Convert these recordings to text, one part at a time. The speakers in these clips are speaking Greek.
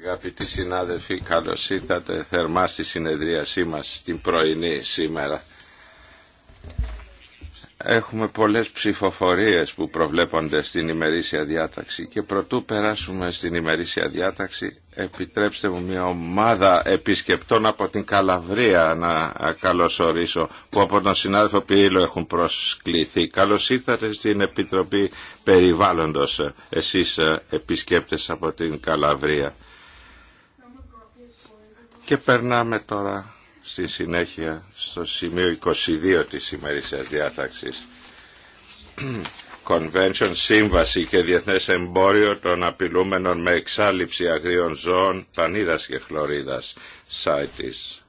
Αγαπητοί συνάδελφοι, καλώ ήρθατε θερμά στη συνεδρίασή μα την πρωινή σήμερα. Έχουμε πολλές ψηφοφορίες που προβλέπονται στην ημερήσια διάταξη και προτού περάσουμε στην ημερήσια διάταξη επιτρέψτε μου μια ομάδα επισκεπτών από την Καλαβρία να καλωσορίσω που από τον συνάδελφο Πύλο έχουν προσκληθεί. Καλώς ήρθατε στην Επιτροπή Περιβάλλοντος εσείς ε, επισκέπτες από την Καλαβρία. Και περνάμε τώρα στη συνέχεια στο σημείο 22 της ημερήσιας διάταξης. Convention, σύμβαση και διεθνές εμπόριο των απειλούμενων με εξάλληψη αγρίων ζώων, πανίδας και χλωρίδας, σάιτης.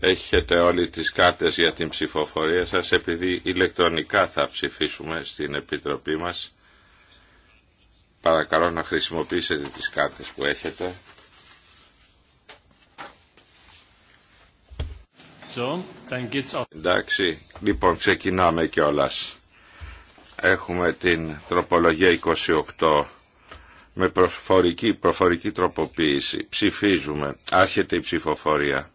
Έχετε όλοι τις κάρτες για την ψηφοφορία σας επειδή ηλεκτρονικά θα ψηφίσουμε στην Επιτροπή μας. Παρακαλώ να χρησιμοποιήσετε τις κάρτες που έχετε. So, Εντάξει, λοιπόν ξεκινάμε κιόλας. Έχουμε την τροπολογία 28 με προφορική, προφορική τροποποίηση. Ψηφίζουμε. Άρχεται η ψηφοφορία.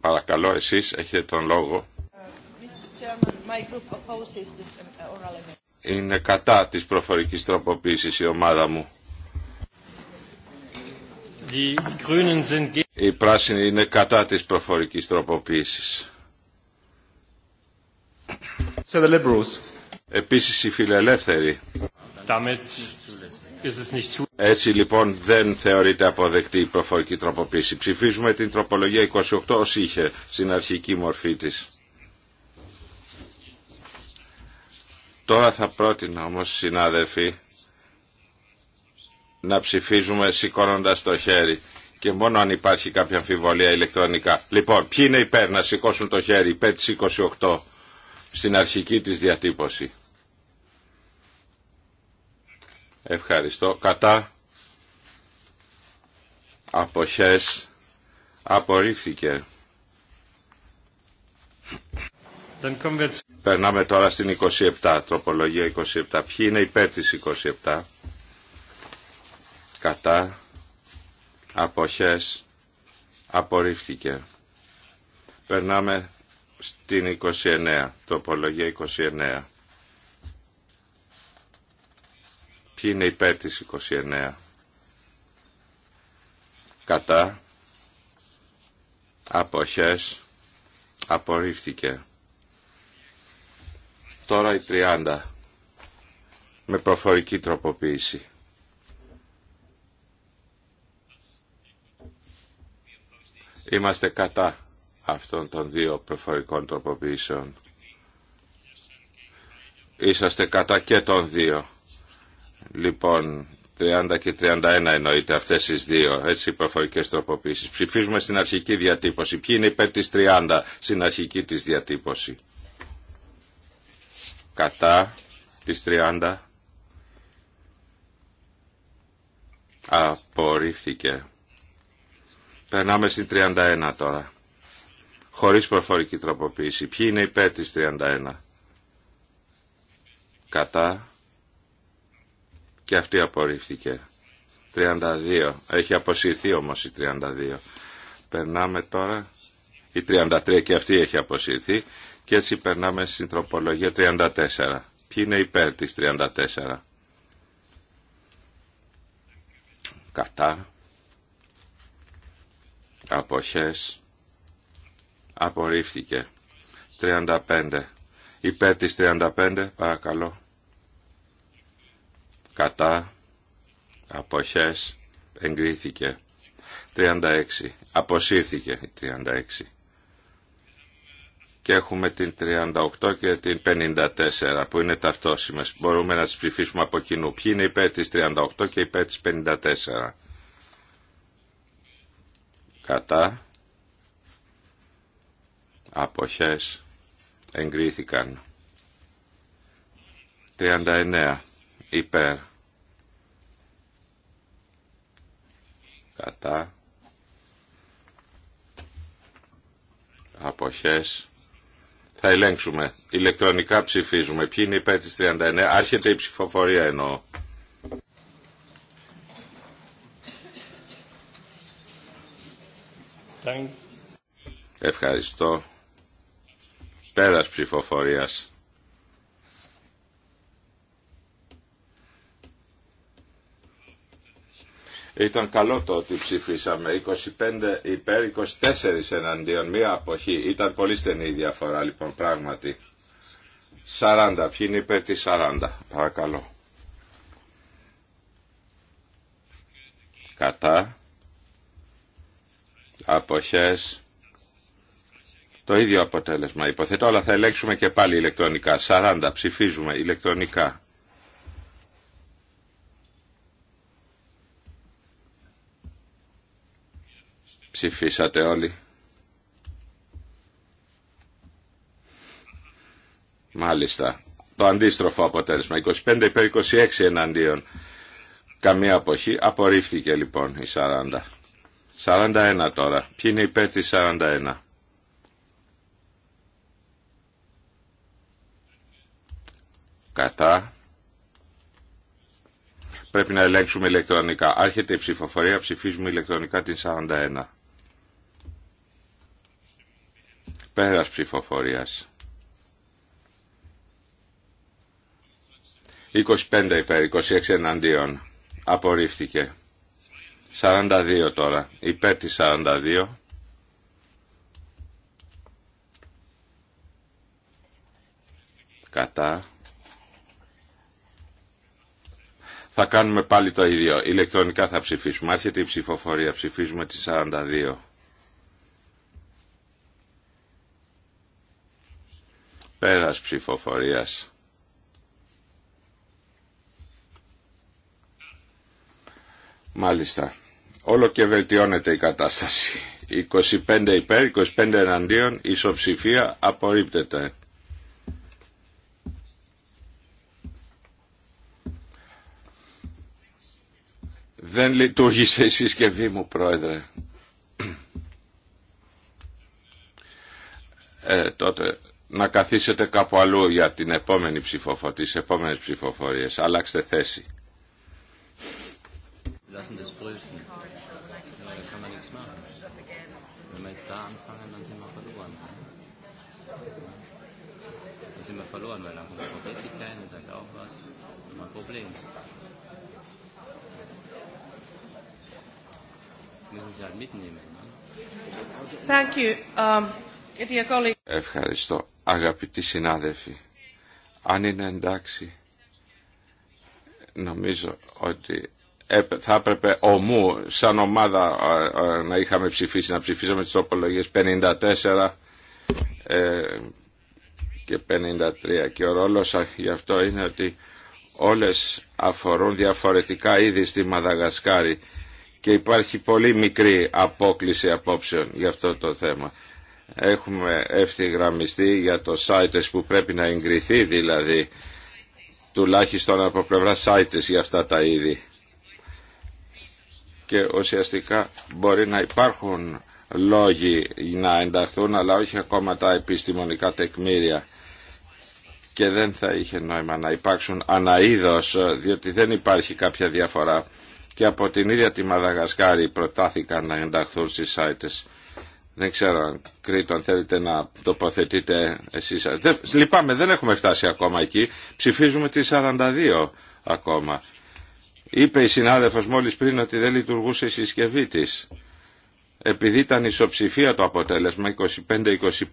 Παρακαλώ, εσείς έχετε τον λόγο. Είναι κατά της προφορικής τροποποίησης η ομάδα μου. Οι πράσινοι είναι κατά της προφορικής τροποποίησης. Επίση Επίσης οι φιλελεύθεροι. Έτσι λοιπόν δεν θεωρείται αποδεκτή η προφορική τροποποίηση. Ψηφίζουμε την τροπολογία 28 ως είχε στην αρχική μορφή της. Τώρα θα πρότεινα όμως συνάδελφοι να ψηφίζουμε σηκώνοντα το χέρι και μόνο αν υπάρχει κάποια αμφιβολία ηλεκτρονικά. Λοιπόν, ποιοι είναι υπέρ να σηκώσουν το χέρι υπέρ 28 στην αρχική της διατύπωση. Ευχαριστώ. Κατά αποχές απορρίφθηκε. Περνάμε τώρα στην 27, τροπολογία 27. Ποιοι είναι υπέρ της 27. Κατά αποχές απορρίφθηκε. Περνάμε στην 29, τροπολογία 29. Ποιοι είναι υπέρ της 29. Κατά. Αποχές. Απορρίφθηκε. Τώρα η 30. Με προφορική τροποποίηση. Είμαστε κατά αυτών των δύο προφορικών τροποποιήσεων. Είσαστε κατά και των δύο. Λοιπόν, 30 και 31 εννοείται αυτές τις δύο, έτσι οι προφορικές τροποποίησεις. Ψηφίζουμε στην αρχική διατύπωση. Ποιοι είναι υπέρ της 30 στην αρχική της διατύπωση. Κατά της 30. Απορρίφθηκε. Περνάμε στην 31 τώρα. Χωρίς προφορική τροποποίηση. Ποιοι είναι υπέρ της 31. Κατά και αυτή απορρίφθηκε. 32. Έχει αποσυρθεί όμως η 32. Περνάμε τώρα. Η 33 και αυτή έχει αποσυρθεί. Και έτσι περνάμε στην τροπολογία 34. Ποιοι είναι υπέρ τη 34. Κατά. Αποχές. Απορρίφθηκε. 35. Υπέρ τη 35 παρακαλώ κατά αποχές εγκρίθηκε 36 αποσύρθηκε η 36 και έχουμε την 38 και την 54 που είναι ταυτόσιμες μπορούμε να τις ψηφίσουμε από κοινού ποιοι είναι υπέρ της 38 και υπέρ της 54 κατά αποχές εγκρίθηκαν 39 υπέρ κατά αποχές θα ελέγξουμε ηλεκτρονικά ψηφίζουμε ποιοι είναι υπέρ της 39 άρχεται η ψηφοφορία εννοώ Ευχαριστώ. Πέρας ψηφοφορίας. Ήταν καλό το ότι ψηφίσαμε. 25 υπέρ, 24 εναντίον, μία αποχή. Ήταν πολύ στενή η διαφορά λοιπόν πράγματι. 40. Ποιοι είναι υπέρ τη 40. Παρακαλώ. Κατά. Αποχές. Το ίδιο αποτέλεσμα υποθέτω, αλλά θα ελέγξουμε και πάλι ηλεκτρονικά. 40 ψηφίζουμε ηλεκτρονικά. Ψηφίσατε όλοι. Μάλιστα. Το αντίστροφο αποτέλεσμα. 25 υπέρ 26 εναντίον. Καμία αποχή. Απορρίφθηκε λοιπόν η 40. 41 τώρα. Ποιοι είναι υπέρ της 41. Κατά. Πρέπει να ελέγξουμε ηλεκτρονικά. Άρχεται η ψηφοφορία. Ψηφίζουμε ηλεκτρονικά την 41. Πέρας ψηφοφορίας. 25 υπέρ, 26 εναντίον. Απορρίφθηκε. 42 τώρα. Υπέρ τη 42. Κατά. Θα κάνουμε πάλι το ίδιο. Ηλεκτρονικά θα ψηφίσουμε. Άρχεται η ψηφοφορία. Ψηφίζουμε τη 42. Πέρας ψηφοφορίας. Μάλιστα. Όλο και βελτιώνεται η κατάσταση. 25 υπέρ, 25 εναντίον, ισοψηφία απορρίπτεται. Δεν λειτουργήσε η συσκευή μου, Πρόεδρε. Ε, τότε να καθίσετε κάπου αλλού για την επόμενη ψηφοφορία, τις επόμενες ψηφοφορίες. Αλλάξτε θέση. Ευχαριστώ αγαπητοί συνάδελφοι, αν είναι εντάξει, νομίζω ότι θα έπρεπε ομού σαν ομάδα ε, ε, να είχαμε ψηφίσει, να ψηφίσαμε τις τροπολογίες 54 ε, και 53 και ο ρόλος γι' αυτό είναι ότι όλες αφορούν διαφορετικά είδη στη Μαδαγασκάρη και υπάρχει πολύ μικρή απόκληση απόψεων για αυτό το θέμα έχουμε ευθυγραμμιστεί για το site που πρέπει να εγκριθεί δηλαδή τουλάχιστον από πλευρά site για αυτά τα είδη και ουσιαστικά μπορεί να υπάρχουν λόγοι να ενταχθούν αλλά όχι ακόμα τα επιστημονικά τεκμήρια και δεν θα είχε νόημα να υπάρξουν αναείδος διότι δεν υπάρχει κάποια διαφορά και από την ίδια τη Μαδαγασκάρη προτάθηκαν να ενταχθούν στις δεν ξέρω αν Κρήτο αν θέλετε να τοποθετείτε εσείς. Δεν, λυπάμαι, δεν έχουμε φτάσει ακόμα εκεί. Ψηφίζουμε τη 42 ακόμα. Είπε η συνάδελφος μόλις πριν ότι δεν λειτουργούσε η συσκευή της. Επειδή ήταν ισοψηφία το αποτέλεσμα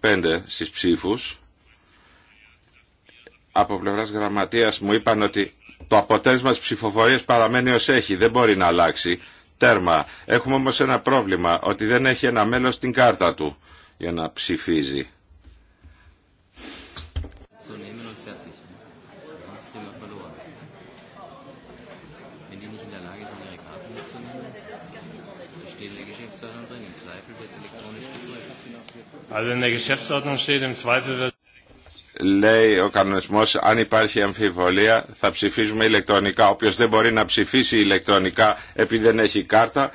25-25 στις ψήφους, από πλευράς γραμματείας μου είπαν ότι το αποτέλεσμα της ψηφοφορίας παραμένει ως έχει, δεν μπορεί να αλλάξει τέρμα. Έχουμε όμως ένα πρόβλημα, ότι δεν έχει ένα μέλος την κάρτα του για να ψηφίζει. Also in der Geschäftsordnung steht im Zweifel λέει ο κανονισμός αν υπάρχει αμφιβολία θα ψηφίζουμε ηλεκτρονικά. Όποιος δεν μπορεί να ψηφίσει ηλεκτρονικά επειδή δεν έχει κάρτα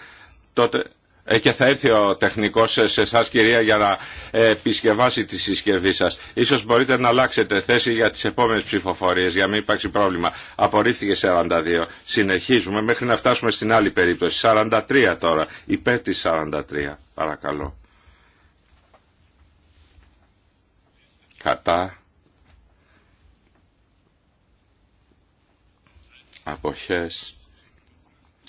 τότε ε, και θα έρθει ο τεχνικός σε εσά κυρία για να ε, επισκευάσει τη συσκευή σας. Ίσως μπορείτε να αλλάξετε θέση για τις επόμενες ψηφοφορίες για να μην υπάρξει πρόβλημα. Απορρίφθηκε 42. Συνεχίζουμε μέχρι να φτάσουμε στην άλλη περίπτωση. 43 τώρα. Υπέρ της 43. Παρακαλώ. Κατά. αποχές.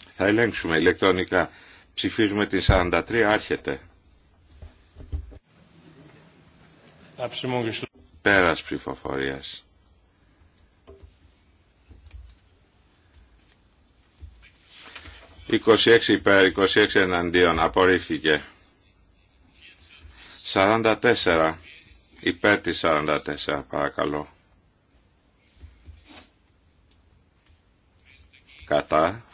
Θα ελέγξουμε ηλεκτρονικά. Ψηφίζουμε την 43, άρχεται. Πέρας ψηφοφορίας. 26 υπέρ, 26 εναντίον. Απορρίφθηκε. 44. Υπέρ της 44 παρακαλώ. κατά.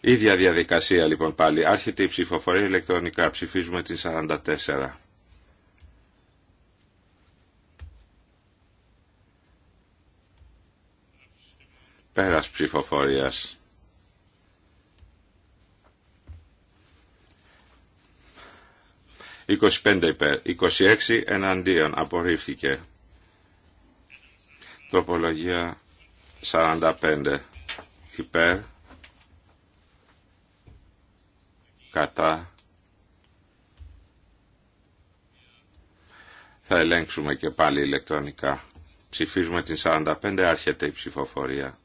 Ίδια διαδικασία λοιπόν πάλι. Άρχεται η ψηφοφορία ηλεκτρονικά. Ψηφίζουμε την 44. Πέρας ψηφοφορίας. υπέρ, 26 εναντίον απορρίφθηκε. Τροπολογία 45 υπέρ κατά θα ελέγξουμε και πάλι ηλεκτρονικά ψηφίζουμε την 45 άρχεται η ψηφοφορία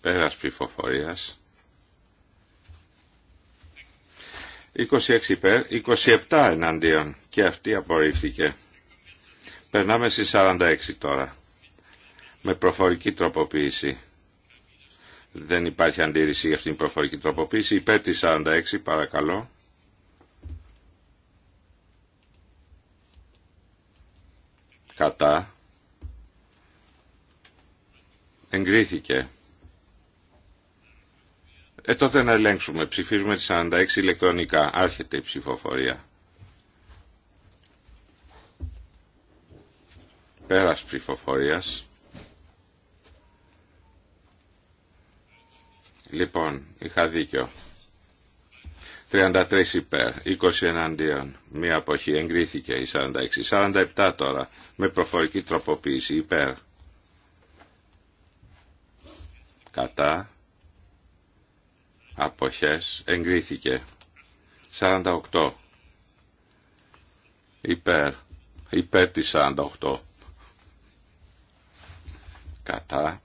πέρας ψηφοφορίας 26 υπέρ, 27 εναντίον και αυτή απορρίφθηκε. Περνάμε στις 46 τώρα. Με προφορική τροποποίηση. Δεν υπάρχει αντίρρηση για αυτήν την προφορική τροποποίηση. Υπέρ τη 46 παρακαλώ. Κατά. Εγκρίθηκε. Ε, τότε να ελέγξουμε. Ψηφίζουμε τις 46 ηλεκτρονικά. Άρχεται η ψηφοφορία. Πέρας ψηφοφορίας. Λοιπόν, είχα δίκιο. 33 υπέρ, 20 εναντίον, μία αποχή, εγκρίθηκε η 46. 47 τώρα, με προφορική τροποποίηση, υπέρ. Κατά, αποχές, εγκρίθηκε. 48 υπέρ, υπέρ της 48 κατά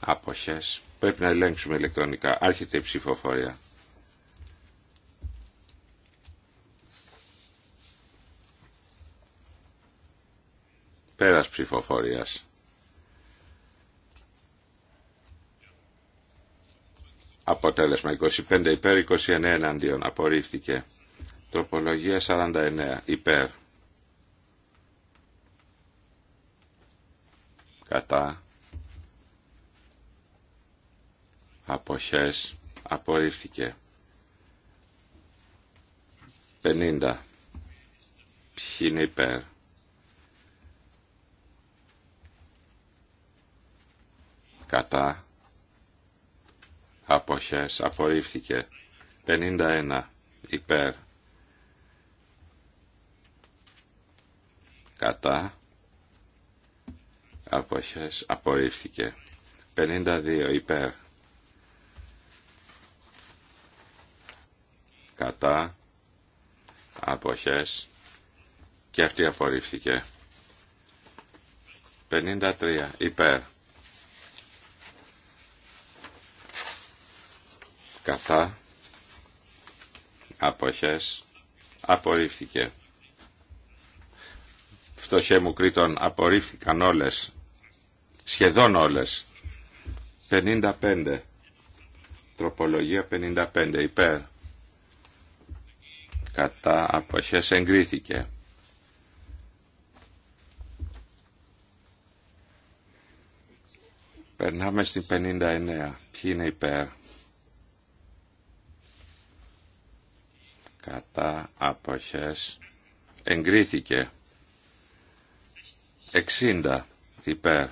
άποχες πρέπει να ελέγξουμε ηλεκτρονικά άρχεται η ψηφοφορία πέρας ψηφοφορίας αποτέλεσμα 25 υπέρ 29 εναντίον απορρίφθηκε τροπολογία 49 υπέρ κατά αποχές απορρίφθηκε 50 ποιοι είναι υπέρ κατά αποχές απορρίφθηκε 51 υπέρ κατά αποχές απορρίφθηκε 52 υπέρ κατά αποχές και αυτή απορρίφθηκε 53 υπέρ κατά αποχές απορρίφθηκε φτωχέ μου Κρήτον απορρίφθηκαν όλες σχεδόν όλες. 55. Τροπολογία 55 υπέρ. Κατά αποχές εγκρίθηκε. Περνάμε στην 59. Ποιοι είναι υπέρ. Κατά αποχές εγκρίθηκε. 60 υπέρ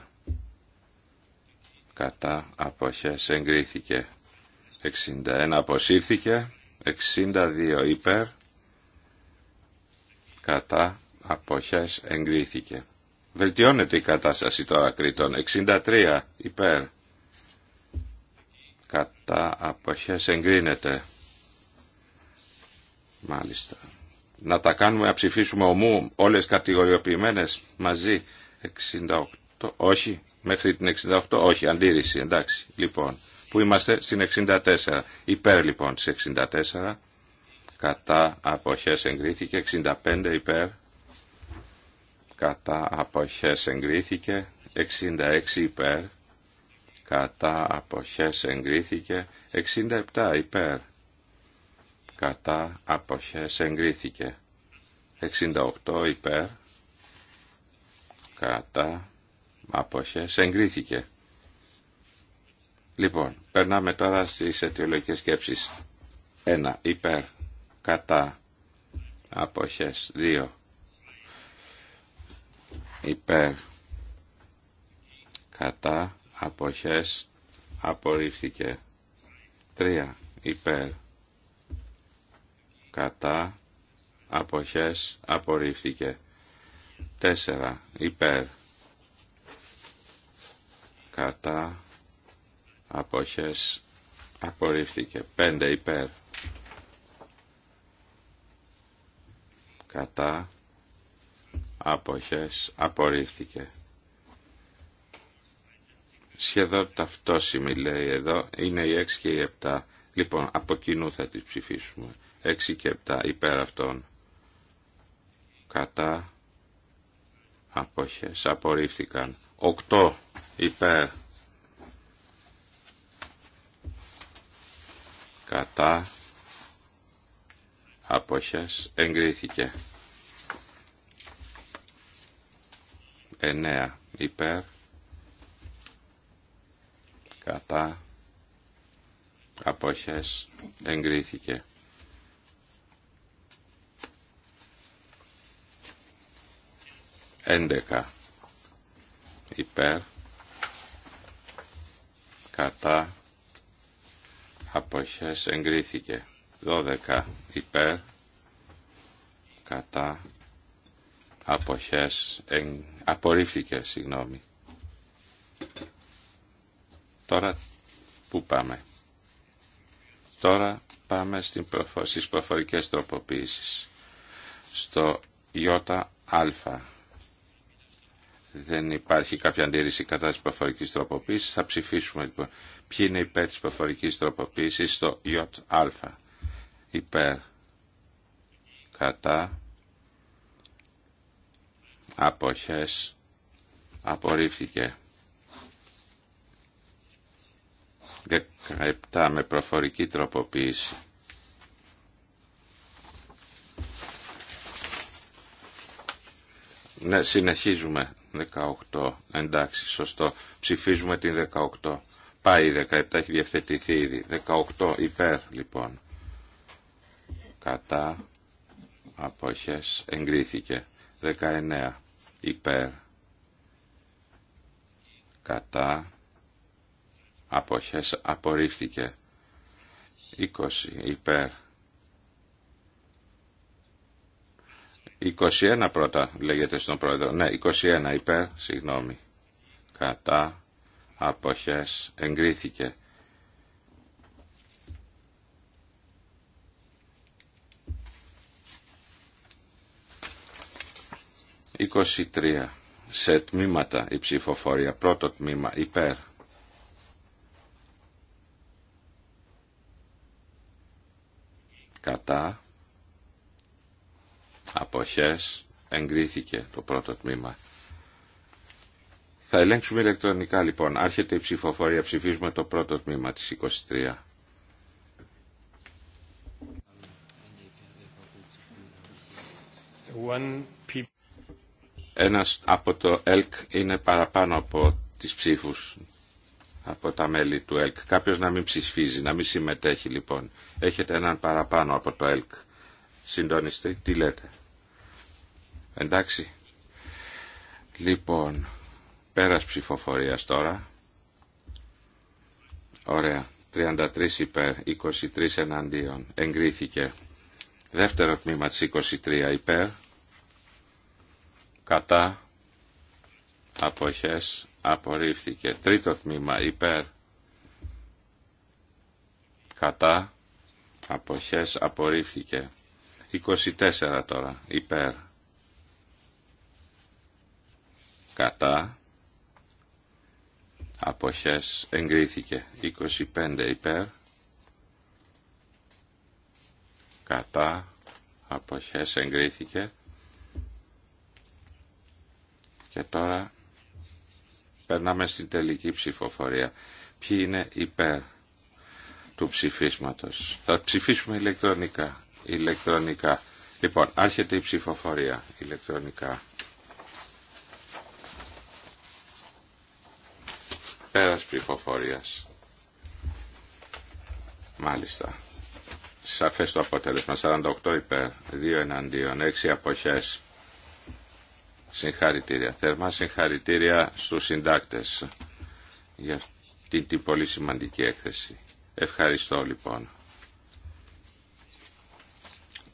κατά αποχές εγκρίθηκε 61 αποσύρθηκε 62 υπέρ κατά αποχές εγκρίθηκε βελτιώνεται η κατάσταση τώρα Κρήτων 63 υπέρ κατά αποχές εγκρίνεται μάλιστα να τα κάνουμε να ψηφίσουμε ομού όλες κατηγοριοποιημένες μαζί 68 όχι μέχρι την 68, όχι, αντίρρηση, εντάξει, λοιπόν. Που είμαστε στην 64, υπέρ λοιπόν της 64, κατά αποχές εγκρίθηκε, 65 υπέρ, κατά αποχές εγκρίθηκε, 66 υπέρ, κατά αποχές εγκρίθηκε, 67 υπέρ, κατά αποχές εγκρίθηκε, 68 υπέρ, κατά Απόχες. Εγκρίθηκε. Λοιπόν, περνάμε τώρα στις αιτιολογικές σκέψεις. 1. Υπέρ. Κατά. Απόχες. 2. Υπέρ. Κατά. Απόχες. Απορρίφθηκε. 3. Υπέρ. Κατά. Αποχές. Απορρίφθηκε. 4. Υπέρ κατά αποχές απορρίφθηκε 5 υπέρ κατά αποχές απορρίφθηκε σχεδόν ταυτόσιμη λέει εδώ είναι η 6 και η 7 λοιπόν από κοινού θα τις ψηφίσουμε 6 και 7 υπέρ αυτών κατά αποχές απορρίφθηκαν Οκτώ υπέρ κατά αποχές εγκρίθηκε 9 υπέρ κατά αποχές εγκρίθηκε έντεκα υπέρ κατά αποχές εγκρίθηκε 12 υπέρ κατά αποχές απορρίφθηκε συγγνώμη τώρα που πάμε τώρα πάμε στην προφορικέ στις προφορικές τροποποίησεις στο ΙΑ δεν υπάρχει κάποια αντίρρηση κατά της προφορικής τροποποίησης. Θα ψηφίσουμε λοιπόν ποιοι είναι υπέρ της προφορικής τροποποίησης στο ΙΑ. Υπέρ. Κατά. Αποχές. Απορρίφθηκε. 17 με προφορική τροποποίηση. Ναι, συνεχίζουμε. 18. Εντάξει, σωστό. Ψηφίζουμε την 18. Πάει η 17, έχει διευθετηθεί ήδη. 18 υπέρ, λοιπόν. Κατά αποχές εγκρίθηκε. 19 υπέρ. Κατά αποχές απορρίφθηκε. 20 υπέρ. 21 πρώτα λέγεται στον πρόεδρο. Ναι, 21 υπέρ, συγγνώμη. Κατά αποχές εγκρίθηκε. «23. Σε τμήματα η ψηφοφορία. Πρώτο τμήμα υπέρ». «Κατά» αποχές εγκρίθηκε το πρώτο τμήμα. Θα ελέγξουμε ηλεκτρονικά λοιπόν. Άρχεται η ψηφοφορία. Ψηφίζουμε το πρώτο τμήμα της 23. Ένα Ένας από το ΕΛΚ είναι παραπάνω από τις ψήφους από τα μέλη του ΕΛΚ. Κάποιος να μην ψηφίζει, να μην συμμετέχει λοιπόν. Έχετε έναν παραπάνω από το ΕΛΚ. Συντονιστή, τι λέτε. Εντάξει. Λοιπόν, πέρας ψηφοφορίας τώρα. Ωραία. 33 υπέρ, 23 εναντίον. Εγκρίθηκε. Δεύτερο τμήμα της 23 υπέρ. Κατά. Αποχές. Απορρίφθηκε. Τρίτο τμήμα υπέρ. Κατά. Αποχές. Απορρίφθηκε. 24 τώρα υπέρ κατά αποχές εγκρίθηκε 25 υπέρ κατά αποχές εγκρίθηκε και τώρα περνάμε στην τελική ψηφοφορία ποιοι είναι υπέρ του ψηφίσματος θα ψηφίσουμε ηλεκτρονικά ηλεκτρονικά λοιπόν άρχεται η ψηφοφορία ηλεκτρονικά Πέρας πληροφορία. Μάλιστα. Σαφές το αποτέλεσμα. 48 υπέρ, 2 εναντίον, 6 αποχές. Συγχαρητήρια. Θερμά συγχαρητήρια στους συντάκτες για αυτή την πολύ σημαντική έκθεση. Ευχαριστώ λοιπόν.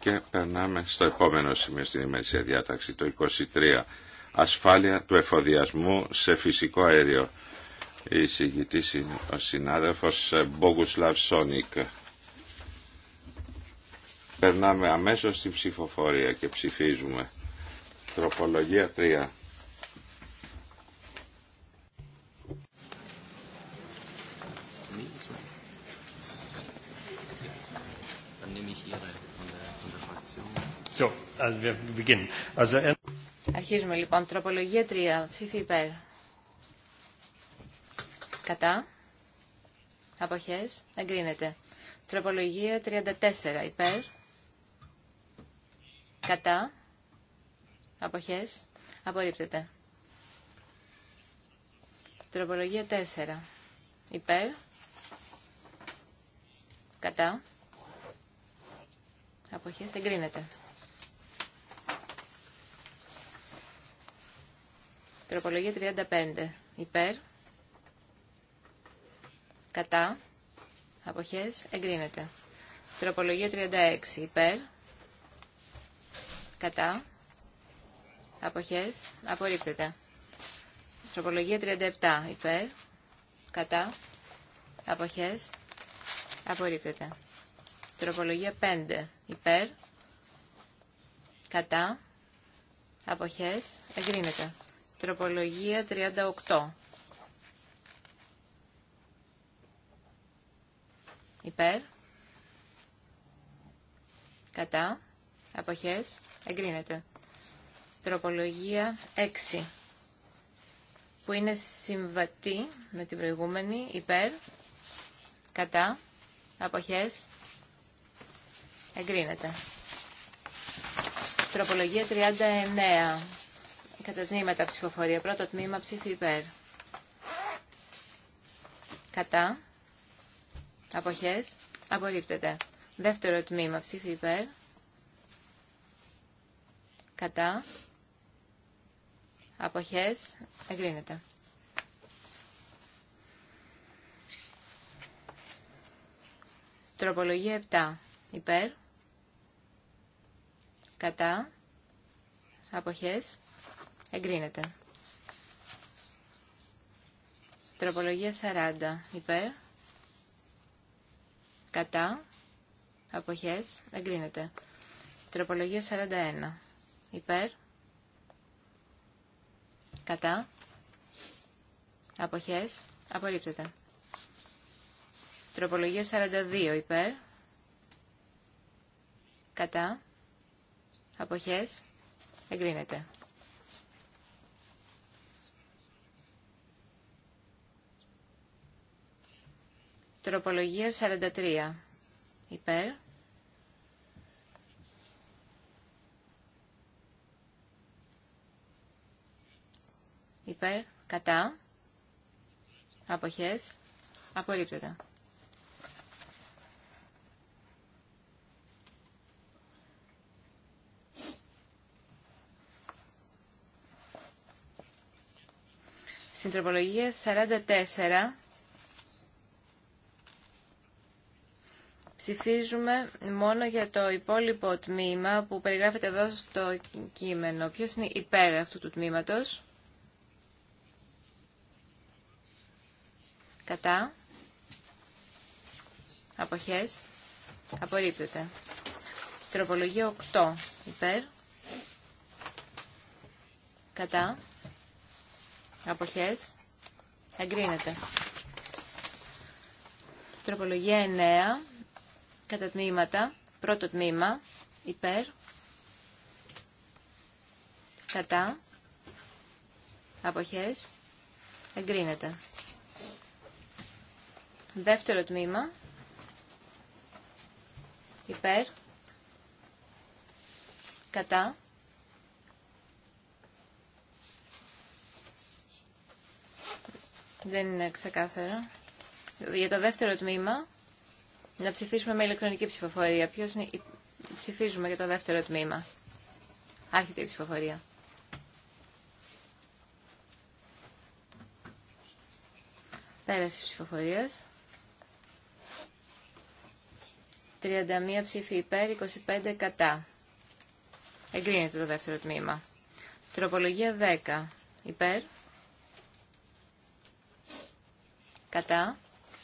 Και περνάμε στο επόμενο σημείο στην ημερησία διάταξη, το 23. Ασφάλεια του εφοδιασμού σε φυσικό αέριο. Η είναι ο συνάδελφος Μπόγκουσλαβ Σόνικ. Περνάμε αμέσως στην ψηφοφορία και ψηφίζουμε. Τροπολογία 3. Uh, Αρχίζουμε λοιπόν. Τροπολογία 3. Ψήφι υπέρ. Κατά. Αποχές. Εγκρίνεται. Τροπολογία 34. Υπέρ. Κατά. Αποχές. Απορρίπτεται. Τροπολογία 4. Υπέρ. Κατά. Αποχές. Εγκρίνεται. Τροπολογία 35. Υπέρ. Κατά. Αποχές. Εγκρίνεται. Τροπολογία 36. Υπέρ. Κατά. Αποχές. Απορρίπτεται. Τροπολογία 37. Υπέρ. Κατά. Αποχές. Απορρίπτεται. Τροπολογία 5. Υπέρ. Κατά. Αποχές. Εγκρίνεται. Τροπολογία 38. υπέρ, κατά, αποχές, εγκρίνεται. Τροπολογία 6, που είναι συμβατή με την προηγούμενη, υπέρ, κατά, αποχές, εγκρίνεται. Τροπολογία 39, κατά τμήματα ψηφοφορία, πρώτο τμήμα ψήφι υπέρ. Κατά, Αποχές. Απορρίπτεται. Δεύτερο τμήμα. Ψήφι υπέρ. Κατά. Αποχές. Εγκρίνεται. Τροπολογία 7. Υπέρ. Κατά. Αποχές. Εγκρίνεται. Τροπολογία 40. Υπέρ. Κατά. Αποχές. Εγκρίνεται. Τροπολογία 41. Υπέρ. Κατά. Αποχές. Απορρίπτεται. Τροπολογία 42. Υπέρ. Κατά. Αποχές. Εγκρίνεται. Τροπολογία 43. Υπέρ. Υπέρ. Κατά. Αποχές. Απορρίπτεται. Στην τροπολογία 44 Ψηφίζουμε μόνο για το υπόλοιπο τμήμα που περιγράφεται εδώ στο κείμενο. Ποιος είναι υπέρ αυτού του τμήματος. Κατά. Αποχές. Απορρίπτεται. Τροπολογία 8. Υπέρ. Κατά. Αποχές. Εγκρίνεται. Τροπολογία 9 κατά τμήματα. Πρώτο τμήμα υπέρ, κατά, αποχές, εγκρίνεται. Δεύτερο τμήμα υπέρ, κατά, δεν είναι ξεκάθαρο. Για το δεύτερο τμήμα να ψηφίσουμε με ηλεκτρονική ψηφοφορία. Ποιο είναι... Ψηφίζουμε για το δεύτερο τμήμα. Άρχεται η ψηφοφορία. Πέραση ψηφοφορία. 31 ψήφοι υπέρ, 25 κατά. Εγκρίνεται το δεύτερο τμήμα. Τροπολογία 10. Υπέρ. Κατά.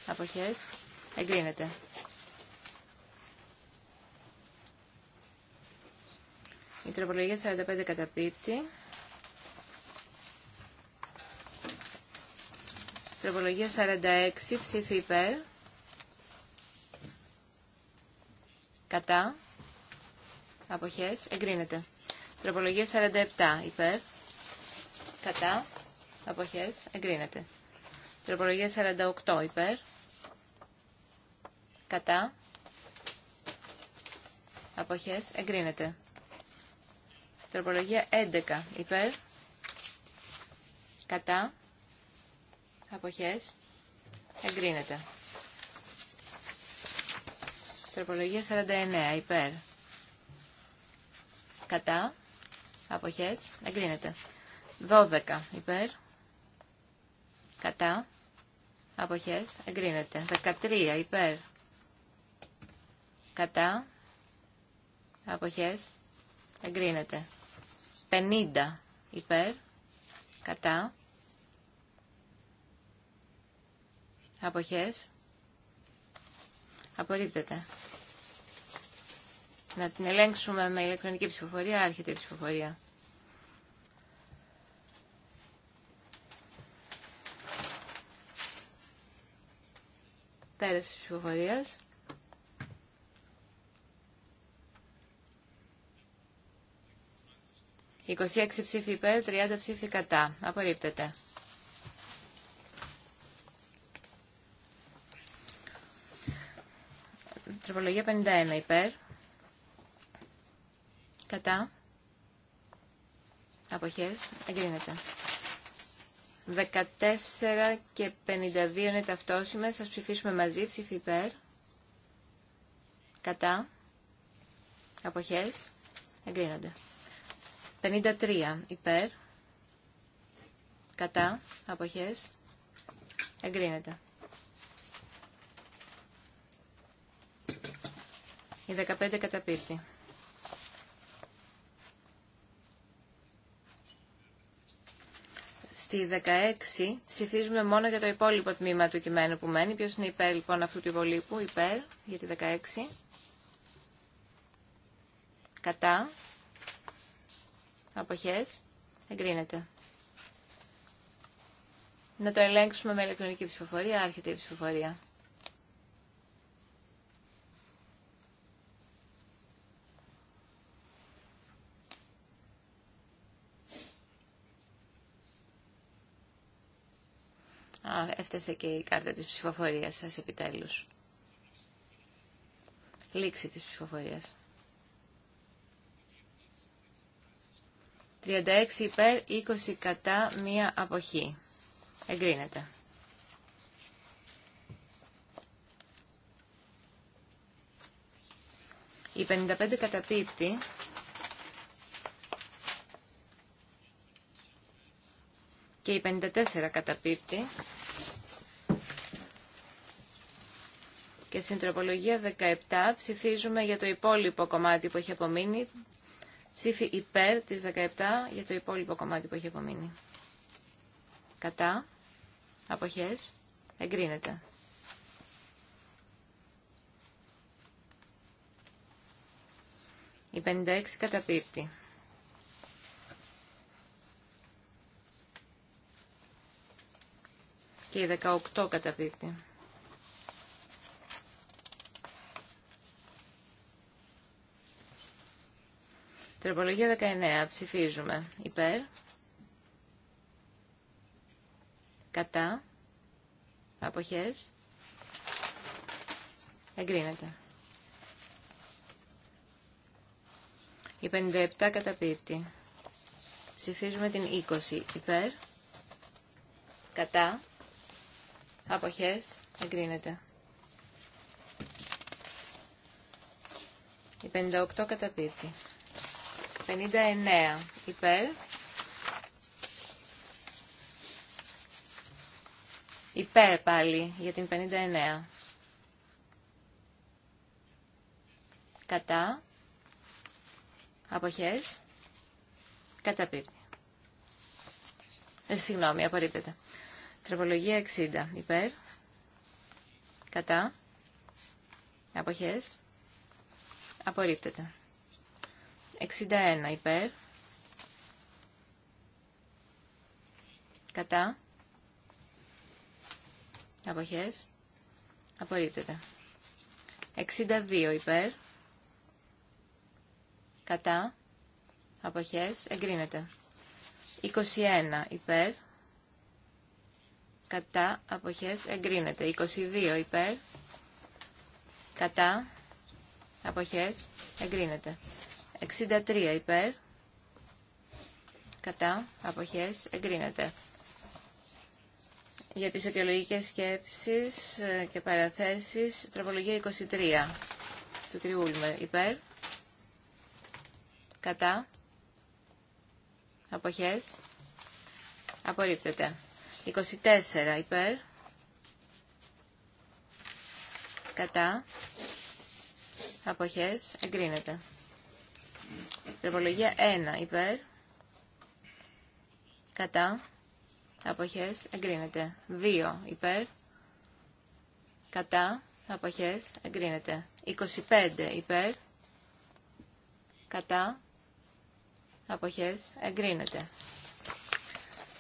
Αποχές. Εγκρίνεται. Η τροπολογία 45 καταπίπτει. Τροπολογία 46, ψήφι υπέρ. Κατά. Αποχές. Εγκρίνεται. Τροπολογία 47, υπέρ. Κατά. Αποχές. Εγκρίνεται. Τροπολογία 48, υπέρ κατά, αποχές, εγκρίνεται. Τροπολογία 11 υπέρ, κατά, αποχές, εγκρίνεται. Τροπολογία 49 υπέρ, κατά, αποχές, εγκρίνεται. 12 υπέρ, κατά, αποχές, εγκρίνεται. 13 υπέρ, κατά, αποχές, εγκρίνεται. 50 υπέρ, κατά, αποχές, απορρίπτεται. Να την ελέγξουμε με ηλεκτρονική ψηφοφορία, άρχεται η ψηφοφορία. Πέραση ψηφοφορίας. 26 ψήφοι υπέρ, 30 ψήφοι κατά. Απορρίπτεται. Τροπολογία 51 υπέρ. Κατά. Αποχές. Εγκρίνεται. 14 και 52 είναι ταυτόσιμες. Σας ψηφίσουμε μαζί. ψήφοι υπέρ. Κατά. Αποχές. Εγκρίνονται. 53 υπέρ, κατά, αποχές, εγκρίνεται. Η 15 καταπίρτη. Στη 16 ψηφίζουμε μόνο για το υπόλοιπο τμήμα του κειμένου που μένει. Ποιος είναι υπέρ λοιπόν αυτού του υπολείπου, υπέρ για τη 16. Κατά, αποχές, εγκρίνεται. Να το ελέγξουμε με ηλεκτρονική ψηφοφορία, άρχεται η ψηφοφορία. Α, έφτασε και η κάρτα της ψηφοφορίας σας επιτέλους. Λήξη της ψηφοφορίας. 36 υπέρ, 20 κατά, μία αποχή. Εγκρίνεται. Η 55 καταπίπτει. Και η 54 καταπίπτει. Και στην τροπολογία 17 ψηφίζουμε για το υπόλοιπο κομμάτι που έχει απομείνει ψήφι υπέρ της 17 για το υπόλοιπο κομμάτι που έχει απομείνει. Κατά. Αποχές. Εγκρίνεται. Η 56 καταπίπτει. Και η 18 καταπίπτει. Τροπολογία 19. Ψηφίζουμε. Υπέρ. Κατά. Αποχές. Εγκρίνεται. Η 57 καταπίπτει. Ψηφίζουμε την 20. Υπέρ. Κατά. Αποχές. Εγκρίνεται. Η 58 καταπίπτει. 59 υπέρ. Υπέρ πάλι για την 59. Κατά. Αποχές. Καταπίπτει. Ε, συγγνώμη, απορρίπτεται. Τροπολογία 60. Υπέρ. Κατά. Αποχές. Απορρίπτεται. 61 υπέρ. Κατά. Αποχές. Απορρίπτεται. 62 υπέρ. Κατά. Αποχές. Εγκρίνεται. 21 υπέρ. Κατά. Αποχές. Εγκρίνεται. 22 υπέρ. Κατά. Αποχές. Εγκρίνεται. 63 υπέρ. Κατά. Αποχές. Εγκρίνεται. Για τις αιτιολογικές σκέψεις και παραθέσεις, τροπολογία 23 του κ. Ούλμερ. Υπέρ. Κατά. Αποχές. Απορρίπτεται. 24 υπέρ. Κατά. Αποχές. Εγκρίνεται. Τροπολογία 1 υπέρ. Κατά. Αποχές εγκρίνεται. 2 υπέρ. Κατά. Αποχές εγκρίνεται. 25 υπέρ. Κατά. Αποχές εγκρίνεται.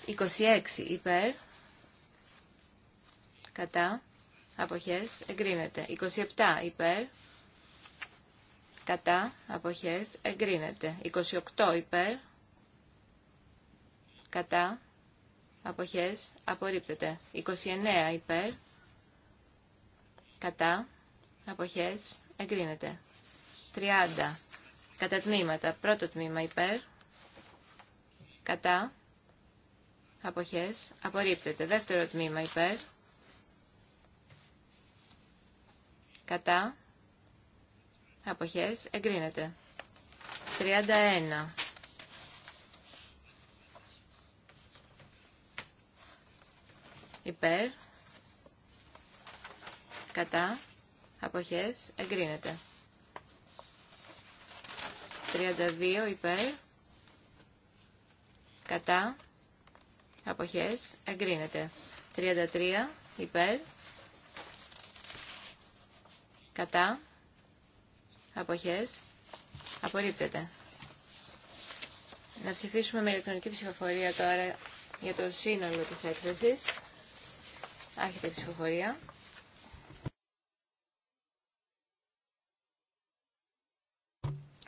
26 υπέρ. Κατά. Αποχές εγκρίνεται. 27 υπέρ κατά, αποχές, εγκρίνεται. 28 υπέρ, κατά, αποχές, απορρίπτεται. 29 υπέρ, κατά, αποχές, εγκρίνεται. 30 κατά τμήματα, πρώτο τμήμα υπέρ, κατά, αποχές, απορρίπτεται. Δεύτερο τμήμα υπέρ, κατά, Αποχές εγκρίνεται. 31. Υπέρ. Κατά. Αποχές εγκρίνεται. 32 υπέρ. Κατά. Αποχές εγκρίνεται. 33 υπέρ. Κατά. Αποχές. Απορρίπτεται. Να ψηφίσουμε με ηλεκτρονική ψηφοφορία τώρα για το σύνολο της έκθεσης. Άρχεται η ψηφοφορία.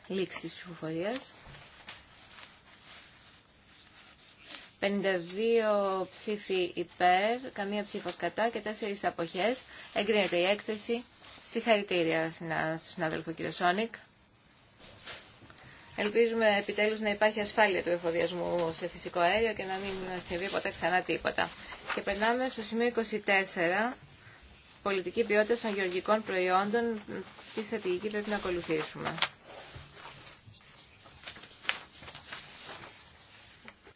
Λήξη της ψηφοφορίας. 52 ψήφοι υπέρ, καμία ψήφος κατά και 4 αποχές. Εγκρίνεται η έκθεση. Συγχαρητήρια στον συνάδελφο κύριο Σόνικ. Ελπίζουμε επιτέλους να υπάρχει ασφάλεια του εφοδιασμού σε φυσικό αέριο και να μην συμβεί ποτέ ξανά τίποτα. Και περνάμε στο σημείο 24, πολιτική ποιότητα των γεωργικών προϊόντων, τι στρατηγική πρέπει να ακολουθήσουμε.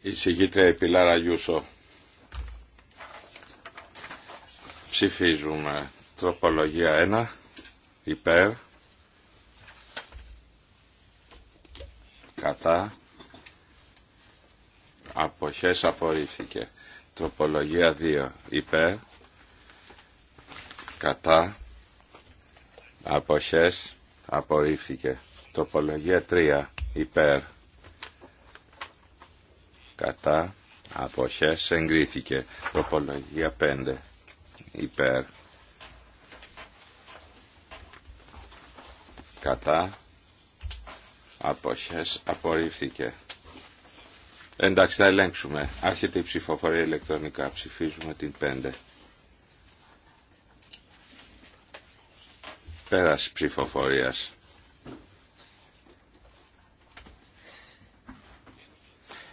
Η η Πιλάρα Γιούσο. Ψηφίζουμε τροπολογία 1 υπέρ κατά αποχές απορρίφθηκε τροπολογία 2 υπέρ κατά αποχές απορρίφθηκε τροπολογία 3 υπέρ κατά αποχές εγκρίθηκε τροπολογία 5 υπέρ κατά αποχές απορρίφθηκε. Εντάξει, θα ελέγξουμε. Άρχεται η ψηφοφορία ηλεκτρονικά. Ψηφίζουμε την 5. Πέρας ψηφοφορίας.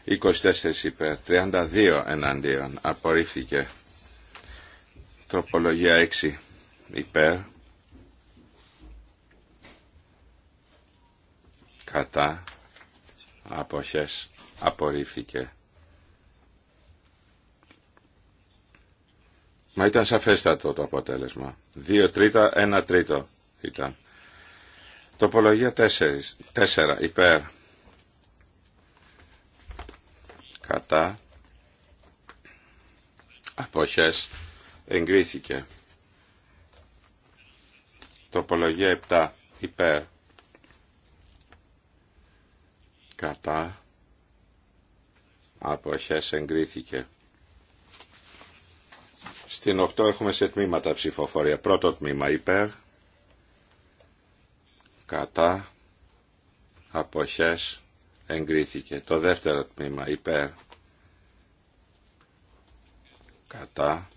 24 υπέρ, 32 εναντίον. Απορρίφθηκε. Τροπολογία 6 υπέρ, κατά αποχές απορρίφθηκε. Μα ήταν σαφέστατο το αποτέλεσμα. Δύο τρίτα, ένα τρίτο ήταν. Τοπολογία τέσσερις τέσσερα υπέρ. Κατά. Αποχές. Εγκρίθηκε. Τοπολογία επτά υπέρ κατά αποχές εγκρίθηκε. Στην 8 έχουμε σε τμήματα ψηφοφορία. Πρώτο τμήμα υπέρ, κατά, αποχές, εγκρίθηκε. Το δεύτερο τμήμα υπέρ, κατά,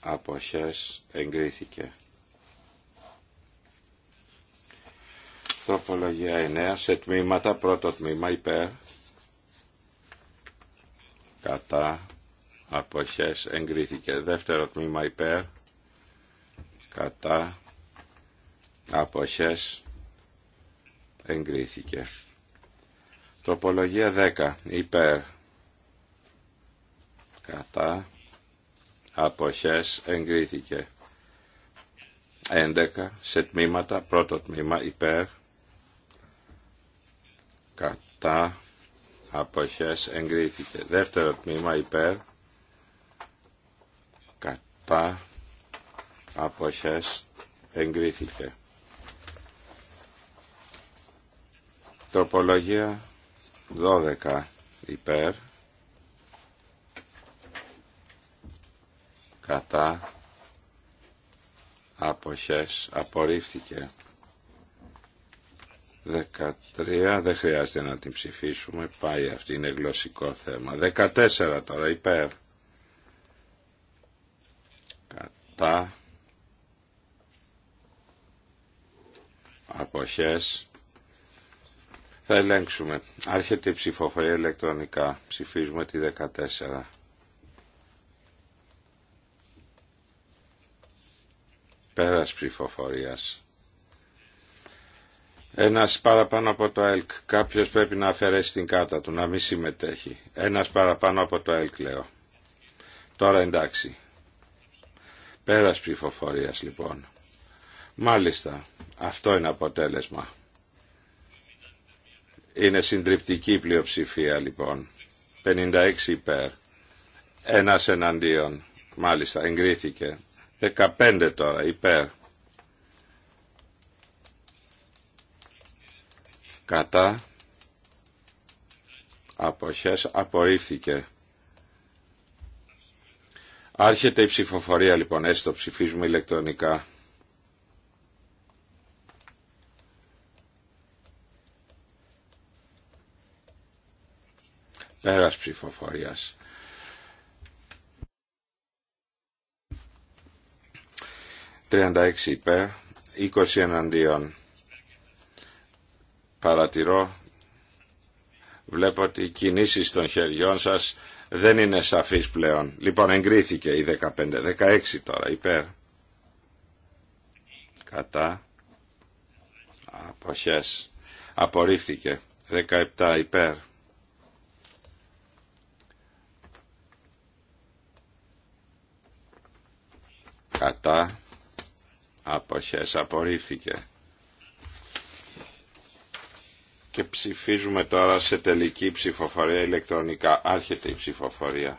αποχές, εγκρίθηκε. Τροπολογία 9 σε τμήματα, πρώτο τμήμα υπέρ, κατά, αποχές εγκρίθηκε. Δεύτερο τμήμα υπέρ, κατά, αποχές εγκρίθηκε. Τροπολογία 10 υπέρ, κατά, αποχές εγκρίθηκε. 11 σε τμήματα, πρώτο τμήμα υπέρ, κατά αποχές εγκρίθηκε δεύτερο τμήμα υπέρ κατά αποχές εγκρίθηκε τροπολογία 12 υπέρ κατά αποχές απορρίφθηκε 13 δεν χρειάζεται να την ψηφίσουμε πάει αυτή είναι γλωσσικό θέμα 14 τώρα υπέρ κατά αποχές θα ελέγξουμε άρχεται η ψηφοφορία ηλεκτρονικά ψηφίζουμε τη 14 πέρας ψηφοφορίας ένας παραπάνω από το ΕΛΚ. Κάποιος πρέπει να αφαιρέσει την κάρτα του, να μην συμμετέχει. Ένας παραπάνω από το ΕΛΚ λέω. Τώρα εντάξει. Πέρας ψηφοφορία λοιπόν. Μάλιστα, αυτό είναι αποτέλεσμα. Είναι συντριπτική πλειοψηφία λοιπόν. 56 υπέρ. Ένας εναντίον. Μάλιστα, εγκρίθηκε. 15 τώρα υπέρ. κατά αποχές απορρίφθηκε. Άρχεται η ψηφοφορία λοιπόν, έστω ψηφίζουμε ηλεκτρονικά. Πέρας ψηφοφορίας. 36 υπέρ, 20 εναντίον παρατηρώ, βλέπω ότι οι κινήσεις των χεριών σας δεν είναι σαφείς πλέον. Λοιπόν, εγκρίθηκε η 15, 16 τώρα, υπέρ. Κατά. Αποχές. Απορρίφθηκε. 17 υπέρ. Κατά. Αποχές. Απορρίφθηκε και ψηφίζουμε τώρα σε τελική ψηφοφορία ηλεκτρονικά. Άρχεται η ψηφοφορία.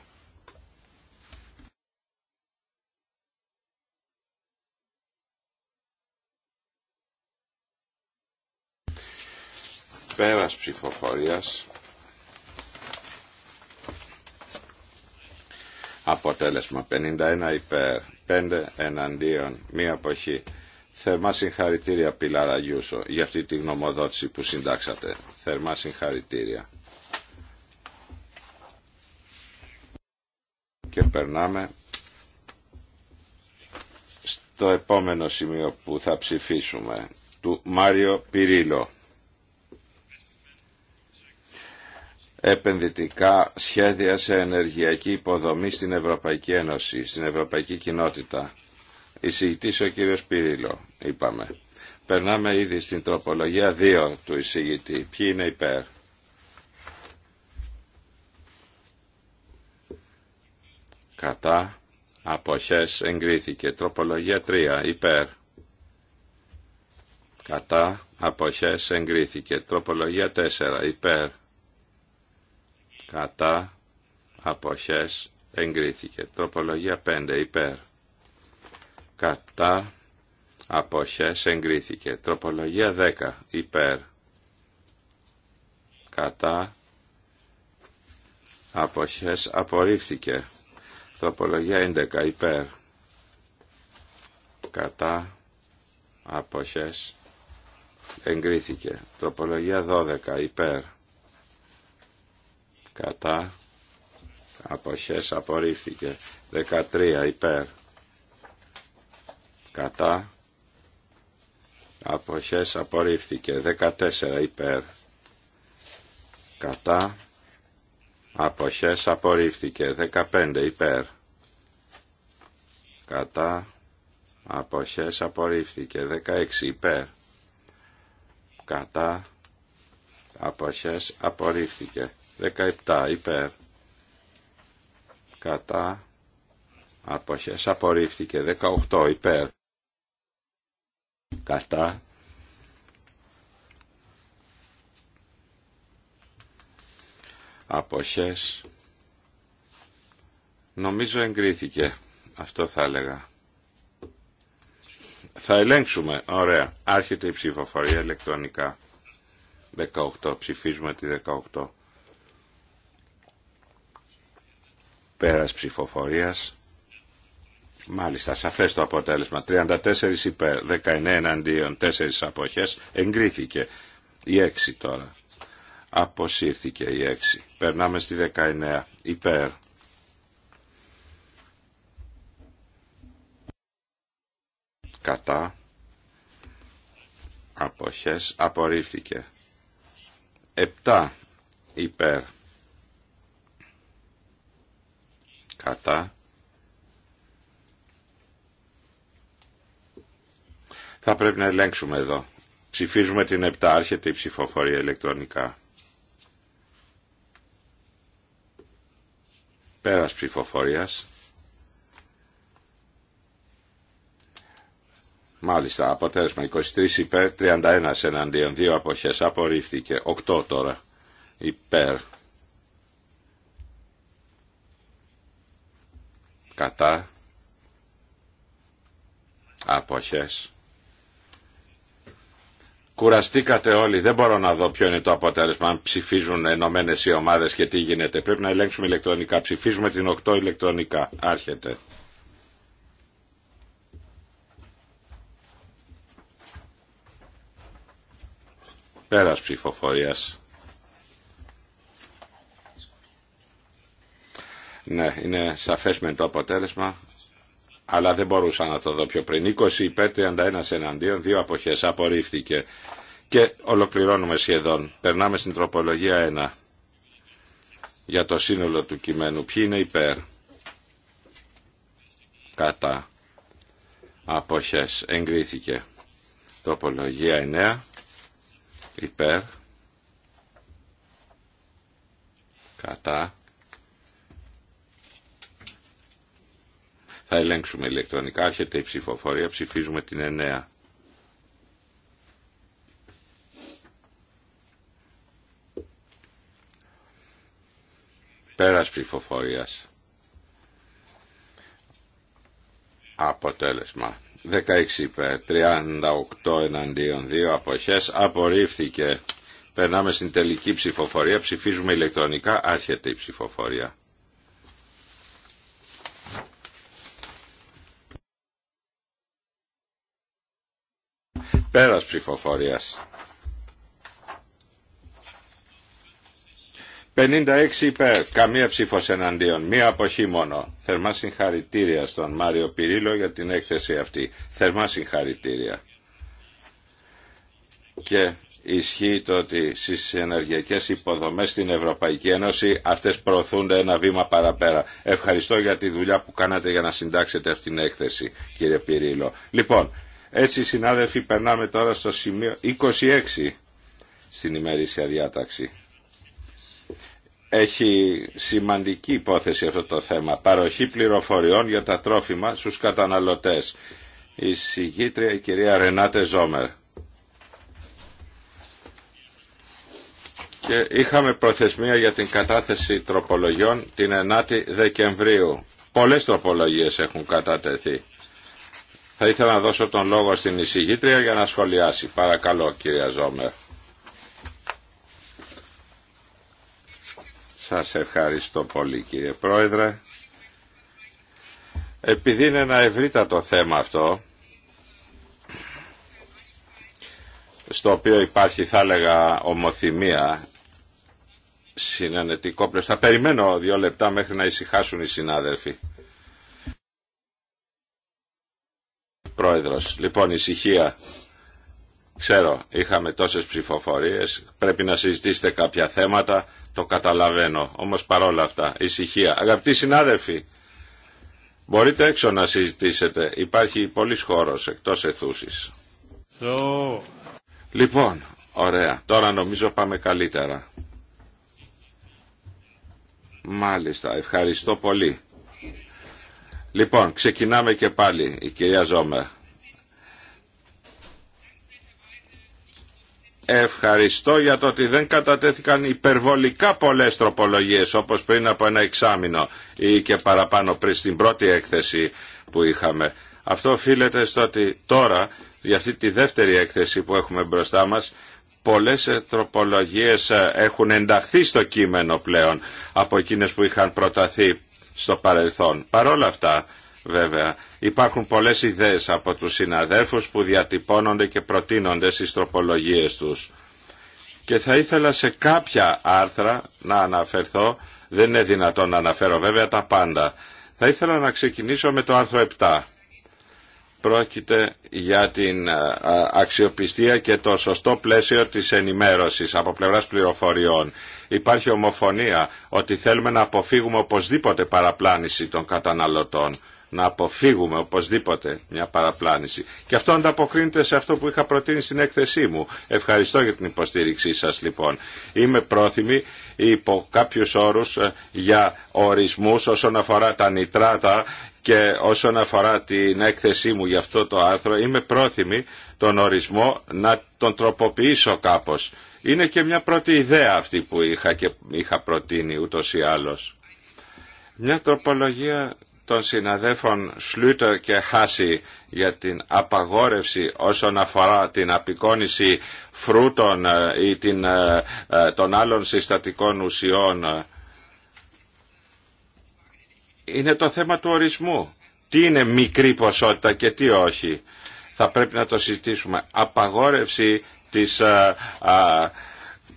Πέρας ψηφοφορίας. Αποτέλεσμα 51 υπέρ, 5 εναντίον, μία αποχή. Θερμά συγχαρητήρια Πιλάρα Γιούσο για αυτή τη γνωμοδότηση που συντάξατε. Θερμά συγχαρητήρια. Και περνάμε στο επόμενο σημείο που θα ψηφίσουμε του Μάριο Πυρίλο. επενδυτικά σχέδια σε ενεργειακή υποδομή στην Ευρωπαϊκή Ένωση, στην Ευρωπαϊκή Κοινότητα. Εισηγητής ο κύριο Πυρίλο, είπαμε. Περνάμε ήδη στην τροπολογία 2 του εισηγητή. Ποιοι είναι υπέρ. Κατά. Αποχές εγκρίθηκε. Τροπολογία 3. Υπέρ. Κατά. Αποχές εγκρίθηκε. Τροπολογία 4. Υπέρ. Κατά. Αποχές εγκρίθηκε. Τροπολογία 5. Υπέρ κατά αποχές εγκρίθηκε. Τροπολογία 10 υπέρ κατά αποχές απορρίφθηκε. Τροπολογία 11 υπέρ κατά αποχές εγκρίθηκε. Τροπολογία 12 υπέρ κατά αποχές απορρίφθηκε. 13 υπέρ κατά αποχές απορρίφθηκε 14 υπέρ κατά αποχές απορρίφθηκε 15 υπέρ κατά αποχές απορρίφθηκε 16 υπέρ κατά αποχές απορρίφθηκε 17 υπέρ κατά αποχές απορρίφθηκε 18 υπέρ κατά αποχές νομίζω εγκρίθηκε αυτό θα έλεγα θα ελέγξουμε ωραία άρχεται η ψηφοφορία ηλεκτρονικά 18 ψηφίζουμε τη 18 πέρας ψηφοφορίας Μάλιστα, σαφές το αποτέλεσμα. 34 υπέρ, 19 εναντίον, 4 αποχές. Εγκρίθηκε η 6 τώρα. Αποσύρθηκε η 6. Περνάμε στη 19. Υπέρ. Κατά. Αποχές. Απορρίφθηκε. 7. Υπέρ. Κατά Θα πρέπει να ελέγξουμε εδώ. Ψηφίζουμε την επτά άρχεται η ψηφοφορία ηλεκτρονικά. Πέρας ψηφοφορίας. Μάλιστα, αποτέλεσμα 23 υπέρ, 31 εναντίον, 2 αποχές, απορρίφθηκε, 8 τώρα υπέρ. Κατά. Αποχές. Κουραστήκατε όλοι. Δεν μπορώ να δω ποιο είναι το αποτέλεσμα. Αν ψηφίζουν ενωμένε οι ομάδε και τι γίνεται. Πρέπει να ελέγξουμε ηλεκτρονικά. Ψηφίζουμε την 8 ηλεκτρονικά. Άρχεται. Πέρας ψηφοφορίας. Ναι, είναι σαφές με το αποτέλεσμα αλλά δεν μπορούσα να το δω πιο πριν. 20 υπέρ 31 εναντίον, δύο αποχε απορρίφθηκε. Και ολοκληρώνουμε σχεδόν. Περνάμε στην τροπολογία 1 για το σύνολο του κειμένου. Ποιοι είναι υπέρ, κατά, αποχές, εγκρίθηκε. Τροπολογία 9, υπέρ, κατά, Θα ελέγξουμε ηλεκτρονικά. Άρχεται η ψηφοφορία. Ψηφίζουμε την 9. Πέρας ψηφοφορίας. Αποτέλεσμα. 16 38 εναντίον 2 αποχές, απορρίφθηκε. Περνάμε στην τελική ψηφοφορία, ψηφίζουμε ηλεκτρονικά, άρχεται η ψηφοφορία. Πέρας ψηφοφορίας. 56 υπέρ, καμία ψήφος εναντίον, μία αποχή μόνο. Θερμά συγχαρητήρια στον Μάριο Πυρίλο για την έκθεση αυτή. Θερμά συγχαρητήρια. Και ισχύει το ότι στις ενεργειακές υποδομές στην Ευρωπαϊκή Ένωση αυτές προωθούνται ένα βήμα παραπέρα. Ευχαριστώ για τη δουλειά που κάνατε για να συντάξετε αυτήν την έκθεση κύριε Πυρίλο. Λοιπόν, έτσι συνάδελφοι περνάμε τώρα στο σημείο 26 στην ημερήσια διάταξη. Έχει σημαντική υπόθεση αυτό το θέμα. Παροχή πληροφοριών για τα τρόφιμα στους καταναλωτές. Η συγγήτρια η κυρία Ρενάτε Ζόμερ. Και είχαμε προθεσμία για την κατάθεση τροπολογιών την 9η Δεκεμβρίου. Πολλές τροπολογίες έχουν κατατεθεί. Θα ήθελα να δώσω τον λόγο στην εισηγήτρια για να σχολιάσει. Παρακαλώ κυρία Ζόμερ. Σας ευχαριστώ πολύ κύριε Πρόεδρε. Επειδή είναι ένα ευρύτατο θέμα αυτό, στο οποίο υπάρχει θα έλεγα ομοθυμία, συνενετικό πλαίσιο. Θα περιμένω δύο λεπτά μέχρι να ησυχάσουν οι συνάδελφοι. Πρόεδρος, λοιπόν ησυχία. Ξέρω, είχαμε τόσες ψηφοφορίες, πρέπει να συζητήσετε κάποια θέματα, το καταλαβαίνω. Όμως παρόλα αυτά, ησυχία. Αγαπητοί συνάδελφοι, μπορείτε έξω να συζητήσετε. Υπάρχει πολλής χώρος εκτός εθούσης. Λοιπόν, ωραία. Τώρα νομίζω πάμε καλύτερα. Μάλιστα, ευχαριστώ πολύ. Λοιπόν, ξεκινάμε και πάλι, η κυρία Ζόμερ. Ευχαριστώ για το ότι δεν κατατέθηκαν υπερβολικά πολλές τροπολογίες όπως πριν από ένα εξάμεινο ή και παραπάνω πριν στην πρώτη έκθεση που είχαμε. Αυτό οφείλεται στο ότι τώρα για αυτή τη δεύτερη έκθεση που έχουμε μπροστά μας πολλές τροπολογίες έχουν ενταχθεί στο κείμενο πλέον από εκείνες που είχαν προταθεί στο παρελθόν. Παρόλα αυτά, βέβαια, υπάρχουν πολλές ιδέες από τους συναδέρφους που διατυπώνονται και προτείνονται στις τροπολογίες τους. Και θα ήθελα σε κάποια άρθρα να αναφερθώ, δεν είναι δυνατόν να αναφέρω βέβαια τα πάντα. Θα ήθελα να ξεκινήσω με το άρθρο 7. Πρόκειται για την αξιοπιστία και το σωστό πλαίσιο της ενημέρωσης από πλευράς πληροφοριών υπάρχει ομοφωνία ότι θέλουμε να αποφύγουμε οπωσδήποτε παραπλάνηση των καταναλωτών να αποφύγουμε οπωσδήποτε μια παραπλάνηση. Και αυτό ανταποκρίνεται σε αυτό που είχα προτείνει στην έκθεσή μου. Ευχαριστώ για την υποστήριξή σας λοιπόν. Είμαι πρόθυμη υπό κάποιους όρους ε, για ορισμούς όσον αφορά τα νητράτα και όσον αφορά την έκθεσή μου για αυτό το άρθρο είμαι πρόθυμη τον ορισμό να τον τροποποιήσω κάπως είναι και μια πρώτη ιδέα αυτή που είχα, και είχα προτείνει ούτως ή άλλως. Μια τροπολογία των συναδέφων Σλούτερ και Χάση για την απαγόρευση όσον αφορά την απεικόνηση φρούτων ε, ή την, ε, ε, των άλλων συστατικών ουσιών είναι το θέμα του ορισμού. Τι είναι μικρή ποσότητα και τι όχι. Θα πρέπει να το συζητήσουμε. Απαγόρευση της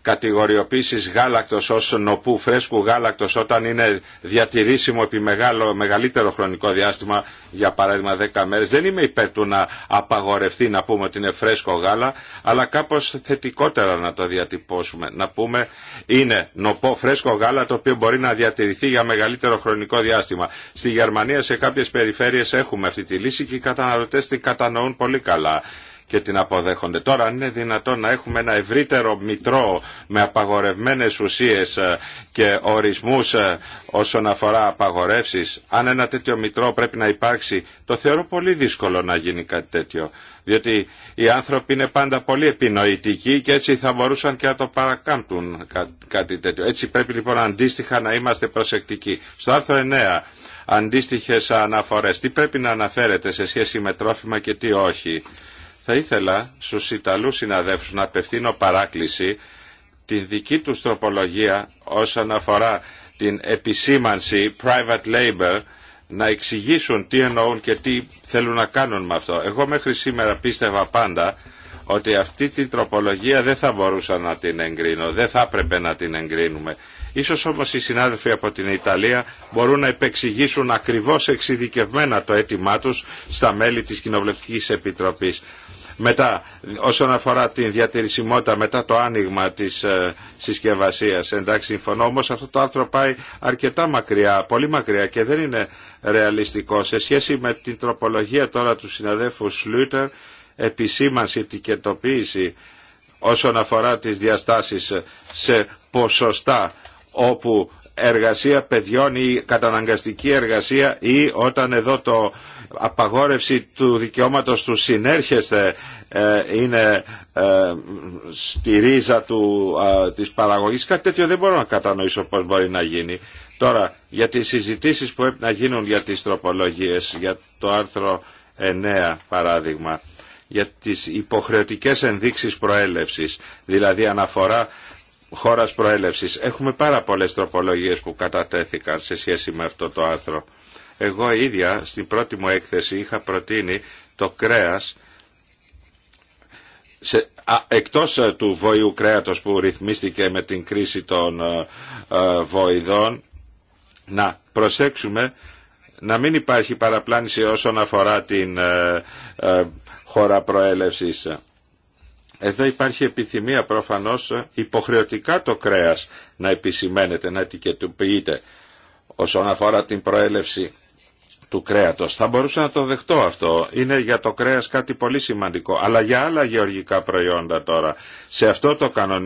κατηγοριοποίησης γάλακτος ως νοπού φρέσκου γάλακτος όταν είναι διατηρήσιμο επί μεγάλο, μεγαλύτερο χρονικό διάστημα για παράδειγμα 10 μέρες δεν είμαι υπέρ του να απαγορευτεί να πούμε ότι είναι φρέσκο γάλα αλλά κάπως θετικότερα να το διατυπώσουμε να πούμε είναι νοπό φρέσκο γάλα το οποίο μπορεί να διατηρηθεί για μεγαλύτερο χρονικό διάστημα στη Γερμανία σε κάποιες περιφέρειες έχουμε αυτή τη λύση και οι καταναλωτές την κατανοούν πολύ καλά και την αποδέχονται. Τώρα αν είναι δυνατόν να έχουμε ένα ευρύτερο μητρό με απαγορευμένες ουσίες ε, και ορισμούς ε, όσον αφορά απαγορεύσεις, αν ένα τέτοιο μητρό πρέπει να υπάρξει, το θεωρώ πολύ δύσκολο να γίνει κάτι τέτοιο. Διότι οι άνθρωποι είναι πάντα πολύ επινοητικοί και έτσι θα μπορούσαν και να το παρακάμπτουν κάτι τέτοιο. Έτσι πρέπει λοιπόν αντίστοιχα να είμαστε προσεκτικοί. Στο άρθρο 9 αντίστοιχες αναφορές. Τι πρέπει να αναφέρεται σε σχέση με τρόφιμα και τι όχι. Θα ήθελα στους Ιταλούς συναδέλφους να απευθύνω παράκληση την δική του τροπολογία όσον αφορά την επισήμανση private labor να εξηγήσουν τι εννοούν και τι θέλουν να κάνουν με αυτό. Εγώ μέχρι σήμερα πίστευα πάντα ότι αυτή την τροπολογία δεν θα μπορούσα να την εγκρίνω, δεν θα έπρεπε να την εγκρίνουμε. Ίσως όμως οι συνάδελφοι από την Ιταλία μπορούν να επεξηγήσουν ακριβώς εξειδικευμένα το αίτημά τους στα μέλη της Κοινοβουλευτικής Επιτροπής. Μετά, όσον αφορά την διατηρησιμότητα μετά το άνοιγμα της ε, συσκευασίας, εντάξει, συμφωνώ, όμως αυτό το άρθρο πάει αρκετά μακριά, πολύ μακριά και δεν είναι ρεαλιστικό. Σε σχέση με την τροπολογία τώρα του συναδέφου Σλούτερ, επισήμανση, τικετοποίηση όσον αφορά τις διαστάσεις σε ποσοστά όπου εργασία παιδιών ή καταναγκαστική εργασία ή όταν εδώ το απαγόρευση του δικαιώματος του συνέρχεστε ε, είναι ε, στη ρίζα του, της παραγωγής. Κάτι τέτοιο δεν μπορώ να κατανοήσω πώς μπορεί να γίνει. Τώρα, για τις συζητήσεις που έπρεπε να γίνουν για τις τροπολογίες, για το άρθρο 9 παράδειγμα, για τις υποχρεωτικές ενδείξεις προέλευσης, δηλαδή αναφορά χώρας προέλευσης. Έχουμε πάρα πολλές τροπολογίες που κατατέθηκαν σε σχέση με αυτό το άρθρο. Εγώ ίδια στην πρώτη μου έκθεση είχα προτείνει το κρέας σε, εκτός ε, του βοηού κρέατος που ρυθμίστηκε με την κρίση των ε, ε, βοηδών να προσέξουμε να μην υπάρχει παραπλάνηση όσον αφορά την χώρα προέλευσης. Εδώ υπάρχει επιθυμία προφανώς υποχρεωτικά το κρέας να επισημαίνεται, να ετικετοποιείται όσον αφορά την προέλευση του κρέατος. Θα μπορούσα να το δεχτώ αυτό. Είναι για το κρέας κάτι πολύ σημαντικό. Αλλά για άλλα γεωργικά προϊόντα τώρα, σε αυτό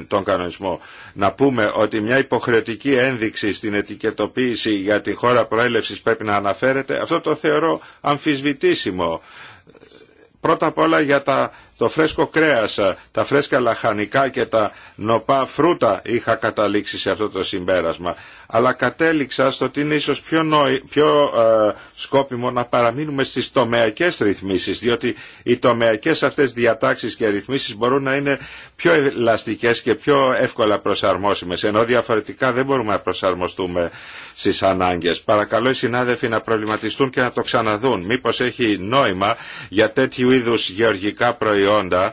τον κανονισμό, να πούμε ότι μια υποχρεωτική ένδειξη στην ετικετοποίηση για τη χώρα προέλευσης πρέπει να αναφέρεται, αυτό το θεωρώ αμφισβητήσιμο. Πρώτα απ' όλα για τα το φρέσκο κρέας, τα φρέσκα λαχανικά και τα νοπά φρούτα είχα καταλήξει σε αυτό το συμπέρασμα. Αλλά κατέληξα στο ότι είναι ίσως πιο, πιο ε, σκόπιμο να παραμείνουμε στις τομεακές ρυθμίσεις, διότι οι τομεακές αυτές διατάξεις και ρυθμίσεις μπορούν να είναι πιο ελαστικές και πιο εύκολα προσαρμόσιμες, ενώ διαφορετικά δεν μπορούμε να προσαρμοστούμε στις ανάγκες. Παρακαλώ οι συνάδελφοι να προβληματιστούν και να το ξαναδούν. Μήπως έχει νόημα για τέτοιου είδους γεωργικά προϊόντα προϊόντα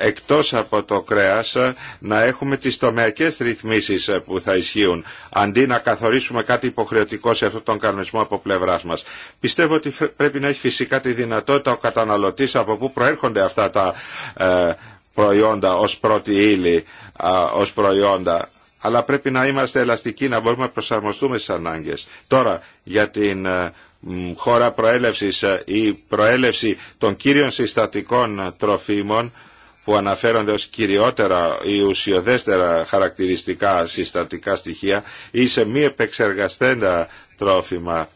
εκτός από το κρέας να έχουμε τις τομεακές ρυθμίσεις που θα ισχύουν αντί να καθορίσουμε κάτι υποχρεωτικό σε αυτόν τον κανονισμό από πλευράς μας. Πιστεύω ότι πρέπει να έχει φυσικά τη δυνατότητα ο καταναλωτής από πού προέρχονται αυτά τα ε, προϊόντα ως πρώτη ύλη, ως προϊόντα αλλά πρέπει να είμαστε ελαστικοί, να μπορούμε να προσαρμοστούμε στις ανάγκες. Τώρα, για την ε, χώρα προέλευσης ε, η προέλευση των κύριων συστατικών ε, τροφίμων που αναφέρονται ως κυριότερα ή ουσιοδέστερα χαρακτηριστικά συστατικά στοιχεία ή σε μη επεξεργαστένα τρόφιμα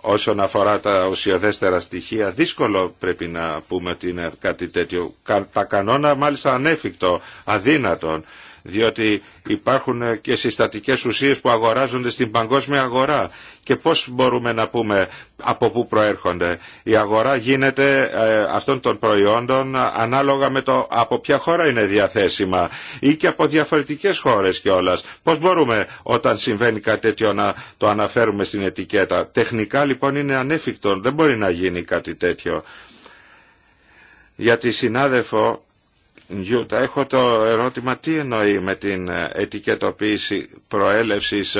όσον αφορά τα ουσιοδέστερα στοιχεία. Δύσκολο πρέπει να πούμε ότι είναι κάτι τέτοιο. Τα κανόνα μάλιστα ανέφικτο, αδύνατον διότι υπάρχουν και συστατικές ουσίες που αγοράζονται στην παγκόσμια αγορά και πώς μπορούμε να πούμε από πού προέρχονται. Η αγορά γίνεται ε, αυτών των προϊόντων ανάλογα με το από ποια χώρα είναι διαθέσιμα ή και από διαφορετικές χώρες κιόλα. Πώς μπορούμε όταν συμβαίνει κάτι τέτοιο να το αναφέρουμε στην ετικέτα. Τεχνικά λοιπόν είναι ανέφικτο, δεν μπορεί να γίνει κάτι τέτοιο. Για τη συνάδελφο Γιούτα, έχω το ερώτημα τι εννοεί με την ετικετοποίηση προέλευσης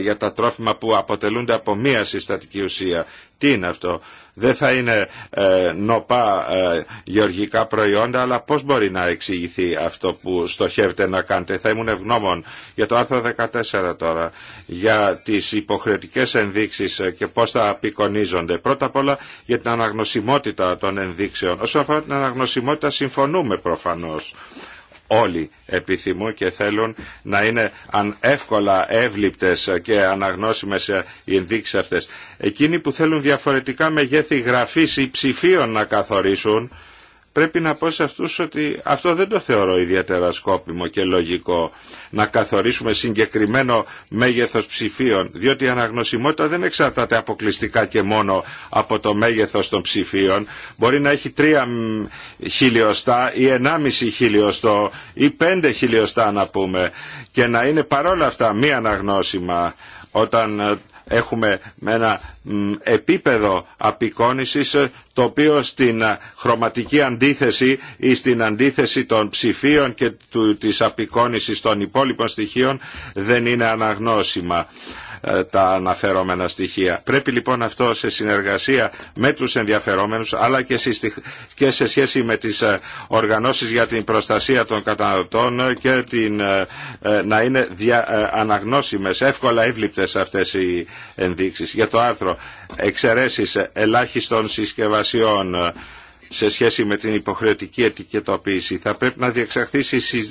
για τα τρόφιμα που αποτελούνται από μία συστατική ουσία. Τι είναι αυτό δεν θα είναι ε, νοπά ε, γεωργικά προϊόντα, αλλά πώς μπορεί να εξηγηθεί αυτό που στοχεύετε να κάνετε. Θα ήμουν ευγνώμων για το άρθρο 14 τώρα, για τις υποχρεωτικές ενδείξεις ε, και πώς θα απεικονίζονται. Πρώτα απ' όλα για την αναγνωσιμότητα των ενδείξεων. Όσον αφορά την αναγνωσιμότητα συμφωνούμε προφανώς όλοι επιθυμούν και θέλουν να είναι εύκολα εύληπτες και αναγνώσιμες οι ενδείξεις αυτές. Εκείνοι που θέλουν διαφορετικά μεγέθη γραφής ή ψηφίων να καθορίσουν πρέπει να πω σε αυτούς ότι αυτό δεν το θεωρώ ιδιαίτερα σκόπιμο και λογικό να καθορίσουμε συγκεκριμένο μέγεθος ψηφίων, διότι η αναγνωσιμότητα δεν εξαρτάται αποκλειστικά και μόνο από το μέγεθος των ψηφίων. Μπορεί να έχει τρία χιλιοστά ή ενάμιση χιλιοστό ή πέντε χιλιοστά να πούμε και να είναι παρόλα αυτά μη αναγνώσιμα όταν έχουμε με ένα επίπεδο απεικόνησης ε, το οποίο στην ε, χρωματική αντίθεση ή στην αντίθεση των ψηφίων και του, της απεικόνησης των υπόλοιπων στοιχείων δεν είναι αναγνώσιμα. Ε, τα αναφερόμενα στοιχεία. Πρέπει λοιπόν αυτό σε συνεργασία με τους ενδιαφερόμενους αλλά και σε σχέση με τις ε, οργανώσεις για την προστασία των καταναλωτών και την, ε, να είναι δια, αναγνώσιμες, εύκολα εύληπτες αυτές οι ενδείξεις. Για το άρθρο εξαιρέσεις ελάχιστων συσκευασιών σε σχέση με την υποχρεωτική ετικετοποίηση. Θα πρέπει να διεξαχθεί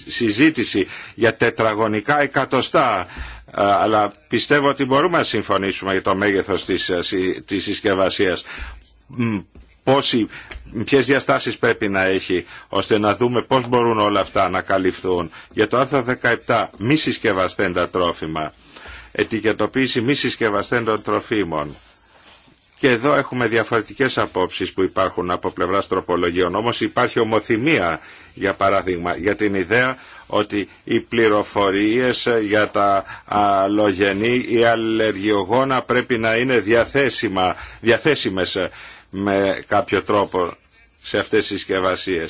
συζήτηση για τετραγωνικά εκατοστά αλλά πιστεύω ότι μπορούμε να συμφωνήσουμε για το μέγεθος της, ε, της συσκευασίας πόσοι, ποιες διαστάσεις πρέπει να έχει, ώστε να δούμε πώς μπορούν όλα αυτά να καλυφθούν. Για το άρθρο 17, μη συσκευαστέντα τρόφιμα, ετικετοποίηση μη συσκευαστέντων τροφίμων. Και εδώ έχουμε διαφορετικές απόψεις που υπάρχουν από πλευράς τροπολογίων, όμως υπάρχει ομοθυμία, για παράδειγμα, για την ιδέα ότι οι πληροφορίες για τα αλλογενή ή αλλεργιογόνα πρέπει να είναι διαθέσιμα, διαθέσιμες με κάποιο τρόπο σε αυτές τις συσκευασίε.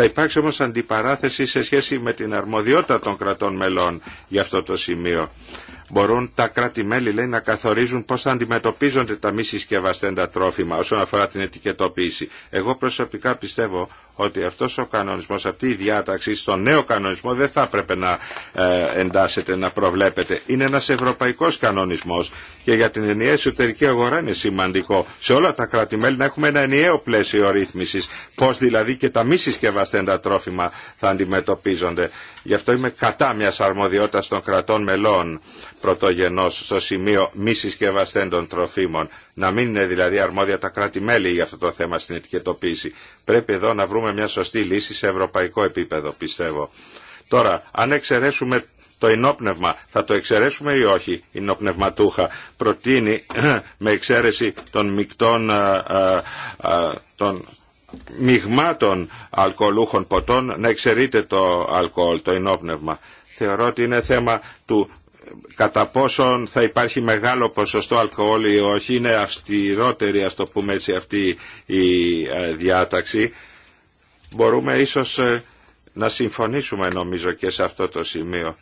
Θα υπάρξει όμως αντιπαράθεση σε σχέση με την αρμοδιότητα των κρατών μελών για αυτό το σημείο. Μπορούν τα κράτη-μέλη λέει, να καθορίζουν πώς θα αντιμετωπίζονται τα μη συσκευαστέντα τρόφιμα όσον αφορά την ετικετοποίηση. Εγώ προσωπικά πιστεύω ότι αυτός ο κανονισμός, αυτή η διάταξη στον νέο κανονισμό δεν θα έπρεπε να ε, εντάσσεται, να προβλέπεται. Είναι ένας ευρωπαϊκός κανονισμός και για την ενιαία εσωτερική αγορά είναι σημαντικό σε όλα τα κράτη-μέλη να έχουμε ένα ενιαίο πλαίσιο ρύθμισης, πώς δηλαδή και τα μη συσκευαστέντα τρόφιμα θα αντιμετωπίζονται. Γι' αυτό είμαι κατά μια αρμοδιότητα των κρατών μελών πρωτογενώς στο σημείο μη συσκευαστέντων τροφίμων να μην είναι δηλαδή αρμόδια τα κράτη-μέλη για αυτό το θέμα στην ετικετοποίηση. Πρέπει εδώ να βρούμε μια σωστή λύση σε ευρωπαϊκό επίπεδο, πιστεύω. Τώρα, αν εξαιρέσουμε το ενόπνευμα, θα το εξαιρέσουμε ή όχι, η ενόπνευματούχα, προτείνει με εξαίρεση των μεικτών, των μειγμάτων αλκοολούχων ποτών να εξαιρείται το αλκοόλ, το ενόπνευμα. Θεωρώ ότι είναι θέμα του κατά πόσον θα υπάρχει μεγάλο ποσοστό αλκοόλ ή όχι, είναι αυστηρότερη ας το πούμε έτσι αυτή η ε, διάταξη. Μπορούμε ίσως ε, να συμφωνήσουμε νομίζω και σε αυτό το σημείο.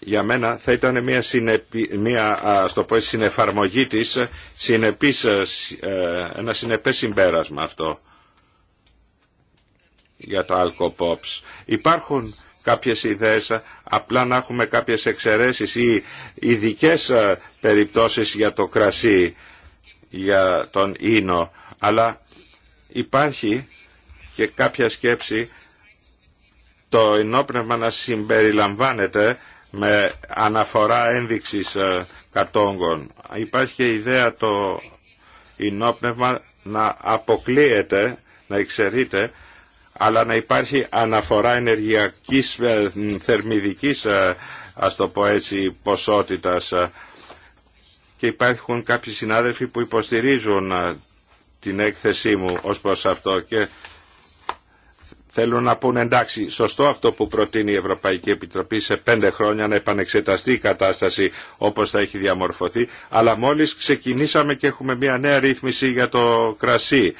Για μένα θα ήταν μια, συνεπι... μια ας το πω, συνεφαρμογή της, συνεπής, ε, ένα συνεπές συμπέρασμα αυτό για το αλκοπόψ. Υπάρχουν κάποιες ιδέες, απλά να έχουμε κάποιες εξαιρέσεις ή ειδικέ ε, περιπτώσεις για το κρασί, για τον ίνο. Αλλά υπάρχει και κάποια σκέψη το ενόπνευμα να συμπεριλαμβάνεται με αναφορά ένδειξης ε, κατόγκων. Υπάρχει και ιδέα το ενόπνευμα να αποκλείεται, να εξαιρείται αλλά να υπάρχει αναφορά ενεργειακής ε, θερμιδικής ε, ας το πω έτσι ποσότητας ε, και υπάρχουν κάποιοι συνάδελφοι που υποστηρίζουν την έκθεσή μου ως προς αυτό και θέλουν να πούν εντάξει σωστό αυτό που προτείνει η Ευρωπαϊκή Επιτροπή σε πέντε χρόνια να επανεξεταστεί η κατάσταση όπως θα έχει διαμορφωθεί αλλά μόλις ξεκινήσαμε και έχουμε μια νέα ρύθμιση για το κρασί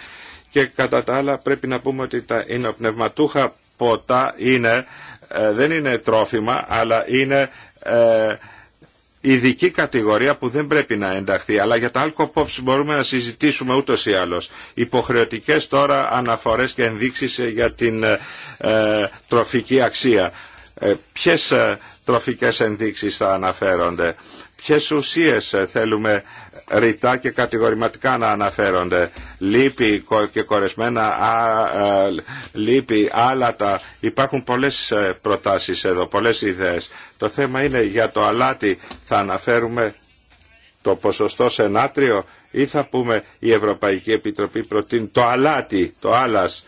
και κατά τα άλλα πρέπει να πούμε ότι τα υνοπνευματούχα ποτά είναι, ε, δεν είναι τρόφιμα, αλλά είναι ε, ειδική κατηγορία που δεν πρέπει να ενταχθεί. Αλλά για τα αλκοπόψη μπορούμε να συζητήσουμε ούτως ή άλλως. Υποχρεωτικές τώρα αναφορές και ενδείξεις για την ε, τροφική αξία. Ποιες τροφικές ενδείξεις θα αναφέρονται. Ποιες ουσίες θέλουμε ρητά και κατηγορηματικά να αναφέρονται. Λύπη και κορεσμένα ε, λύπη, άλατα. Υπάρχουν πολλές ε, προτάσεις εδώ, πολλές ιδέες. Το θέμα είναι για το αλάτι θα αναφέρουμε το ποσοστό σε νάτριο ή θα πούμε η Ευρωπαϊκή Επιτροπή προτείνει το αλάτι, το άλας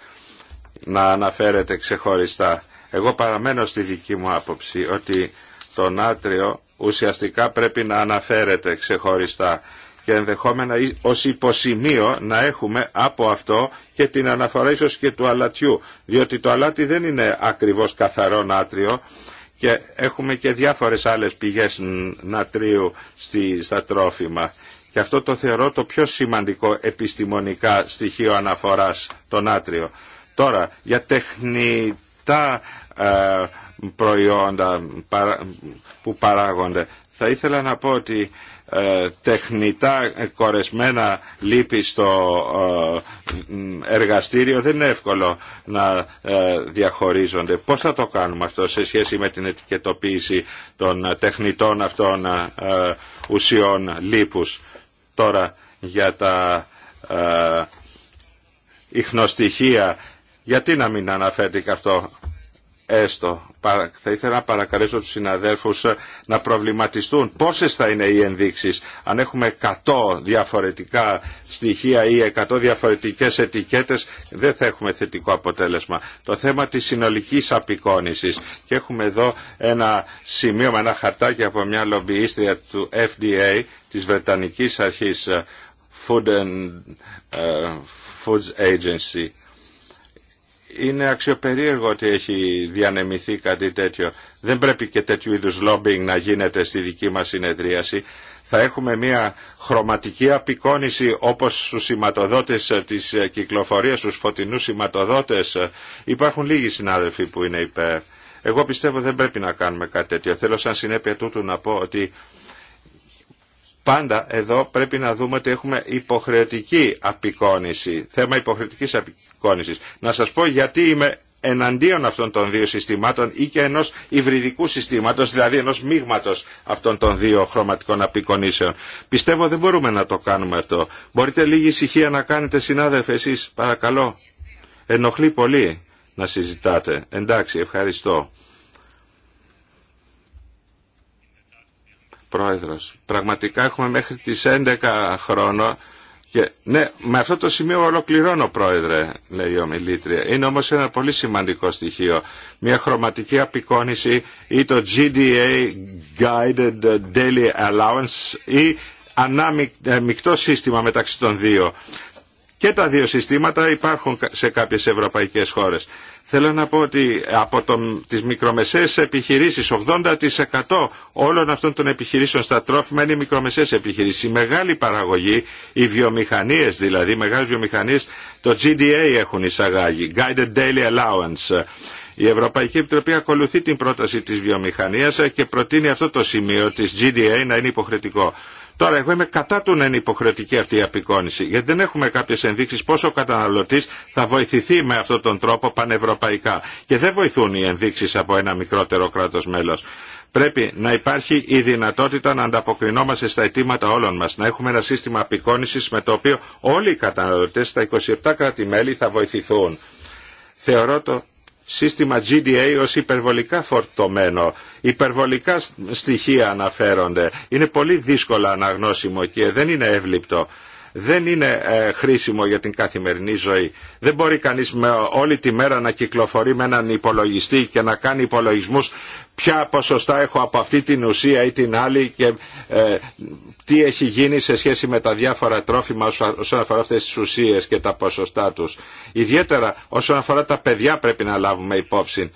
να αναφέρεται ξεχωριστά. Εγώ παραμένω στη δική μου άποψη ότι το νάτριο ουσιαστικά πρέπει να αναφέρεται ξεχωριστά και ενδεχόμενα ως υποσημείο να έχουμε από αυτό και την αναφορά ίσως και του αλατιού διότι το αλάτι δεν είναι ακριβώς καθαρό νάτριο και έχουμε και διάφορες άλλες πηγές νατρίου στα τρόφιμα και αυτό το θεωρώ το πιο σημαντικό επιστημονικά στοιχείο αναφοράς το νάτριο. Τώρα για τεχνητά ε, προϊόντα που παράγονται θα ήθελα να πω ότι ε, τεχνητά κορεσμένα λύπη στο ε, εργαστήριο δεν είναι εύκολο να ε, διαχωρίζονται. Πώς θα το κάνουμε αυτό σε σχέση με την ετικετοποίηση των τεχνητών αυτών ουσιών λύπους. τώρα για τα ηχνοστοιχεία γιατί να μην αναφέρει αυτό έστω θα ήθελα να παρακαλέσω τους συναδέλφους ε, να προβληματιστούν πόσες θα είναι οι ενδείξεις. Αν έχουμε 100 διαφορετικά στοιχεία ή 100 διαφορετικές ετικέτες δεν θα έχουμε θετικό αποτέλεσμα. Το θέμα της συνολικής απεικόνησης και έχουμε εδώ ένα σημείο με ένα χαρτάκι από μια λομπιίστρια του FDA της Βρετανικής Αρχής ε, Food ε, Foods Agency είναι αξιοπερίεργο ότι έχει διανεμηθεί κάτι τέτοιο. Δεν πρέπει και τέτοιου είδους lobbying να γίνεται στη δική μας συνεδρίαση. Θα έχουμε μια χρωματική απεικόνηση όπως στους σηματοδότες της κυκλοφορίας, στους φωτεινούς σηματοδότες. Υπάρχουν λίγοι συνάδελφοι που είναι υπέρ. Εγώ πιστεύω δεν πρέπει να κάνουμε κάτι τέτοιο. Θέλω σαν συνέπεια τούτου να πω ότι Πάντα εδώ πρέπει να δούμε ότι έχουμε υποχρεωτική απεικόνηση, θέμα υποχρεωτικής να σας πω γιατί είμαι εναντίον αυτών των δύο συστημάτων ή και ενός υβριδικού συστήματος, δηλαδή ενός μείγματος αυτών των δύο χρωματικών απεικονίσεων. Πιστεύω δεν μπορούμε να το κάνουμε αυτό. Μπορείτε λίγη ησυχία να κάνετε συνάδελφε εσείς, παρακαλώ. Ενοχλεί πολύ να συζητάτε. Εντάξει, ευχαριστώ. Πρόεδρος, πραγματικά έχουμε μέχρι τις 11 χρόνο και ναι, με αυτό το σημείο ολοκληρώνω πρόεδρε, λέει η ομιλήτρια. Είναι όμως ένα πολύ σημαντικό στοιχείο. Μια χρωματική απεικόνηση ή το GDA Guided Daily Allowance ή ανάμεικτό ε, σύστημα μεταξύ των δύο. Και τα δύο συστήματα υπάρχουν σε κάποιες ευρωπαϊκές χώρες. Θέλω να πω ότι από τον τις μικρομεσαίες επιχειρήσεις, 80% όλων αυτών των επιχειρήσεων στα τρόφιμα είναι οι μικρομεσαίες επιχειρήσεις. Η μεγάλη παραγωγή, οι βιομηχανίες δηλαδή, οι μεγάλες βιομηχανίες, το GDA έχουν εισαγάγει, Guided Daily Allowance. Η Ευρωπαϊκή Επιτροπή ακολουθεί την πρόταση της βιομηχανίας και προτείνει αυτό το σημείο της GDA να είναι υποχρετικό. Τώρα, εγώ είμαι κατά του να είναι υποχρεωτική αυτή η απεικόνηση, γιατί δεν έχουμε κάποιε ενδείξει πόσο ο καταναλωτή θα βοηθηθεί με αυτόν τον τρόπο πανευρωπαϊκά. Και δεν βοηθούν οι ενδείξει από ένα μικρότερο κράτο μέλο. Πρέπει να υπάρχει η δυνατότητα να ανταποκρινόμαστε στα αιτήματα όλων μα, να έχουμε ένα σύστημα απεικόνηση με το οποίο όλοι οι καταναλωτέ στα 27 κράτη-μέλη θα βοηθηθούν. Θεωρώ το σύστημα GDA ως υπερβολικά φορτωμένο. Υπερβολικά στοιχεία αναφέρονται. Είναι πολύ δύσκολα αναγνώσιμο και δεν είναι εύληπτο δεν είναι ε, χρήσιμο για την καθημερινή ζωή. Δεν μπορεί κανείς με όλη τη μέρα να κυκλοφορεί με έναν υπολογιστή και να κάνει υπολογισμούς ποια ποσοστά έχω από αυτή την ουσία ή την άλλη και ε, τι έχει γίνει σε σχέση με τα διάφορα τρόφιμα όσον αφορά αυτές τις ουσίες και τα ποσοστά τους. Ιδιαίτερα όσον αφορά τα παιδιά πρέπει να λάβουμε υπόψη.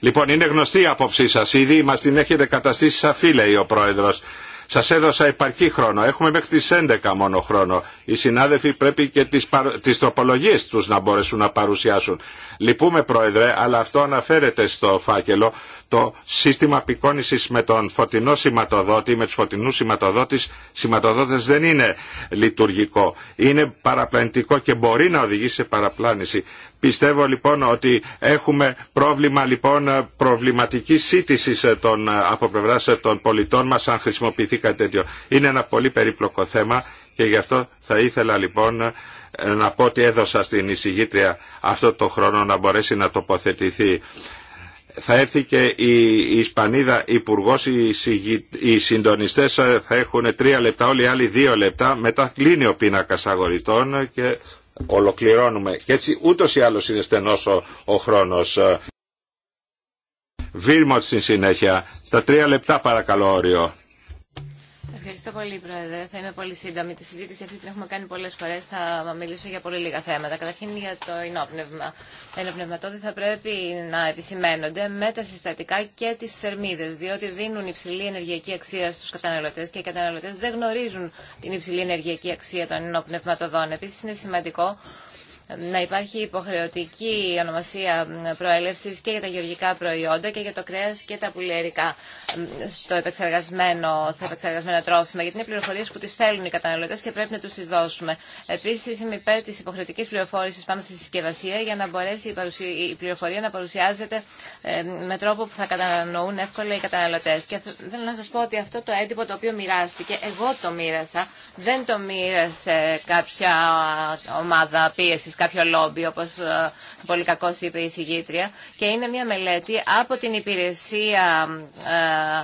Λοιπόν, είναι γνωστή η άποψή σας ήδη, μας την έχετε καταστήσει σαφή, λέει ο Πρόεδρος. Σας έδωσα επαρκή χρόνο. Έχουμε μέχρι τις 11 μόνο χρόνο οι συνάδελφοι πρέπει και τις, παρο... τις τροπολογίες τους να μπορέσουν να παρουσιάσουν. Λυπούμε Πρόεδρε, αλλά αυτό αναφέρεται στο φάκελο το σύστημα απεικόνησης με τον φωτεινό σηματοδότη, με τους φωτεινούς σηματοδότης, σηματοδότες δεν είναι λειτουργικό. Είναι παραπλανητικό και μπορεί να οδηγήσει σε παραπλάνηση. Πιστεύω λοιπόν ότι έχουμε πρόβλημα λοιπόν προβληματική σύντησης ε, των, ε, από πλευρά ε, των πολιτών μας αν χρησιμοποιηθεί κάτι τέτοιο. Είναι ένα πολύ περίπλοκο θέμα και γι' αυτό θα ήθελα λοιπόν να πω ότι έδωσα στην εισηγήτρια αυτό το χρόνο να μπορέσει να τοποθετηθεί. Θα έρθει και η Ισπανίδα υπουργό, οι συντονιστέ θα έχουν τρία λεπτά, όλοι οι άλλοι δύο λεπτά. Μετά κλείνει ο πίνακα αγοριτών και ολοκληρώνουμε. Και έτσι ούτω ή άλλω είναι στενό ο χρόνο. Βίρμοντ στην συνέχεια. Τα τρία λεπτά παρακαλώ όριο. Ευχαριστώ πολύ, Πρόεδρε. Θα είμαι πολύ σύντομη. Τη συζήτηση αυτή την έχουμε κάνει πολλέ φορέ. Θα μιλήσω για πολύ λίγα θέματα. Καταρχήν για το ενόπνευμα. Τα ενοπνευματόδη θα πρέπει να επισημένονται με τα συστατικά και τι θερμίδε, διότι δίνουν υψηλή ενεργειακή αξία στου καταναλωτέ και οι καταναλωτέ δεν γνωρίζουν την υψηλή ενεργειακή αξία των ενόπνευματοδών. Επίση, είναι σημαντικό να υπάρχει υποχρεωτική ονομασία προέλευση και για τα γεωργικά προϊόντα και για το κρέα και τα πουλιαρικά στο επεξεργασμένο, στα επεξεργασμένα τρόφιμα, γιατί είναι πληροφορίε που τι θέλουν οι καταναλωτέ και πρέπει να του τις δώσουμε. Επίση, είμαι υπέρ τη υποχρεωτική πληροφόρηση πάνω στη συσκευασία για να μπορέσει η πληροφορία να παρουσιάζεται ε, με τρόπο που θα κατανοούν εύκολα οι καταναλωτέ. Και θέλω να σα πω ότι αυτό το έντυπο το οποίο μοιράστηκε, εγώ το μοίρασα, δεν το μοίρασε κάποια ομάδα πίεση κάποιο λόμπι, όπως ε, πολύ κακώς είπε η συγγήτρια. Και είναι μια μελέτη από την υπηρεσία ε,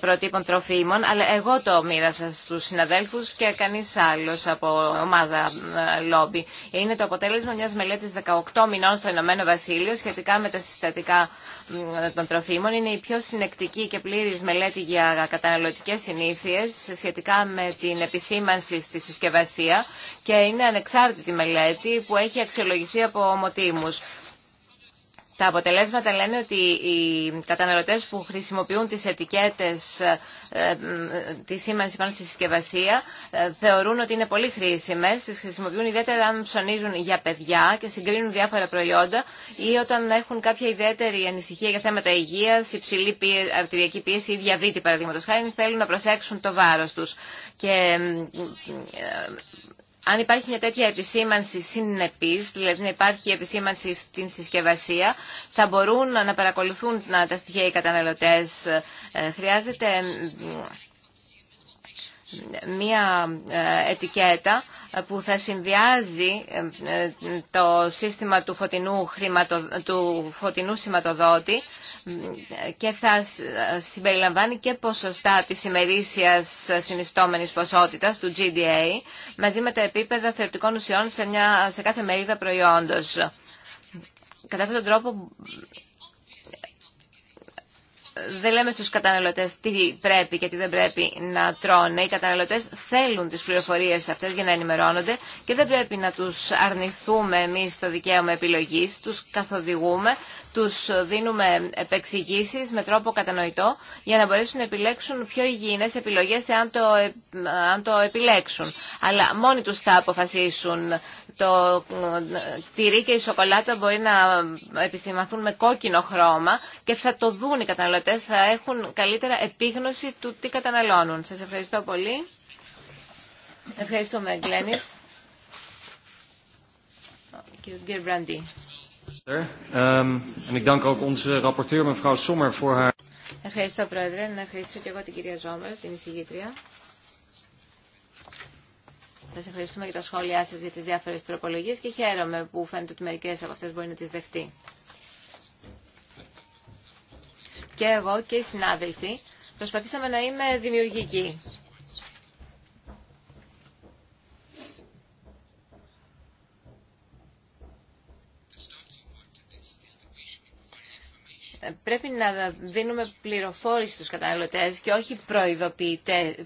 προτύπων τροφίμων, αλλά εγώ το μοίρασα στους συναδέλφους και κανείς άλλος από ομάδα ε, λόμπι. Είναι το αποτέλεσμα μιας μελέτης 18 μηνών στο Ηνωμένο Βασίλειο σχετικά με τα συστατικά των τροφίμων. Είναι η πιο συνεκτική και πλήρης μελέτη για καταναλωτικές συνήθειες σχετικά με την επισήμανση στη συσκευασία και είναι ανεξάρτητη μελέτη που έχει αξιολογηθεί από ομοτήμους. Τα αποτελέσματα λένε ότι οι καταναλωτές που χρησιμοποιούν τις ετικέτες ε, τη σήμανση πάνω στη συσκευασία ε, θεωρούν ότι είναι πολύ χρήσιμες. Τις χρησιμοποιούν ιδιαίτερα αν ψωνίζουν για παιδιά και συγκρίνουν διάφορα προϊόντα ή όταν έχουν κάποια ιδιαίτερη ανησυχία για θέματα υγείας, υψηλή αρτηριακή πίεση ή διαβήτη παραδείγματος χάρη θέλουν να προσέξουν το βάρος τους. Και ε, αν υπάρχει μια τέτοια επισήμανση συνεπής, δηλαδή να υπάρχει επισήμανση στην συσκευασία, θα μπορούν να παρακολουθούν τα στοιχεία οι καταναλωτές. Ε, χρειάζεται μια ε, ετικέτα ε, που θα συνδυάζει το σύστημα του φωτεινού, χρηματο... του φωτεινού σηματοδότη και θα ε, συμπεριλαμβάνει και ποσοστά της ημερήσιας συνιστόμενης ποσότητας του GDA μαζί με τα επίπεδα θρεπτικών ουσιών σε, σε κάθε μερίδα προϊόντος. Κατά αυτόν τον τρόπο δεν λέμε στους καταναλωτές τι πρέπει και τι δεν πρέπει να τρώνε. Οι καταναλωτές θέλουν τις πληροφορίες αυτές για να ενημερώνονται και δεν πρέπει να τους αρνηθούμε εμείς το δικαίωμα επιλογής. Τους καθοδηγούμε, τους δίνουμε επεξηγήσεις με τρόπο κατανοητό για να μπορέσουν να επιλέξουν πιο υγιεινές επιλογές εάν το, ε, αν το επιλέξουν. Αλλά μόνοι τους θα αποφασίσουν το τυρί και η σοκολάτα μπορεί να επισημαθούν με κόκκινο χρώμα και θα το δουν οι καταναλωτές, θα έχουν καλύτερα επίγνωση του τι καταναλώνουν. Σας ευχαριστώ πολύ. Ευχαριστούμε, Γκλένις. Κύριε Ευχαριστώ, Πρόεδρε. Να ευχαριστήσω και εγώ την κυρία Ζόμερ, την εισηγήτρια. Σα ευχαριστούμε για τα σχόλιά σα για τι διάφορε τροπολογίες και χαίρομαι που φαίνεται ότι μερικές από αυτές μπορεί να τις δεχτεί. Και εγώ και οι συνάδελφοι προσπαθήσαμε να είμαι δημιουργική. πρέπει να δίνουμε πληροφόρηση στους καταναλωτές και όχι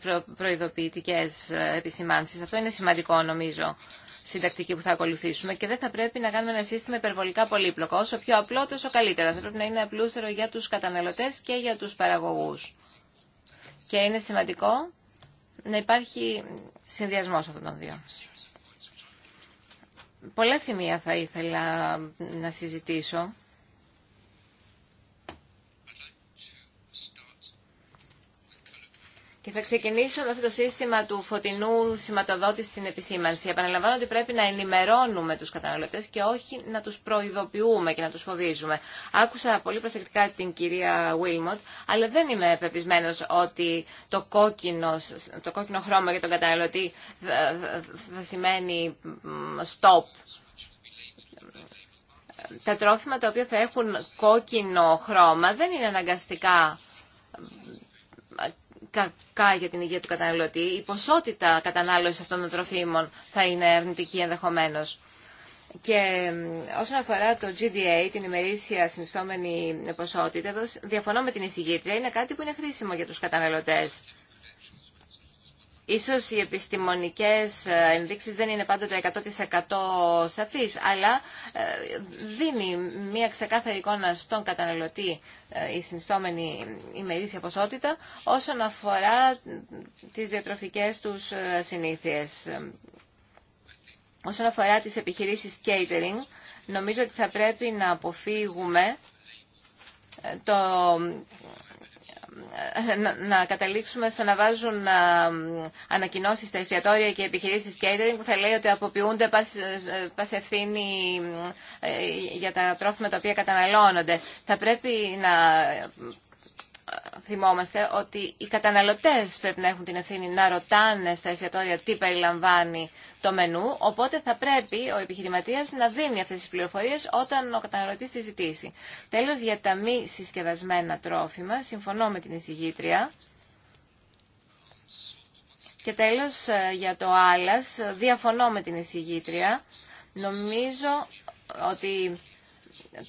προ, προειδοποιητικές ε, επισημάνσεις. Αυτό είναι σημαντικό νομίζω στην τακτική που θα ακολουθήσουμε και δεν θα πρέπει να κάνουμε ένα σύστημα υπερβολικά πολύπλοκο. Όσο πιο απλό, τόσο καλύτερα. Θα πρέπει να είναι απλούστερο για τους καταναλωτές και για τους παραγωγούς. Και είναι σημαντικό να υπάρχει συνδυασμός αυτών των δύο. Πολλά σημεία θα ήθελα να συζητήσω. Και θα ξεκινήσω με αυτό το σύστημα του φωτεινού σηματοδότη στην επισήμανση. Επαναλαμβάνω ότι πρέπει να ενημερώνουμε του καταναλωτέ και όχι να του προειδοποιούμε και να του φοβίζουμε. Άκουσα πολύ προσεκτικά την κυρία Βίλμοντ, αλλά δεν είμαι πεπισμένο ότι το κόκκινο, το κόκκινο χρώμα για τον καταναλωτή θα σημαίνει stop τα τρόφιμα τα οποία θα έχουν κόκκινο χρώμα δεν είναι αναγκαστικά κακά για την υγεία του καταναλωτή. Η ποσότητα κατανάλωσης αυτών των τροφίμων θα είναι αρνητική ενδεχομένω. Και όσον αφορά το GDA, την ημερήσια συνιστόμενη ποσότητα, διαφωνώ με την εισηγήτρια, είναι κάτι που είναι χρήσιμο για τους καταναλωτέ. Ίσως οι επιστημονικές ε, ενδείξεις δεν είναι πάντοτε 100% σαφείς, αλλά ε, δίνει μια ξεκάθαρη εικόνα στον καταναλωτή ε, η συνιστόμενη ημερήσια ποσότητα όσον αφορά τις διατροφικές τους συνήθειες. Όσον αφορά τις επιχειρήσεις catering, νομίζω ότι θα πρέπει να αποφύγουμε το να καταλήξουμε στο να βάζουν ανακοινώσει στα εστιατόρια και επιχειρήσεις catering που θα λέει ότι αποποιούνται πα ε, ευθύνη ε, για τα τρόφιμα τα οποία καταναλώνονται. Θα πρέπει να θυμόμαστε ότι οι καταναλωτές πρέπει να έχουν την ευθύνη να ρωτάνε στα εστιατόρια τι περιλαμβάνει το μενού, οπότε θα πρέπει ο επιχειρηματίας να δίνει αυτές τις πληροφορίες όταν ο καταναλωτής τη ζητήσει. Τέλος, για τα μη συσκευασμένα τρόφιμα, συμφωνώ με την εισηγήτρια. Και τέλος, ε, για το άλλας, διαφωνώ με την εισηγήτρια. Νομίζω ότι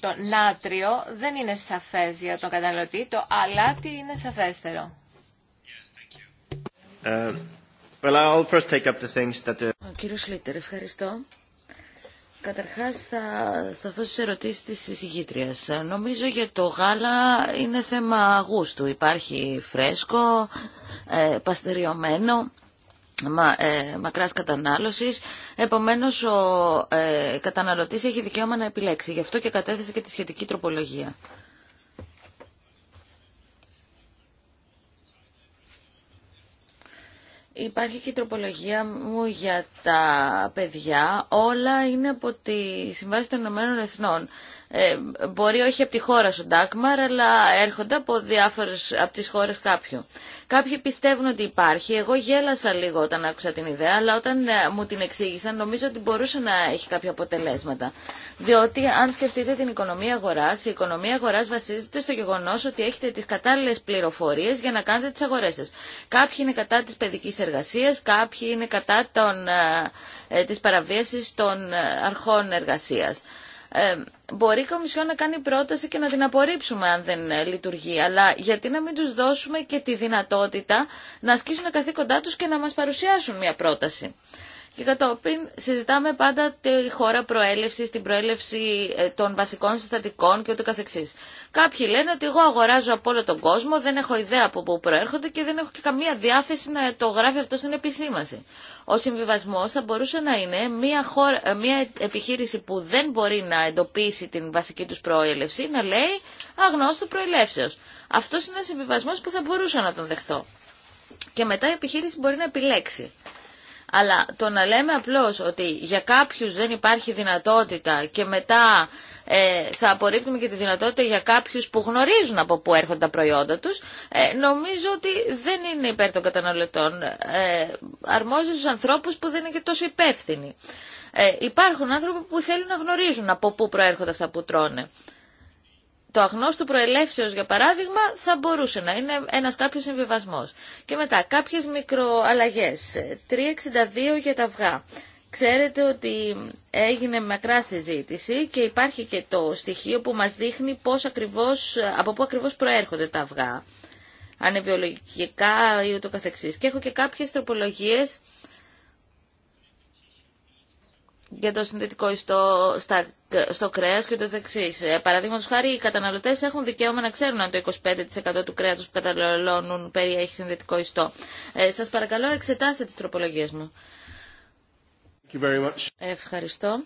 το νάτριο δεν είναι σαφές για τον καταναλωτή, το αλάτι είναι σαφέστερο. Uh, Κύριο Σλίτερ, ευχαριστώ. Καταρχάς θα σταθώ στις ερωτήσεις της εισηγήτριας. Νομίζω για το γάλα είναι θέμα γούστου. Υπάρχει φρέσκο, ε, παστεριωμένο μα, ε, μακράς κατανάλωσης. Επομένως, ο ε, καταναλωτής έχει δικαίωμα να επιλέξει. Γι' αυτό και κατέθεσε και τη σχετική τροπολογία. Υπάρχει και η τροπολογία μου για τα παιδιά. Όλα είναι από τη Συμβάση των Ηνωμένων Εθνών. Ε, μπορεί όχι από τη χώρα σου, Ντάκμαρ, αλλά έρχονται από διάφορες από τις χώρες κάποιου. Κάποιοι πιστεύουν ότι υπάρχει. Εγώ γέλασα λίγο όταν άκουσα την ιδέα, αλλά όταν ε, μου την εξήγησαν νομίζω ότι μπορούσε να έχει κάποια αποτελέσματα. Διότι αν σκεφτείτε την οικονομία αγορά, η οικονομία αγορά βασίζεται στο γεγονό ότι έχετε τι κατάλληλε πληροφορίε για να κάνετε τι αγορέ σα. Κάποιοι είναι κατά τη παιδική εργασία, κάποιοι είναι κατά ε, ε, της των ε, αρχών εργασία. Ε, μπορεί η Κομισιόν να κάνει πρόταση και να την απορρίψουμε αν δεν ε, λειτουργεί. Αλλά γιατί να μην τους δώσουμε και τη δυνατότητα να ασκήσουν τα καθήκοντά τους και να μας παρουσιάσουν μια πρόταση. Και κατόπιν συζητάμε πάντα τη χώρα προέλευση, την προέλευση ε, των βασικών συστατικών και ούτω καθεξής. Κάποιοι λένε ότι εγώ αγοράζω από όλο τον κόσμο, δεν έχω ιδέα από πού προέρχονται και δεν έχω και καμία διάθεση να το γράφει αυτό στην επισήμαση. Ο συμβιβασμό θα μπορούσε να είναι μια, μια ε, επιχείρηση που δεν μπορεί να εντοπίσει την βασική του προέλευση να λέει αγνώστου προελεύσεω. Αυτό είναι ένα συμβιβασμό που θα μπορούσα να τον δεχτώ. Και μετά η επιχείρηση μπορεί να επιλέξει. Αλλά το να λέμε απλώς ότι για κάποιους δεν υπάρχει δυνατότητα και μετά ε, θα απορρίπτουμε και τη δυνατότητα για κάποιους που γνωρίζουν από πού έρχονται τα προϊόντα τους, ε, νομίζω ότι δεν είναι υπέρ των καταναλωτών. Ε, αρμόζει στους ανθρώπους που δεν είναι και τόσο υπεύθυνοι. Ε, υπάρχουν άνθρωποι που θέλουν να γνωρίζουν από πού προέρχονται αυτά που τρώνε το αγνώστου προελεύσεως, για παράδειγμα, θα μπορούσε να είναι ένας κάποιος συμβιβασμός. Και μετά, κάποιες μικροαλλαγές. 3,62 για τα αυγά. Ξέρετε ότι έγινε μακρά συζήτηση και υπάρχει και το στοιχείο που μας δείχνει πώς ακριβώς, από πού ακριβώς προέρχονται τα αυγά. Ανεβιολογικά ή ούτω καθεξής. Και έχω και κάποιες τροπολογίες για το συνδετικό ιστό στο κρέας και το δεξί. Ε, παραδείγματος χάρη, οι καταναλωτές έχουν δικαίωμα να ξέρουν αν το 25% του κρέατος που καταναλώνουν περιέχει συνδετικό ιστό. Ε, σας παρακαλώ, εξετάστε τις τροπολογίες μου. Ευχαριστώ.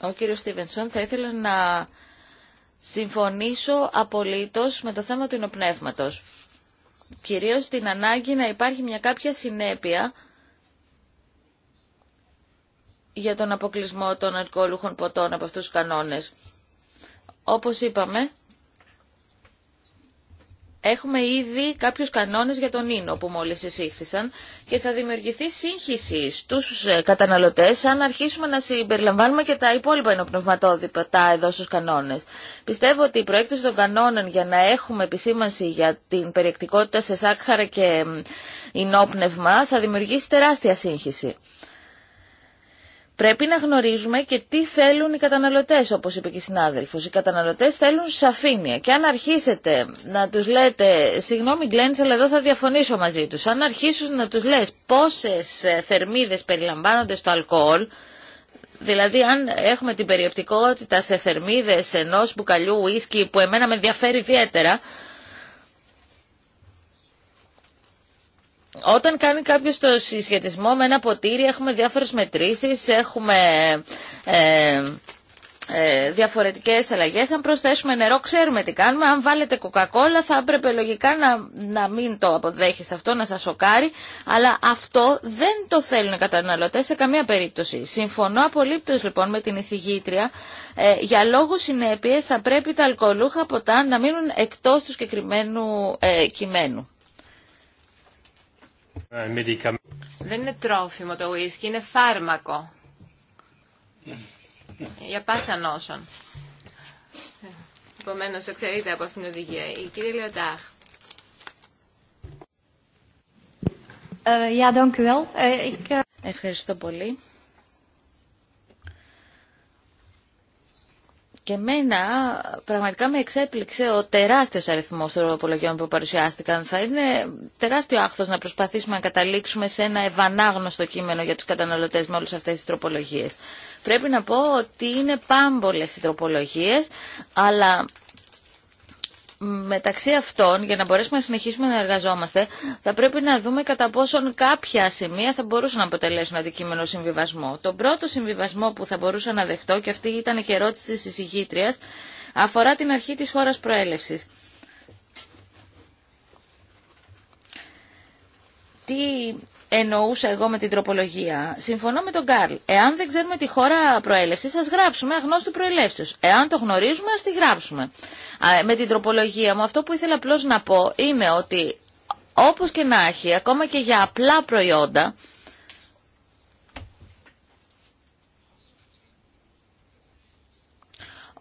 Ο κύριος Στίβενσον θα ήθελα να συμφωνήσω απολύτως με το θέμα του εινοπνεύματος. Κυρίως την ανάγκη να υπάρχει μια κάποια συνέπεια για τον αποκλεισμό των αλκοόλουχων ποτών από αυτούς τους κανόνες. Όπως είπαμε, έχουμε ήδη κάποιους κανόνες για τον ίνο που μόλις εισήχθησαν και θα δημιουργηθεί σύγχυση στους ε, καταναλωτές αν αρχίσουμε να συμπεριλαμβάνουμε και τα υπόλοιπα ενοπνευματόδητα εδώ στους κανόνες. Πιστεύω ότι η προέκταση των κανόνων για να έχουμε επισήμανση για την περιεκτικότητα σε σάκχαρα και ενόπνευμα θα δημιουργήσει τεράστια σύγχυση. Πρέπει να γνωρίζουμε και τι θέλουν οι καταναλωτές, όπως είπε και η συνάδελφος. Οι καταναλωτές θέλουν σαφήνεια. Και αν αρχίσετε να τους λέτε, συγγνώμη Γκλέντ, αλλά εδώ θα διαφωνήσω μαζί τους. Αν αρχίσουν να τους λες πόσες ε, θερμίδε περιλαμβάνονται στο αλκοόλ, Δηλαδή, αν έχουμε την περιοπτικότητα σε θερμίδε ενό μπουκαλιού ουίσκι που εμένα με ενδιαφέρει ιδιαίτερα, όταν κάνει κάποιο το συσχετισμό με ένα ποτήρι έχουμε διάφορε μετρήσεις, έχουμε ε, ε, διαφορετικές αλλαγές. Αν προσθέσουμε νερό ξέρουμε τι κάνουμε. Αν βάλετε κοκακόλα θα έπρεπε λογικά να, να μην το αποδέχεστε αυτό, να σας σοκάρει. Αλλά αυτό δεν το θέλουν οι καταναλωτές σε καμία περίπτωση. Συμφωνώ απολύτω λοιπόν με την εισηγήτρια. Ε, για λόγους συνέπειε θα πρέπει τα αλκοολούχα ποτά να μείνουν εκτό του συγκεκριμένου ε, κειμένου. Δεν είναι τρόφιμο το ουίσκι, είναι φάρμακο. Για πάσα νόσον. Επομένω, εξαιρείται από αυτήν την οδηγία. Η κυρία Λεωτάχ. Ε, ε, ε, Ευχαριστώ πολύ. Και εμένα πραγματικά με εξέπληξε ο τεράστιος αριθμός των τροπολογιών που παρουσιάστηκαν. Θα είναι τεράστιο άχθος να προσπαθήσουμε να καταλήξουμε σε ένα ευανάγνωστο κείμενο για τους καταναλωτές με όλες αυτές τι τροπολογίες. Πρέπει να πω ότι είναι πάμπολε οι τροπολογίες, αλλά μεταξύ αυτών, για να μπορέσουμε να συνεχίσουμε να εργαζόμαστε, θα πρέπει να δούμε κατά πόσον κάποια σημεία θα μπορούσαν να αποτελέσουν αντικείμενο συμβιβασμό. Το πρώτο συμβιβασμό που θα μπορούσα να δεχτώ, και αυτή ήταν και ερώτηση της εισηγήτριας, αφορά την αρχή της χώρας προέλευσης. Τι εννοούσα εγώ με την τροπολογία. Συμφωνώ με τον Καρλ. Εάν δεν ξέρουμε τη χώρα προέλευση, α γράψουμε αγνώστου προελεύσεω. Εάν το γνωρίζουμε, α τη γράψουμε. Με την τροπολογία μου, αυτό που ήθελα απλώ να πω είναι ότι όπω και να έχει, ακόμα και για απλά προϊόντα,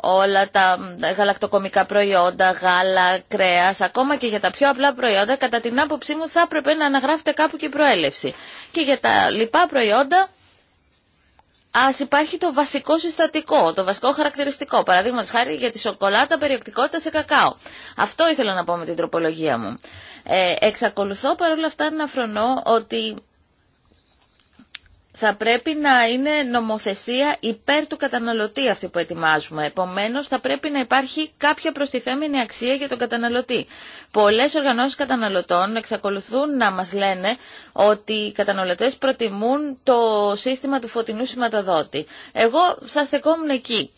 όλα τα γαλακτοκομικά προϊόντα, γάλα, κρέα, ακόμα και για τα πιο απλά προϊόντα, κατά την άποψή μου θα έπρεπε να αναγράφεται κάπου και η προέλευση. Και για τα λοιπά προϊόντα, Α υπάρχει το βασικό συστατικό, το βασικό χαρακτηριστικό. Παραδείγματο χάρη για τη σοκολάτα περιεκτικότητα σε κακάο. Αυτό ήθελα να πω με την τροπολογία μου. Ε, εξακολουθώ παρόλα αυτά να φρονώ ότι θα πρέπει να είναι νομοθεσία υπέρ του καταναλωτή αυτή που ετοιμάζουμε. Επομένως, θα πρέπει να υπάρχει κάποια προστιθέμενη αξία για τον καταναλωτή. Πολλέ οργανώσεις καταναλωτών εξακολουθούν να μας λένε ότι οι καταναλωτές προτιμούν το σύστημα του φωτεινού σηματοδότη. Εγώ θα στεκόμουν εκεί.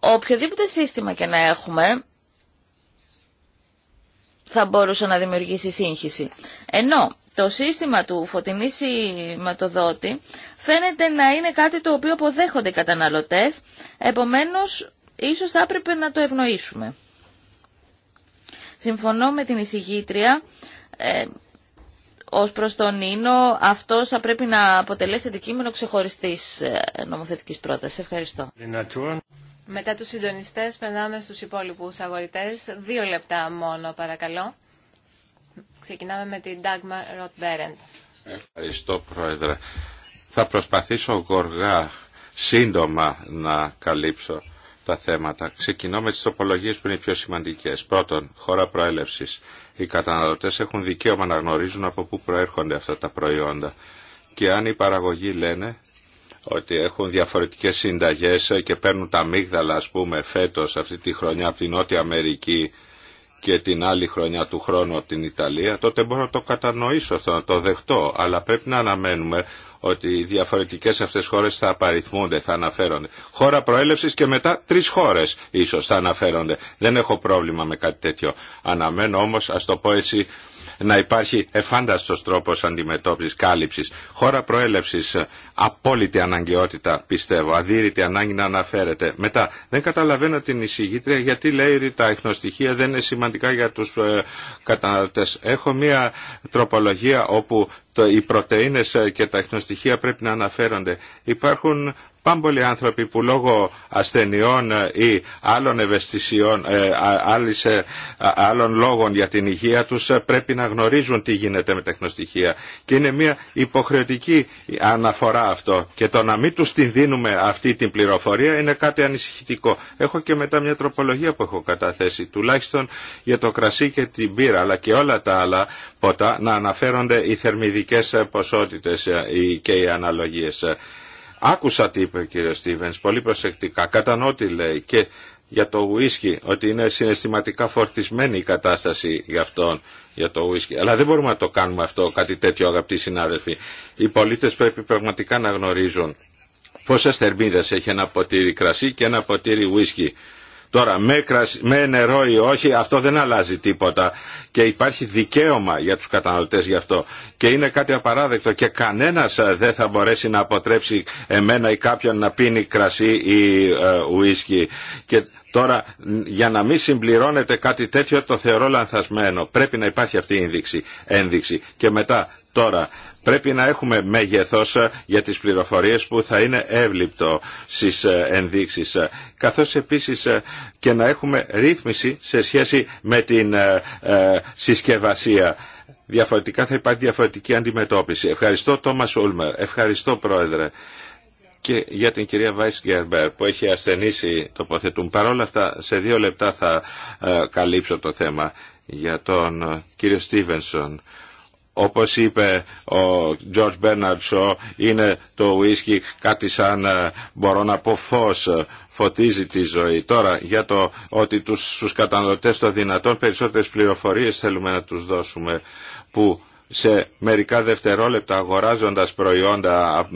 Οποιοδήποτε σύστημα και να έχουμε, θα μπορούσε να δημιουργήσει σύγχυση. Ενώ το σύστημα του φωτεινή σηματοδότη φαίνεται να είναι κάτι το οποίο αποδέχονται οι καταναλωτές, επομένως ίσως θα έπρεπε να το ευνοήσουμε. Συμφωνώ με την εισηγήτρια, ε, ως προς τον Ίνο, αυτό θα πρέπει να αποτελέσει αντικείμενο ξεχωριστής ε, νομοθετικής πρότασης. Ευχαριστώ. Μετά τους συντονιστές περνάμε στους υπόλοιπους αγορητές. Δύο λεπτά μόνο παρακαλώ. Ξεκινάμε με την Dagmar Rothberend. Ευχαριστώ Πρόεδρε. Θα προσπαθήσω γοργά, σύντομα να καλύψω τα θέματα. Ξεκινώ με τις τοπολογίες που είναι οι πιο σημαντικές. Πρώτον, χώρα προέλευσης. Οι καταναλωτές έχουν δικαίωμα να γνωρίζουν από πού προέρχονται αυτά τα προϊόντα. Και αν οι παραγωγοί λένε ότι έχουν διαφορετικές συνταγές και παίρνουν τα αμύγδαλα, ας πούμε, φέτος αυτή τη χρονιά από την Νότια Αμερική και την άλλη χρονιά του χρόνου την Ιταλία, τότε μπορώ να το κατανοήσω, θα το δεχτώ. Αλλά πρέπει να αναμένουμε ότι οι διαφορετικέ αυτέ χώρε θα απαριθμούνται, θα αναφέρονται. Χώρα πρόέλευση και μετά τρει χώρε ίσως θα αναφέρονται. Δεν έχω πρόβλημα με κάτι τέτοιο. Αναμένω όμω, α το πω έτσι, να υπάρχει εφάνταστος τρόπος αντιμετώπισης, κάλυψης. Χώρα προέλευσης, απόλυτη αναγκαιότητα πιστεύω, αδύρυτη ανάγκη να αναφέρεται. Μετά, δεν καταλαβαίνω την εισηγήτρια γιατί λέει ότι τα εχνοστοιχεία δεν είναι σημαντικά για τους ε, καταναλωτές. Έχω μία τροπολογία όπου οι πρωτεΐνες ε, και τα εχνοστοιχεία πρέπει να αναφέρονται. Υπάρχουν Πάμπολοι άνθρωποι που λόγω ασθενειών ή άλλων ευαισθησιών, ε, άλλων λόγων για την υγεία τους ε, πρέπει να γνωρίζουν τι γίνεται με τεχνοστοιχεία. Και είναι μια υποχρεωτική αναφορά αυτό. Και το να μην τους την δίνουμε αυτή την πληροφορία είναι κάτι ανησυχητικό. Έχω και μετά μια τροπολογία που έχω καταθέσει, τουλάχιστον για το κρασί και την πύρα, αλλά και όλα τα άλλα ποτά να αναφέρονται οι θερμιδικές ποσότητες ε, και οι αναλογίες. Άκουσα τι είπε ο κύριο Στίβενς πολύ προσεκτικά. Κατανοώ τι λέει και για το ουίσκι, ότι είναι συναισθηματικά φορτισμένη η κατάσταση για αυτόν, για το ουίσκι. Αλλά δεν μπορούμε να το κάνουμε αυτό, κάτι τέτοιο αγαπητοί συνάδελφοι. Οι πολίτες πρέπει πραγματικά να γνωρίζουν πόσες θερμίδες έχει ένα ποτήρι κρασί και ένα ποτήρι ουίσκι. Τώρα με, κρασι... νερό ή όχι αυτό δεν αλλάζει τίποτα και υπάρχει δικαίωμα για τους καταναλωτές γι' αυτό και είναι κάτι απαράδεκτο και κανένας ε, δεν θα μπορέσει να αποτρέψει εμένα ή κάποιον να πίνει κρασί ή ε, ουίσκι και Τώρα, για να μην συμπληρώνεται κάτι τέτοιο, το θεωρώ λανθασμένο. Πρέπει να υπάρχει αυτή η ένδειξη. Και μετά, τώρα, Πρέπει να έχουμε μέγεθος ε, για τις πληροφορίες που θα είναι εύληπτο στις ε, ενδείξεις, ε. καθώς επίσης και να έχουμε ρύθμιση σε σχέση με την συσκευασία. Διαφορετικά θα υπάρχει διαφορετική αντιμετώπιση. Ευχαριστώ Τόμας Ούλμερ, ευχαριστώ Πρόεδρε και για την κυρία Βάις Γκέρμπερ που έχει ασθενήσει τοποθετούν. Παρ' αυτά σε δύο λεπτά θα καλύψω το θέμα για τον κύριο Στίβενσον όπως είπε ο George Bernard Shaw, είναι το ουίσκι κάτι σαν ε, μπορώ να πω φως, ε, φωτίζει τη ζωή. Τώρα για το ότι τους, στους των το δυνατόν περισσότερες πληροφορίες θέλουμε να τους δώσουμε που σε μερικά δευτερόλεπτα αγοράζοντας προϊόντα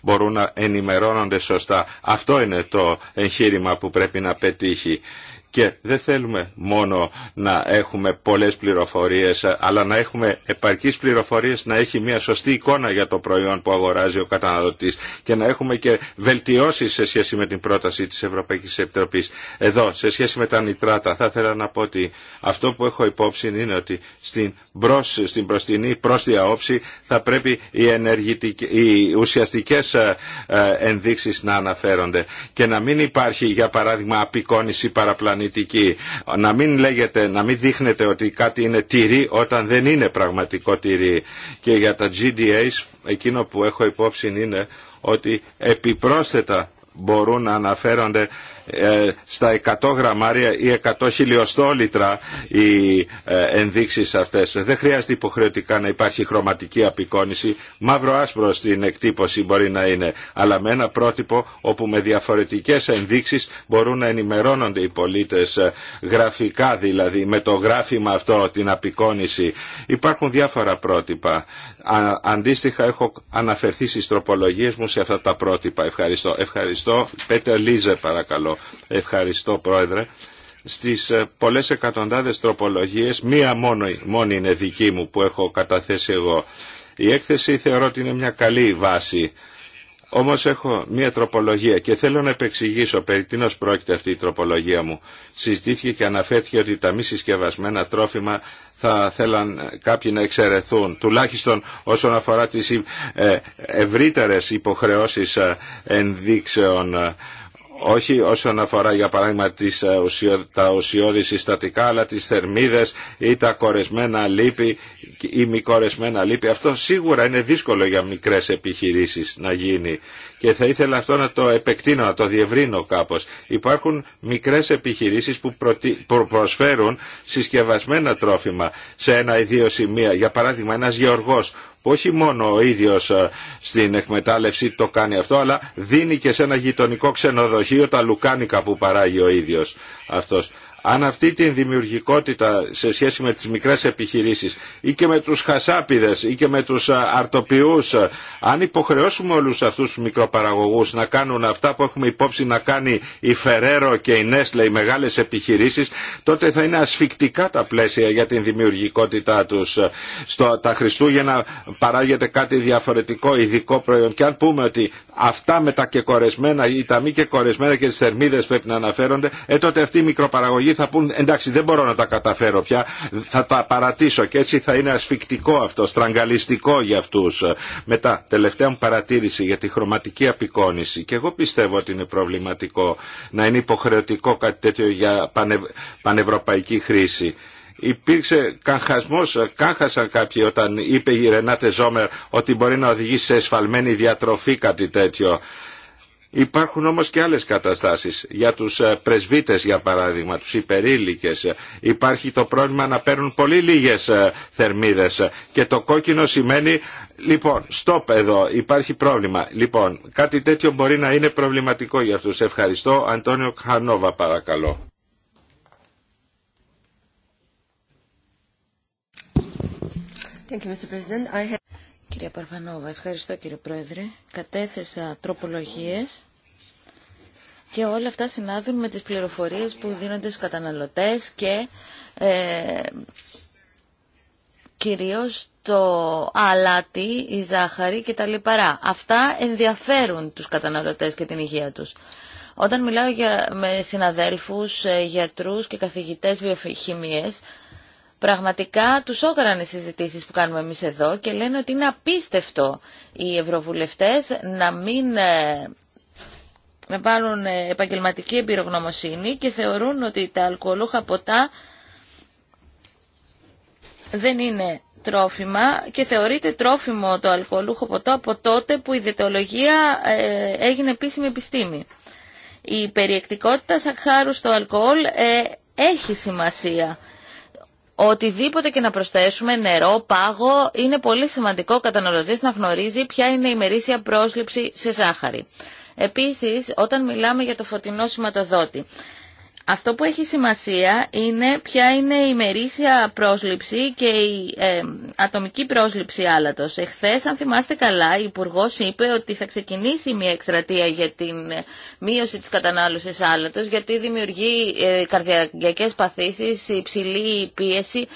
μπορούν να ενημερώνονται σωστά. Αυτό είναι το εγχείρημα που πρέπει να πετύχει και δεν θέλουμε μόνο να έχουμε πολλές πληροφορίες αλλά να έχουμε επαρκείς πληροφορίες να έχει μια σωστή εικόνα για το προϊόν που αγοράζει ο καταναλωτής και να έχουμε και βελτιώσεις σε σχέση με την πρόταση της Ευρωπαϊκής Επιτροπής. Εδώ, σε σχέση με τα νητράτα, θα ήθελα να πω ότι αυτό που έχω υπόψη είναι ότι στην, προς, στην προστινή προς όψη θα πρέπει οι, οι ουσιαστικές ε, ε, ενδείξεις να αναφέρονται και να μην υπάρχει για παράδειγμα απεικόνηση παραπλανή να μην λέγεται, να μην δείχνετε ότι κάτι είναι τυρί όταν δεν είναι πραγματικό τυρί. Και για τα GDAs εκείνο που έχω υπόψη είναι ότι επιπρόσθετα μπορούν να αναφέρονται ε, στα 100 γραμμάρια ή 100 χιλιοστόλιτρα οι ε, ενδείξεις αυτές. Δεν χρειάζεται υποχρεωτικά να υπάρχει χρωματική απεικόνηση. Μαύρο-άσπρο στην εκτύπωση μπορεί να είναι, αλλά με ένα πρότυπο όπου με διαφορετικές ενδείξεις μπορούν να ενημερώνονται οι πολίτες ε, γραφικά δηλαδή, με το γράφημα αυτό, την απεικόνηση. Υπάρχουν διάφορα πρότυπα. Αντίστοιχα έχω αναφερθεί στις τροπολογίες μου σε αυτά τα πρότυπα. Ευχαριστώ. Ευχαριστώ. Πέτερ Λίζε παρακαλώ. Ευχαριστώ Πρόεδρε. Στις ε, πολλές εκατοντάδες τροπολογίες, μία μόνο, μόνη είναι δική μου που έχω καταθέσει εγώ. Η έκθεση θεωρώ ότι είναι μια καλή βάση. Όμως έχω μία τροπολογία και θέλω να επεξηγήσω περί τίνος πρόκειται αυτή η τροπολογία μου. Συζητήθηκε και αναφέρθηκε ότι τα μη συσκευασμένα τρόφιμα θα θέλαν κάποιοι να εξαιρεθούν, τουλάχιστον όσον αφορά τις ε, ευρύτερες υποχρεώσεις ε, ενδείξεων όχι όσον αφορά για παράδειγμα τις, ε, τα ουσιώδη συστατικά αλλά τις θερμίδες ή τα κορεσμένα λίπη ή μη κορεσμένα λίπη. Αυτό σίγουρα είναι δύσκολο για μικρές επιχειρήσεις να γίνει και θα ήθελα αυτό να το επεκτείνω, να το διευρύνω κάπως. Υπάρχουν μικρές επιχειρήσεις που προσφέρουν συσκευασμένα τρόφιμα σε ένα ή δύο σημεία. Για παράδειγμα ένας γεωργός που όχι μόνο ο ίδιος ε, στην εκμετάλλευση το κάνει αυτό, αλλά δίνει και σε ένα γειτονικό ξενοδοχείο τα λουκάνικα που παράγει ο ίδιος αυτός αν αυτή την δημιουργικότητα σε σχέση με τις μικρές επιχειρήσεις ή και με τους χασάπιδες ή και με τους αρτοπιούς, αν υποχρεώσουμε όλους αυτούς τους μικροπαραγωγούς να κάνουν αυτά που έχουμε υπόψη να κάνει η Φεραίρο και η Νέσλε, οι μεγάλες επιχειρήσεις, τότε θα είναι ασφικτικά τα πλαίσια για την δημιουργικότητά τους. Στο, τα Χριστούγεννα παράγεται κάτι διαφορετικό, ειδικό προϊόν. Και αν πούμε ότι αυτά με τα κεκορεσμένα ή τα μη κεκορεσμένα και τι θερμίδε πρέπει να αναφέρονται, ε, τότε αυτή η μικροπαραγωγή θα πούν εντάξει δεν μπορώ να τα καταφέρω πια, θα τα παρατήσω και έτσι θα είναι ασφικτικό αυτό, στραγγαλιστικό για αυτούς. Μετά, τελευταία μου παρατήρηση για τη χρωματική απεικόνηση και εγώ πιστεύω ότι είναι προβληματικό να είναι υποχρεωτικό κάτι τέτοιο για πανευρωπαϊκή χρήση υπήρξε καγχασμός, καγχάσαν κάποιοι όταν είπε η Ρενάτε Ζόμερ ότι μπορεί να οδηγήσει σε εσφαλμένη διατροφή κάτι τέτοιο. Υπάρχουν όμως και άλλες καταστάσεις. Για τους ε, πρεσβύτες για παράδειγμα, τους υπερήλικες, ε, υπάρχει το πρόβλημα να παίρνουν πολύ λίγες ε, θερμίδες και το κόκκινο σημαίνει Λοιπόν, stop εδώ, υπάρχει πρόβλημα. Λοιπόν, κάτι τέτοιο μπορεί να είναι προβληματικό για αυτούς. Ευχαριστώ. Αντώνιο Χανόβα παρακαλώ. Κυρία Παρφανόβα, ευχαριστώ κύριε Πρόεδρε. Κατέθεσα τροπολογίες και όλα αυτά συνάδουν με τις πληροφορίες που δίνονται στους καταναλωτές και ε, κυρίως το αλάτι, η ζάχαρη και τα λιπαρά. Αυτά ενδιαφέρουν τους καταναλωτές και την υγεία τους. Όταν μιλάω για, με συναδέλφους, ε, γιατρούς και καθηγητές βιοχημίες, πραγματικά τους οι συζητήσεις που κάνουμε εμείς εδώ και λένε ότι είναι απίστευτο οι ευρωβουλευτές να μην ε, να πάρουν ε, επαγγελματική εμπειρογνωμοσύνη και θεωρούν ότι τα αλκοολούχα ποτά δεν είναι τρόφιμα και θεωρείται τρόφιμο το αλκοολούχο ποτό από τότε που η διαιτολογία ε, έγινε επίσημη επιστήμη. Η περιεκτικότητα χάρου στο αλκοόλ έχει σημασία Οτιδήποτε και να προσθέσουμε, νερό, πάγο, είναι πολύ σημαντικό ο να γνωρίζει ποια είναι η μερίσια πρόσληψη σε ζάχαρη. Επίσης, όταν μιλάμε για το φωτεινό σηματοδότη, αυτό που έχει σημασία είναι ποια είναι η μερίσια πρόσληψη και η ε, ατομική πρόσληψη άλατος. Εχθές, αν θυμάστε καλά, η υπουργό είπε ότι θα ξεκινήσει μια εκστρατεία για την μείωση της κατανάλωσης άλατος, γιατί δημιουργεί ε, καρδιακές παθήσεις, υψηλή πίεση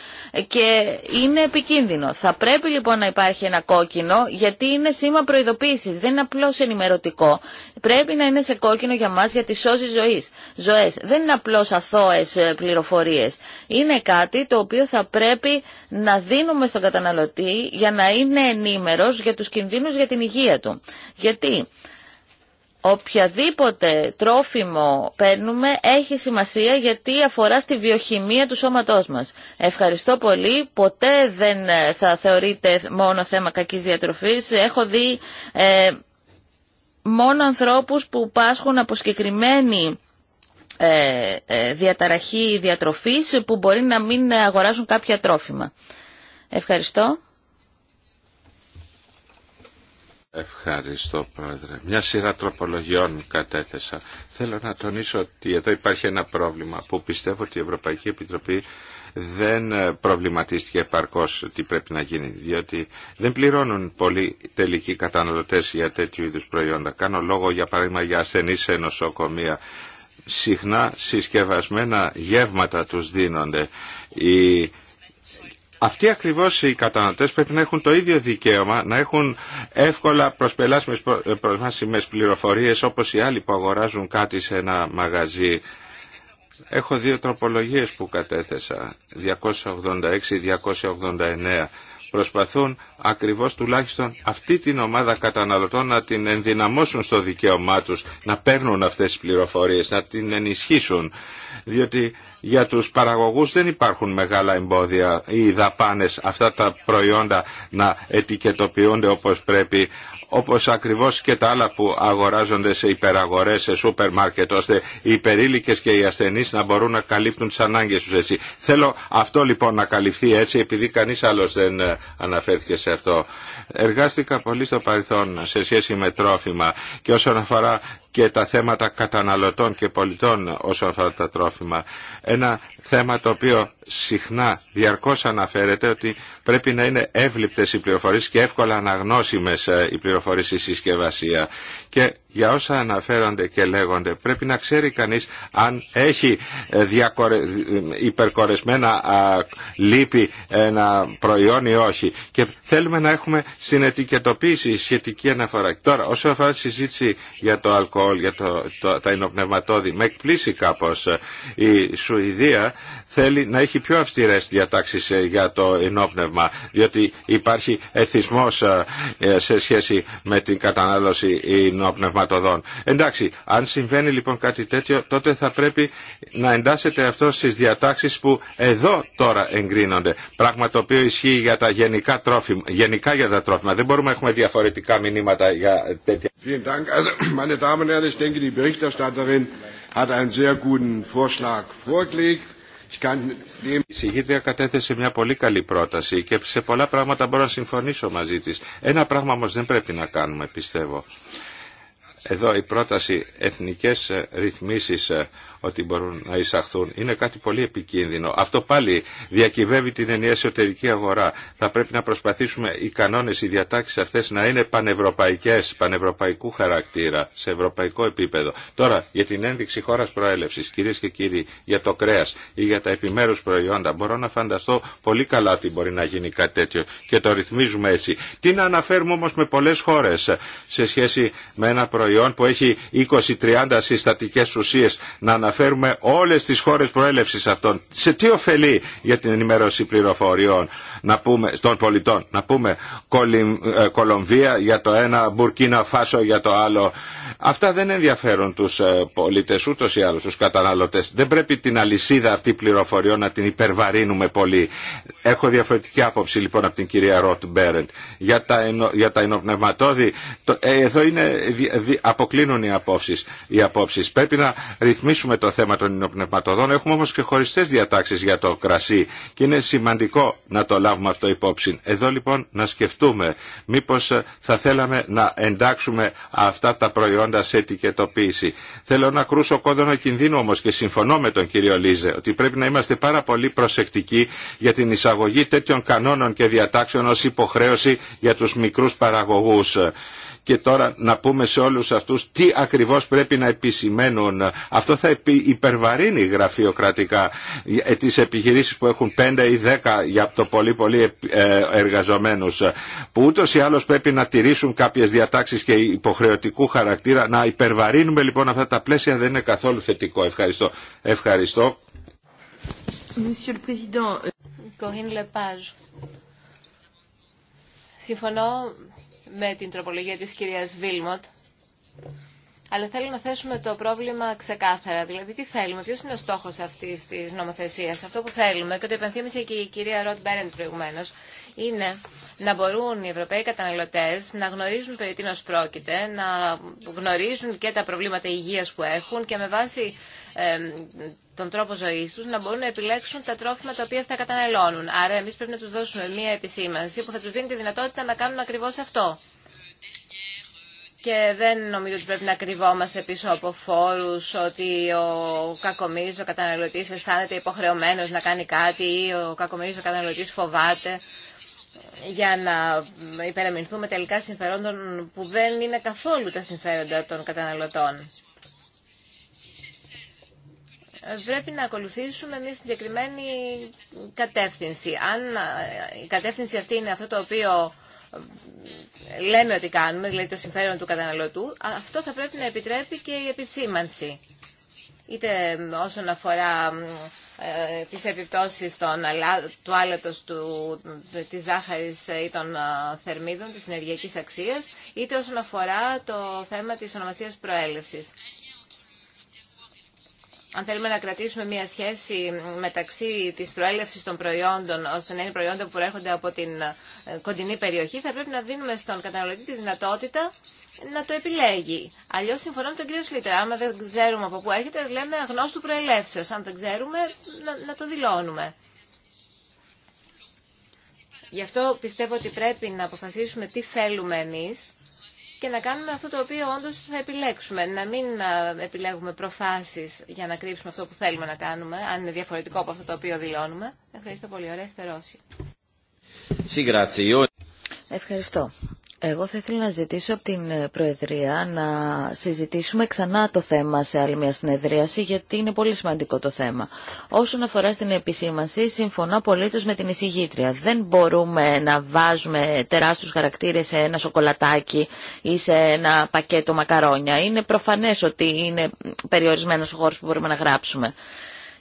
και είναι επικίνδυνο. Θα πρέπει λοιπόν να υπάρχει ένα κόκκινο, γιατί είναι σήμα προειδοποίησης, δεν είναι απλώς ενημερωτικό. Πρέπει να είναι σε κόκκινο για μας, γιατί σώζει ζωής. ζωές. Δεν απλώς αθώες ε, πληροφορίες. Είναι κάτι το οποίο θα πρέπει να δίνουμε στον καταναλωτή για να είναι ενήμερος για τους κινδύνους για την υγεία του. Γιατί οποιαδήποτε τρόφιμο παίρνουμε έχει σημασία γιατί αφορά στη βιοχημία του σώματός μας. Ευχαριστώ πολύ. Ποτέ δεν ε, θα θεωρείτε μόνο θέμα κακής διατροφής. Έχω δει ε, μόνο ανθρώπους που πάσχουν από συγκεκριμένη ε, ε, διαταραχή διατροφής που μπορεί να μην αγοράζουν κάποια τρόφιμα. Ευχαριστώ. Ευχαριστώ Πρόεδρε. Μια σειρά τροπολογιών κατέθεσα. Θέλω να τονίσω ότι εδώ υπάρχει ένα πρόβλημα που πιστεύω ότι η Ευρωπαϊκή Επιτροπή δεν ε, προβληματίστηκε επαρκώς τι πρέπει να γίνει, διότι δεν πληρώνουν πολλοί τελικοί καταναλωτές για τέτοιου είδους προϊόντα. Κάνω λόγο για παράδειγμα για ασθενείς σε νοσοκομεία συχνά συσκευασμένα γεύματα τους δίνονται. Αυτοί ακριβώς οι καταναλωτές πρέπει να έχουν το ίδιο δικαίωμα, να έχουν εύκολα προσπελάσιμες πληροφορίες όπως οι άλλοι που αγοράζουν κάτι σε ένα μαγαζί. Έχω δύο τροπολογίες που κατέθεσα, 286-289 προσπαθούν ακριβώς τουλάχιστον αυτή την ομάδα καταναλωτών να την ενδυναμώσουν στο δικαίωμά τους, να παίρνουν αυτές τις πληροφορίες, να την ενισχύσουν. Διότι για τους παραγωγούς δεν υπάρχουν μεγάλα εμπόδια ή δαπάνες αυτά τα προϊόντα να ετικετοποιούνται όπως πρέπει όπως ακριβώς και τα άλλα που αγοράζονται σε υπεραγορές, σε σούπερ μάρκετ, ώστε οι υπερήλικες και οι ασθενείς να μπορούν να καλύπτουν τις ανάγκες τους έτσι. Θέλω αυτό λοιπόν να καλυφθεί έτσι, επειδή κανείς άλλος δεν ε, αναφέρθηκε σε αυτό. Εργάστηκα πολύ στο παρελθόν σε σχέση με τρόφιμα και όσον αφορά και τα θέματα καταναλωτών και πολιτών όσον αφορά τα τρόφιμα. Ένα θέμα το οποίο συχνά διαρκώς αναφέρεται ότι πρέπει να είναι εύληπτες οι πληροφορίες και εύκολα αναγνώσιμες ε, οι πληροφορίες στη συσκευασία. Και για όσα αναφέρονται και λέγονται. Πρέπει να ξέρει κανείς αν έχει ε, διακορε... υπερκορεσμένα λύπη ένα προϊόν ή όχι. Και θέλουμε να έχουμε στην ετικετοποίηση σχετική αναφορά. Τώρα, όσον αφορά τη συζήτηση για το αλκοόλ, για το, το, τα εινοπνευματόδη, με εκπλήσει κάπως ε, η Σουηδία θέλει να έχει πιο αυστηρές διατάξεις ε, για το ενόπνευμα, διότι υπάρχει εθισμός σε σχέση με την κατανάλωση ενόπνευμα Εντάξει, αν συμβαίνει λοιπόν κάτι τέτοιο, τότε θα πρέπει να εντάσσεται αυτό στις διατάξεις που εδώ τώρα εγκρίνονται. Πράγμα το οποίο ισχύει για τα γενικά, τρόφιμα, γενικά για τα τρόφιμα. Δεν μπορούμε να έχουμε διαφορετικά μηνύματα για τέτοια. Η συγγήτρια κατέθεσε μια πολύ καλή πρόταση και σε πολλά πράγματα μπορώ να συμφωνήσω μαζί της. Ένα πράγμα όμως δεν πρέπει να κάνουμε πιστεύω. Εδώ η πρόταση εθνικές ρυθμίσεις ε, ότι μπορούν να εισαχθούν. Είναι κάτι πολύ επικίνδυνο. Αυτό πάλι διακυβεύει την ενιαία εσωτερική αγορά. Θα πρέπει να προσπαθήσουμε οι κανόνε, οι διατάξει αυτέ να είναι πανευρωπαϊκέ, πανευρωπαϊκού χαρακτήρα, σε ευρωπαϊκό επίπεδο. Τώρα, για την ένδειξη χώρα προέλευση, κυρίε και κύριοι, για το κρέα ή για τα επιμέρου προϊόντα, μπορώ να φανταστώ πολύ καλά ότι μπορεί να γίνει κάτι τέτοιο και το ρυθμίζουμε έτσι. Τι να αναφέρουμε όμω με πολλέ χώρε σε σχέση με ένα προϊόν που έχει 20-30 συστατικέ ουσίε να αναφέρουμε μεταφέρουμε όλες τις χώρες προέλευσης αυτών. Σε τι ωφελεί για την ενημέρωση πληροφοριών να πούμε, των πολιτών. Να πούμε ε, Κολομβία για το ένα, Μπουρκίνα Φάσο για το άλλο. Αυτά δεν ενδιαφέρουν τους ε, πολίτες ούτως ή άλλως, τους καταναλωτές. Δεν πρέπει την αλυσίδα αυτή πληροφοριών να την υπερβαρύνουμε πολύ. Έχω διαφορετική άποψη λοιπόν από την κυρία Ροτ Μπέρεντ. Για τα, ενο, για τα το, ε, εδώ είναι, αποκλίνουν οι απόψεις. οι Πρέπει να ρυθμίσουμε το θέμα των υνοπνευματοδών, έχουμε όμως και χωριστές διατάξεις για το κρασί και είναι σημαντικό να το λάβουμε αυτό υπόψη. Εδώ λοιπόν να σκεφτούμε μήπως ε, θα θέλαμε να εντάξουμε αυτά τα προϊόντα σε ετικετοποίηση. Θέλω να κρούσω κόδωνα κινδύνου όμως και συμφωνώ με τον κύριο Λίζε ότι πρέπει να είμαστε πάρα πολύ προσεκτικοί για την εισαγωγή τέτοιων κανόνων και διατάξεων ως υποχρέωση για τους μικρούς παραγωγούς και τώρα να πούμε σε όλους αυτούς τι ακριβώς πρέπει να επισημαίνουν. Αυτό θα υπερβαρύνει γραφειοκρατικά ε, τις επιχειρήσεις που έχουν 5 ή 10 για το πολύ πολύ ε, εργαζομένους που ούτως ή άλλως πρέπει να τηρήσουν κάποιες διατάξεις και υποχρεωτικού χαρακτήρα. Να υπερβαρύνουμε λοιπόν αυτά τα πλαίσια δεν είναι καθόλου θετικό. Ευχαριστώ. Ευχαριστώ. Κορίν Λεπάζ. Euh, Συμφωνώ με την τροπολογία της κυρίας Βίλμοντ. Αλλά θέλω να θέσουμε το πρόβλημα ξεκάθαρα. Δηλαδή, τι θέλουμε, ποιο είναι ο στόχο αυτή τη νομοθεσία. Αυτό που θέλουμε, και το υπενθύμησε και η κυρία Ροτ Μπέρεντ προηγουμένω, είναι να μπορούν οι Ευρωπαίοι καταναλωτέ να γνωρίζουν περί τίνο πρόκειται, να γνωρίζουν και τα προβλήματα υγεία που έχουν και με βάση ε, τον τρόπο ζωή του να μπορούν να επιλέξουν τα τρόφιμα τα οποία θα καταναλώνουν. Άρα, εμεί πρέπει να του δώσουμε μία επισήμανση που θα του δίνει τη δυνατότητα να κάνουν ακριβώ αυτό. Και δεν νομίζω ότι πρέπει να κρυβόμαστε πίσω από φόρου, ότι ο κακομοίρη, ο καταναλωτή αισθάνεται υποχρεωμένο να κάνει κάτι ή ο κακομοίρη, ο καταναλωτή φοβάται για να υπεραμεινθούμε τελικά συμφερόντων που δεν είναι καθόλου τα συμφέροντα των καταναλωτών πρέπει να ακολουθήσουμε μια συγκεκριμένη κατεύθυνση. Αν η κατεύθυνση αυτή είναι αυτό το οποίο λέμε ότι κάνουμε, δηλαδή το συμφέρον του καταναλωτού, αυτό θα πρέπει να επιτρέπει και η επισήμανση. Είτε όσον αφορά ε, τις επιπτώσεις του άλατος, του, της ζάχαρης ή των ε, θερμίδων, της ενεργειακής αξίας, είτε όσον αφορά το θέμα της ονομασίας προέλευσης αν θέλουμε να κρατήσουμε μια σχέση μεταξύ της προέλευση των προϊόντων ώστε να είναι προϊόντα που προέρχονται από την ε, κοντινή περιοχή, θα πρέπει να δίνουμε στον καταναλωτή τη δυνατότητα να το επιλέγει. Αλλιώ συμφωνώ με τον κύριο Σλίτερα. Άμα δεν ξέρουμε από πού έρχεται, λέμε αγνώστου προελεύσεω. Αν δεν ξέρουμε, να, να το δηλώνουμε. Γι' αυτό πιστεύω ότι πρέπει να αποφασίσουμε τι θέλουμε εμείς και να κάνουμε αυτό το οποίο όντω θα επιλέξουμε. Να μην επιλέγουμε προφάσει για να κρύψουμε αυτό που θέλουμε να κάνουμε, αν είναι διαφορετικό από αυτό το οποίο δηλώνουμε. Ευχαριστώ πολύ. Ωραία, Ευχαριστώ. Εγώ θα ήθελα να ζητήσω από την ε, Προεδρία να συζητήσουμε ξανά το θέμα σε άλλη μια συνεδρίαση, γιατί είναι πολύ σημαντικό το θέμα. Όσον αφορά στην επισήμανση, συμφωνώ πολύ με την εισηγήτρια. Δεν μπορούμε να βάζουμε τεράστιου χαρακτήρες σε ένα σοκολατάκι ή σε ένα πακέτο μακαρόνια. Είναι προφανές ότι είναι περιορισμένο ο χώρος που μπορούμε να γράψουμε.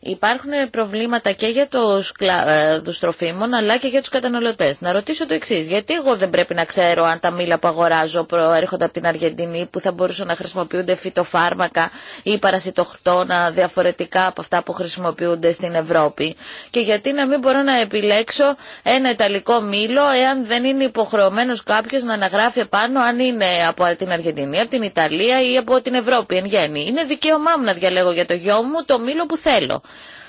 Υπάρχουν προβλήματα και για τους, ε, τους τροφίμων αλλά και για τους καταναλωτές. Να ρωτήσω το εξή. γιατί εγώ δεν πρέπει να ξέρω αν τα μήλα που αγοράζω προέρχονται από την Αργεντινή που θα μπορούσαν να χρησιμοποιούνται φυτοφάρμακα ή παρασιτοχτώνα διαφορετικά από αυτά που χρησιμοποιούνται στην Ευρώπη και γιατί να μην μπορώ να επιλέξω ένα ιταλικό μήλο εάν δεν είναι υποχρεωμένος κάποιος να αναγράφει επάνω αν είναι από την Αργεντινή, από την Ιταλία ή από την Ευρώπη εν γέννη. Είναι δικαίωμά μου να διαλέγω για το γιο μου το μήλο που θέλω. Υπότιτλοι AUTHORWAVE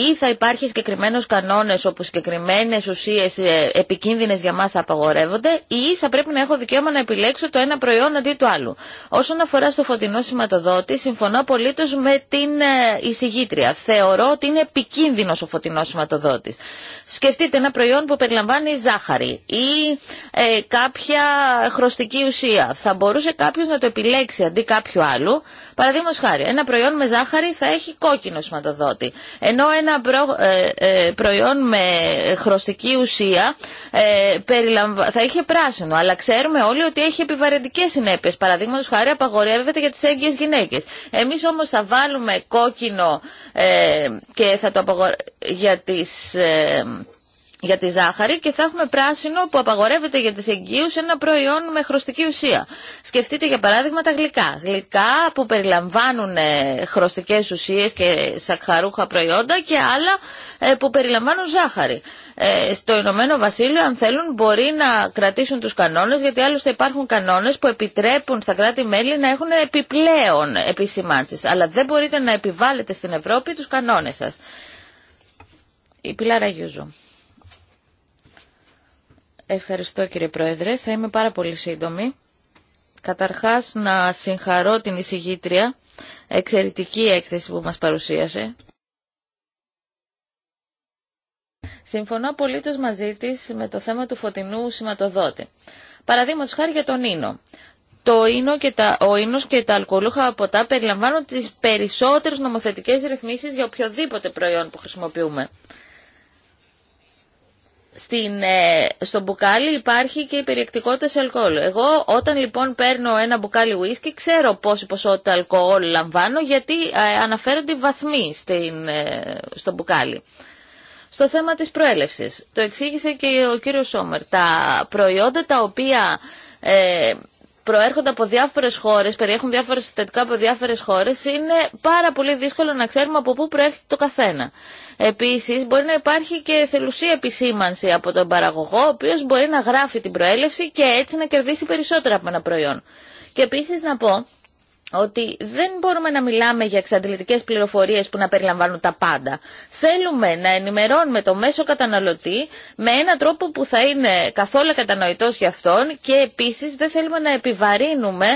ή θα υπάρχει συγκεκριμένο κανόνες όπου συγκεκριμένες ουσίες ε, επικίνδυνες για μας θα απαγορεύονται ή θα πρέπει να έχω δικαίωμα να επιλέξω το ένα προϊόν αντί του άλλου. Όσον αφορά στο φωτεινό σηματοδότη, συμφωνώ απολύτως με την ε, εισηγήτρια. Θεωρώ ότι είναι επικίνδυνος ο φωτεινός σηματοδότης. Σκεφτείτε ένα προϊόν που περιλαμβάνει ζάχαρη ή ε, κάποια χρωστική ουσία. Θα μπορούσε κάποιο να το επιλέξει αντί κάποιου άλλου. Παραδείγματο χάρη, ένα προϊόν με ζάχαρη θα έχει κόκκινο σηματοδότη. Ενώ ένα ε, ε, προϊόν με χρωστική ουσία ε, θα είχε πράσινο, αλλά ξέρουμε όλοι ότι έχει επιβαρυντικέ συνέπειε. Παραδείγματο χάρη απαγορεύεται για τι έγκυε γυναίκε. Εμεί όμω θα βάλουμε κόκκινο και θα το απαγορεύουμε για τις για τη ζάχαρη και θα έχουμε πράσινο που απαγορεύεται για τις εγγύου ένα προϊόν με χρωστική ουσία. Σκεφτείτε για παράδειγμα τα γλυκά. Γλυκά που περιλαμβάνουν ε, χρωστικές ουσίες και σακχαρούχα προϊόντα και άλλα ε, που περιλαμβάνουν ζάχαρη. Ε, στο Ηνωμένο Βασίλειο αν θέλουν μπορεί να κρατήσουν τους κανόνες γιατί άλλωστε υπάρχουν κανόνες που επιτρέπουν στα κράτη-μέλη να έχουν επιπλέον επισημάνσεις. Αλλά δεν μπορείτε να επιβάλλετε στην Ευρώπη τους κανόνες σας. Η Πιλάρα Γιούζου. Ευχαριστώ κύριε Πρόεδρε. Θα είμαι πάρα πολύ σύντομη. Καταρχάς να συγχαρώ την εισηγήτρια. Εξαιρετική έκθεση που μας παρουσίασε. Συμφωνώ απολύτως μαζί της με το θέμα του φωτεινού σηματοδότη. Παραδείγματος χάρη για τον Ίνο. Το ίνο και τα, ο ίνος και τα αλκοολούχα ποτά περιλαμβάνουν τις περισσότερες νομοθετικές ρυθμίσεις για οποιοδήποτε προϊόν που χρησιμοποιούμε στην, ε, στο μπουκάλι υπάρχει και η περιεκτικότητα σε αλκοόλ. Εγώ όταν λοιπόν παίρνω ένα μπουκάλι ουίσκι ξέρω πόση ποσότητα αλκοόλ λαμβάνω γιατί ε, αναφέρονται οι βαθμοί στην, ε, στο μπουκάλι. Στο θέμα της προέλευσης. Το εξήγησε και ο κύριος Σόμερ. Τα προϊόντα τα οποία ε, προέρχονται από διάφορες χώρες, περιέχουν διάφορες συστατικά από διάφορες χώρες, είναι πάρα πολύ δύσκολο να ξέρουμε από πού προέρχεται το καθένα. Επίσης μπορεί να υπάρχει και θελουσία επισήμανση από τον παραγωγό, ο οποίος μπορεί να γράφει την προέλευση και έτσι να κερδίσει περισσότερα από ένα προϊόν. Και επίσης να πω ότι δεν μπορούμε να μιλάμε για εξαντλητικές πληροφορίες που να περιλαμβάνουν τα πάντα. Θέλουμε να ενημερώνουμε το μέσο καταναλωτή με έναν τρόπο που θα είναι καθόλου κατανοητός για αυτόν και επίσης δεν θέλουμε να επιβαρύνουμε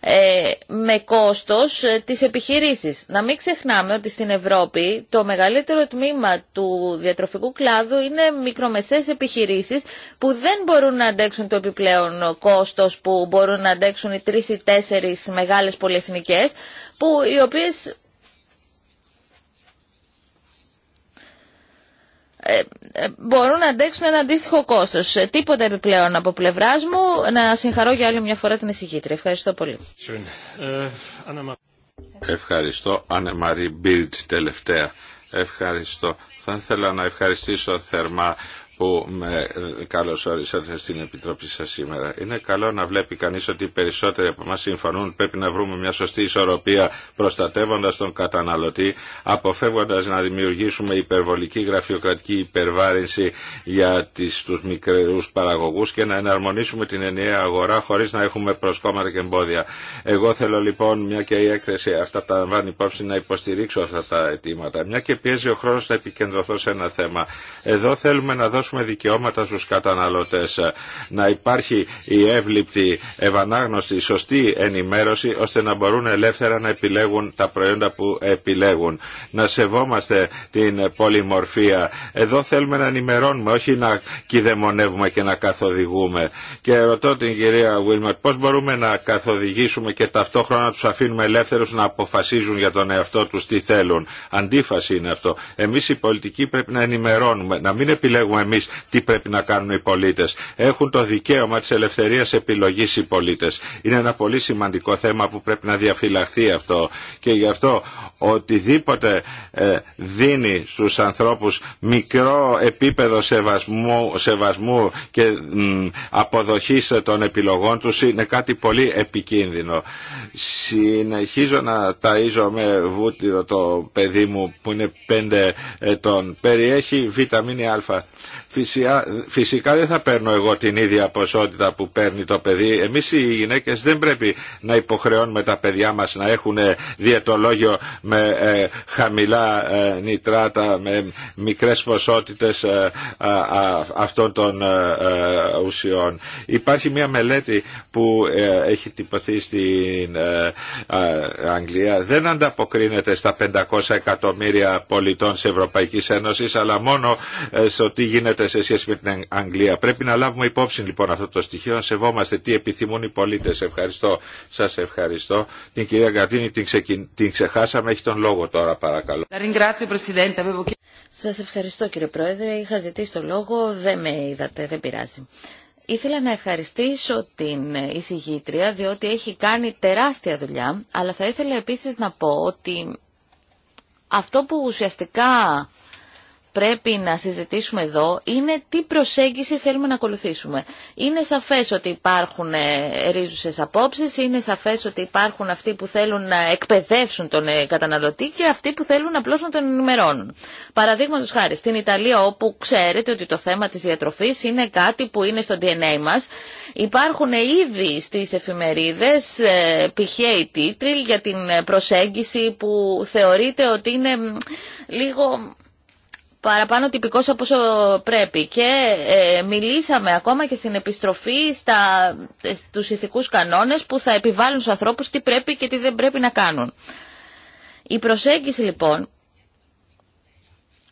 ε, με κόστος ε, τις επιχειρήσεις. Να μην ξεχνάμε ότι στην Ευρώπη το μεγαλύτερο τμήμα του διατροφικού κλάδου είναι μικρομεσαίες επιχειρήσεις που δεν μπορούν να αντέξουν το επιπλέον κόστος που μπορούν να αντέξουν οι τρεις ή τέσσερις μεγάλες πολυεθνικές οι οποίες Ε, ε, μπορούν να αντέξουν ένα αντίστοιχο κόστος. Ε, Τίποτα επιπλέον από πλευράς μου. Να συγχαρώ για άλλη μια φορά την εισηγήτρια. Ευχαριστώ πολύ. Ευχαριστώ. Άννα Μπίλτ τελευταία. Ευχαριστώ. Θα ήθελα να ευχαριστήσω θερμά που με καλώς όρισατε στην Επιτροπή σας σήμερα. Είναι καλό να βλέπει κανείς ότι οι περισσότεροι από εμάς συμφωνούν πρέπει να βρούμε μια σωστή ισορροπία προστατεύοντας τον καταναλωτή, αποφεύγοντας να δημιουργήσουμε υπερβολική γραφειοκρατική υπερβάρυνση για τις, τους μικρούς παραγωγούς και να εναρμονίσουμε την ενιαία αγορά χωρίς να έχουμε προσκόμματα και εμπόδια. Εγώ θέλω λοιπόν, μια και η έκθεση αυτά τα λαμβάνει υπόψη, να υποστηρίξω αυτά τα αιτήματα. Μια και πιέζει ο χρόνος να επικεντρωθώ σε ένα θέμα. Εδώ θέλουμε να δώσουμε δώσουμε δικαιώματα στους καταναλωτές, ε, να υπάρχει η εύληπτη, ευανάγνωστη, σωστή ενημέρωση, ώστε να μπορούν ελεύθερα να επιλέγουν τα προϊόντα που επιλέγουν. Να σεβόμαστε την πολυμορφία. Εδώ θέλουμε να ενημερώνουμε, όχι να κυδεμονεύουμε και να καθοδηγούμε. Και ρωτώ την κυρία Βίλμερ, πώς μπορούμε να καθοδηγήσουμε και ταυτόχρονα να τους αφήνουμε ελεύθερους να αποφασίζουν για τον εαυτό τους τι θέλουν. Αντίφαση είναι αυτό. Εμείς οι πολιτικοί πρέπει να ενημερώνουμε, να μην επιλέγουμε τι πρέπει να κάνουν οι πολίτες. Έχουν το δικαίωμα της ελευθερίας επιλογής οι πολίτες. Είναι ένα πολύ σημαντικό θέμα που πρέπει να διαφυλαχθεί αυτό και γι' αυτό οτιδήποτε ε, δίνει στους ανθρώπους μικρό επίπεδο σεβασμού, σεβασμού και αποδοχή των επιλογών τους είναι κάτι πολύ επικίνδυνο. Συνεχίζω να ταΐζω με βούτυρο το παιδί μου που είναι 5 ετών. Περιέχει βιταμίνη α. Φυσικά δεν θα παίρνω εγώ την ίδια ποσότητα που παίρνει το παιδί. Εμείς οι γυναίκες δεν πρέπει να υποχρεώνουμε τα παιδιά μας να έχουν ε, διαιτολόγιο με ε, χαμηλά ε, νιτράτα με μικρές ποσότητες αυτών των ουσιών. Υπάρχει μια μελέτη που έχει τυπωθεί στην Αγγλία. Δεν ανταποκρίνεται στα 500 εκατομμύρια πολιτών της Ευρωπαϊκής Ένωσης, αλλά μόνο στο τι γίνεται σε σχέση με την Αγγλία. Πρέπει να λάβουμε υπόψη λοιπόν αυτό το στοιχείο, να σεβόμαστε τι επιθυμούν οι πολίτε. Ευχαριστώ, Σα ευχαριστώ. Την κυρία Γκαρτίνη την, την ξεχάσαμε, έχει τον λόγο τώρα παρακαλώ. Σα ευχαριστώ κύριε Πρόεδρε, είχα ζητήσει το λόγο, δεν με είδατε, δεν πειράζει. Ήθελα να ευχαριστήσω την εισηγήτρια διότι έχει κάνει τεράστια δουλειά, αλλά θα ήθελα επίσης να πω ότι αυτό που ουσιαστικά πρέπει να συζητήσουμε εδώ είναι τι προσέγγιση θέλουμε να ακολουθήσουμε. Είναι σαφές ότι υπάρχουν ε, ρίζουσες απόψεις, είναι σαφές ότι υπάρχουν αυτοί που θέλουν να εκπαιδεύσουν τον ε, καταναλωτή και αυτοί που θέλουν απλώς να τον ενημερώνουν. Παραδείγματο χάρη, στην Ιταλία όπου ξέρετε ότι το θέμα της διατροφής είναι κάτι που είναι στο DNA μας, υπάρχουν ε, ήδη στις εφημερίδες οι τίτλοι για την προσέγγιση που θεωρείται ότι είναι λίγο παραπάνω τυπικός από όσο πρέπει και ε, μιλήσαμε ακόμα και στην επιστροφή στα, στους ηθικούς κανόνες που θα επιβάλλουν στους ανθρώπους τι πρέπει και τι δεν πρέπει να κάνουν. Η προσέγγιση λοιπόν,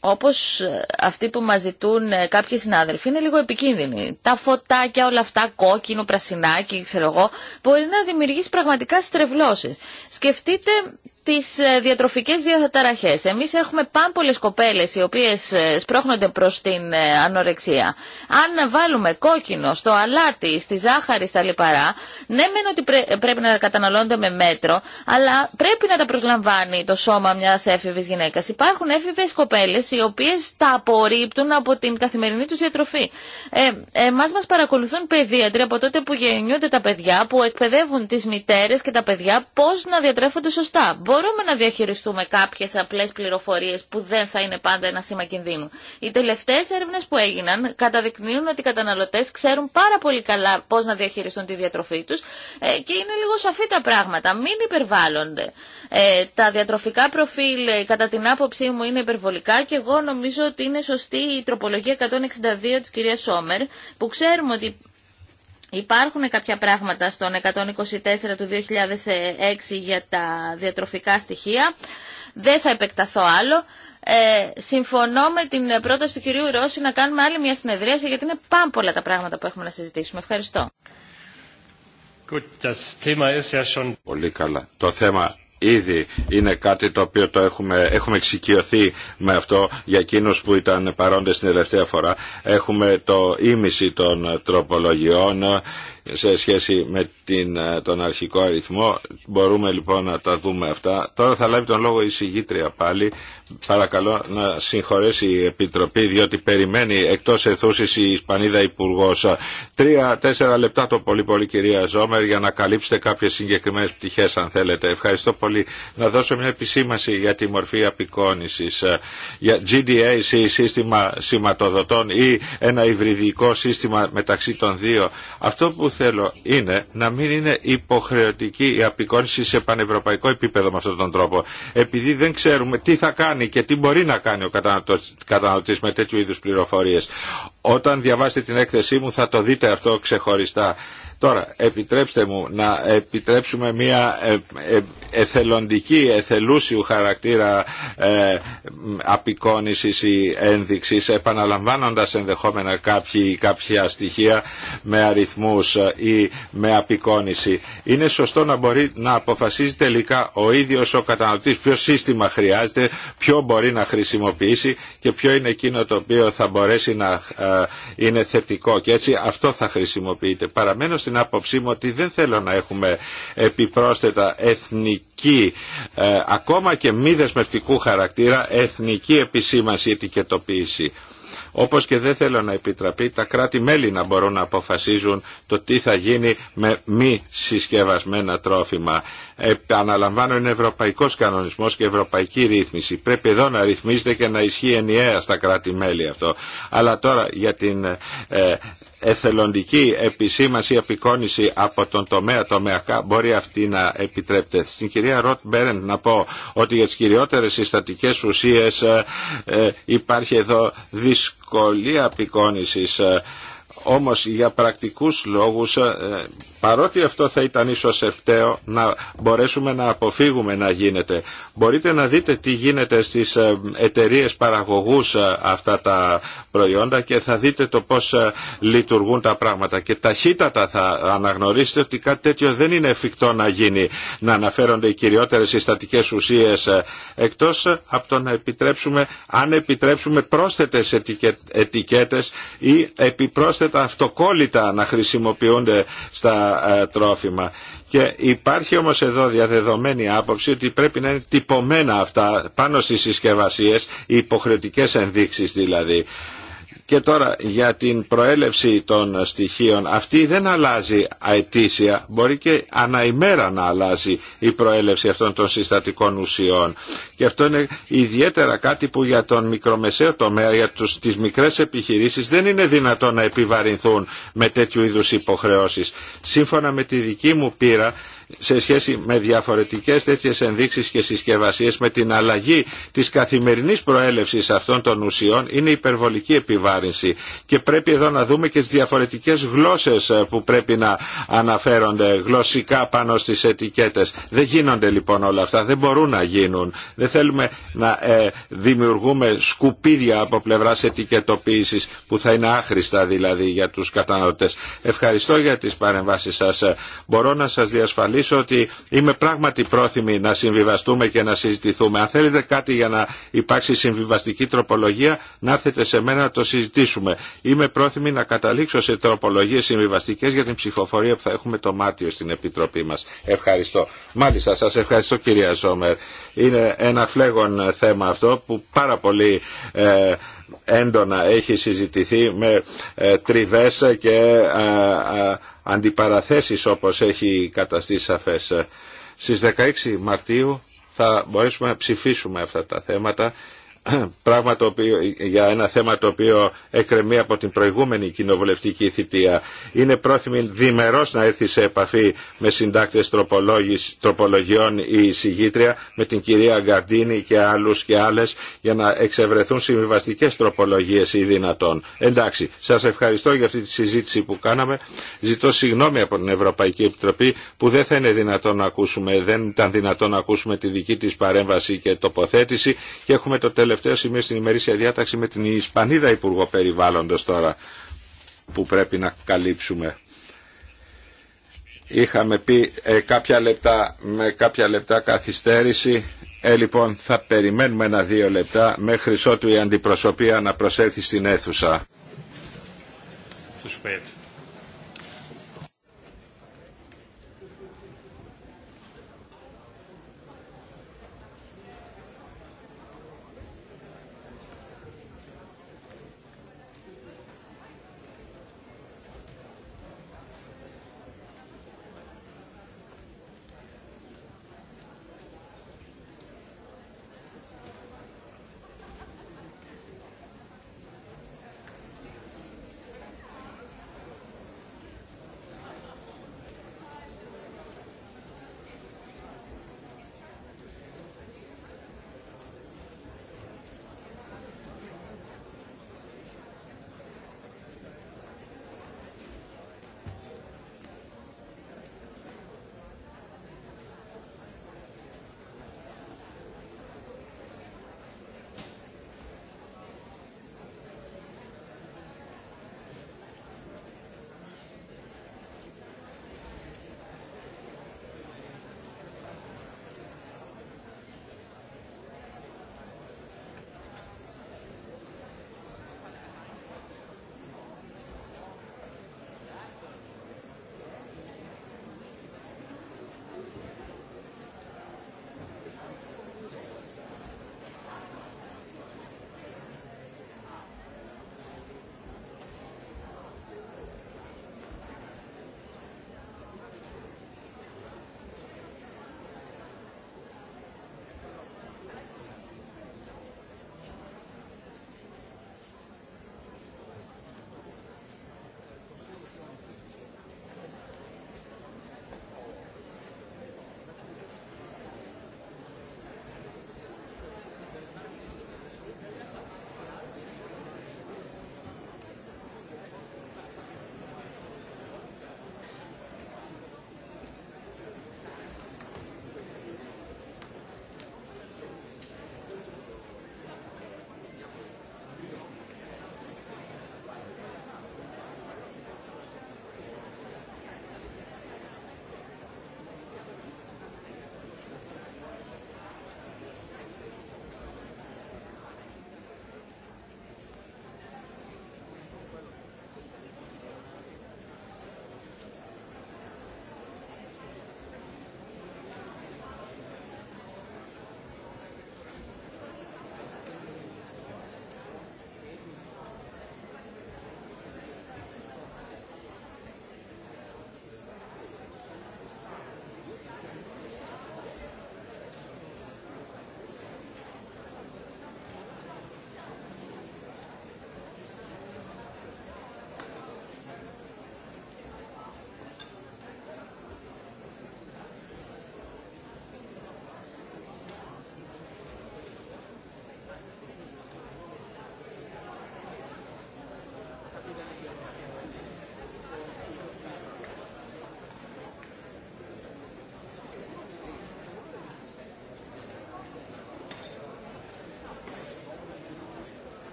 όπως αυτοί που μας ζητούν ε, κάποιοι συνάδελφοι, είναι λίγο επικίνδυνη. Τα φωτάκια, όλα αυτά, κόκκινο, πρασινάκι, ξέρω εγώ, μπορεί να δημιουργήσει πραγματικά στρεβλώσεις. Σκεφτείτε τις ε, διατροφικές διαταραχές. Εμείς έχουμε πάμπολες κοπέλες οι οποίες ε, σπρώχνονται προς την ε, ανορεξία. Αν βάλουμε κόκκινο στο αλάτι, στη ζάχαρη, στα λιπαρά, ναι μεν ότι πρέπει να καταναλώνονται με μέτρο, αλλά πρέπει να τα προσλαμβάνει το σώμα μιας έφηβης γυναίκας. Υπάρχουν έφηβες κοπέλες οι οποίες τα απορρίπτουν από την καθημερινή τους διατροφή. Ε, εμάς μας παρακολουθούν παιδίατροι από τότε που γεννιούνται τα παιδιά, που εκπαιδεύουν τις μητέρες και τα παιδιά πώς να διατρέφονται σωστά μπορούμε να διαχειριστούμε κάποιες απλές πληροφορίες που δεν θα είναι πάντα ένα σήμα κινδύνου. Οι τελευταίες έρευνες που έγιναν καταδεικνύουν ότι οι καταναλωτές ξέρουν πάρα πολύ καλά πώς να διαχειριστούν τη διατροφή τους ε, και είναι λίγο σαφή τα πράγματα. Μην υπερβάλλονται. Ε, τα διατροφικά προφίλ ε, κατά την άποψή μου είναι υπερβολικά και εγώ νομίζω ότι είναι σωστή η τροπολογία 162 της κυρίας Σόμερ που ξέρουμε ότι Υπάρχουν κάποια πράγματα στον 124 του 2006 για τα διατροφικά στοιχεία. Δεν θα επεκταθώ άλλο. Ε, συμφωνώ με την πρόταση του κυρίου Ρώση να κάνουμε άλλη μια συνεδρίαση γιατί είναι πάρα πολλά τα πράγματα που έχουμε να συζητήσουμε. Ευχαριστώ. Πολύ καλά. Το θέμα ήδη είναι κάτι το οποίο το έχουμε, έχουμε εξοικειωθεί με αυτό για εκείνους που ήταν παρόντες την τελευταία φορά. Έχουμε το ίμιση των τροπολογιών σε σχέση με την, ε, τον αρχικό αριθμό. Μπορούμε λοιπόν να τα δούμε αυτά. Τώρα θα λάβει τον λόγο η συγγήτρια πάλι. Παρακαλώ να συγχωρέσει η Επιτροπή διότι περιμένει εκτός εθούσης η Ισπανίδα Υπουργό. Τρία-τέσσερα λεπτά το πολύ πολύ κυρία Ζόμερ για να καλύψετε κάποιες συγκεκριμένες πτυχές αν θέλετε. Ευχαριστώ πολύ. Να δώσω μια επισήμαση για τη μορφή απεικόνησης. Για GDA ή σύστημα σηματοδοτών ή ένα υβριδικό σύστημα μεταξύ των δύο. Αυτό που θέλω είναι να μην είναι υποχρεωτική η απεικόνηση σε πανευρωπαϊκό επίπεδο με αυτόν τον τρόπο. Επειδή δεν ξέρουμε τι θα κάνει και τι μπορεί να κάνει ο καταναλωτής με τέτοιου είδους πληροφορίες. Όταν διαβάσετε την έκθεσή μου θα το δείτε αυτό ξεχωριστά. Τώρα, επιτρέψτε μου να επιτρέψουμε μια ε, ε, εθελοντική, εθελούσιου χαρακτήρα ε, απεικόνησης ή ένδειξης, επαναλαμβάνοντας ενδεχόμενα κάποια στοιχεία με αριθμούς ε, ή με απεικόνηση. Είναι σωστό να μπορεί να αποφασίζει τελικά ο ίδιος ο καταναλωτής ποιο σύστημα χρειάζεται, ποιο μπορεί να χρησιμοποιήσει και ποιο είναι εκείνο το οποίο θα μπορέσει να είναι θετικό. Και έτσι αυτό θα χρησιμοποιείται. Παραμένω στην την άποψή μου ότι δεν θέλω να έχουμε επιπρόσθετα εθνική, ε, ακόμα και μη δεσμευτικού χαρακτήρα, εθνική επισήμανση, ετικετοποίηση. Όπως και δεν θέλω να επιτραπεί τα κράτη-μέλη να μπορούν να αποφασίζουν το τι θα γίνει με μη συσκευασμένα τρόφιμα. Ε, αναλαμβάνω, είναι ευρωπαϊκός κανονισμός και ευρωπαϊκή ρύθμιση. Πρέπει εδώ να ρυθμίζεται και να ισχύει ενιαία στα κράτη-μέλη αυτό. Αλλά τώρα για την ε, εθελοντική επισήμανση, απεικόνηση από τον τομέα τομεακά μπορεί αυτή να επιτρέπεται. Στην κυρία Ροτ Μπέρεν να πω ότι για τις κυριότερες συστατικές ουσίες ε, ε, υπάρχει εδώ δυσκολία δυσκολία απεικόνησης ε, όμως για πρακτικούς λόγους, ε, παρότι αυτό θα ήταν ίσως ευταίο, να μπορέσουμε να αποφύγουμε να γίνεται. Μπορείτε να δείτε τι γίνεται στις ε, εταιρείε παραγωγούς ε, αυτά τα προϊόντα και θα δείτε το πώς λειτουργούν τα πράγματα. Και ταχύτατα θα αναγνωρίσετε ότι κάτι τέτοιο δεν είναι εφικτό να γίνει, να αναφέρονται οι κυριότερες συστατικές ουσίες, εκτός από το να επιτρέψουμε, αν επιτρέψουμε πρόσθετες ετικέτες ή επιπρόσθετα τα αυτοκόλλητα να χρησιμοποιούνται στα ε, τρόφιμα. Και υπάρχει όμως εδώ διαδεδομένη άποψη ότι πρέπει να είναι τυπωμένα αυτά πάνω στις συσκευασίες, οι υποχρεωτικές ενδείξεις δηλαδή. Και τώρα για την προέλευση των στοιχείων αυτή δεν αλλάζει αετήσια, μπορεί και αναημέρα να αλλάζει η προέλευση αυτών των συστατικών ουσιών. Και αυτό είναι ιδιαίτερα κάτι που για τον μικρομεσαίο τομέα, για τους, τις μικρές επιχειρήσεις δεν είναι δυνατόν να επιβαρυνθούν με τέτοιου είδους υποχρεώσεις. Σύμφωνα με τη δική μου πείρα σε σχέση με διαφορετικές τέτοιες ενδείξεις και συσκευασίες με την αλλαγή της καθημερινής προέλευσης αυτών των ουσιών είναι υπερβολική επιβάρυνση και πρέπει εδώ να δούμε και τις διαφορετικές γλώσσες ε, που πρέπει να αναφέρονται γλωσσικά πάνω στις ετικέτες. Δεν γίνονται λοιπόν όλα αυτά, δεν μπορούν να γίνουν. Δεν θέλουμε να ε, δημιουργούμε σκουπίδια από πλευράς ετικετοποίησης που θα είναι άχρηστα δηλαδή για τους καταναλωτές. Ευχαριστώ για τις παρεμβάσεις σας. Μπορώ να σας διασφαλίσω ότι είμαι πράγματι πρόθυμη να συμβιβαστούμε και να συζητηθούμε. Αν θέλετε κάτι για να υπάρξει συμβιβαστική τροπολογία, να έρθετε σε μένα να το συζητήσουμε. Είμαι πρόθυμη να καταλήξω σε τροπολογίε συμβιβαστικέ για την ψηφοφορία που θα έχουμε το Μάρτιο στην Επιτροπή μα. Ευχαριστώ. Μάλιστα, σα ευχαριστώ κυρία Ζόμερ. Είναι ένα φλέγον θέμα αυτό που πάρα πολύ. Ε, έντονα έχει συζητηθεί με ε, τριβές και ε, ε, αντιπαραθέσεις όπως έχει καταστεί σαφές. Στις 16 Μαρτίου θα μπορέσουμε να ψηφίσουμε αυτά τα θέματα πράγμα το οποίο, για ένα θέμα το οποίο εκκρεμεί από την προηγούμενη κοινοβουλευτική θητεία. Είναι πρόθυμη διμερώς να έρθει σε επαφή με συντάκτες τροπολογιών η συγγήτρια, με την κυρία Γκαρντίνη και άλλους και άλλες, για να εξευρεθούν συμβιβαστικές τροπολογίες ή δυνατόν. Εντάξει, σας ευχαριστώ για αυτή τη συζήτηση που κάναμε. Ζητώ συγγνώμη από την Ευρωπαϊκή Επιτροπή που δεν θα είναι δυνατόν να ακούσουμε, δεν ήταν δυνατόν να ακούσουμε τη δική της παρέμβαση και τοποθέτηση και έχουμε το τελευταίο τελευταίο σημείο στην ημερήσια διάταξη με την Ισπανίδα Υπουργό Περιβάλλοντος τώρα που πρέπει να καλύψουμε. Είχαμε πει ε, κάποια λεπτά, με κάποια λεπτά καθυστέρηση. Ε, λοιπόν, θα περιμένουμε ένα-δύο λεπτά μέχρι ότου η αντιπροσωπεία να προσέλθει στην αίθουσα.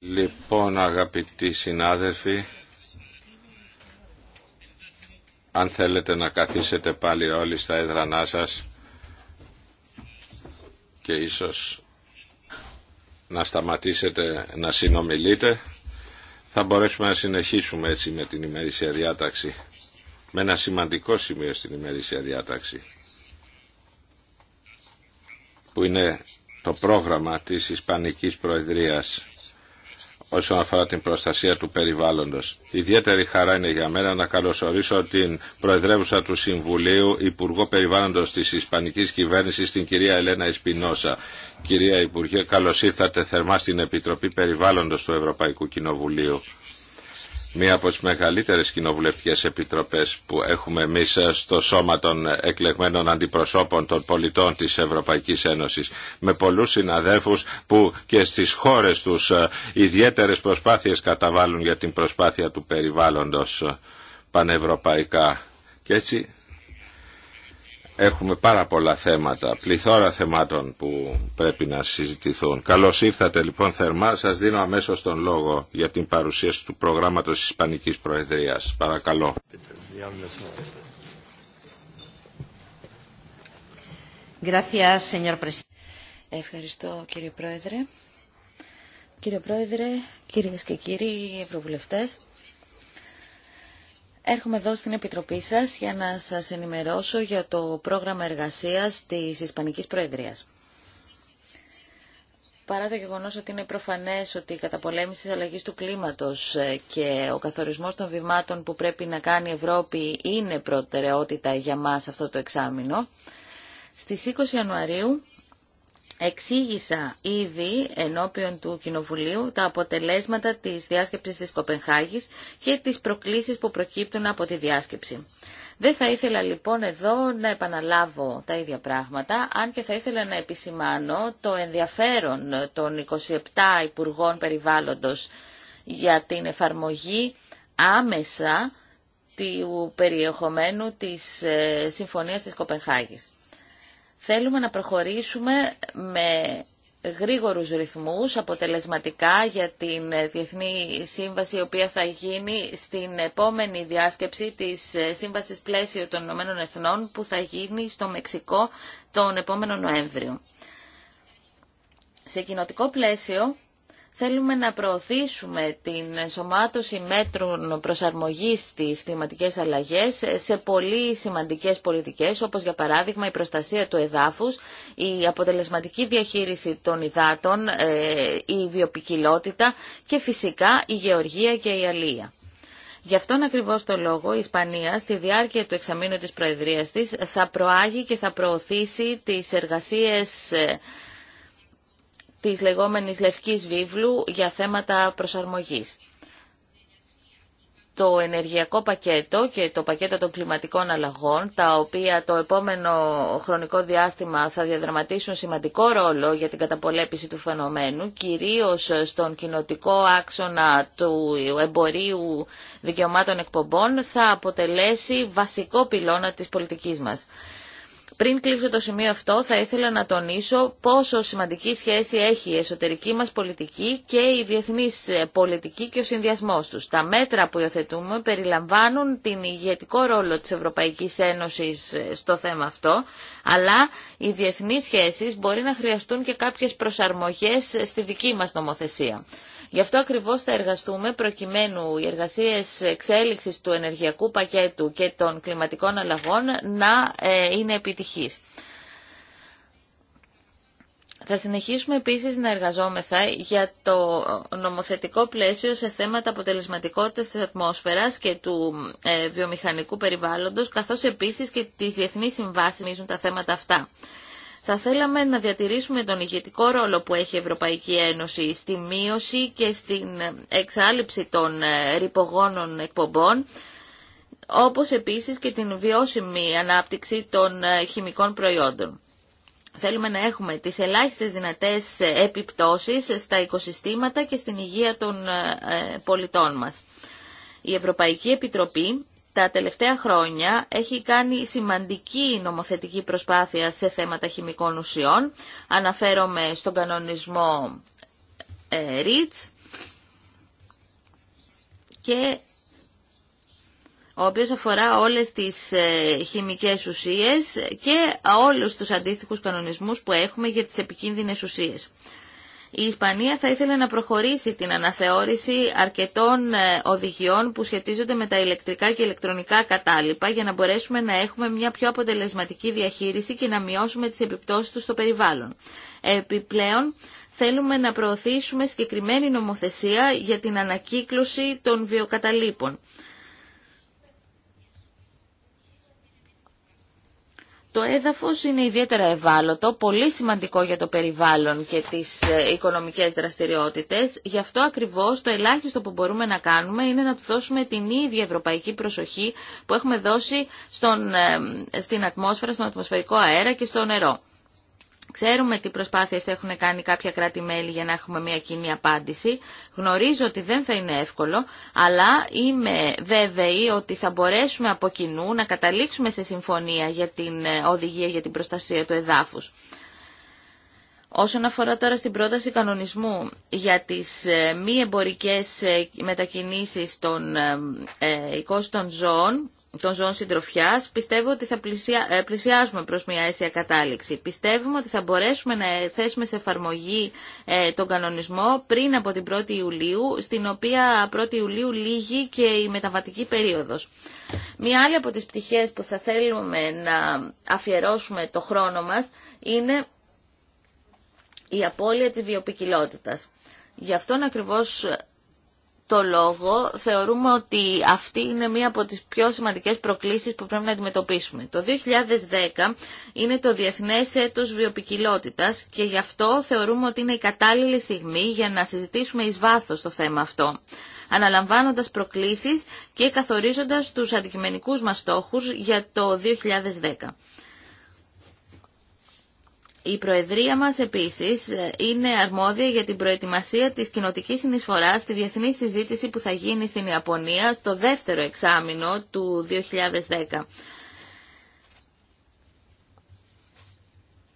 Λοιπόν αγαπητοί συνάδελφοι, αν θέλετε να καθίσετε πάλι όλοι στα έδρανά σας και ίσως να σταματήσετε να συνομιλείτε, θα μπορέσουμε να συνεχίσουμε έτσι με την ημερήσια διάταξη, με ένα σημαντικό σημείο στην ημερήσια διάταξη που είναι το πρόγραμμα της Ισπανικής Προεδρίας όσον αφορά την προστασία του περιβάλλοντος. Ιδιαίτερη χαρά είναι για μένα να καλωσορίσω την Προεδρεύουσα του Συμβουλίου Υπουργό Περιβάλλοντος της Ισπανικής Κυβέρνησης, την κυρία Ελένα Εσπινόσα. Κυρία Υπουργέ, καλώς ήρθατε θερμά στην Επιτροπή Περιβάλλοντος του Ευρωπαϊκού Κοινοβουλίου μία από τις μεγαλύτερες κοινοβουλευτικές επιτροπές που έχουμε εμείς στο σώμα των εκλεγμένων αντιπροσώπων των πολιτών της Ευρωπαϊκής Ένωσης με πολλούς συναδέλφους που και στις χώρες τους ε, ιδιαίτερες προσπάθειες καταβάλουν για την προσπάθεια του περιβάλλοντος πανευρωπαϊκά. Και έτσι έχουμε πάρα πολλά θέματα, πληθώρα θεμάτων που πρέπει να συζητηθούν. Καλώς ήρθατε λοιπόν θερμά. Σας δίνω αμέσως τον λόγο για την παρουσίαση του προγράμματος της Ισπανικής Προεδρίας. Παρακαλώ. Ευχαριστώ κύριε Πρόεδρε. Κύριε Πρόεδρε, κυρίες και κύριοι ευρωβουλευτές, Έρχομαι εδώ στην Επιτροπή σας για να σας ενημερώσω για το πρόγραμμα εργασίας της Ισπανικής Προεδρίας. Παρά το γεγονός ότι είναι προφανές ότι η καταπολέμηση της αλλαγής του κλίματος και ο καθορισμός των βημάτων που πρέπει να κάνει η Ευρώπη είναι προτεραιότητα για μας αυτό το εξάμεινο, στις 20 Ιανουαρίου Εξήγησα ήδη ενώπιον του Κοινοβουλίου τα αποτελέσματα της διάσκεψης της Κοπενχάγης και τις προκλήσεις που προκύπτουν από τη διάσκεψη. Δεν θα ήθελα λοιπόν εδώ να επαναλάβω τα ίδια πράγματα, αν και θα ήθελα να επισημάνω το ενδιαφέρον των 27 Υπουργών Περιβάλλοντος για την εφαρμογή άμεσα του περιεχομένου της ε, Συμφωνίας της Κοπενχάγης. Θέλουμε να προχωρήσουμε με γρήγορους ρυθμούς αποτελεσματικά για την Διεθνή Σύμβαση η οποία θα γίνει στην επόμενη διάσκεψη της Σύμβασης Πλαίσιο των Ηνωμένων Εθνών που θα γίνει στο Μεξικό τον επόμενο Νοέμβριο. Σε κοινοτικό πλαίσιο Θέλουμε να προωθήσουμε την ενσωμάτωση μέτρων προσαρμογής στις κλιματικές αλλαγές σε πολύ σημαντικές πολιτικές, όπως για παράδειγμα η προστασία του εδάφους, η αποτελεσματική διαχείριση των υδάτων, ε, η βιοπικιλότητα και φυσικά η γεωργία και η αλία. Γι' αυτόν ακριβώς το λόγο η Ισπανία στη διάρκεια του εξαμήνου της Προεδρίας της θα προάγει και θα προωθήσει τις εργασίες ε, της λεγόμενης Λευκής Βίβλου για θέματα προσαρμογής. Το ενεργειακό πακέτο και το πακέτο των κλιματικών αλλαγών, τα οποία το επόμενο χρονικό διάστημα θα διαδραματίσουν σημαντικό ρόλο για την καταπολέμηση του φαινομένου, κυρίως στον κοινοτικό άξονα του εμπορίου δικαιωμάτων εκπομπών, θα αποτελέσει βασικό πυλώνα της πολιτικής μας. Πριν κλείσω το σημείο αυτό, θα ήθελα να τονίσω πόσο σημαντική σχέση έχει η εσωτερική μας πολιτική και η διεθνής ε, πολιτική και ο συνδυασμός τους. Τα μέτρα που υιοθετούμε περιλαμβάνουν την ηγετικό ρόλο της Ευρωπαϊκής Ένωσης ε, στο θέμα αυτό, αλλά οι διεθνείς σχέσεις μπορεί να χρειαστούν και κάποιες προσαρμογές ε, στη δική μας νομοθεσία. Γι' αυτό ακριβώς θα εργαστούμε προκειμένου οι εργασίες εξέλιξης του ενεργειακού πακέτου και των κλιματικών αλλαγών να ε, είναι επιτυχής. Θα συνεχίσουμε επίσης να εργαζόμεθα για το νομοθετικό πλαίσιο σε θέματα αποτελεσματικότητας της ατμόσφαιρας και του ε, βιομηχανικού περιβάλλοντος, καθώς επίσης και τις διεθνείς συμβάσεις μίζουν τα θέματα αυτά. Θα θέλαμε να διατηρήσουμε τον ηγετικό ρόλο που έχει η Ευρωπαϊκή Ένωση στη μείωση και στην εξάλληψη των ε, ρηπογόνων εκπομπών, όπως επίσης και την βιώσιμη ανάπτυξη των ε, χημικών προϊόντων. Θέλουμε να έχουμε τις ελάχιστες δυνατές ε, επιπτώσεις στα οικοσυστήματα και στην υγεία των πολιτών μας. Η Ευρωπαϊκή Επιτροπή τα τελευταία χρόνια έχει κάνει σημαντική νομοθετική προσπάθεια σε θέματα χημικών ουσιών. Αναφέρομαι στον κανονισμό REACH ε, και ο οποίος αφορά όλες τις ε, χημικές ουσίες και όλους τους αντίστοιχους κανονισμούς που έχουμε για τις επικίνδυνες ουσίες η Ισπανία θα ήθελε να προχωρήσει την αναθεώρηση αρκετών ε, οδηγιών που σχετίζονται με τα ηλεκτρικά και ηλεκτρονικά κατάλοιπα για να μπορέσουμε να έχουμε μια πιο αποτελεσματική διαχείριση και να μειώσουμε τις επιπτώσεις του στο περιβάλλον. Επιπλέον, θέλουμε να προωθήσουμε συγκεκριμένη νομοθεσία για την ανακύκλωση των βιοκαταλήπων. Το έδαφος είναι ιδιαίτερα ευάλωτο, πολύ σημαντικό για το περιβάλλον και τις ε, οικονομικές δραστηριότητες. Γι' αυτό ακριβώς το ελάχιστο που μπορούμε να κάνουμε είναι να του δώσουμε την ίδια ευρωπαϊκή προσοχή που έχουμε δώσει στον, ε, στην ατμόσφαιρα, στον ατμοσφαιρικό αέρα και στο νερό. Ξέρουμε τι προσπάθειες έχουν κάνει κάποια κράτη-μέλη για να έχουμε μια κοινή απάντηση. Γνωρίζω ότι δεν θα είναι εύκολο, αλλά είμαι βέβαιη ότι θα μπορέσουμε από κοινού να καταλήξουμε σε συμφωνία για την ε, οδηγία για την προστασία του εδάφους. Όσον αφορά τώρα στην πρόταση κανονισμού για τις ε, μη εμπορικές ε, μετακινήσεις των οικώστων ζώων, των ζώων συντροφιά, πιστεύω ότι θα πλησιά, ε, πλησιάζουμε προς μια αίσια κατάληξη. Πιστεύουμε ότι θα μπορέσουμε να θέσουμε σε εφαρμογή ε, τον κανονισμό πριν από την 1η Ιουλίου, στην οποία 1η Ιουλίου λύγει και η μεταβατική περίοδος. Μια άλλη από τις πτυχές που θα θέλουμε να αφιερώσουμε το χρόνο μας είναι η απώλεια τη βιοπικιλότητας. Γι' αυτόν ακριβώς το λόγο θεωρούμε ότι αυτή είναι μία από τις πιο σημαντικές προκλήσεις που πρέπει να αντιμετωπίσουμε. Το 2010 είναι το Διεθνές Έτος Βιοπικιλότητας και γι' αυτό θεωρούμε ότι είναι η κατάλληλη στιγμή για να συζητήσουμε εις βάθος το θέμα αυτό αναλαμβάνοντας προκλήσεις και καθορίζοντας τους αντικειμενικούς μας στόχους για το 2010. Η Προεδρία μας επίσης είναι αρμόδια για την προετοιμασία της κοινοτικής συνεισφοράς στη διεθνή συζήτηση που θα γίνει στην Ιαπωνία στο δεύτερο εξάμεινο του 2010.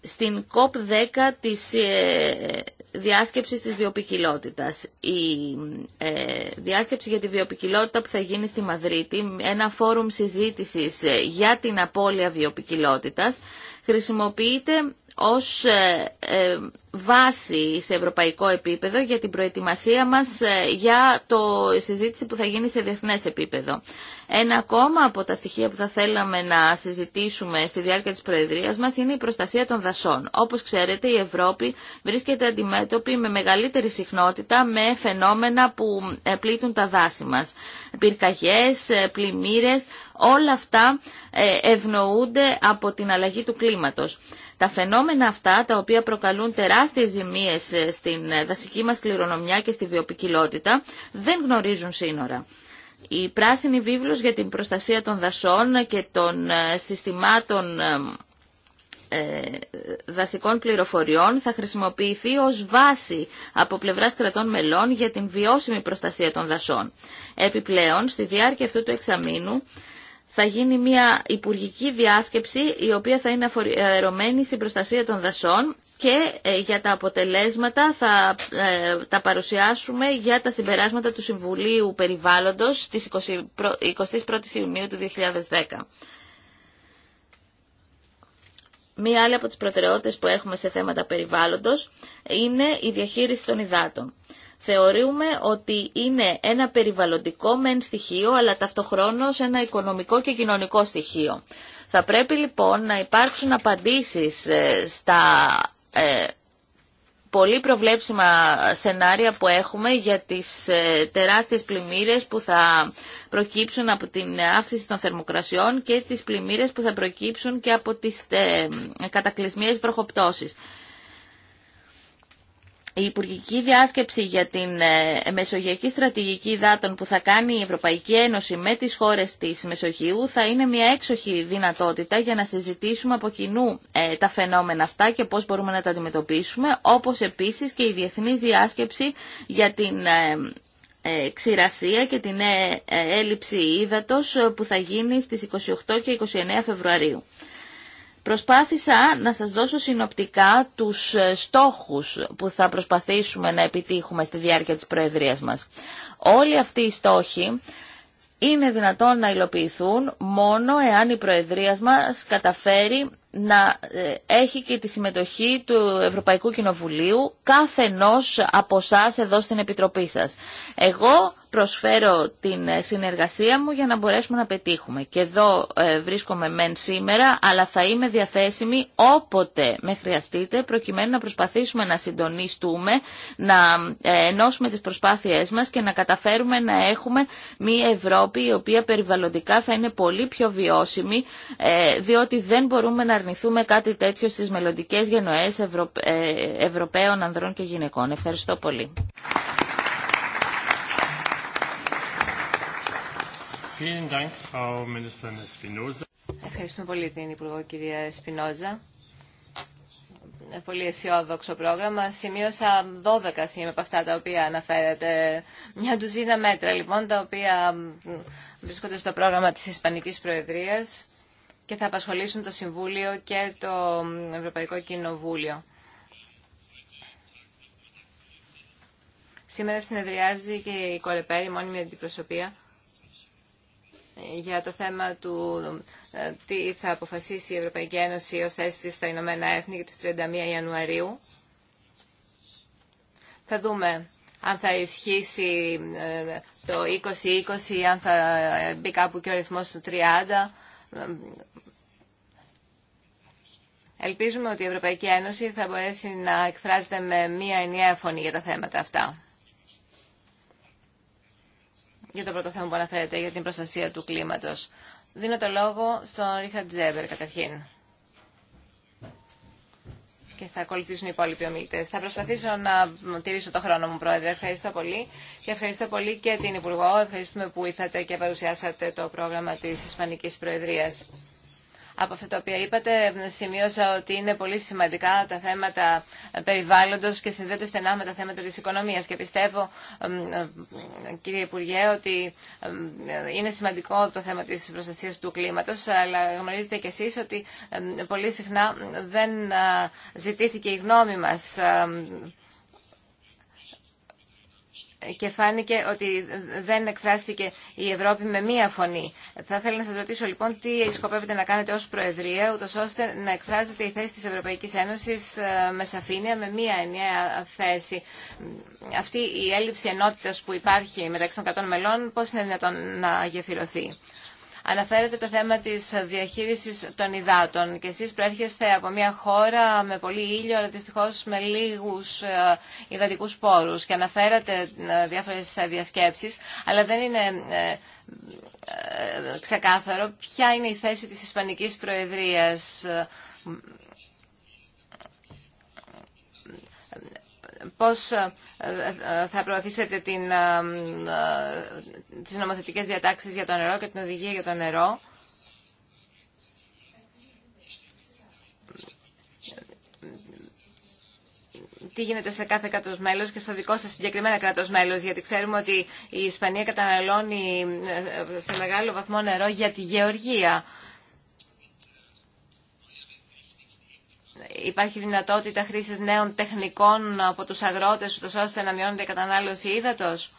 Στην COP10 της ε, διάσκεψης της βιοπικιλότητας. Η ε, διάσκεψη για τη βιοπικιλότητα που θα γίνει στη Μαδρίτη, ένα φόρουμ συζήτησης ε, για την απώλεια βιοπικιλότητας, χρησιμοποιείται ως ε, ε, βάση σε ευρωπαϊκό επίπεδο για την προετοιμασία μας ε, για το συζήτηση που θα γίνει σε διεθνές επίπεδο. Ένα ακόμα από τα στοιχεία που θα θέλαμε να συζητήσουμε στη διάρκεια της Προεδρίας μας είναι η προστασία των δασών. Όπως ξέρετε η Ευρώπη βρίσκεται αντιμέτωπη με μεγαλύτερη συχνότητα με φαινόμενα που πλήττουν τα δάση μας. Πυρκαγιές, πλημμύρες, όλα αυτά ευνοούνται από την αλλαγή του κλίματος. Τα φαινόμενα αυτά, τα οποία προκαλούν τεράστιες ζημίες ε, στην ε, δασική μας κληρονομιά και στη βιοπικιλότητα, δεν γνωρίζουν σύνορα. Η πράσινη βίβλος για την προστασία των δασών και των ε, συστημάτων δασικών πληροφοριών θα χρησιμοποιηθεί ως βάση από πλευράς κρατών μελών για την βιώσιμη προστασία των δασών. Επιπλέον, στη διάρκεια αυτού του εξαμήνου θα γίνει μια υπουργική διάσκεψη η οποία θα είναι αφορερωμένη στην προστασία των δασών και ε, για τα αποτελέσματα θα ε, τα παρουσιάσουμε για τα συμπεράσματα του Συμβουλίου Περιβάλλοντος στις 21 21 Ιουνίου του 2010. Μία άλλη από τις προτεραιότητες που έχουμε σε θέματα περιβάλλοντος είναι η διαχείριση των υδάτων. Θεωρούμε ότι είναι ένα περιβαλλοντικό μεν στοιχείο, αλλά ταυτοχρόνως ένα οικονομικό και κοινωνικό στοιχείο. Θα πρέπει λοιπόν να υπάρξουν απαντήσεις ε, στα ε, πολύ προβλέψιμα σενάρια που έχουμε για τις ε, τεράστιες πλημμύρες που θα προκύψουν από την αύξηση των θερμοκρασιών και τις πλημμύρες που θα προκύψουν και από τις κατακλυσμίες βροχοπτώσεις η Υπουργική Διάσκεψη για την ε, Μεσογειακή Στρατηγική Δάτων που θα κάνει η Ευρωπαϊκή Ένωση με τις χώρες της Μεσογείου θα είναι μια έξοχη δυνατότητα για να συζητήσουμε από κοινού ε, τα φαινόμενα αυτά και πώς μπορούμε να τα αντιμετωπίσουμε, όπως επίσης και η Διεθνής Διάσκεψη για την ε, ξηρασία και την έλλειψη ύδατος που θα γίνει στις 28 και 29 Φεβρουαρίου. Προσπάθησα να σας δώσω συνοπτικά τους ε, στόχους που θα προσπαθήσουμε να επιτύχουμε στη διάρκεια της Προεδρίας μας. Όλοι αυτοί οι στόχοι είναι δυνατόν να υλοποιηθούν μόνο εάν η Προεδρία μας καταφέρει να ε, έχει και τη συμμετοχή του Ευρωπαϊκού Κοινοβουλίου κάθε ενός από εσά εδώ στην Επιτροπή σας. Εγώ προσφέρω την ε, συνεργασία μου για να μπορέσουμε να πετύχουμε. Και εδώ ε, βρίσκομαι μεν σήμερα, αλλά θα είμαι διαθέσιμη όποτε με χρειαστείτε, προκειμένου να προσπαθήσουμε να συντονιστούμε, να ενώσουμε τις προσπάθειές μας και να καταφέρουμε να έχουμε μια Ευρώπη η οποία περιβαλλοντικά θα είναι πολύ πιο βιώσιμη, διότι δεν μπορούμε να αρνηθούμε κάτι τέτοιο στις μελλοντικέ γενοές Ευρω... ε... Ευρωπαίων ανδρών και γυναικών. Ευχαριστώ πολύ. Ευχαριστούμε πολύ την Υπουργό κυρία Σπινόζα. Ε, πολύ αισιόδοξο πρόγραμμα. Σημείωσα 12 σημεία από αυτά τα οποία αναφέρατε. Μια ντουζίνα μέτρα λοιπόν τα οποία βρίσκονται στο πρόγραμμα της Ισπανικής Προεδρίας και θα απασχολήσουν το Συμβούλιο και το Ευρωπαϊκό Κοινοβούλιο. Σήμερα συνεδριάζει και η Κορεπέρη, μόνιμη αντιπροσωπεία, για το θέμα του ε, τι θα αποφασίσει η Ευρωπαϊκή Ένωση ως θέση της στα Ηνωμένα Έθνη για τις 31 Ιανουαρίου. Θα δούμε αν θα ισχύσει ε, το 2020 ή αν θα μπει κάπου και ο ρυθμός του 30. Ελπίζουμε ότι η Ευρωπαϊκή Ένωση θα μπορέσει να εκφράζεται με μία ενιαία φωνή για τα θέματα αυτά. Για το πρώτο θέμα που αναφέρεται, για την προστασία του κλίματος. Δίνω το λόγο στον Ρίχα Τζέμπερ καταρχήν. Και θα ακολουθήσουν οι υπόλοιποι ομιλητέ. Θα προσπαθήσω να τηρήσω το χρόνο μου, Πρόεδρε. Ευχαριστώ πολύ. Και ευχαριστώ πολύ και την Υπουργό. Ευχαριστούμε που ήρθατε και παρουσιάσατε το πρόγραμμα τη Ισπανική Προεδρία από αυτά τα οποία είπατε. Σημείωσα ότι είναι πολύ σημαντικά τα θέματα περιβάλλοντος και συνδέονται στενά με τα θέματα της οικονομίας. Και πιστεύω, κύριε Υπουργέ, ότι είναι σημαντικό το θέμα της προστασία του κλίματος, αλλά γνωρίζετε κι εσείς ότι πολύ συχνά δεν ζητήθηκε η γνώμη μας και φάνηκε ότι δεν εκφράστηκε η Ευρώπη με μία φωνή. Θα ήθελα να σας ρωτήσω λοιπόν τι σκοπεύετε να κάνετε ως Προεδρία, ούτως ώστε να εκφράζετε η θέση της Ευρωπαϊκής Ένωσης ε, με σαφήνεια, με μία ενιαία θέση. Αυτή η έλλειψη ενότητας που υπάρχει μεταξύ των κρατών μελών, πώς είναι δυνατόν να γεφυρωθεί αναφέρετε το θέμα της διαχείρισης των υδάτων και εσείς προέρχεστε από μια χώρα με πολύ ήλιο αλλά δυστυχώς με λίγους ε, υδατικούς πόρους και αναφέρατε ε, διάφορες διασκέψεις αλλά δεν είναι ε, ξεκάθαρο ποια είναι η θέση της Ισπανικής Προεδρίας πώς ε, ε, θα προωθήσετε την, ε, τις νομοθετικές διατάξεις για το νερό και την οδηγία για το νερό. τι γίνεται σε κάθε κράτο μέλο και στο δικό σα συγκεκριμένα κράτο μέλο. Γιατί ξέρουμε ότι η Ισπανία καταναλώνει σε μεγάλο βαθμό νερό για τη γεωργία. υπάρχει δυνατότητα χρήσης νέων τεχνικών από τους αγρότες, ώστε να μειώνεται η κατανάλωση ύδατος.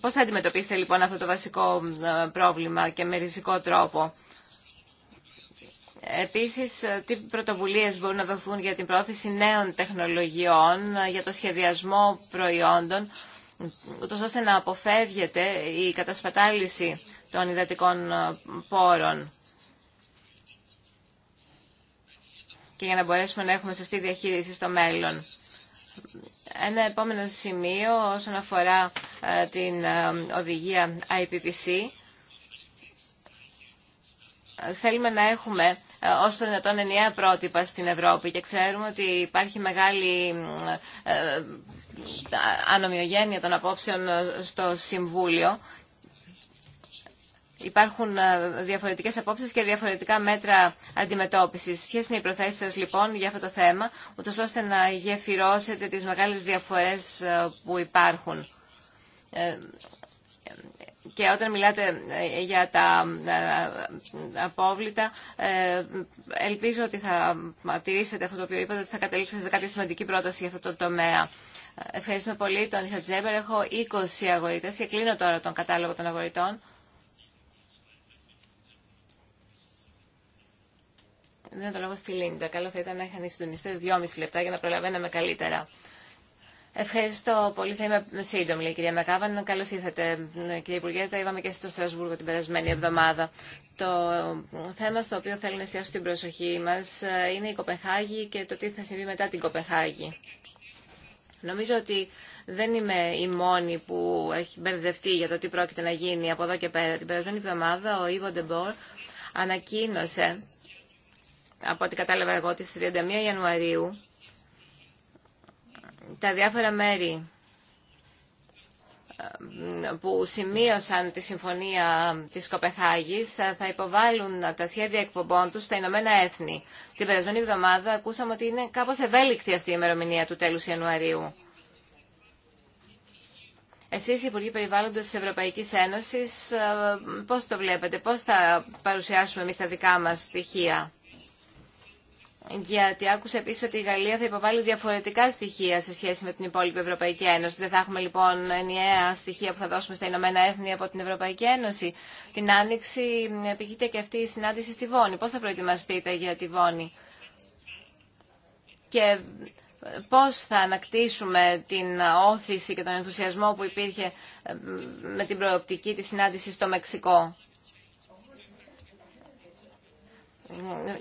Πώς θα αντιμετωπίσετε λοιπόν αυτό το βασικό ε, πρόβλημα και με ριζικό τρόπο. Επίσης, ε, τι πρωτοβουλίες μπορούν να δοθούν για την πρόθεση νέων τεχνολογιών, ε, για το σχεδιασμό προϊόντων, ούτως ώστε να αποφεύγεται η κατασπατάληση των υδατικών ε, πόρων και για να μπορέσουμε να έχουμε σωστή διαχείριση στο μέλλον. Ένα επόμενο σημείο όσον αφορά ε, την ε, οδηγία IPPC θέλουμε να έχουμε ε, ως το δυνατόν ενιαία πρότυπα στην Ευρώπη και ξέρουμε ότι υπάρχει μεγάλη ε, ε, ανομοιογένεια των απόψεων στο Συμβούλιο Υπάρχουν διαφορετικές απόψεις και διαφορετικά μέτρα αντιμετώπισης. Ποιες είναι οι προθέσεις σας λοιπόν για αυτό το θέμα, ούτως ώστε να γεφυρώσετε τις μεγάλες διαφορές που υπάρχουν. Και όταν μιλάτε ε, για τα ε, ε, απόβλητα, ελπίζω ότι θα τηρήσετε αυτό το οποίο είπατε, ότι θα καταλήξετε σε κάποια σημαντική πρόταση για αυτό το τομέα. Ευχαριστούμε πολύ τον Ιχατζέμπερ. Έχω 20 αγορητές και κλείνω τώρα τον κατάλογο των αγορητών. Δεν το λόγο στη Λίντα. Καλό θα ήταν να είχαν οι συντονιστέ 2,5 λεπτά για να προλαβαίναμε καλύτερα. Ευχαριστώ πολύ. Θα είμαι σύντομη, λέει, κυρία Μακάβαν. Καλώ ήρθατε, κύριε Υπουργέ. Τα είπαμε και στο Στρασβούργο την περασμένη εβδομάδα. Το θέμα στο οποίο θέλω να εστιάσω την προσοχή μα ε, είναι η Κοπεχάγη και το τι θα συμβεί μετά την Κοπεχάγη. Νομίζω ότι δεν είμαι η μόνη που έχει μπερδευτεί για το τι πρόκειται να γίνει από εδώ και πέρα. Την περασμένη εβδομάδα ο Ιβο Ντεμπόρ ανακοίνωσε, από ό,τι κατάλαβα εγώ, τις 31 Ιανουαρίου, τα διάφορα μέρη ε, που σημείωσαν τη συμφωνία της Κοπεχάγης ε, θα υποβάλουν τα σχέδια εκπομπών τους στα Ηνωμένα Έθνη. Την περασμένη εβδομάδα ακούσαμε ότι είναι κάπως ευέλικτη αυτή η ημερομηνία του τέλους Ιανουαρίου. Εσείς, Υπουργοί Περιβάλλοντος της Ευρωπαϊκής Ένωσης, ε, πώς το βλέπετε, πώς θα παρουσιάσουμε εμείς τα δικά μας στοιχεία γιατί άκουσα επίση ότι η Γαλλία θα υποβάλει διαφορετικά στοιχεία σε σχέση με την υπόλοιπη Ευρωπαϊκή Ένωση. Δεν θα έχουμε λοιπόν ενιαία στοιχεία που θα δώσουμε στα Ηνωμένα Έθνη από την Ευρωπαϊκή Ένωση. Την Άνοιξη επικείται και αυτή η συνάντηση στη Βόνη. Πώ θα προετοιμαστείτε για τη Βόνη. Και ε, πώς θα ανακτήσουμε την όθηση και τον ενθουσιασμό που υπήρχε ε, με την προοπτική της συνάντησης στο Μεξικό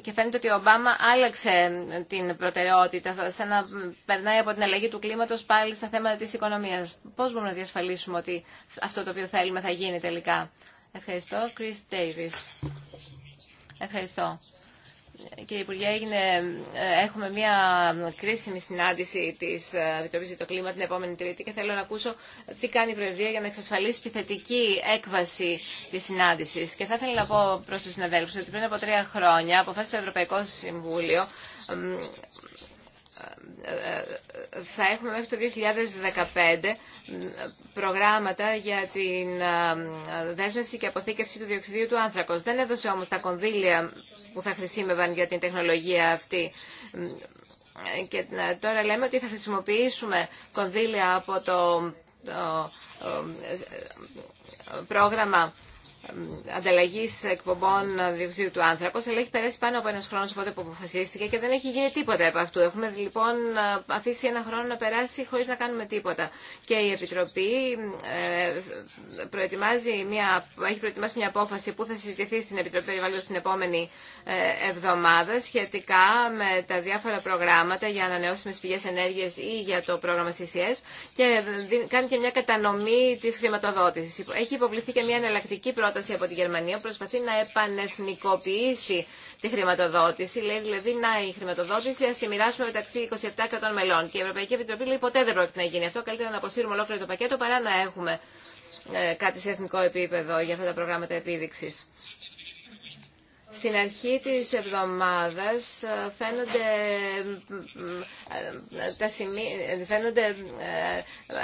και φαίνεται ότι ο Ομπάμα άλλαξε την προτεραιότητα, σαν να περνάει από την αλλαγή του κλίματος πάλι στα θέματα της οικονομίας. Πώς μπορούμε να διασφαλίσουμε ότι αυτό το οποίο θέλουμε θα γίνει τελικά. Ευχαριστώ. Chris Davis. Ευχαριστώ. Κύριε Υπουργέ, ε, έχουμε μια κρίσιμη συνάντηση της ε, Επιτροπή για το Κλίμα την επόμενη Τρίτη και θέλω να ακούσω τι κάνει η Προεδρία για να εξασφαλίσει τη θετική έκβαση της συνάντηση. Και θα ήθελα να πω προς του συναδέλφου ότι πριν από τρία χρόνια αποφάσισε το Ευρωπαϊκό Συμβούλιο θα έχουμε μέχρι το 2015 προγράμματα για την ε, δέσμευση και αποθήκευση του διοξιδίου του άνθρακος. Δεν έδωσε όμως τα κονδύλια που θα χρησιμεύαν για την τεχνολογία αυτή. Και ε, τώρα λέμε ότι θα χρησιμοποιήσουμε κονδύλια από το ε, πρόγραμμα ανταλλαγή εκπομπών διευθύντου του άνθρακο, αλλά έχει περάσει πάνω από ένα χρόνο από τότε που αποφασίστηκε και δεν έχει γίνει τίποτα από αυτού. Έχουμε λοιπόν αφήσει ένα χρόνο να περάσει χωρί να κάνουμε τίποτα. Και η Επιτροπή ε, προετοιμάζει μια, έχει προετοιμάσει μια απόφαση που θα συζητηθεί στην Επιτροπή Περιβάλλοντο την επόμενη ε, εβδομάδα σχετικά με τα διάφορα προγράμματα για ανανεώσιμε πηγέ ενέργεια ή για το πρόγραμμα CCS και κάνει και μια κατανομή τη χρηματοδότηση. Έχει υποβληθεί και μια εναλλακτική πρόταση Τράπεζα από τη Γερμανία προσπαθεί να επανεθνικοποιήσει τη χρηματοδότηση. Λέει δηλαδή να η χρηματοδότηση α τη μοιράσουμε μεταξύ 27 κρατών μελών. Και η Ευρωπαϊκή Επιτροπή λέει ποτέ δεν πρόκειται να γίνει αυτό. Καλύτερα να αποσύρουμε ολόκληρο το πακέτο παρά να έχουμε ε, κάτι σε εθνικό επίπεδο για αυτά τα προγράμματα επίδειξη. Στην αρχή της εβδομάδας ε, φαίνονται, ε, τα σημεία, φαίνονται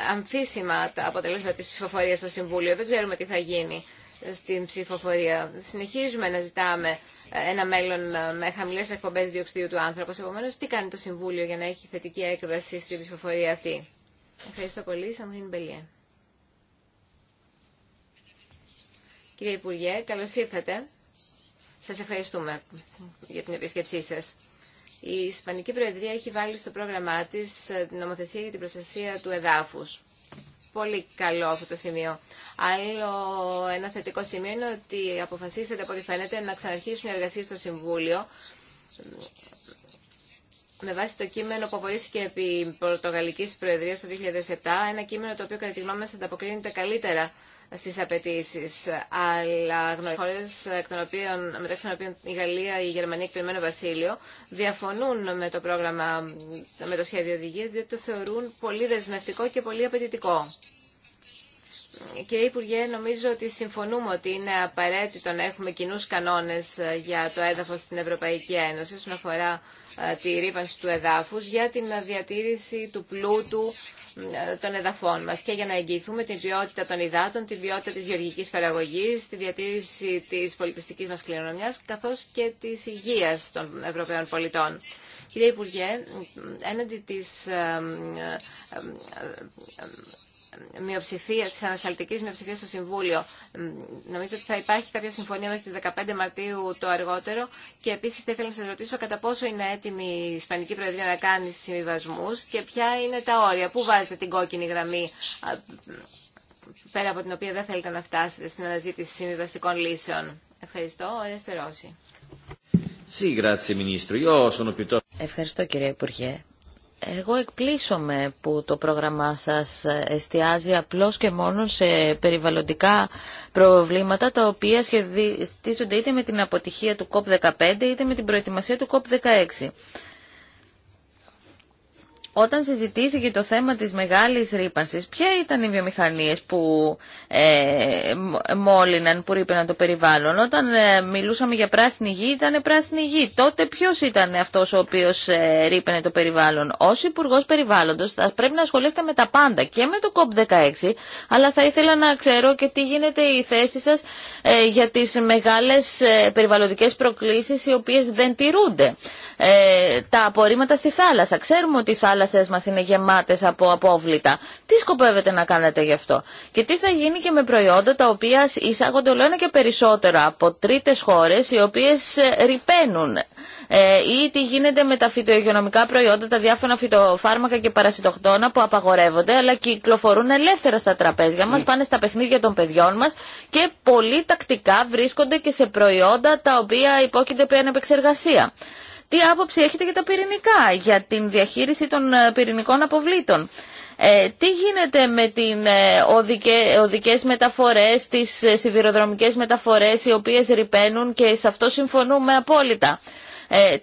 αμφίσιμα τα αποτελέσματα της ψηφοφορίας στο Συμβούλιο. Δεν ξέρουμε τι θα γίνει στην ψηφοφορία. Συνεχίζουμε να ζητάμε ε, ένα μέλλον ε, με χαμηλές εκπομπές διοξιδίου του άνθρωπος. Επομένως, τι κάνει το Συμβούλιο για να έχει θετική έκβαση στη ψηφοφορία αυτή. Ευχαριστώ πολύ. Σαμχήν Μπελιέ. Κύριε Υπουργέ, καλώς ήρθατε. Σας ευχαριστούμε για την επίσκεψή σας. Η Ισπανική Προεδρία έχει βάλει στο πρόγραμμά της ε, την νομοθεσία για την προστασία του εδάφους πολύ καλό αυτό το σημείο. Άλλο ένα θετικό σημείο είναι ότι αποφασίσατε από ό,τι φαίνεται να ξαναρχίσουν οι εργασίες στο Συμβούλιο με βάση το κείμενο που απολύθηκε επί Πορτογαλικής Προεδρίας το 2007, ένα κείμενο το οποίο κατά τη γνώμη μας ανταποκρίνεται καλύτερα στις απαιτήσει, αλλά χώρε μεταξύ των οποίων η Γαλλία, η Γερμανία και το Ηνωμένο Βασίλειο διαφωνούν με το πρόγραμμα, με το σχέδιο οδηγίας, διότι το θεωρούν πολύ δεσμευτικό και πολύ απαιτητικό. Κύριε Υπουργέ, νομίζω ότι συμφωνούμε ότι είναι απαραίτητο να έχουμε κοινού κανόνε για το έδαφο στην Ευρωπαϊκή Ένωση όσον αφορά ε, τη ρήπανση του εδάφου για την διατήρηση του πλούτου ε, των εδαφών μας και για να εγγυηθούμε την ποιότητα των υδάτων, την ποιότητα της γεωργικής παραγωγής, τη διατήρηση της πολιτιστικής μας κληρονομιάς καθώς και της υγείας των Ευρωπαίων πολιτών. Κύριε Υπουργέ, έναντι της ε, ε, μειοψηφία, της ανασταλτικής μειοψηφίας στο Συμβούλιο. Νομίζω ότι θα υπάρχει κάποια συμφωνία μέχρι τις 15 Μαρτίου το αργότερο και επίσης θα ήθελα να σας ρωτήσω κατά πόσο είναι έτοιμη η Ισπανική Προεδρία να κάνει συμβιβασμού και ποια είναι τα όρια, πού βάζετε την κόκκινη γραμμή πέρα από την οποία δεν θέλετε να φτάσετε στην αναζήτηση συμβιβαστικών λύσεων. Ευχαριστώ. Ευχαριστώ κύριε Υπουργέ. Εγώ εκπλήσωμαι που το πρόγραμμά σας εστιάζει απλώς και μόνο σε περιβαλλοντικά προβλήματα τα οποία σχετίζονται είτε με την αποτυχία του COP15 είτε με την προετοιμασία του COP16. Όταν συζητήθηκε το θέμα της μεγάλης ρήπανσης, ποια ήταν οι βιομηχανίες που ε, μόλυναν, που ρήπαιναν το περιβάλλον. Όταν ε, μιλούσαμε για πράσινη γη, ήταν πράσινη γη. Τότε ποιος ήταν αυτός ο οποίος ε, ρήπαινε το περιβάλλον. Ως υπουργό Περιβάλλοντος θα πρέπει να ασχολείστε με τα πάντα και με το COP16, αλλά θα ήθελα να ξέρω και τι γίνεται η θέση σας ε, για τις μεγάλες ε, περιβαλλοντικές προκλήσεις οι οποίες δεν τηρούνται. τα απορρίμματα στη θάλασσα. Ξέρουμε ότι η θάλασσα θάλασσές μας είναι γεμάτες από απόβλητα. Τι σκοπεύετε να κάνετε γι' αυτό. Και τι θα γίνει και με προϊόντα τα οποία εισάγονται όλο ένα και περισσότερα από τρίτες χώρες οι οποίες ε, ρηπαίνουν. Ε, ή τι γίνεται με τα φυτοϊγειονομικά προϊόντα, τα διάφορα φυτοφάρμακα και παρασιτοκτόνα που απαγορεύονται αλλά κυκλοφορούν ελεύθερα στα τραπέζια μας, ναι. πάνε στα παιχνίδια των παιδιών μας και πολύ τακτικά βρίσκονται και σε προϊόντα τα οποία υπόκεινται πέραν επεξεργασία. Τι άποψη έχετε για τα πυρηνικά, για την διαχείριση των ε, πυρηνικών αποβλήτων. Ε, τι γίνεται με την ε, οδικέ, οδικές μεταφορές, τις σιδηροδρομικές μεταφορές οι οποίες ρηπαίνουν και σε αυτό συμφωνούμε απόλυτα.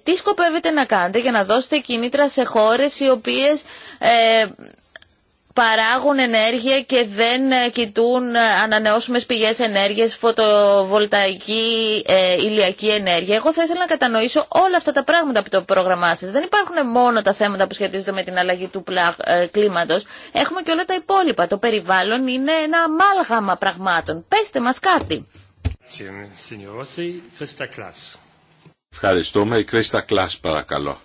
τι σκοπεύετε να κάνετε για να δώσετε κινήτρα σε χώρες οι οποίες παράγουν ενέργεια και δεν ε, κοιτούν ε, ανανεώσιμες πηγές ενέργειας, φωτοβολταϊκή, ε, ηλιακή ενέργεια. Εγώ θα ήθελα να κατανοήσω όλα αυτά τα πράγματα από το πρόγραμμά σας. Δεν υπάρχουν μόνο τα θέματα που σχετίζονται με την αλλαγή του πλα, κλίματος. Έχουμε και όλα τα υπόλοιπα. Το περιβάλλον είναι ένα αμάλγαμα πραγμάτων. Πέστε μας κάτι. Ευχαριστούμε. Η Κρίστα Κλάς παρακαλώ.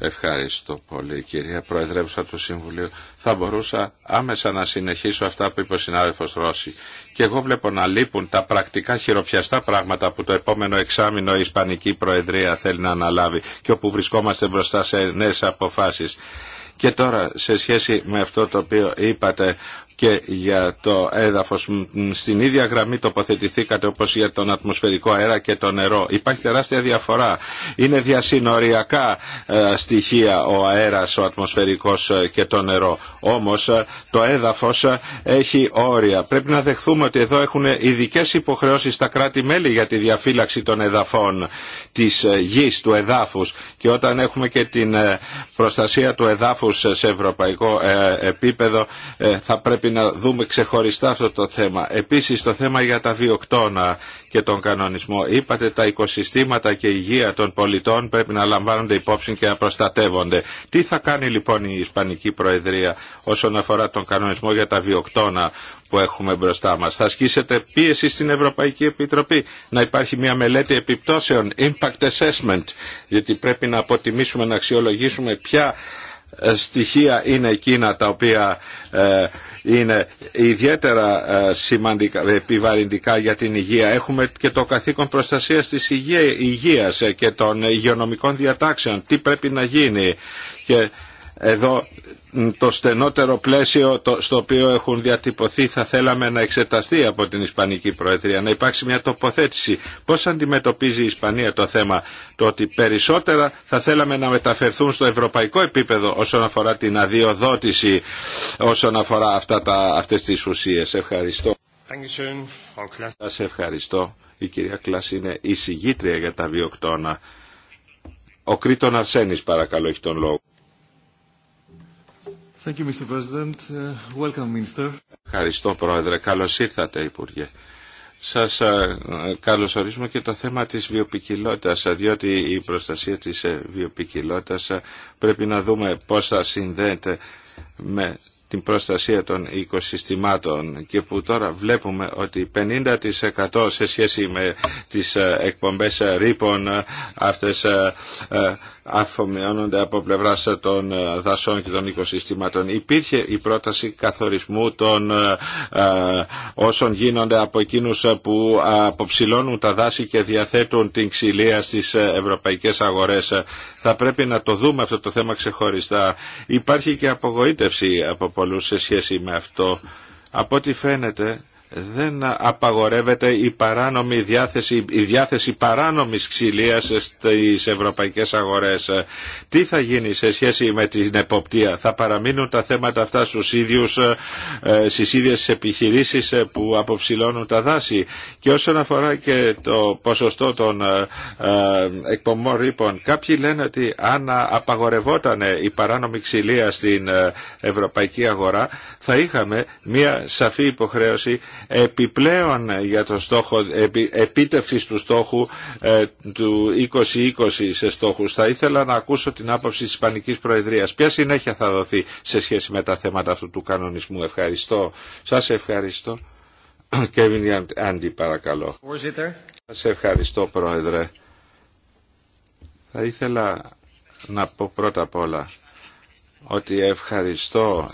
Ευχαριστώ πολύ κυρία Πρόεδρεύουσα του Συμβουλίου θα μπορούσα άμεσα να συνεχίσω αυτά που είπε ο συνάδελφο Ρώση. Και εγώ βλέπω να λείπουν τα πρακτικά χειροπιαστά πράγματα που το επόμενο εξάμεινο η Ισπανική Προεδρία θέλει να αναλάβει και όπου βρισκόμαστε μπροστά σε νέε αποφάσεις. Και τώρα σε σχέση με αυτό το οποίο είπατε και για το έδαφος. Στην ίδια γραμμή τοποθετηθήκατε όπως για τον ατμοσφαιρικό αέρα και το νερό. Υπάρχει τεράστια διαφορά. Είναι διασυνοριακά ε, στοιχεία ο αέρας, ο ατμοσφαιρικός ε, και το νερό. Όμως ε, το έδαφος έχει όρια. Πρέπει να δεχθούμε ότι εδώ έχουν ειδικέ υποχρεώσεις τα κράτη-μέλη για τη διαφύλαξη των εδαφών, της γης, του εδάφους και όταν έχουμε και την προστασία του εδάφους σε ευρωπαϊκό επίπεδο θα πρέπει πρέπει να δούμε ξεχωριστά αυτό το θέμα. Επίσης το θέμα για τα βιοκτώνα και τον κανονισμό. Είπατε τα οικοσυστήματα και η υγεία των πολιτών πρέπει να λαμβάνονται υπόψη και να προστατεύονται. Τι θα κάνει λοιπόν η Ισπανική Προεδρία όσον αφορά τον κανονισμό για τα βιοκτώνα που έχουμε μπροστά μας. Θα ασκήσετε πίεση στην Ευρωπαϊκή Επιτροπή να υπάρχει μια μελέτη επιπτώσεων, impact assessment, γιατί πρέπει να αποτιμήσουμε, να αξιολογήσουμε ποια ε, στοιχεία είναι εκείνα τα οποία ε, είναι ιδιαίτερα ε, σημαντικά, επιβαρυντικά για την υγεία. Έχουμε και το καθήκον προστασίας της υγείας ε, και των υγειονομικών διατάξεων. Τι πρέπει να γίνει. Και εδώ το στενότερο πλαίσιο το, στο οποίο έχουν διατυπωθεί θα θέλαμε να εξεταστεί από την Ισπανική Προεδρία, να υπάρξει μια τοποθέτηση. Πώς αντιμετωπίζει η Ισπανία το θέμα, το ότι περισσότερα θα θέλαμε να μεταφερθούν στο ευρωπαϊκό επίπεδο όσον αφορά την αδειοδότηση, όσον αφορά αυτά τα, αυτές τις ουσίες. Ευχαριστώ. Σας ευχαριστώ. Η κυρία Κλάση είναι η συγγήτρια για τα βιοκτώνα. Ο Κρήτον Αρσένης παρακαλώ έχει τον λόγο. Uh, Ευχαριστώ, Πρόεδρε. Καλώς ήρθατε, Υπουργέ. Σας ε, ε, καλωσορίζουμε και το θέμα της βιοπικιλότητας, ε, διότι η προστασία της βιοπικιλότητας πρέπει να δούμε πώς θα συνδέεται με την προστασία των οικοσυστημάτων και που τώρα βλέπουμε ότι 50% σε σχέση με τις εκπομπές ρήπων αυτές αφομοιώνονται από πλευρά των ε, δασών και των οικοσυστήματων. Υπήρχε η πρόταση καθορισμού των ε, ε, όσων γίνονται από εκείνου που αποψηλώνουν τα δάση και διαθέτουν την ξυλία στις ευρωπαϊκές αγορές. Θα πρέπει να το δούμε αυτό το θέμα ξεχωριστά. Υπάρχει και απογοήτευση από πολλούς σε σχέση με αυτό. Από ό,τι φαίνεται δεν απαγορεύεται η παράνομη διάθεση, η διάθεση παράνομης ξυλίας στις ευρωπαϊκές αγορές. Τι θα γίνει σε σχέση με την εποπτεία. Θα παραμείνουν τα θέματα αυτά στους ίδιους, ε, στις ίδιες επιχειρήσεις που αποψηλώνουν τα δάση. Και όσον αφορά και το ποσοστό των ε, ε, εκπομπών ρήπων, κάποιοι λένε ότι αν απαγορευόταν η παράνομη ξυλία στην ευρωπαϊκή αγορά, θα είχαμε μια σαφή υποχρέωση επιπλέον για το στόχο, επί, του στόχου ε, του 2020 σε στόχους. Θα ήθελα να ακούσω την άποψη της Ισπανικής Προεδρίας. Ποια συνέχεια θα δοθεί σε σχέση με τα θέματα αυτού του κανονισμού. Ευχαριστώ. Σας ευχαριστώ. Κέβιν Άντι παρακαλώ. Σας ευχαριστώ Πρόεδρε. Θα ήθελα να πω πρώτα απ' όλα ότι ευχαριστώ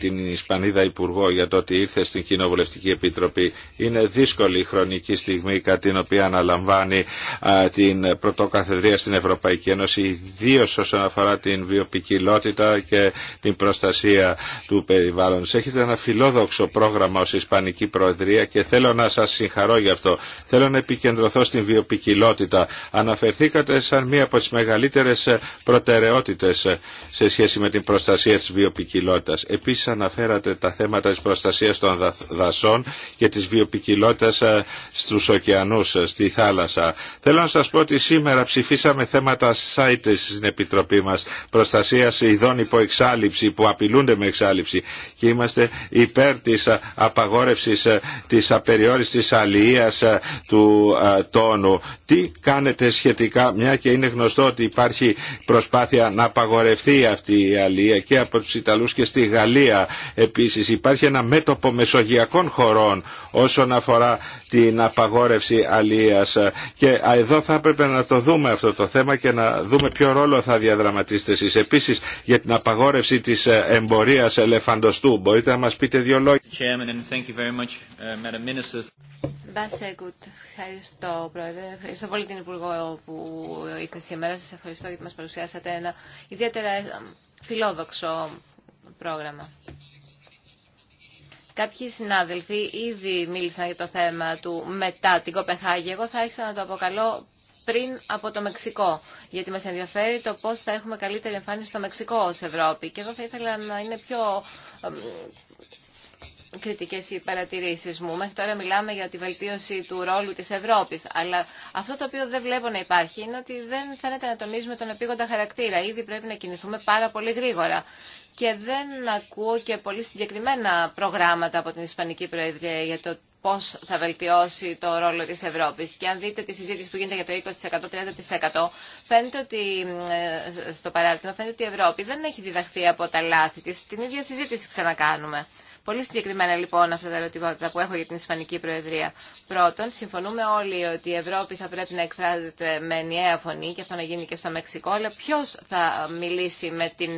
την Ισπανίδα Υπουργό για το ότι ήρθε στην Κοινοβουλευτική Επιτροπή. Είναι δύσκολη η χρονική στιγμή κατά την οποία αναλαμβάνει την πρωτοκαθεδρία στην Ευρωπαϊκή Ένωση, ιδίω όσον αφορά την βιοπικιλότητα και την προστασία του περιβάλλοντος. Έχετε ένα φιλόδοξο πρόγραμμα ως Ισπανική Προεδρία και θέλω να σας συγχαρώ γι' αυτό. Θέλω να επικεντρωθώ στην βιοπικιλότητα. Αναφερθήκατε σαν μία από τι μεγαλύτερες προτεραιότητες σε σχέση με την προστασία της βιοπικιλότητας. Επίσης αναφέρατε τα θέματα της προστασίας των δασών και της βιοπικιλότητας ε, στους ωκεανούς, ε, στη θάλασσα. Θέλω να σας πω ότι σήμερα ψηφίσαμε θέματα site στην Επιτροπή μας, προστασίας ειδών υπό εξάλληψη, που απειλούνται με εξάλληψη και είμαστε υπέρ της ε, απαγόρευσης της απεριόριστης αλληλείας του τόνου. Τι κάνετε σχετικά, μια και είναι γνωστό ότι υπάρχει προσπάθεια να απαγορευτεί αυτή η αλληλεία Ιταλία και από τους Ιταλούς και στη Γαλλία επίσης υπάρχει ένα μέτωπο μεσογειακών χωρών όσον αφορά την απαγόρευση αλίας και εδώ θα έπρεπε να το δούμε αυτό το θέμα και να δούμε ποιο ρόλο θα διαδραματίσετε εσείς επίσης για την απαγόρευση της ε, εμπορίας ελεφαντοστού μπορείτε να μας πείτε δύο λόγια uh, Ευχαριστώ, Πρόεδρε. Ευχαριστώ πολύ την Υπουργό που ήρθε σήμερα. Σας ευχαριστώ γιατί μας παρουσιάσατε ένα ιδιαίτερα φιλόδοξο πρόγραμμα. Κάποιοι συνάδελφοι ήδη μίλησαν για το θέμα του μετά την Κοπεχάγη. Εγώ θα άρχισα να το αποκαλώ πριν από το Μεξικό, γιατί μας ενδιαφέρει το πώς θα έχουμε καλύτερη εμφάνιση στο Μεξικό ως Ευρώπη. Και εδώ θα ήθελα να είναι πιο κριτικές οι παρατηρήσεις μου. Μέχρι τώρα μιλάμε για τη βελτίωση του ρόλου της Ευρώπης, αλλά αυτό το οποίο δεν βλέπω να υπάρχει είναι ότι δεν φαίνεται να τονίζουμε τον επίγοντα χαρακτήρα. Ήδη πρέπει να κινηθούμε πάρα πολύ γρήγορα. Και δεν ακούω και πολύ συγκεκριμένα προγράμματα από την Ισπανική Προεδρία για το πώ θα βελτιώσει το ρόλο τη Ευρώπη. Και αν δείτε τη συζήτηση που γίνεται για το 20%-30%, φαίνεται ότι ε, στο παράδειγμα φαίνεται ότι η Ευρώπη δεν έχει διδαχθεί από τα λάθη τη. Την ίδια συζήτηση ξανακάνουμε. Πολύ συγκεκριμένα λοιπόν αυτά τα ερωτήματα που έχω για την Ισπανική Προεδρία. Πρώτον, συμφωνούμε όλοι ότι η Ευρώπη θα πρέπει να εκφράζεται με ενιαία φωνή και αυτό να γίνει και στο Μεξικό, αλλά ποιο θα μιλήσει με την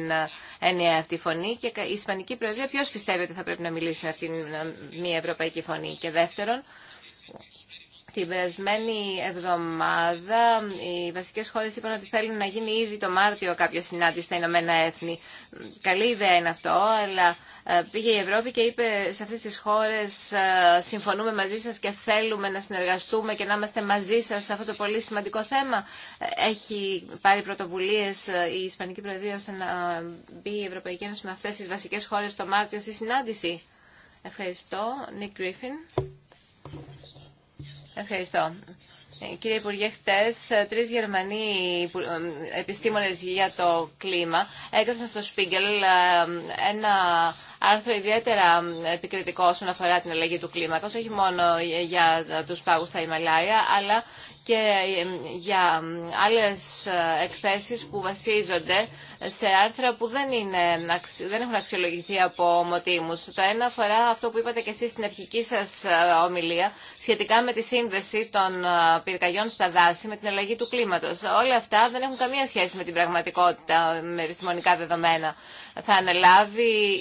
ενιαία αυτή φωνή και η Ισπανική Προεδρία ποιο πιστεύει ότι θα πρέπει να μιλήσει με αυτήν μια ευρωπαϊκή φωνή. Και δεύτερον, την περασμένη εβδομάδα οι βασικές χώρες είπαν ότι θέλουν να γίνει ήδη το Μάρτιο κάποια συνάντηση στα Ηνωμένα Έθνη. Καλή ιδέα είναι αυτό, αλλά ε, πήγε η Ευρώπη και είπε σε αυτές τις χώρες ε, συμφωνούμε μαζί σας και θέλουμε να συνεργαστούμε και να είμαστε μαζί σας σε αυτό το πολύ σημαντικό θέμα. Έχει πάρει πρωτοβουλίες ε, η Ισπανική Προεδρία ώστε να μπει η Ευρωπαϊκή Ένωση με αυτές τις βασικές χώρες το Μάρτιο στη συνάντηση. Ευχαριστώ. Νίκ Γκρίφιν. Ευχαριστώ. Ε, κύριε Υπουργέ, χτε τρει Γερμανοί ε, επιστήμονε για το κλίμα έγραψαν στο Σπίγκελ ένα άρθρο ιδιαίτερα ε, επικριτικό όσον αφορά την αλλαγή του κλίματο, όχι μόνο για τους πάγου στα Ιμαλάια, αλλά και για άλλες εκθέσεις που βασίζονται σε άρθρα που δεν, είναι, δεν έχουν αξιολογηθεί από ομοτήμους. Το ένα αφορά αυτό που είπατε και εσείς στην αρχική σας ε, ομιλία σχετικά με τη σύνδεση των ε, πυρκαγιών στα δάση με την αλλαγή του κλίματος. Όλα αυτά δεν έχουν καμία σχέση με την πραγματικότητα, με επιστημονικά δεδομένα. Θα αναλάβει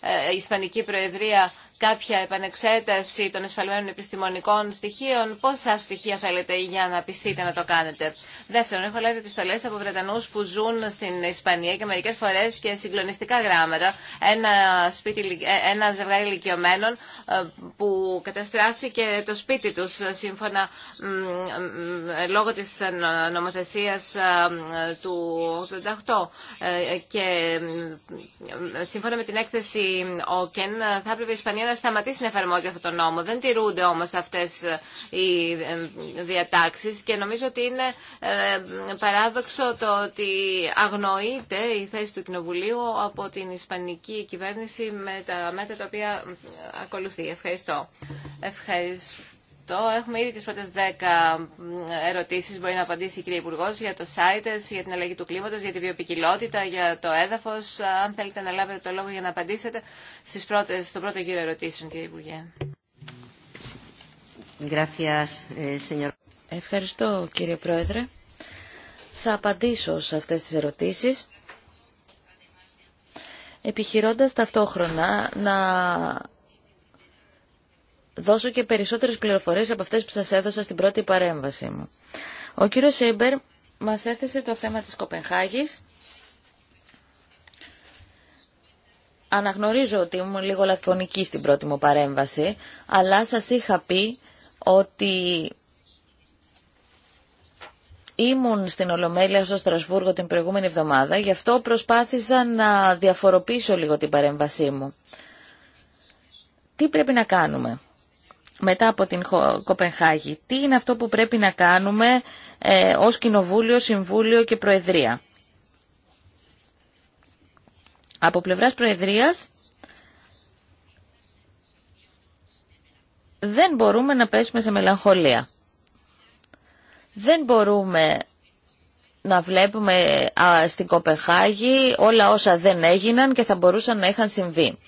ε, η Ισπανική Προεδρία κάποια επανεξέταση των εσφαλμένων επιστημονικών στοιχείων. Πόσα στοιχεία θέλετε για να πιστείτε να το κάνετε. Δεύτερον, έχω λάβει επιστολές από Βρετανούς που ζουν ζουν στην Ισπανία και μερικέ φορέ και συγκλονιστικά γράμματα. Ένα, σπίτι, ε, ένα ζευγάρι ηλικιωμένων ε, που καταστράφηκε το σπίτι του σύμφωνα λόγω τη νομοθεσία του 88 και σύμφωνα με την έκθεση ΟΚΕΝ θα έπρεπε η Ισπανία να σταματήσει να εφαρμόζει αυτό το νόμο. Δεν τηρούνται όμω αυτέ ε, οι διατάξει. και νομίζω ότι είναι παράδοξο το ότι αγνοείται η θέση του Κοινοβουλίου από την Ισπανική κυβέρνηση με τα μέτρα τα οποία ακολουθεί. Ευχαριστώ. Ευχαριστώ. Έχουμε ήδη τις πρώτες δέκα ερωτήσεις μπορεί να απαντήσει η κυρία Υπουργό για το ΣΑΙΤΕΣ, για την αλλαγή του κλίματος, για τη βιοπικιλότητα, για το έδαφος. Αν θέλετε να λάβετε το λόγο για να απαντήσετε στις πρώτες, στο πρώτο γύρο ερωτήσεων, κύριε Υπουργέ. Eh, Ευχαριστώ, κύριε Πρόεδρε θα απαντήσω σε αυτές τις ερωτήσεις επιχειρώντας ταυτόχρονα να δώσω και περισσότερες πληροφορίες από αυτές που σας έδωσα στην πρώτη παρέμβαση μου. Ο κύριος Σέμπερ μας έθεσε το θέμα της Κοπενχάγης. Αναγνωρίζω ότι ήμουν λίγο λακωνική στην πρώτη μου παρέμβαση, αλλά σας είχα πει ότι Ήμουν στην Ολομέλεια στο Στρασβούργο την προηγούμενη εβδομάδα, γι' αυτό προσπάθησα να διαφοροποιήσω λίγο την παρέμβασή μου. Τι πρέπει να κάνουμε μετά από την Κοπενχάγη, τι είναι αυτό που πρέπει να κάνουμε ε, ως Κοινοβούλιο, Συμβούλιο και Προεδρία. Από πλευράς Προεδρίας δεν μπορούμε να πέσουμε σε μελαγχολία. Δεν μπορούμε να βλέπουμε στην Κοπεχάγη όλα όσα δεν έγιναν και θα μπορούσαν να είχαν συμβεί.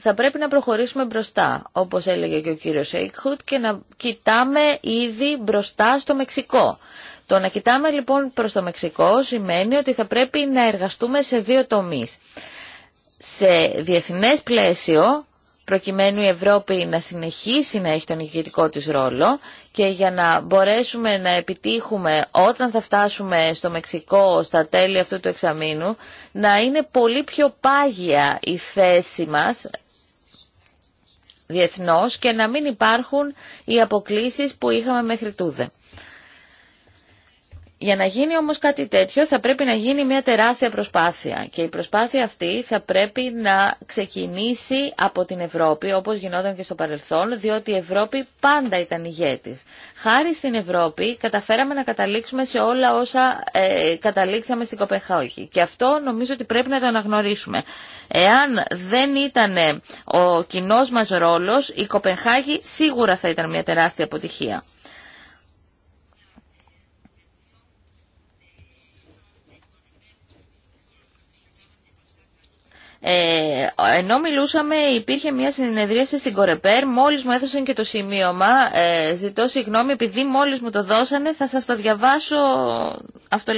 Θα πρέπει να προχωρήσουμε μπροστά, όπως έλεγε και ο κύριος Έικχουτ, και να κοιτάμε ήδη μπροστά στο Μεξικό. Το να κοιτάμε λοιπόν προς το Μεξικό σημαίνει ότι θα πρέπει να εργαστούμε σε δύο τομείς. Σε διεθνές πλαίσιο προκειμένου η Ευρώπη να συνεχίσει να έχει τον ηγετικό της ρόλο και για να μπορέσουμε να επιτύχουμε όταν θα φτάσουμε στο Μεξικό στα τέλη αυτού του εξαμήνου να είναι πολύ πιο πάγια η θέση μας διεθνώς και να μην υπάρχουν οι αποκλήσεις που είχαμε μέχρι τούδε. Για να γίνει όμως κάτι τέτοιο θα πρέπει να γίνει μια τεράστια προσπάθεια και η προσπάθεια αυτή θα πρέπει να ξεκινήσει από την Ευρώπη όπως γινόταν και στο παρελθόν διότι η Ευρώπη πάντα ήταν ηγέτης. Χάρη στην Ευρώπη καταφέραμε να καταλήξουμε σε όλα όσα ε, καταλήξαμε στην Κοπεχάγη και αυτό νομίζω ότι πρέπει να το αναγνωρίσουμε. Εάν δεν ήταν ο κοινό μας ρόλος η Κοπεχάγη σίγουρα θα ήταν μια τεράστια αποτυχία. Ε, ενώ μιλούσαμε υπήρχε μια συνεδρίαση στην Κορεπέρ μόλις μου έδωσαν και το σημείωμα ε, ζητώ συγγνώμη επειδή μόλις μου το δώσανε θα σας το διαβάσω αυτό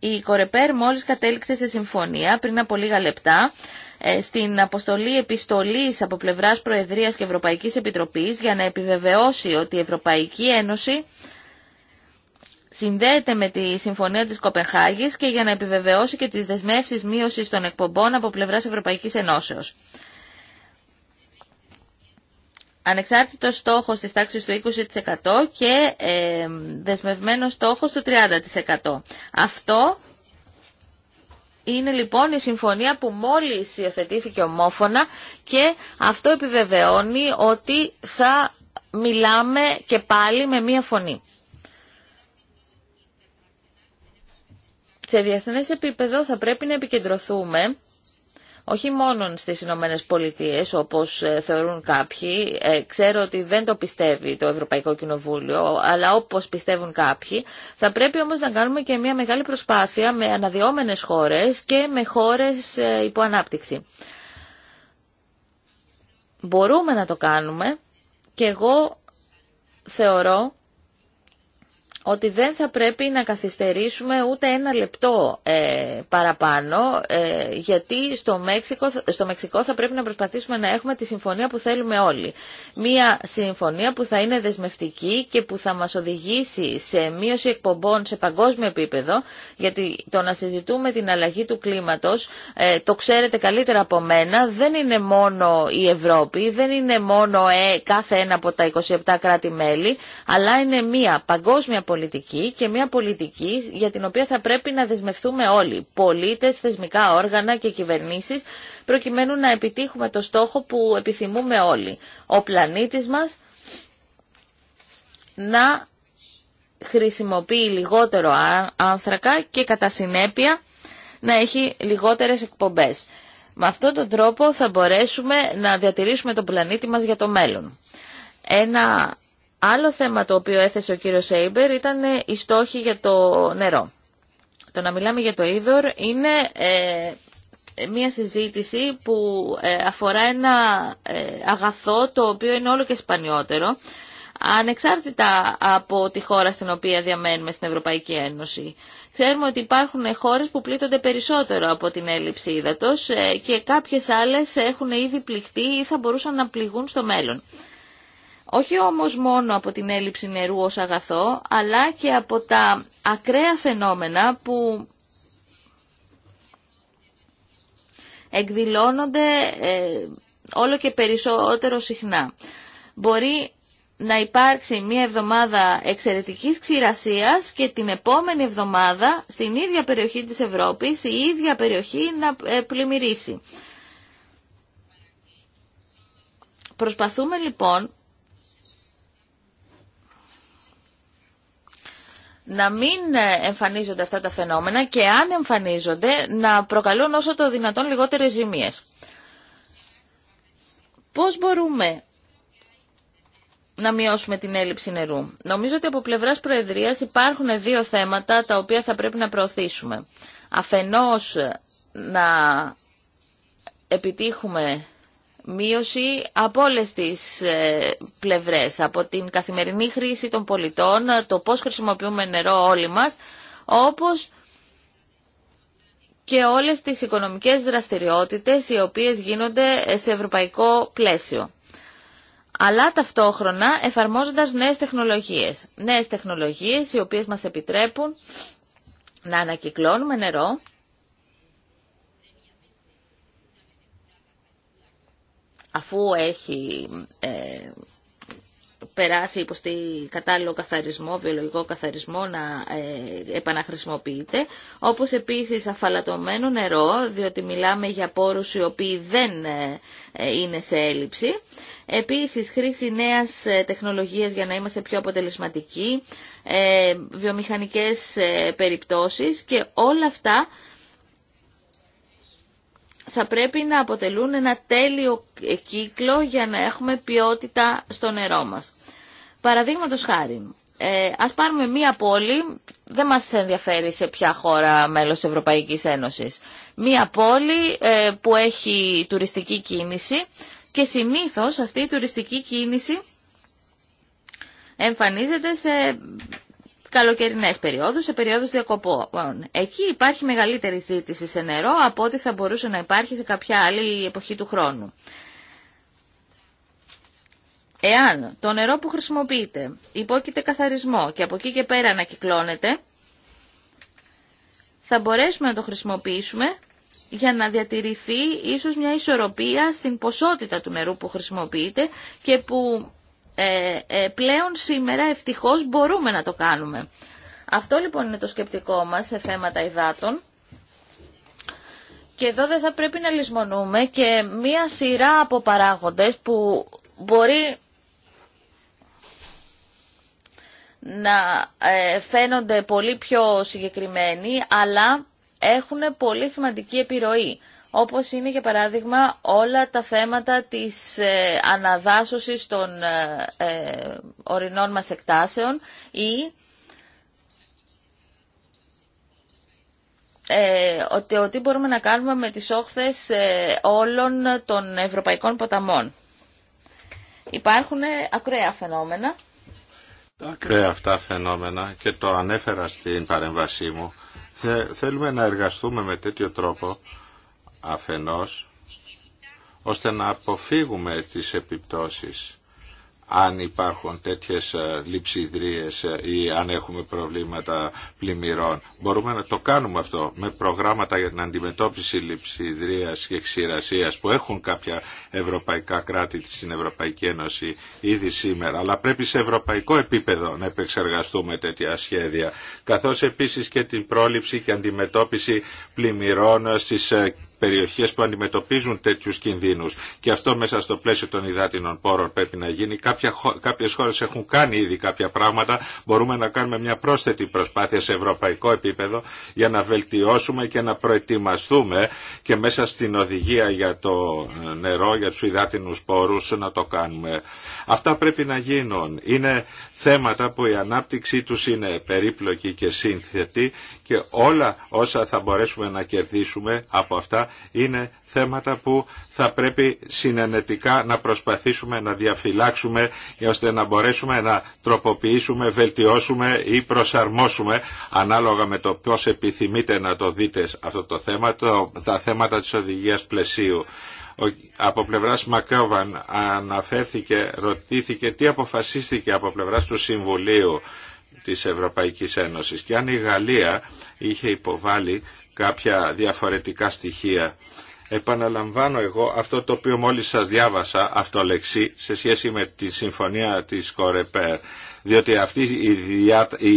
Η Κορεπέρ μόλις κατέληξε σε συμφωνία πριν από λίγα λεπτά ε, στην αποστολή επιστολής από πλευράς Προεδρίας και Ευρωπαϊκής Επιτροπής για να επιβεβαιώσει ότι η Ευρωπαϊκή Ένωση συνδέεται με τη Συμφωνία της Κοπενχάγης και για να επιβεβαιώσει και τις δεσμεύσεις μείωσης των εκπομπών από πλευράς Ευρωπαϊκής Ενώσεως. Ανεξάρτητος στόχος της τάξης του 20% και ε, δεσμευμένος στόχος του 30%. Αυτό είναι λοιπόν η συμφωνία που μόλις υιοθετήθηκε ομόφωνα και αυτό επιβεβαιώνει ότι θα μιλάμε και πάλι με μία φωνή. σε διεθνές επίπεδο θα πρέπει να επικεντρωθούμε όχι μόνο στις Ηνωμένε Πολιτείε, όπως ε, θεωρούν κάποιοι, ε, ξέρω ότι δεν το πιστεύει το Ευρωπαϊκό Κοινοβούλιο, αλλά όπως πιστεύουν κάποιοι, θα πρέπει όμως να κάνουμε και μια μεγάλη προσπάθεια με αναδυόμενες χώρες και με χώρες ε, υποανάπτυξη. Μπορούμε να το κάνουμε και εγώ θεωρώ ότι δεν θα πρέπει να καθυστερήσουμε ούτε ένα λεπτό ε, παραπάνω ε, γιατί στο Μεξικό, στο Μεξικό θα πρέπει να προσπαθήσουμε να έχουμε τη συμφωνία που θέλουμε όλοι. Μία συμφωνία που θα είναι δεσμευτική και που θα μας οδηγήσει σε μείωση εκπομπών σε παγκόσμιο επίπεδο γιατί το να συζητούμε την αλλαγή του κλίματος ε, το ξέρετε καλύτερα από μένα δεν είναι μόνο η Ευρώπη, δεν είναι μόνο ε, κάθε ένα από τα 27 κράτη-μέλη αλλά είναι μία παγκόσμια πολιτική και μια πολιτική για την οποία θα πρέπει να δεσμευτούμε όλοι, πολίτες, θεσμικά όργανα και κυβερνήσεις, προκειμένου να επιτύχουμε το στόχο που επιθυμούμε όλοι. Ο πλανήτης μας να χρησιμοποιεί λιγότερο άνθρακα και κατά συνέπεια να έχει λιγότερες εκπομπές. Με αυτόν τον τρόπο θα μπορέσουμε να διατηρήσουμε τον πλανήτη μας για το μέλλον. Ένα Άλλο θέμα το οποίο έθεσε ο κύριος Σέιμπερ ήταν ε, οι στόχοι για το νερό. Το να μιλάμε για το είδωρ είναι ε, μια συζήτηση που ε, αφορά ένα αγαθό το οποίο είναι όλο και σπανιότερο ανεξάρτητα από τη χώρα στην οποία διαμένουμε στην Ευρωπαϊκή Ένωση. Ξέρουμε ότι υπάρχουν χώρες που πλήττονται περισσότερο από την έλλειψη ύδατος και κάποιες άλλες έχουν ήδη πληχτεί ή θα μπορούσαν να πληγούν στο μέλλον όχι όμως μόνο από την έλλειψη νερού ως αγαθό, αλλά και από τα ακραία φαινόμενα που εκδηλώνονται ε, όλο και περισσότερο συχνά. Μπορεί να υπάρξει μια εβδομάδα εξαιρετικής ξηρασίας και την επόμενη εβδομάδα στην ίδια περιοχή της Ευρώπης η ίδια περιοχή να ε, πλημμυρίσει. Προσπαθούμε λοιπόν να μην ε, εμφανίζονται αυτά τα φαινόμενα και αν εμφανίζονται να προκαλούν όσο το δυνατόν λιγότερες ζημίες. Πώς μπορούμε να μειώσουμε την έλλειψη νερού. Νομίζω ότι από πλευράς Προεδρίας υπάρχουν δύο θέματα τα οποία θα πρέπει να προωθήσουμε. Αφενός ε, να επιτύχουμε μείωση από όλε τις ε, πλευρές, από την καθημερινή χρήση των πολιτών, το πώ χρησιμοποιούμε νερό όλοι μας, όπως και όλες τις οικονομικές δραστηριότητες οι οποίες γίνονται σε ευρωπαϊκό πλαίσιο. Αλλά ταυτόχρονα εφαρμόζοντας νέες τεχνολογίες. Νέες τεχνολογίες οι οποίες μας επιτρέπουν να ανακυκλώνουμε νερό, αφού έχει ε, περάσει υποστή κατάλληλο καθαρισμό, βιολογικό καθαρισμό να ε, επαναχρησιμοποιείται, όπως επίσης αφαλατωμένο νερό, διότι μιλάμε για πόρους οι οποίοι δεν ε, ε, είναι σε έλλειψη. Επίσης, χρήση νέας ε, τεχνολογίας για να είμαστε πιο αποτελεσματικοί, βιομηχανικές περιπτώσεις και όλα αυτά θα πρέπει να αποτελούν ένα τέλειο κύκλο για να έχουμε ποιότητα στο νερό μας. Παραδείγματο χάρη, ε, ας πάρουμε μία πόλη, δεν μας ενδιαφέρει σε ποια χώρα μέλος Ευρωπαϊκής Ένωσης, μία πόλη ε, που έχει τουριστική κίνηση και συνήθως αυτή η τουριστική κίνηση εμφανίζεται σε καλοκαιρινές περιόδους, σε περιόδους διακοπών. Εκεί υπάρχει μεγαλύτερη ζήτηση σε νερό από ό,τι θα μπορούσε να υπάρχει σε κάποια άλλη εποχή του χρόνου. Εάν το νερό που χρησιμοποιείτε υπόκειται καθαρισμό και από εκεί και πέρα ανακυκλώνεται, θα μπορέσουμε να το χρησιμοποιήσουμε για να διατηρηθεί ίσως μια ισορροπία στην ποσότητα του νερού που χρησιμοποιείται και που ε, ε, πλέον σήμερα ευτυχώς μπορούμε να το κάνουμε. Αυτό λοιπόν είναι το σκεπτικό μας σε θέματα υδάτων. Και εδώ δεν θα πρέπει να λησμονούμε και μία σειρά από παράγοντες που μπορεί να ε, φαίνονται πολύ πιο συγκεκριμένοι, αλλά έχουν πολύ σημαντική επιρροή όπως είναι για παράδειγμα όλα τα θέματα της ε, αναδάσωσης των ε, ε, ορεινών μας εκτάσεων ή ότι ότι μπορούμε να κάνουμε με τις όχθες όλων των ευρωπαϊκών ποταμών. Υπάρχουν ακραία φαινόμενα. Τα ακραία αυτά φαινόμενα και το ανέφερα στην παρέμβασή μου. Θέλουμε να εργαστούμε με τέτοιο τρόπο αφενός ώστε να αποφύγουμε τις επιπτώσεις αν υπάρχουν τέτοιες ε, λειψιδρίες ε, ή αν έχουμε προβλήματα πλημμυρών. Μπορούμε να το κάνουμε αυτό με προγράμματα για την αντιμετώπιση λειψιδρίας και ξηρασίας που έχουν κάποια ευρωπαϊκά κράτη στην Ευρωπαϊκή Ένωση ήδη σήμερα. Αλλά πρέπει σε ευρωπαϊκό επίπεδο να επεξεργαστούμε τέτοια σχέδια. Καθώς επίσης και την πρόληψη και αντιμετώπιση πλημμυρών στις ε, περιοχές που αντιμετωπίζουν τέτοιους κινδύνους και αυτό μέσα στο πλαίσιο των υδάτινων πόρων πρέπει να γίνει. κάποιες χώρες έχουν κάνει ήδη κάποια πράγματα, μπορούμε να κάνουμε μια πρόσθετη προσπάθεια σε ευρωπαϊκό επίπεδο για να βελτιώσουμε και να προετοιμαστούμε και μέσα στην οδηγία για το νερό, για τους υδάτινους πόρους να το κάνουμε. Αυτά πρέπει να γίνουν. Είναι θέματα που η ανάπτυξή τους είναι περίπλοκη και σύνθετη και όλα όσα θα μπορέσουμε να κερδίσουμε από αυτά είναι θέματα που θα πρέπει συνενετικά να προσπαθήσουμε να διαφυλάξουμε ώστε να μπορέσουμε να τροποποιήσουμε, βελτιώσουμε ή προσαρμόσουμε ανάλογα με το πώς επιθυμείτε να το δείτε αυτό το θέμα, τα θέματα της οδηγίας πλαισίου από πλευράς Μακάβαν αναφέρθηκε, ρωτήθηκε τι αποφασίστηκε από πλευράς του Συμβουλίου της Ευρωπαϊκής Ένωσης και αν η Γαλλία είχε υποβάλει κάποια διαφορετικά στοιχεία. Επαναλαμβάνω εγώ αυτό το οποίο μόλις σας διάβασα, αυτό λεξί, σε σχέση με τη συμφωνία της Κορεπέρ διότι αυτή η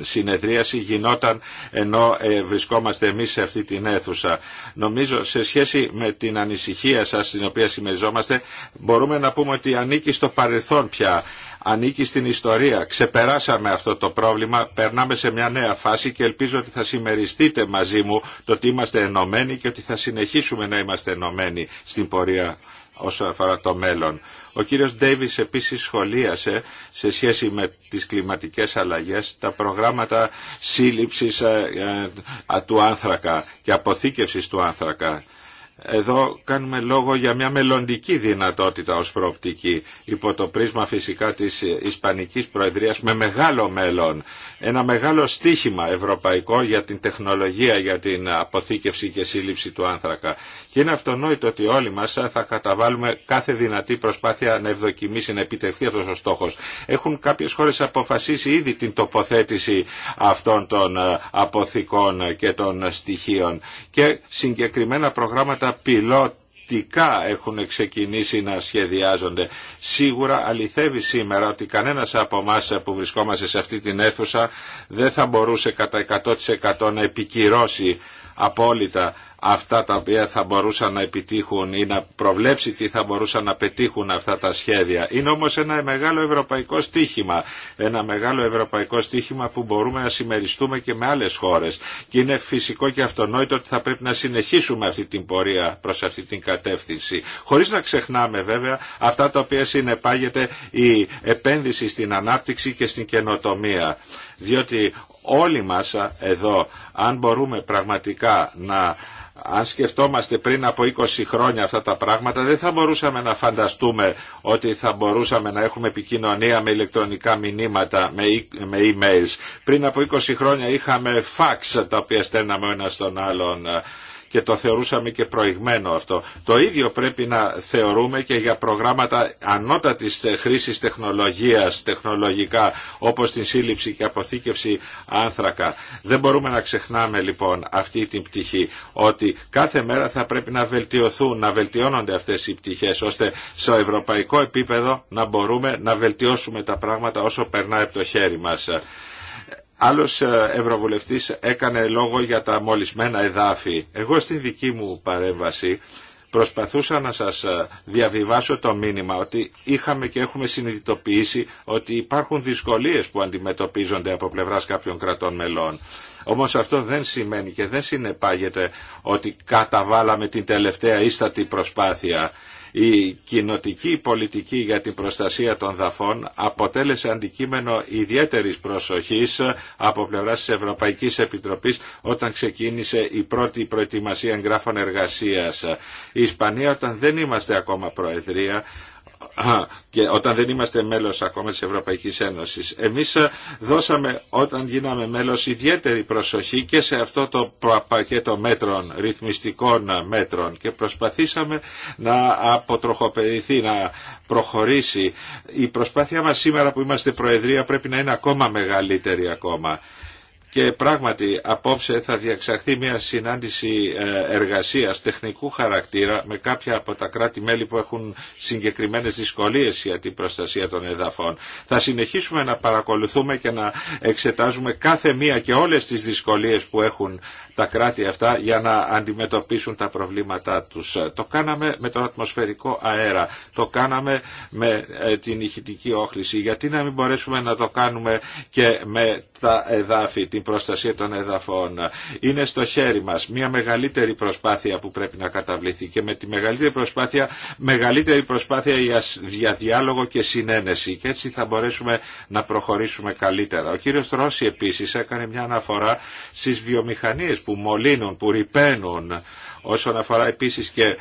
συνεδρίαση γινόταν ενώ ε, βρισκόμαστε εμείς σε αυτή την αίθουσα. Νομίζω σε σχέση με την ανησυχία σας στην οποία συμμεριζόμαστε μπορούμε να πούμε ότι ανήκει στο παρελθόν πια ανήκει στην ιστορία. Ξεπεράσαμε αυτό το πρόβλημα, περνάμε σε μια νέα φάση και ελπίζω ότι θα συμμεριστείτε μαζί μου το ότι είμαστε ενωμένοι και ότι θα συνεχίσουμε να είμαστε ενωμένοι στην πορεία όσον αφορά το μέλλον. Ο κύριος Ντέιβις επίσης σχολίασε σε σχέση με τις κλιματικές αλλαγές τα προγράμματα σύλληψης ε, ε, του άνθρακα και αποθήκευσης του άνθρακα εδώ κάνουμε λόγο για μια μελλοντική δυνατότητα ως προοπτική υπό το πρίσμα φυσικά της Ισπανικής Προεδρίας με μεγάλο μέλλον. Ένα μεγάλο στίχημα ευρωπαϊκό για την τεχνολογία, για την αποθήκευση και σύλληψη του άνθρακα. Και είναι αυτονόητο ότι όλοι μας θα καταβάλουμε κάθε δυνατή προσπάθεια να ευδοκιμήσει, να επιτευχθεί αυτός ο στόχος. Έχουν κάποιες χώρες αποφασίσει ήδη την τοποθέτηση αυτών των αποθηκών και των στοιχείων και συγκεκριμένα προγράμματα τα πιλωτικά έχουν ξεκινήσει να σχεδιάζονται. Σίγουρα αληθεύει σήμερα ότι κανένας από εμά που βρισκόμαστε σε αυτή την αίθουσα δεν θα μπορούσε κατά 100% να επικυρώσει απόλυτα αυτά τα οποία θα μπορούσαν να επιτύχουν ή να προβλέψει τι θα μπορούσαν να πετύχουν αυτά τα σχέδια. Είναι όμως ένα μεγάλο ευρωπαϊκό στίχημα. Ένα μεγάλο ευρωπαϊκό στίχημα που μπορούμε να συμμεριστούμε και με άλλες χώρες. Και είναι φυσικό και αυτονόητο ότι θα πρέπει να συνεχίσουμε αυτή την πορεία προς αυτή την κατεύθυνση. Χωρίς να ξεχνάμε βέβαια αυτά τα οποία συνεπάγεται η επένδυση στην ανάπτυξη και στην καινοτομία. Διότι όλοι μας εδώ, αν μπορούμε πραγματικά να αν σκεφτόμαστε πριν από 20 χρόνια αυτά τα πράγματα δεν θα μπορούσαμε να φανταστούμε ότι θα μπορούσαμε να έχουμε επικοινωνία με ηλεκτρονικά μηνύματα, με emails. Πριν από 20 χρόνια είχαμε fax τα οποία στέλναμε ο ένας τον άλλον και το θεωρούσαμε και προηγμένο αυτό. Το ίδιο πρέπει να θεωρούμε και για προγράμματα ανώτατης χρήσης τεχνολογίας, τεχνολογικά, όπως την σύλληψη και αποθήκευση άνθρακα. Δεν μπορούμε να ξεχνάμε λοιπόν αυτή την πτυχή, ότι κάθε μέρα θα πρέπει να βελτιωθούν, να βελτιώνονται αυτές οι πτυχές, ώστε στο ευρωπαϊκό επίπεδο να μπορούμε να βελτιώσουμε τα πράγματα όσο περνάει από το χέρι μας. Άλλος ε, ευρωβουλευτής έκανε λόγο για τα μολυσμένα εδάφη. Εγώ στη δική μου παρέμβαση προσπαθούσα να σας ε, διαβιβάσω το μήνυμα ότι είχαμε και έχουμε συνειδητοποιήσει ότι υπάρχουν δυσκολίες που αντιμετωπίζονται από πλευράς κάποιων κρατών μελών. Όμως αυτό δεν σημαίνει και δεν συνεπάγεται ότι καταβάλαμε την τελευταία ίστατη προσπάθεια. Η κοινοτική πολιτική για την προστασία των δαφών αποτέλεσε αντικείμενο ιδιαίτερης προσοχής από πλευράς της Ευρωπαϊκής Επιτροπής όταν ξεκίνησε η πρώτη προετοιμασία εγγράφων εργασίας. Η Ισπανία όταν δεν είμαστε ακόμα προεδρία και όταν δεν είμαστε μέλος ακόμα της Ευρωπαϊκής Ένωσης. Εμείς ε, δώσαμε όταν γίναμε μέλος ιδιαίτερη προσοχή και σε αυτό το πακέτο μέτρων, ρυθμιστικών μέτρων και προσπαθήσαμε να αποτροχοπεδηθεί, να προχωρήσει. Η προσπάθειά μας σήμερα που είμαστε Προεδρία πρέπει να είναι ακόμα μεγαλύτερη ακόμα. Και πράγματι απόψε θα διαξαχθεί μια συνάντηση ε, εργασίας τεχνικού χαρακτήρα με κάποια από τα κράτη-μέλη που έχουν συγκεκριμένες δυσκολίες για την προστασία των εδαφών. Θα συνεχίσουμε να παρακολουθούμε και να εξετάζουμε κάθε μία και όλες τις δυσκολίες που έχουν τα κράτη αυτά για να αντιμετωπίσουν τα προβλήματά τους. Το κάναμε με τον ατμοσφαιρικό αέρα, το κάναμε με ε, την ηχητική όχληση. Γιατί να μην μπορέσουμε να το κάνουμε και με τα εδάφη, την προστασία των εδαφών. Είναι στο χέρι μας μια μεγαλύτερη προσπάθεια που πρέπει να καταβληθεί και με τη μεγαλύτερη προσπάθεια, μεγαλύτερη προσπάθεια για διάλογο και συνένεση και έτσι θα μπορέσουμε να προχωρήσουμε καλύτερα. Ο κύριος Ρώση επίσης έκανε μια αναφορά στις βιομηχανίες που μολύνουν, που ρηπαίνουν όσον αφορά επίσης και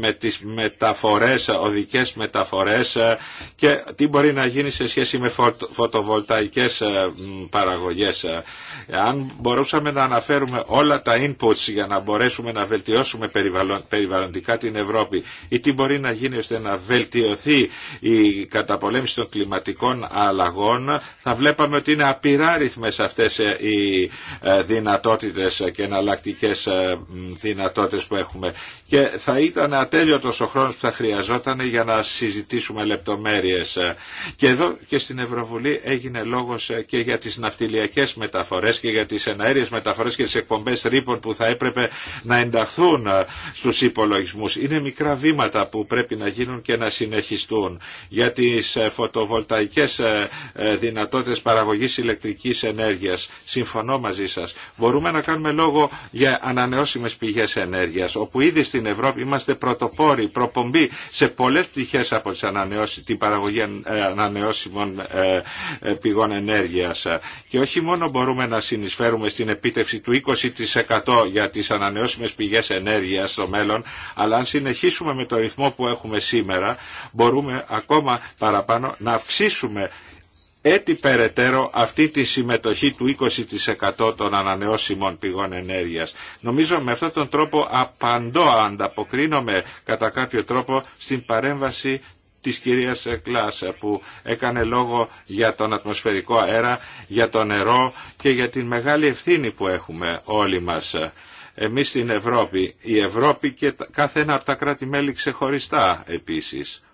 με τις μεταφορές, οδικές μεταφορές ε, και τι μπορεί να γίνει σε σχέση με φωτοβολταϊκές ε, παραγωγές. Ε, αν μπορούσαμε να αναφέρουμε όλα τα inputs για να μπορέσουμε να βελτιώσουμε περιβαλλοντικά την Ευρώπη ή τι μπορεί να γίνει ώστε να βελτιωθεί η καταπολέμηση των κλιματικών αλλαγών, θα βλέπαμε ότι είναι απειράριθμες αυτές οι δυνατότητες και εναλλακτικέ δυνατότητες που έχουμε. Και θα ήταν ατέλειωτος ο χρόνος που θα χρειαζόταν για να συζητήσουμε λεπτομέρειες. Και εδώ και στην Ευρωβουλή έγινε λόγος και για τις ναυτιλιακές μεταφορές και για τις εναέριες μεταφορές και τις εκπομπές ρήπων που θα έπρεπε να ενταχθούν στους υπολογισμούς. Είναι μικρά βήματα που πρέπει να γίνουν και να συνεχιστούν. Για τις φωτοβολταϊκές ε, ε, δυνατότητες παραγωγής ηλεκτρικής ενέργειας. Συμφωνώ μαζί σας. Μπορούμε να κάνουμε λόγο για ανανεώσιμες πηγές ενέργεια όπου ήδη στην Ευρώπη είμαστε πρωτοπόροι, προπομπή σε πολλές πτυχές από την παραγωγή ε, ανανεώσιμων ε, ε, πηγών ενέργειας. Και όχι μόνο μπορούμε να συνεισφέρουμε στην επίτευξη του 20% για τις ανανεώσιμες πηγές ενέργειας στο μέλλον, αλλά αν συνεχίσουμε με το ρυθμό που έχουμε σήμερα, μπορούμε ακόμα παραπάνω να αυξήσουμε έτσι περαιτέρω αυτή τη συμμετοχή του 20% των ανανεώσιμων πηγών ενέργειας. Νομίζω με αυτόν τον τρόπο απαντώ, ανταποκρίνομαι κατά κάποιο τρόπο στην παρέμβαση της κυρίας Κλάς που έκανε λόγο για τον ατμοσφαιρικό αέρα, για το νερό και για την μεγάλη ευθύνη που έχουμε όλοι μας. Εμείς στην Ευρώπη, η Ευρώπη και κάθε ένα από τα κράτη-μέλη ξεχωριστά επίσης.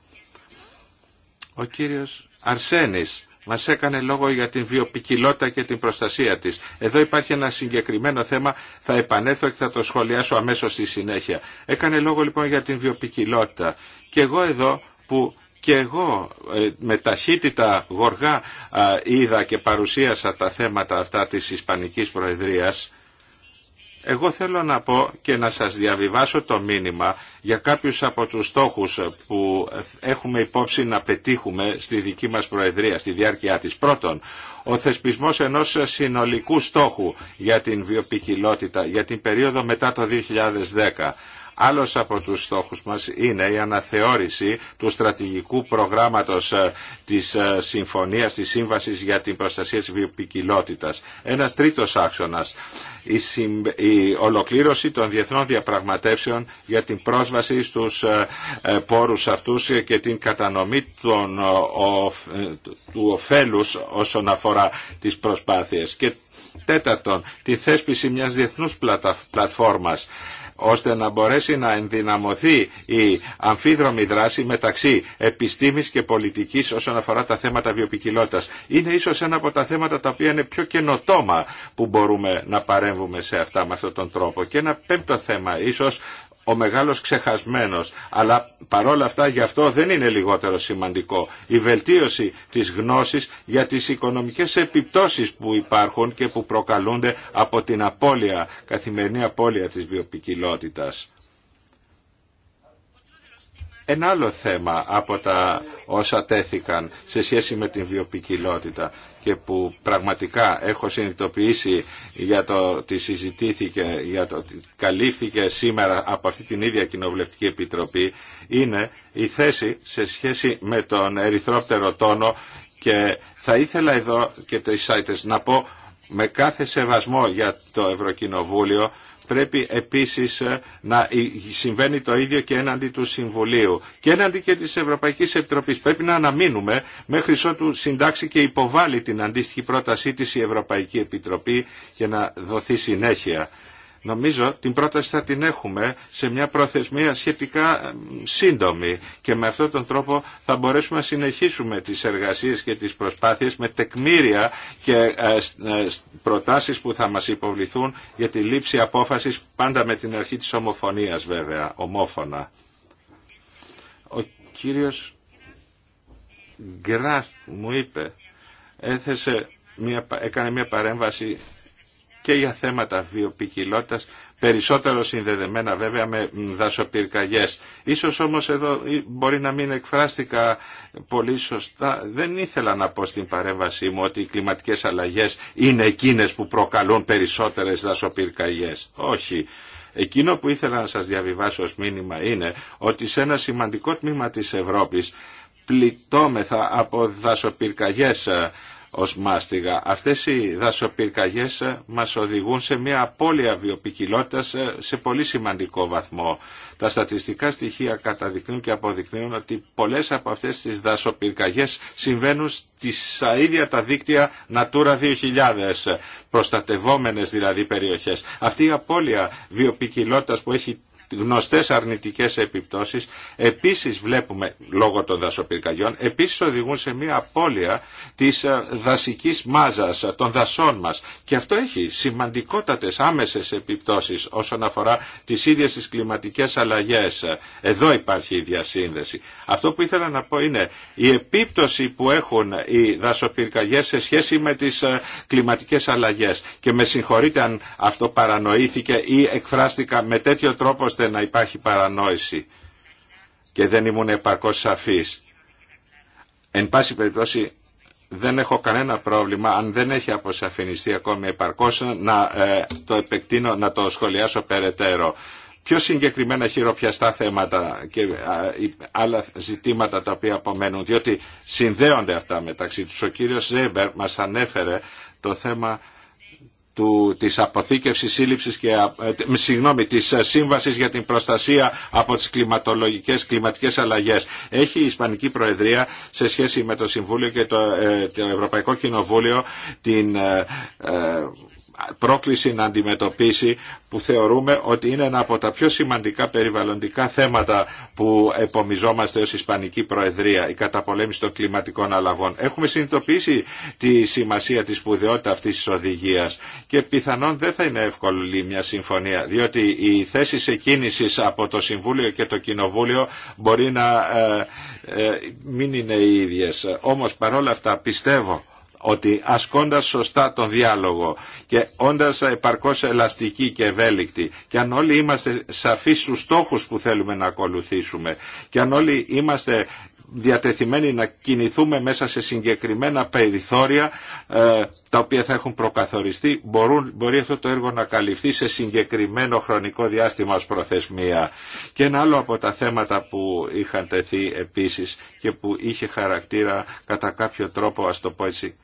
Ο κύριος Αρσένης μας έκανε λόγο για την βιοπικιλότητα και την προστασία της. Εδώ υπάρχει ένα συγκεκριμένο θέμα, θα επανέλθω και θα το σχολιάσω αμέσως στη συνέχεια. Έκανε λόγο λοιπόν για την βιοπικιλότητα. Και εγώ εδώ που και εγώ ε, με ταχύτητα γοργά είδα και παρουσίασα τα θέματα αυτά της Ισπανικής Προεδρίας εγώ θέλω να πω και να σας διαβιβάσω το μήνυμα για κάποιους από τους στόχους που έχουμε υπόψη να πετύχουμε στη δική μας Προεδρία, στη διάρκεια της. Πρώτον, ο θεσπισμός ενός συνολικού στόχου για την βιοπικιλότητα για την περίοδο μετά το 2010. Άλλος από τους στόχους μας είναι η αναθεώρηση του στρατηγικού προγράμματος ε, της ε, Συμφωνίας της Σύμβασης για την Προστασία της Βιοπικιλότητας. Ένας τρίτος άξονας η ολοκλήρωση των διεθνών διαπραγματεύσεων για την πρόσβαση στους ε, ε, πόρους αυτούς και την κατανομή ε, του ωφέλους όσον αφορά τις προσπάθειες. Και τέταρτον, τη θέσπιση μιας διεθνούς πλατφόρμας ώστε να μπορέσει να ενδυναμωθεί η αμφίδρομη δράση μεταξύ επιστήμης και πολιτικής όσον αφορά τα θέματα βιοπικιλότητας. Είναι ίσως ένα από τα θέματα τα οποία είναι πιο καινοτόμα που μπορούμε να παρέμβουμε σε αυτά με αυτόν τον τρόπο. Και ένα πέμπτο θέμα, ίσως ο μεγάλος ξεχασμένος. Αλλά παρόλα αυτά γι' αυτό δεν είναι λιγότερο σημαντικό. Η βελτίωση της γνώσης για τις οικονομικές επιπτώσεις που υπάρχουν και που προκαλούνται από την απώλεια, καθημερινή απώλεια της βιοπικιλότητας. Ένα άλλο θέμα από τα όσα τέθηκαν σε σχέση με την βιοπικιλότητα και που πραγματικά έχω συνειδητοποιήσει για το ότι συζητήθηκε, για το ότι καλύφθηκε σήμερα από αυτή την ίδια Κοινοβουλευτική Επιτροπή είναι η θέση σε σχέση με τον ερυθρόπτερο τόνο και θα ήθελα εδώ και το σάιτες να πω με κάθε σεβασμό για το Ευρωκοινοβούλιο πρέπει επίσης ε, να συμβαίνει το ίδιο και έναντι του Συμβουλίου και έναντι και της Ευρωπαϊκής Επιτροπής. Πρέπει να αναμείνουμε μέχρι ότου συντάξει και υποβάλει την αντίστοιχη πρότασή της η Ευρωπαϊκή Επιτροπή για να δοθεί συνέχεια Νομίζω την πρόταση θα την έχουμε σε μια προθεσμία σχετικά ε, σύντομη και με αυτόν τον τρόπο θα μπορέσουμε να συνεχίσουμε τις εργασίες και τις προσπάθειες με τεκμήρια και ε, ε, προτάσεις που θα μας υποβληθούν για τη λήψη απόφασης πάντα με την αρχή της ομοφωνίας βέβαια, ομόφωνα. Ο κύριος Γκράφ μου είπε, έθεσε μια, έκανε μια παρέμβαση και για θέματα βιοπικιλότητας, περισσότερο συνδεδεμένα βέβαια με δασοπυρκαγιέ. Ίσως όμως εδώ μπορεί να μην εκφράστηκα πολύ σωστά. Δεν ήθελα να πω στην παρέμβασή μου ότι οι κλιματικές αλλαγές είναι εκείνες που προκαλούν περισσότερες δασοπυρκαγιές. Όχι. Εκείνο που ήθελα να σας διαβιβάσω ως μήνυμα είναι ότι σε ένα σημαντικό τμήμα της Ευρώπης πληττόμεθα από δασοπυρκαγιές ως μάστιγα. Αυτές οι δασοπυρκαγιές ε, μας οδηγούν σε μια απώλεια βιοπικιλότητας ε, σε πολύ σημαντικό βαθμό. Τα στατιστικά στοιχεία καταδεικνύουν και αποδεικνύουν ότι πολλές από αυτές τις δασοπυρκαγιές συμβαίνουν στα ίδια τα δίκτυα Natura 2000, προστατευόμενες δηλαδή περιοχές. Αυτή η απώλεια βιοπικιλότητας που έχει γνωστές αρνητικές επιπτώσεις. Επίσης βλέπουμε, λόγω των δασοπυρκαγιών, επίσης οδηγούν σε μια απώλεια της ε, δασικής μάζας, ε, των δασών μας. Και αυτό έχει σημαντικότατες άμεσες επιπτώσεις όσον αφορά τις ίδιες τις κλιματικές αλλαγές. Εδώ υπάρχει η διασύνδεση. Αυτό που ήθελα να πω είναι η επίπτωση που έχουν οι δασοπυρκαγιές σε σχέση με τις ε, κλιματικές αλλαγές. Και με συγχωρείτε αν αυτό παρανοήθηκε ή εκφράστηκα με τέτοιο τρόπο να υπάρχει παρανόηση και δεν ήμουν επαρκώς σαφής. Εν πάση περιπτώσει δεν έχω κανένα πρόβλημα αν δεν έχει αποσαφινιστεί ακόμη επαρκώς να ε, το επεκτείνω, να το σχολιάσω περαιτέρω. Πιο συγκεκριμένα χειροπιαστά θέματα και άλλα ζητήματα τα οποία απομένουν, διότι συνδέονται αυτά μεταξύ τους. Ο κύριος Ζέμπερ μας ανέφερε το θέμα του, της αποθήκευσης σύλληψης και, ε, συγγνώμη, της ε, σύμβασης για την προστασία από τις κλιματολογικές, κλιματικές αλλαγές. Έχει η Ισπανική Προεδρία σε σχέση με το Συμβούλιο και το, ε, το Ευρωπαϊκό Κοινοβούλιο την πρόκληση να αντιμετωπίσει που θεωρούμε ότι είναι ένα από τα πιο σημαντικά περιβαλλοντικά θέματα που επομιζόμαστε ως Ισπανική Προεδρία, η καταπολέμηση των κλιματικών αλλαγών. Έχουμε συνειδητοποιήσει τη σημασία της σπουδαιότητα αυτής της οδηγίας και πιθανόν δεν θα είναι εύκολη μια συμφωνία, διότι οι θέσεις εκκίνησης από το Συμβούλιο και το Κοινοβούλιο μπορεί να ε, ε, μην είναι οι ίδιες. Όμως παρόλα αυτά πιστεύω ότι ασκώντας σωστά τον διάλογο και όντας επαρκώς ελαστική και ευέλικτη και αν όλοι είμαστε σαφείς στους στόχους που θέλουμε να ακολουθήσουμε και αν όλοι είμαστε διατεθειμένοι να κινηθούμε μέσα σε συγκεκριμένα περιθώρια ε, τα οποία θα έχουν προκαθοριστεί μπορούν, μπορεί αυτό το έργο να καλυφθεί σε συγκεκριμένο χρονικό διάστημα ως προθεσμία. Και ένα άλλο από τα θέματα που είχαν τεθεί επίσης και που είχε χαρακτήρα κατά κάποιο τρόπο ας το πω έτσι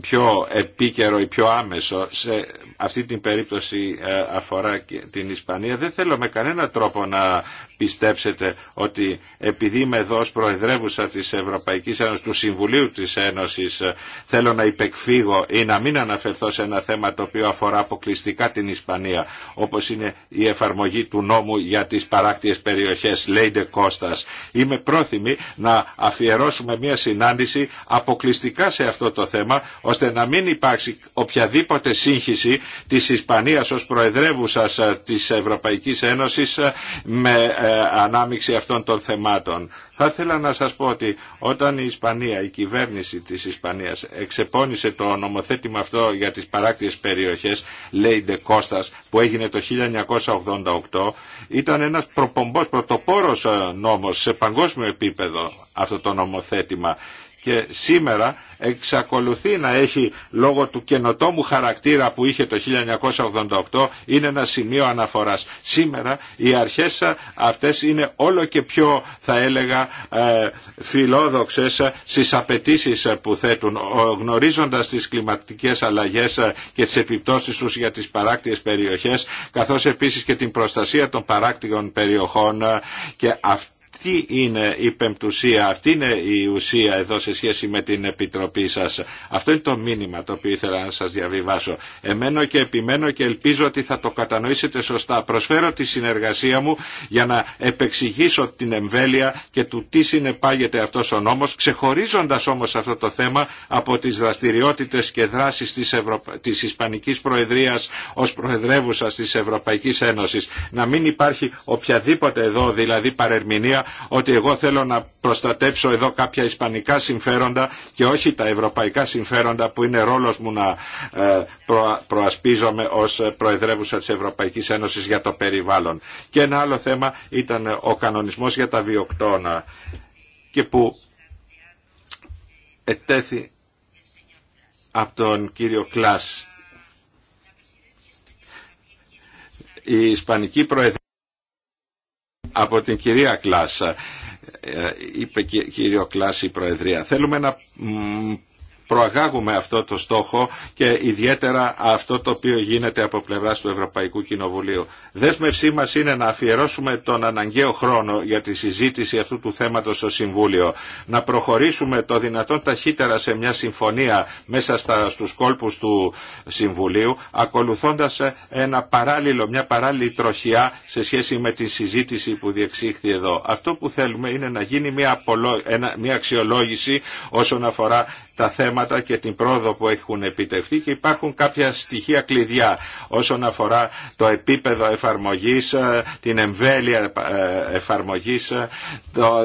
πιο επίκαιρο ή πιο άμεσο σε αυτή την περίπτωση ε, αφορά την Ισπανία. Δεν θέλω με κανένα τρόπο να πιστέψετε ότι επειδή είμαι εδώ ως Προεδρεύουσα της Ευρωπαϊκής Ένωσης, του Συμβουλίου της Ένωσης, ε, θέλω να υπεκφύγω ή να μην αναφερθώ σε ένα θέμα το οποίο αφορά αποκλειστικά την Ισπανία, όπως είναι η εφαρμογή του νόμου για τις παράκτιες περιοχές, Ντε Κώστας. Είμαι πρόθυμη να αφιερώσουμε μια συνάντηση αποκλειστικά σε αυτό το θέμα, ώστε να μην υπάρξει οποιαδήποτε σύγχυση της Ισπανίας ως προεδρεύουσα ε, της Ευρωπαϊκής Ένωσης ε, με ε, ανάμειξη αυτών των θεμάτων. Θα ήθελα να σας πω ότι όταν η Ισπανία, η κυβέρνηση της Ισπανίας εξεπώνησε το νομοθέτημα αυτό για τις παράκτιες περιοχές, λέει Ντε Κώστας, που έγινε το 1988, ήταν ένας προπομπός, πρωτοπόρος ε, νόμος σε παγκόσμιο επίπεδο αυτό το νομοθέτημα και σήμερα εξακολουθεί να έχει λόγω του καινοτόμου χαρακτήρα που είχε το 1988 είναι ένα σημείο αναφοράς. Σήμερα οι αρχές αυτές είναι όλο και πιο θα έλεγα ε, φιλόδοξες στις απαιτήσει που θέτουν γνωρίζοντας τις κλιματικές αλλαγές και τις επιπτώσεις τους για τις παράκτιες περιοχές καθώς επίσης και την προστασία των παράκτιων περιοχών και αυτή είναι η πεμπτουσία, αυτή είναι η ουσία εδώ σε σχέση με την Επιτροπή σας. Αυτό είναι το μήνυμα το οποίο ήθελα να σας διαβιβάσω. Εμένω και επιμένω και ελπίζω ότι θα το κατανοήσετε σωστά. Προσφέρω τη συνεργασία μου για να επεξηγήσω την εμβέλεια και του τι συνεπάγεται αυτός ο νόμος, ξεχωρίζοντας όμως αυτό το θέμα από τις δραστηριότητες και δράσεις της, Ευρω... της Ισπανικής Προεδρίας ως Προεδρεύουσας της Ευρωπαϊκής Ένωσης. Να μην υπάρχει οποιαδήποτε εδώ δηλαδή παρερμηνία ότι εγώ θέλω να προστατεύσω εδώ κάποια ισπανικά συμφέροντα και όχι τα ευρωπαϊκά συμφέροντα που είναι ρόλος μου να ε, προασπίζομαι ως Προεδρεύουσα της Ευρωπαϊκής Ένωσης για το περιβάλλον. Και ένα άλλο θέμα ήταν ο κανονισμός για τα βιοκτώνα και που ετέθη από τον κύριο Κλάς. Η Ισπανική Προεδρία από την κυρία Κλάσα ε, είπε κύριο Κλάση η Προεδρία. Θέλουμε να προαγάγουμε αυτό το στόχο και ιδιαίτερα αυτό το οποίο γίνεται από πλευρά του Ευρωπαϊκού Κοινοβουλίου. Δέσμευσή μα είναι να αφιερώσουμε τον αναγκαίο χρόνο για τη συζήτηση αυτού του θέματο στο Συμβούλιο. Να προχωρήσουμε το δυνατόν ταχύτερα σε μια συμφωνία μέσα στου κόλπου του Συμβουλίου, ακολουθώντα ένα παράλληλο, μια παράλληλη τροχιά σε σχέση με τη συζήτηση που διεξήχθη εδώ. Αυτό που θέλουμε είναι να γίνει μια, μια αξιολόγηση όσον αφορά τα θέματα και την πρόοδο που έχουν επιτευχθεί και υπάρχουν κάποια στοιχεία κλειδιά όσον αφορά το επίπεδο εφαρμογής, ε, την εμβέλεια ε, εφαρμογής, ε,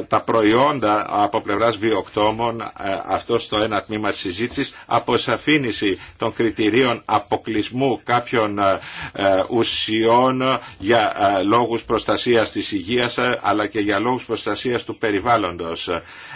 τα προϊόντα από πλευράς βιοκτόμων, αυτό στο ένα τμήμα της συζήτησης, αποσαφήνιση των κριτηρίων αποκλεισμού κάποιων ουσιών για λόγους προστασίας της υγείας αλλά και για λόγους προστασίας του περιβάλλοντος.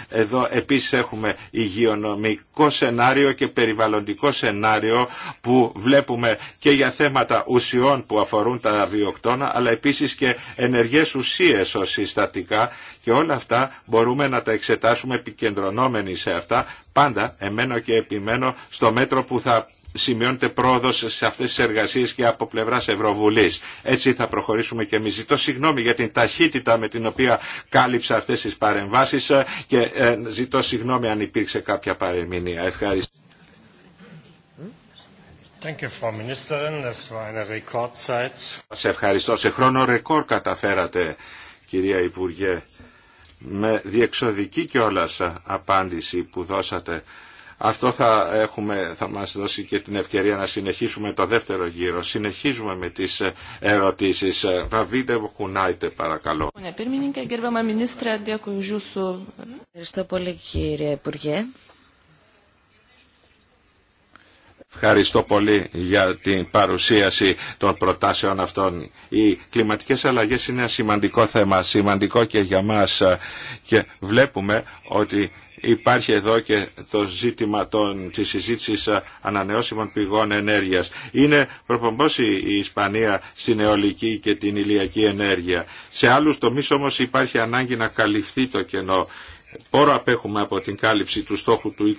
Εδώ επίσης έχουμε υγειονομικό κοινωνικό σενάριο και περιβαλλοντικό σενάριο που βλέπουμε και για θέματα ουσιών που αφορούν τα βιοκτώνα αλλά επίσης και ενεργές ουσίες ως συστατικά και όλα αυτά μπορούμε να τα εξετάσουμε επικεντρωνόμενοι σε αυτά. Πάντα εμένα και επιμένω στο μέτρο που θα σημειώνεται πρόοδο σε αυτέ τι εργασίε και από πλευρά Ευρωβουλή. Έτσι θα προχωρήσουμε και εμεί. Ζητώ συγγνώμη για την ταχύτητα με την οποία κάλυψα αυτέ τι παρεμβάσει ε, και ε, ζητώ συγγνώμη αν υπήρξε κάποια παρεμηνία. Ευχαριστώ. ευχαριστώ. Σε χρόνο ρεκόρ καταφέρατε, κυρία Υπουργέ, με διεξοδική κιόλας απάντηση που δώσατε. Αυτό θα, έχουμε, θα μας δώσει και την ευκαιρία να συνεχίσουμε το δεύτερο γύρο. Συνεχίζουμε με τις ερωτήσεις. Ραβίτε Κουνάιτε παρακαλώ. Ευχαριστώ πολύ κύριε Υπουργέ. Ευχαριστώ πολύ για την παρουσίαση των προτάσεων αυτών. Οι κλιματικές αλλαγές είναι ένα σημαντικό θέμα, σημαντικό και για μας και βλέπουμε ότι υπάρχει εδώ και το ζήτημα των, της συζήτησης ανανεώσιμων πηγών ενέργειας. Είναι προπομπώς η, η Ισπανία στην αιωλική και την ηλιακή ενέργεια. Σε άλλους τομείς όμως υπάρχει ανάγκη να καλυφθεί το κενό πόρο απέχουμε από την κάλυψη του στόχου του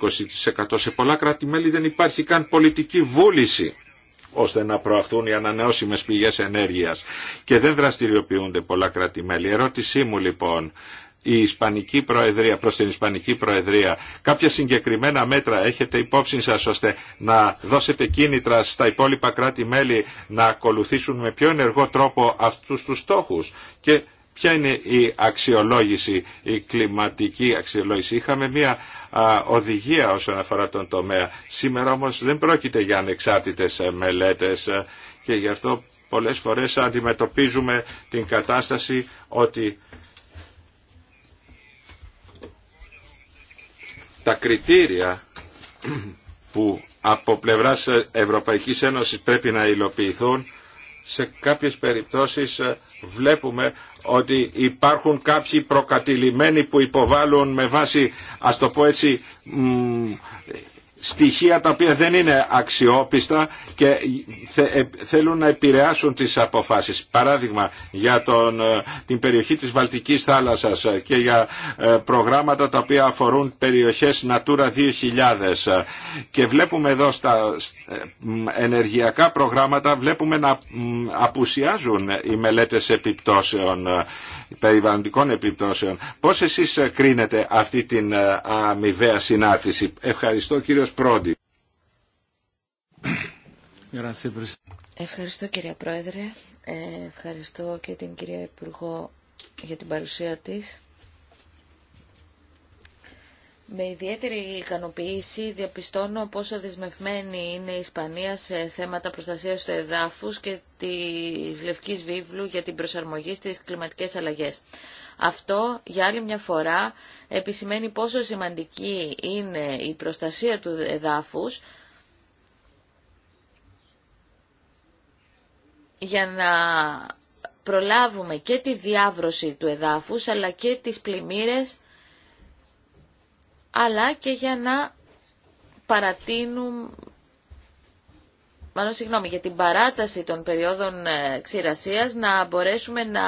20%. Σε πολλά κράτη-μέλη δεν υπάρχει καν πολιτική βούληση ώστε να προαχθούν οι ανανεώσιμες πηγές ενέργειας και δεν δραστηριοποιούνται πολλά κράτη-μέλη. Ερώτησή μου λοιπόν, η Ισπανική Προεδρία, προς την Ισπανική Προεδρία. Κάποια συγκεκριμένα μέτρα έχετε υπόψη σας ώστε να δώσετε κίνητρα στα υπόλοιπα κράτη-μέλη να ακολουθήσουν με πιο ενεργό τρόπο αυτούς τους στόχους. Και Ποια είναι η αξιολόγηση, η κλιματική αξιολόγηση. Είχαμε μια οδηγία όσον αφορά τον τομέα. Σήμερα όμως δεν πρόκειται για ανεξάρτητες ε, μελέτες ε, και γι' αυτό πολλές φορές αντιμετωπίζουμε την κατάσταση ότι τα κριτήρια που από πλευράς ε, Ευρωπαϊκής Ένωσης πρέπει να υλοποιηθούν σε κάποιες περιπτώσεις βλέπουμε ότι υπάρχουν κάποιοι προκατηλημένοι που υποβάλλουν με βάση, ας το πω έτσι, στοιχεία τα οποία δεν είναι αξιόπιστα και ε, θέλουν να επηρεάσουν τις αποφάσεις. Παράδειγμα για τον, ε, την περιοχή της Βαλτικής θάλασσας ε, και για προγράμματα τα οποία αφορούν περιοχές Natura 2000 και βλέπουμε εδώ στα ενεργειακά προγράμματα βλέπουμε να απουσιάζουν οι μελέτες επιπτώσεων περιβαλλοντικών επιπτώσεων. Πώς εσείς ε, κρίνετε αυτή την ε, αμοιβαία συνάρτηση. Ευχαριστώ κύριος Πρόντι. Ευχαριστώ κύριε Πρόεδρε. Ε, ευχαριστώ και την κυρία Υπουργό για την παρουσία της. Με ιδιαίτερη ικανοποίηση διαπιστώνω πόσο δεσμευμένη είναι η Ισπανία σε θέματα προστασίας του εδάφους και της Λευκής Βίβλου για την προσαρμογή στις κλιματικές αλλαγές. Αυτό για άλλη μια φορά επισημαίνει πόσο σημαντική είναι η προστασία του εδάφους για να προλάβουμε και τη διάβρωση του εδάφους αλλά και τις πλημμύρες αλλά και για να παρατείνουν μάλλον συγγνώμη, για την παράταση των περιόδων ε, ξηρασίας να μπορέσουμε να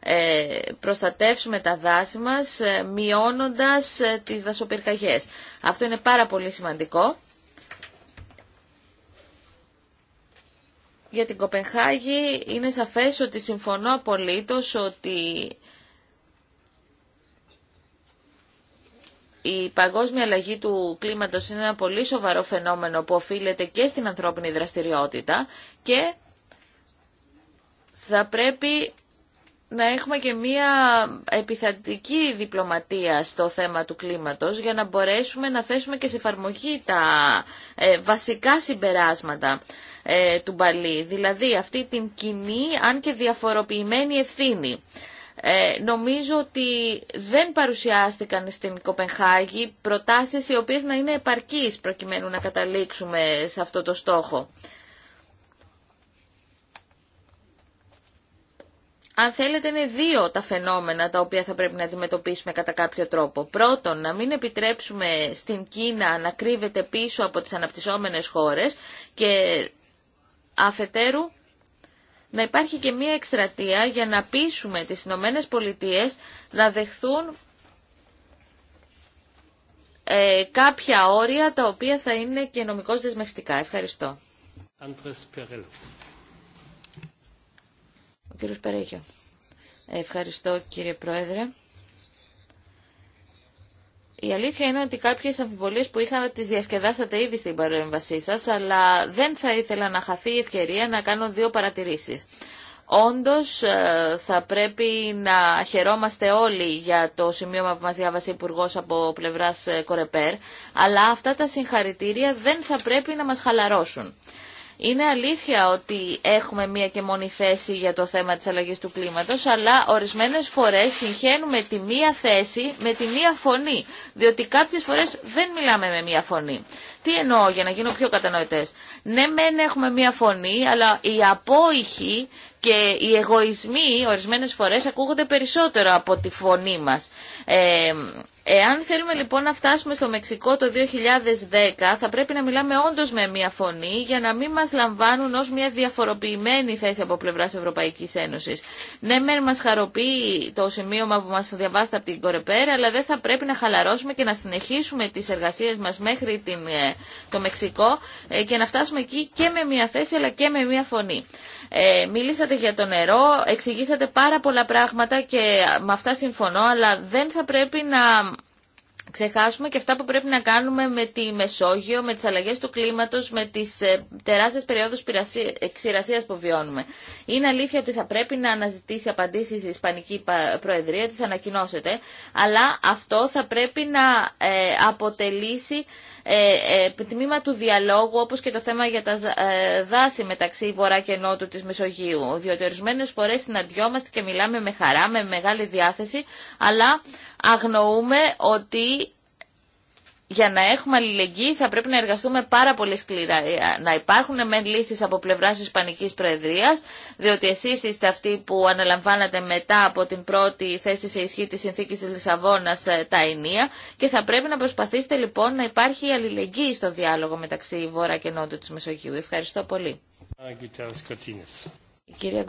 ε, προστατεύσουμε τα δάση μας ε, μειώνοντας τις δασοπυρκαγιές. Αυτό είναι πάρα πολύ σημαντικό. Για την Κοπενχάγη είναι σαφές ότι συμφωνώ απολύτως ότι η παγκόσμια αλλαγή του κλίματος είναι ένα πολύ σοβαρό φαινόμενο που οφείλεται και στην ανθρώπινη δραστηριότητα και θα πρέπει να έχουμε και μία επιθετική διπλωματία στο θέμα του κλίματος για να μπορέσουμε να θέσουμε και σε εφαρμογή τα ε, βασικά συμπεράσματα ε, του Μπαλί, δηλαδή αυτή την κοινή αν και διαφοροποιημένη ευθύνη. Ε, νομίζω ότι δεν παρουσιάστηκαν στην Κοπενχάγη προτάσεις οι οποίες να είναι επαρκείς προκειμένου να καταλήξουμε σε αυτό το στόχο. Αν θέλετε, είναι δύο τα φαινόμενα τα οποία θα πρέπει να αντιμετωπίσουμε κατά κάποιο τρόπο. Πρώτον, να μην επιτρέψουμε στην Κίνα να κρύβεται πίσω από τις αναπτυσσόμενες χώρες και αφετέρου να υπάρχει και μία εκστρατεία για να πείσουμε τις Ηνωμένε Πολιτείες να δεχθούν ε, κάποια όρια τα οποία θα είναι και νομικώς δεσμευτικά. Ευχαριστώ. Ο κύριος Περέγιο. Ευχαριστώ κύριε Πρόεδρε. Η αλήθεια είναι ότι κάποιες αμφιβολίε που είχαμε τις διασκεδάσατε ήδη στην παρέμβασή σα, αλλά δεν θα ήθελα να χαθεί η ευκαιρία να κάνω δύο παρατηρήσεις. Όντως ε, θα πρέπει να χαιρόμαστε όλοι για το σημείο που μα διάβασε υπουργό από πλευράς ε, Κορεπέρ, αλλά αυτά τα συγχαρητήρια δεν θα πρέπει να μας χαλαρώσουν. Είναι αλήθεια ότι έχουμε μία και μόνη θέση για το θέμα της αλλαγής του κλίματος, αλλά ορισμένες φορές συγχαίνουμε τη μία θέση με τη μία φωνή, διότι κάποιες φορές δεν μιλάμε με μία φωνή. Τι εννοώ για να γίνω πιο κατανοητές. Ναι, μεν έχουμε μία φωνή, αλλά η απόϊχοι και οι εγωισμοί ορισμένες φορές ακούγονται περισσότερο από τη φωνή μας. Ε, εάν θέλουμε λοιπόν να φτάσουμε στο Μεξικό το 2010 θα πρέπει να μιλάμε όντως με μια φωνή για να μην μας λαμβάνουν ως μια διαφοροποιημένη θέση από πλευράς Ευρωπαϊκής Ένωσης. Ναι μεν μας χαροποιεί το σημείωμα που μας διαβάσετε από την Κορεπέρα αλλά δεν θα πρέπει να χαλαρώσουμε και να συνεχίσουμε τις εργασίες μας μέχρι την, ε, το Μεξικό ε, και να φτάσουμε εκεί και με μια θέση αλλά και με μια φωνή. Ε, μίλησατε για το νερό, εξηγήσατε πάρα πολλά πράγματα και με αυτά συμφωνώ, αλλά δεν θα πρέπει να ξεχάσουμε και αυτά που πρέπει να κάνουμε με τη Μεσόγειο, με τις αλλαγές του κλίματος, με τις ε, τεράστιες περιόδους ξηρασίας που βιώνουμε. Είναι αλήθεια ότι θα πρέπει να αναζητήσει απαντήσεις η Ισπανική Προεδρία, τις ανακοινώσετε, αλλά αυτό θα πρέπει να ε, αποτελήσει ε, τμήμα του διαλόγου, όπως και το θέμα για τα δάση μεταξύ Βορρά και Νότου της Μεσογείου, διότι ορισμένες φορές συναντιόμαστε και μιλάμε με χαρά, με μεγάλη διάθεση, αλλά αγνοούμε ότι για να έχουμε αλληλεγγύη θα πρέπει να εργαστούμε πάρα πολύ σκληρά. Ε, να υπάρχουν μεν λύσεις από πλευρά Ισπανικής Προεδρίας, διότι εσείς είστε αυτοί που αναλαμβάνατε μετά από την πρώτη θέση σε ισχύ της συνθήκης της Λισαβόνας ε, τα ενία και θα πρέπει να προσπαθήσετε λοιπόν να υπάρχει αλληλεγγύη στο διάλογο μεταξύ Βόρεια και Νότου της Μεσογείου. Ευχαριστώ πολύ. κυρία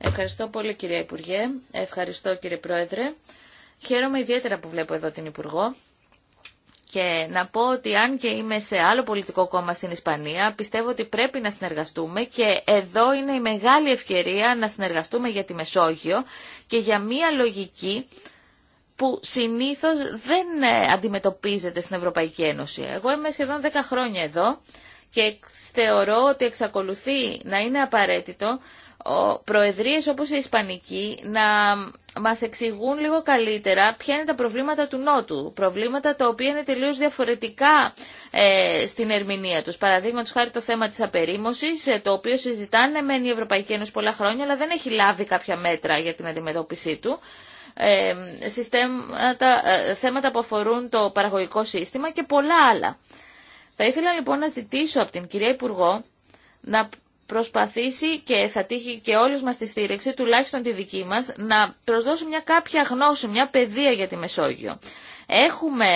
Ευχαριστώ πολύ κυρία Υπουργέ. Ευχαριστώ κύριε Πρόεδρε. Χαίρομαι ιδιαίτερα που βλέπω εδώ την Υπουργό. Και να πω ότι αν και είμαι σε άλλο πολιτικό κόμμα στην Ισπανία, πιστεύω ότι πρέπει να συνεργαστούμε και εδώ είναι η μεγάλη ευκαιρία να συνεργαστούμε για τη Μεσόγειο και για μία λογική που συνήθως δεν ε, αντιμετωπίζεται στην Ευρωπαϊκή Ένωση. Εγώ είμαι σχεδόν 10 χρόνια εδώ και θεωρώ ότι εξακολουθεί να είναι απαραίτητο ο, προεδρίες όπως η Ισπανική να μας εξηγούν λίγο καλύτερα ποια είναι τα προβλήματα του Νότου. Προβλήματα τα οποία είναι τελείως διαφορετικά ε, στην ερμηνεία τους. Παραδείγματο χάρη το θέμα της απερίμωσης, ε, το οποίο συζητάνε μεν η Ευρωπαϊκή Ένωση πολλά χρόνια, αλλά δεν έχει λάβει κάποια μέτρα για την αντιμετώπιση του. Ε, ε θέματα που αφορούν το παραγωγικό σύστημα και πολλά άλλα. Θα ήθελα λοιπόν να ζητήσω από την κυρία Υπουργό να προσπαθήσει και θα τύχει και όλες μας τη στήριξη, τουλάχιστον τη δική μας, να προσδώσει μια κάποια γνώση, μια παιδεία για τη Μεσόγειο. Έχουμε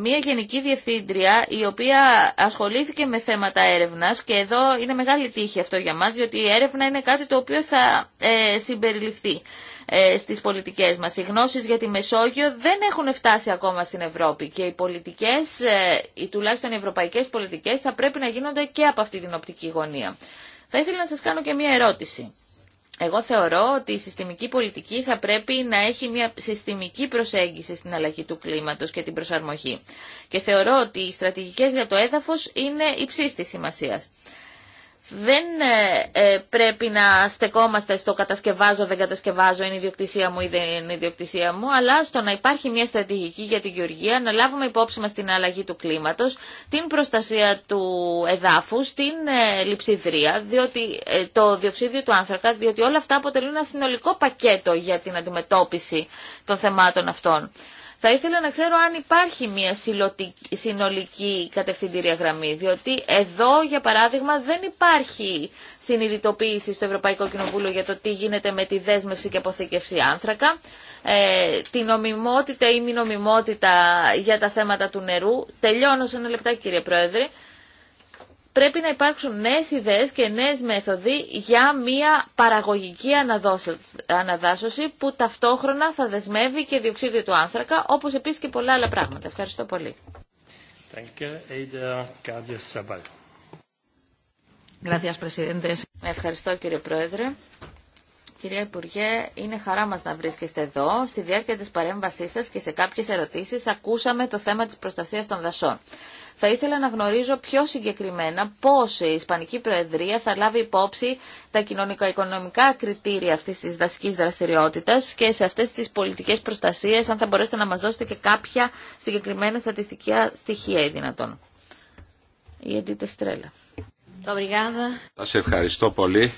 μια γενική διευθύντρια η οποία ασχολήθηκε με θέματα έρευνας και εδώ είναι μεγάλη τύχη αυτό για μας διότι η έρευνα είναι κάτι το οποίο θα ε, συμπεριληφθεί. Ε, στις πολιτικές μας. Οι γνώσεις για τη Μεσόγειο δεν έχουν φτάσει ακόμα στην Ευρώπη και οι πολιτικές, ε, οι τουλάχιστον οι ευρωπαϊκές πολιτικές θα πρέπει να γίνονται και από αυτή την οπτική γωνία. Θα ήθελα να σας κάνω και μία ερώτηση. Εγώ θεωρώ ότι η συστημική πολιτική θα πρέπει να έχει μια συστημική προσέγγιση στην αλλαγή του κλίματος και την προσαρμογή. Και θεωρώ ότι οι στρατηγικές για το έδαφος είναι υψής της σημασίας δεν ε, ε, πρέπει να στεκόμαστε στο κατασκευάζω, δεν κατασκευάζω, είναι ιδιοκτησία μου ή δεν είναι ιδιοκτησία μου, αλλά στο να υπάρχει μια στρατηγική για την γεωργία, να λάβουμε υπόψη μας την αλλαγή του κλίματος, την προστασία του εδάφους, την ε, λειψιδρία, διότι, ε, το διοξίδιο του άνθρακα, διότι όλα αυτά αποτελούν ένα συνολικό πακέτο για την αντιμετώπιση των θεμάτων αυτών. Θα ήθελα να ξέρω αν υπάρχει μια συνολική κατευθυντήρια γραμμή, διότι εδώ, για παράδειγμα, δεν υπάρχει συνειδητοποίηση στο Ευρωπαϊκό Κοινοβούλιο για το τι γίνεται με τη δέσμευση και αποθήκευση άνθρακα, ε, τη νομιμότητα ή μη νομιμότητα για τα θέματα του νερού. Τελειώνω σε ένα λεπτά, κύριε Πρόεδρε πρέπει να υπάρξουν νέες ιδέες και νέες μέθοδοι για μια παραγωγική αναδάσωση που ταυτόχρονα θα δεσμεύει και διοξίδιο του άνθρακα, όπως επίσης και πολλά άλλα πράγματα. Ευχαριστώ πολύ. Ευχαριστώ κύριε Πρόεδρε. Κυρία Υπουργέ, είναι χαρά μας να βρίσκεστε εδώ. Στη διάρκεια της παρέμβασής σας και σε κάποιες ερωτήσεις ακούσαμε το θέμα της προστασίας των δασών. Θα ήθελα να γνωρίζω πιο συγκεκριμένα πώς η Ισπανική Προεδρία θα λάβει υπόψη τα κοινωνικο-οικονομικά κριτήρια αυτής της δασικής δραστηριότητας και σε αυτές τις πολιτικές προστασίες, αν θα μπορέσετε να μας δώσετε και κάποια συγκεκριμένα στατιστικά στοιχεία ή δυνατόν. Η Εντίτε Στρέλα. ευχαριστώ πολύ.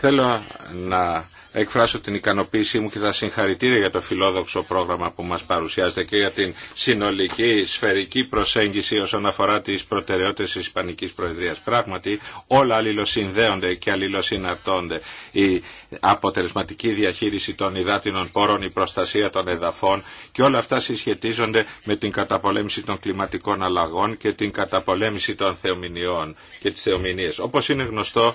Θέλω να εκφράσω την ικανοποίησή μου και τα συγχαρητήρια για το φιλόδοξο πρόγραμμα που μας παρουσιάζεται και για την συνολική σφαιρική προσέγγιση όσον αφορά τις προτεραιότητες της Ισπανικής Προεδρίας. Πράγματι όλα αλληλοσυνδέονται και αλληλοσυναρτώνται. Η αποτελεσματική διαχείριση των υδάτινων πόρων, η προστασία των εδαφών και όλα αυτά συσχετίζονται με την καταπολέμηση των κλιματικών αλλαγών και την καταπολέμηση των θεομηνιών και τις θεομηνίες. Όπως είναι γνωστό,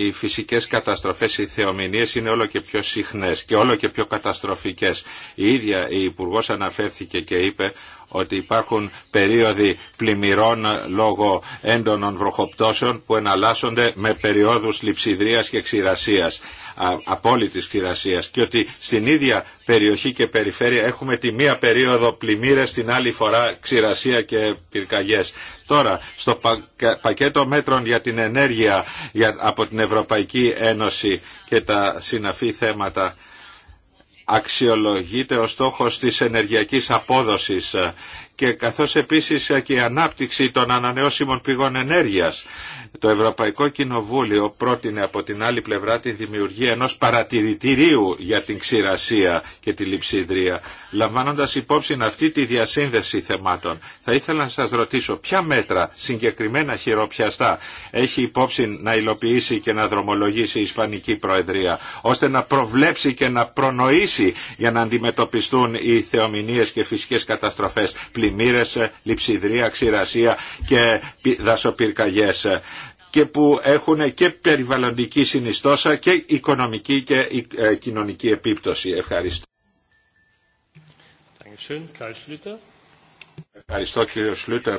οι φυσικές καταστροφές, οι θεομηνίες είναι όλο και πιο συχνές και όλο και πιο καταστροφικές. Η ίδια η Υπουργός αναφέρθηκε και είπε ότι υπάρχουν περίοδοι πλημμυρών λόγω έντονων βροχοπτώσεων που εναλλάσσονται με περιόδους λειψιδρίας και ξηρασίας απόλυτης ξηρασίας και ότι στην ίδια περιοχή και περιφέρεια έχουμε τη μία περίοδο πλημμύρες, την άλλη φορά ξηρασία και πυρκαγιές. Τώρα, στο πακέτο μέτρων για την ενέργεια από την Ευρωπαϊκή Ένωση και τα συναφή θέματα αξιολογείται ο στόχος της ενεργειακής απόδοσης και καθώς επίσης και η ανάπτυξη των ανανεώσιμων πηγών ενέργειας. Το Ευρωπαϊκό Κοινοβούλιο πρότεινε από την άλλη πλευρά τη δημιουργία ενός παρατηρητηρίου για την ξηρασία και τη λειψίδρια, λαμβάνοντας υπόψη αυτή τη διασύνδεση θεμάτων. Θα ήθελα να σας ρωτήσω ποια μέτρα συγκεκριμένα χειροπιαστά έχει υπόψη να υλοποιήσει και να δρομολογήσει η Ισπανική Προεδρία, ώστε να προβλέψει και να προνοήσει για να αντιμετωπιστούν οι θεομηνίες και φυσικές καταστροφές πλημμύρες, λειψιδρία, ξηρασία και δασοπυρκαγιές και που έχουν και περιβαλλοντική συνιστόσα και οικονομική και ε, κοινωνική επίπτωση. Ευχαριστώ. Ευχαριστώ κύριο Σλούτερ.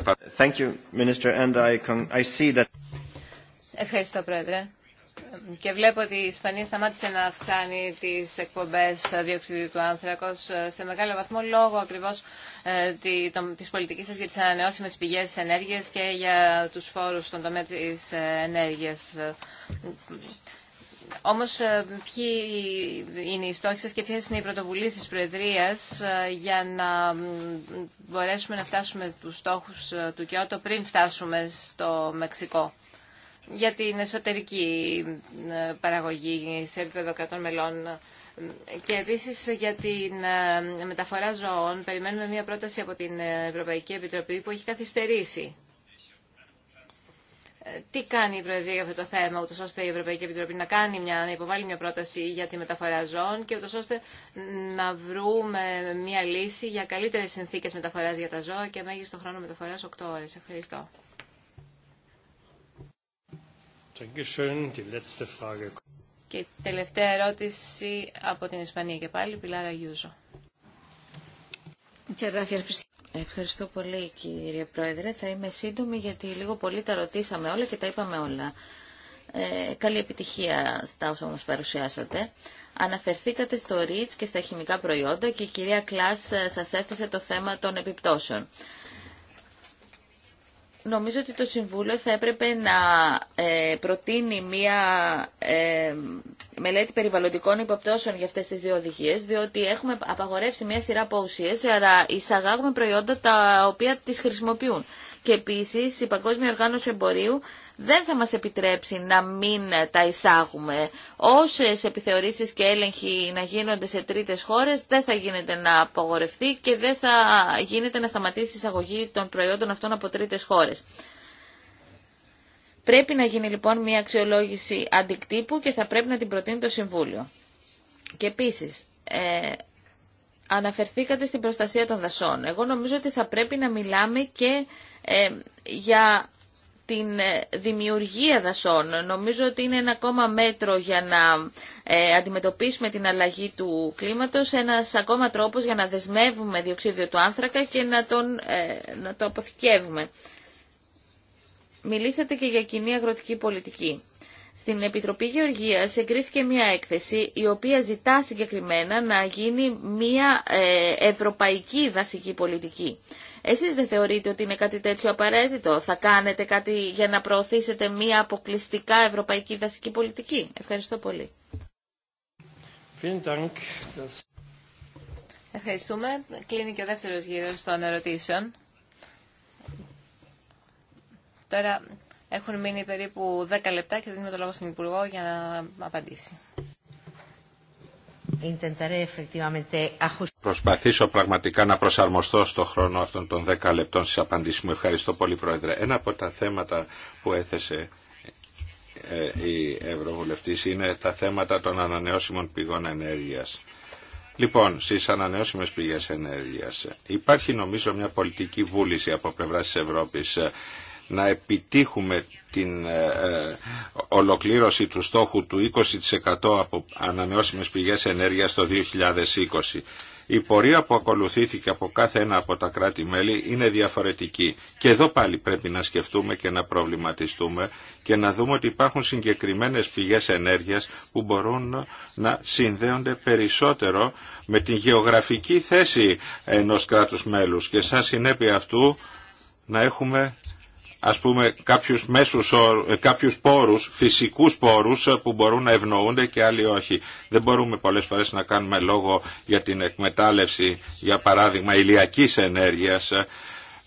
Ευχαριστώ Πρόεδρε και βλέπω ότι η Ισπανία σταμάτησε να αυξάνει τις εκπομπές διοξιδίου του άνθρακος ε, σε μεγάλο βαθμό λόγω ακριβώς ε, της πολιτικής σας για τις ανανεώσιμες πηγές ενέργειας και για τους φόρους στον τομέα της ε, ενέργειας. Όμως ποιοι είναι οι στόχοι σας και ποιες είναι οι πρωτοβουλίες της Προεδρίας για να μπορέσουμε να φτάσουμε τους στόχους του Κιώτο πριν φτάσουμε στο Μεξικό για την εσωτερική ε, παραγωγή σε επίπεδο κρατών μελών και επίση για την ε, μεταφορά ζωών περιμένουμε μια πρόταση από την Ευρωπαϊκή Επιτροπή που έχει καθυστερήσει. Ε, τι κάνει η Προεδρία για αυτό το θέμα, ούτως ώστε η Ευρωπαϊκή Επιτροπή να, κάνει μια, να υποβάλει μια πρόταση για τη μεταφορά ζώων και ούτως ώστε να βρούμε μια λύση για καλύτερες συνθήκες μεταφοράς για τα ζώα και μέγιστο χρόνο μεταφοράς 8 ώρες. Ευχαριστώ. Και τελευταία ερώτηση από την Ισπανία και πάλι, Πιλάρα Γιούζο. Ευχαριστώ πολύ κύριε Πρόεδρε. Θα είμαι σύντομη γιατί λίγο πολύ τα ρωτήσαμε όλα και τα είπαμε όλα. Ε, καλή επιτυχία στα όσα μας παρουσιάσατε. Αναφερθήκατε στο ριτς και στα χημικά προϊόντα και η κυρία Κλάς ε, σας έθεσε το θέμα των επιπτώσεων. Νομίζω ότι το Συμβούλιο θα έπρεπε να ε, προτείνει μία ε, μελέτη περιβαλλοντικών υποπτώσεων για αυτές τις δύο οδηγίες, διότι έχουμε απαγορεύσει μία σειρά από ουσίες, άρα εισαγάγουμε προϊόντα τα οποία τις χρησιμοποιούν. Και επίσης η Παγκόσμια Οργάνωση Εμπορίου δεν θα μας επιτρέψει να μην τα εισάγουμε. Όσες επιθεωρήσεις και έλεγχοι να γίνονται σε τρίτες χώρες δεν θα γίνεται να απογορευτεί και δεν θα γίνεται να σταματήσει η εισαγωγή των προϊόντων αυτών από τρίτες χώρες. Πρέπει να γίνει λοιπόν μια αξιολόγηση αντικτύπου και θα πρέπει να την προτείνει το Συμβούλιο. Και επίσης, ε, αναφερθήκατε στην προστασία των δασών. Εγώ νομίζω ότι θα πρέπει να μιλάμε και ε, για την ε, δημιουργία δασών. Νομίζω ότι είναι ένα ακόμα μέτρο για να ε, αντιμετωπίσουμε την αλλαγή του κλίματος, ένας ακόμα τρόπος για να δεσμεύουμε διοξίδιο του άνθρακα και να, τον, ε, να το αποθηκεύουμε. Μιλήσατε και για κοινή αγροτική πολιτική. Στην Επιτροπή Γεωργίας εγκρίθηκε μια έκθεση η οποία ζητά συγκεκριμένα να γίνει μια ευρωπαϊκή δασική πολιτική. Εσείς δεν θεωρείτε ότι είναι κάτι τέτοιο απαραίτητο. Θα κάνετε κάτι για να προωθήσετε μία αποκλειστικά ευρωπαϊκή δασική πολιτική. Ευχαριστώ πολύ. Ευχαριστούμε. Κλείνει και ο δεύτερος γύρος των ερωτήσεων. Τώρα έχουν μείνει περίπου 10 λεπτά και δίνουμε το λόγο στον Υπουργό για να απαντήσει. Προσπαθήσω πραγματικά να προσαρμοστώ στο χρόνο αυτών των 10 λεπτών στις απαντήσεις μου. Ευχαριστώ πολύ Πρόεδρε. Ένα από τα θέματα που έθεσε ε, η Ευρωβουλευτής είναι τα θέματα των ανανεώσιμων πηγών ενέργειας. Λοιπόν, στις ανανεώσιμες πηγές ενέργειας υπάρχει νομίζω μια πολιτική βούληση από πλευρά της Ευρώπης ε, να επιτύχουμε την ε, ε, ολοκλήρωση του στόχου του 20% από ανανεώσιμες πηγές ενέργειας το 2020. Η πορεία που ακολουθήθηκε από κάθε ένα από τα κράτη-μέλη είναι διαφορετική. Και εδώ πάλι πρέπει να σκεφτούμε και να προβληματιστούμε και να δούμε ότι υπάρχουν συγκεκριμένες πηγές ενέργειας που μπορούν να συνδέονται περισσότερο με την γεωγραφική θέση ενός κράτους μέλους και σαν συνέπεια αυτού να έχουμε ας πούμε κάποιους, μέσους, ε, κάποιους πόρους, φυσικούς πόρους ε, που μπορούν να ευνοούνται και άλλοι όχι. Δεν μπορούμε πολλές φορές να κάνουμε λόγο για την εκμετάλλευση, για παράδειγμα, ηλιακής ενέργειας ε,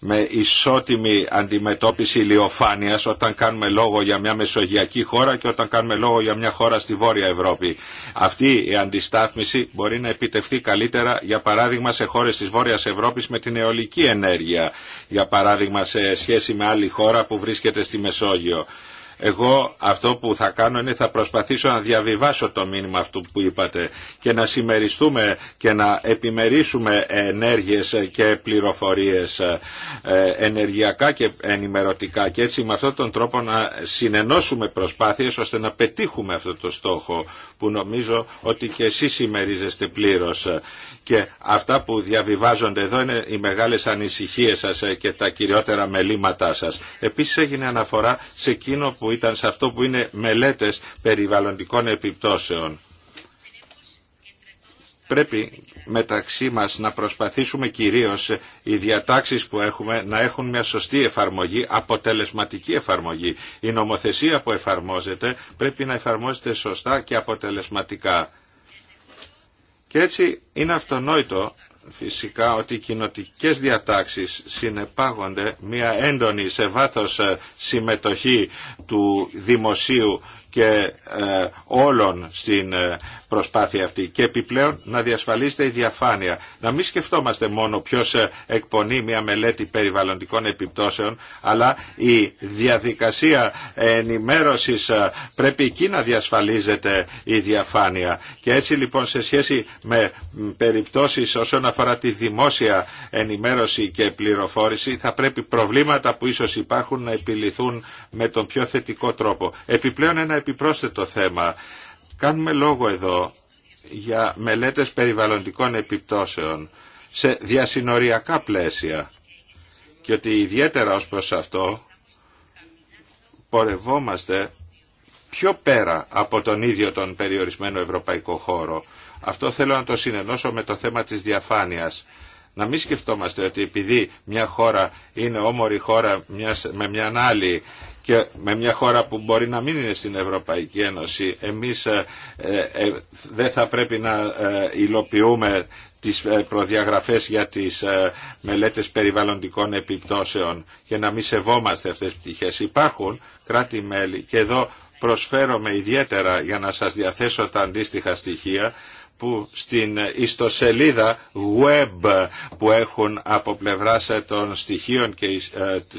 με ισότιμη αντιμετώπιση ηλιοφάνειας όταν κάνουμε λόγο για μια μεσογειακή χώρα και όταν κάνουμε λόγο για μια χώρα στη Βόρεια Ευρώπη. Αυτή η αντιστάθμιση μπορεί να επιτευχθεί καλύτερα για παράδειγμα σε χώρες της Βόρειας Ευρώπης με την αιωλική ενέργεια για παράδειγμα σε σχέση με άλλη χώρα που βρίσκεται στη Μεσόγειο. Εγώ αυτό που θα κάνω είναι θα προσπαθήσω να διαβιβάσω το μήνυμα αυτού που είπατε και να συμμεριστούμε και να επιμερίσουμε ενέργειες και πληροφορίες ε, ενεργειακά και ενημερωτικά και έτσι με αυτόν τον τρόπο να συνενώσουμε προσπάθειες ώστε να πετύχουμε αυτό το στόχο που νομίζω ότι και εσείς συμμερίζεστε πλήρως και αυτά που διαβιβάζονται εδώ είναι οι μεγάλες ανησυχίες σας και τα κυριότερα μελήματά σας. Επίσης έγινε αναφορά σε εκείνο που ήταν σε αυτό που είναι μελέτες περιβαλλοντικών επιπτώσεων. Πρέπει μεταξύ μας να προσπαθήσουμε κυρίως οι διατάξεις που έχουμε να έχουν μια σωστή εφαρμογή, αποτελεσματική εφαρμογή. Η νομοθεσία που εφαρμόζεται πρέπει να εφαρμόζεται σωστά και αποτελεσματικά. Και έτσι είναι αυτονόητο φυσικά ότι οι κοινοτικέ διατάξεις συνεπάγονται μια έντονη σε βάθο ε, συμμετοχή του δημοσίου και ε, όλων στην ε, προσπάθεια αυτή και επιπλέον να διασφαλίσετε η διαφάνεια. Να μην σκεφτόμαστε μόνο ποιο ε, εκπονεί μια μελέτη περιβαλλοντικών επιπτώσεων, αλλά η διαδικασία ενημέρωση ε, πρέπει εκεί να διασφαλίζεται η διαφάνεια. Και έτσι λοιπόν σε σχέση με περιπτώσει όσον αφορά τη δημόσια ενημέρωση και πληροφόρηση θα πρέπει προβλήματα που ίσω υπάρχουν να επιληθούν με τον πιο θετικό τρόπο. Επιπλέον ένα επιπρόσθετο θέμα. Κάνουμε λόγο εδώ για μελέτες περιβαλλοντικών επιπτώσεων σε διασυνοριακά πλαίσια και ότι ιδιαίτερα ως προς αυτό πορευόμαστε πιο πέρα από τον ίδιο τον περιορισμένο ευρωπαϊκό χώρο. Αυτό θέλω να το συνενώσω με το θέμα της διαφάνειας. Να μην σκεφτόμαστε ότι επειδή μια χώρα είναι όμορη χώρα με μια άλλη και με μια χώρα που μπορεί να μην είναι στην Ευρωπαϊκή Ένωση, εμείς ε, ε, ε, δεν θα πρέπει να υλοποιούμε τις προδιαγραφές για τις μελέτες περιβαλλοντικών επιπτώσεων και να μην σεβόμαστε αυτές τις πτυχές. Υπάρχουν κράτη-μέλη και εδώ προσφέρομαι ιδιαίτερα για να σας διαθέσω τα αντίστοιχα στοιχεία που στην ιστοσελίδα web που έχουν από πλευράς ε, των στοιχείων και ε,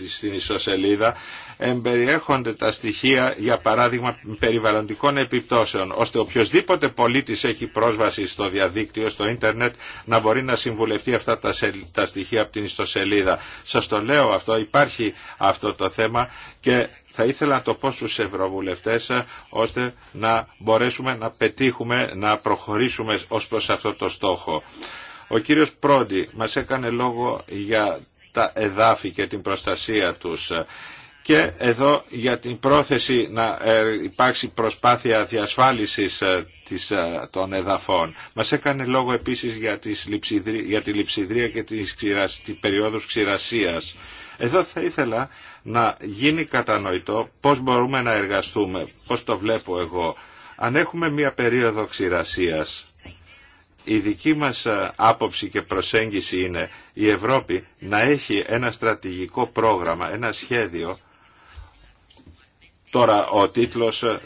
στην ιστοσελίδα εμπεριέχονται τα στοιχεία για παράδειγμα περιβαλλοντικών επιπτώσεων ώστε οποιοδήποτε πολίτης έχει πρόσβαση στο διαδίκτυο, στο ίντερνετ να μπορεί να συμβουλευτεί αυτά τα, τα στοιχεία από την ιστοσελίδα. Σας το λέω αυτό, υπάρχει αυτό το θέμα και θα ήθελα να το πω στους ευρωβουλευτές ε, ώστε να μπορέσουμε να πετύχουμε, να προχωρήσουμε ως προς αυτό το στόχο. Ο κύριος Πρόντι μας έκανε λόγο για τα εδάφη και την προστασία τους ε, και εδώ για την πρόθεση να ε, υπάρξει προσπάθεια διασφάλισης των εδαφών. Μας έκανε λόγο επίσης για τη λειψιδρία και την περιόδους ξηρασίας. Εδώ θα ήθελα να γίνει κατανοητό πώς μπορούμε να εργαστούμε, πώς το βλέπω εγώ. Αν έχουμε μία περίοδο ξηρασίας, η δική μας ε, άποψη και προσέγγιση είναι η Ευρώπη να έχει ένα στρατηγικό πρόγραμμα, ένα σχέδιο Τώρα ο τίτλος ε,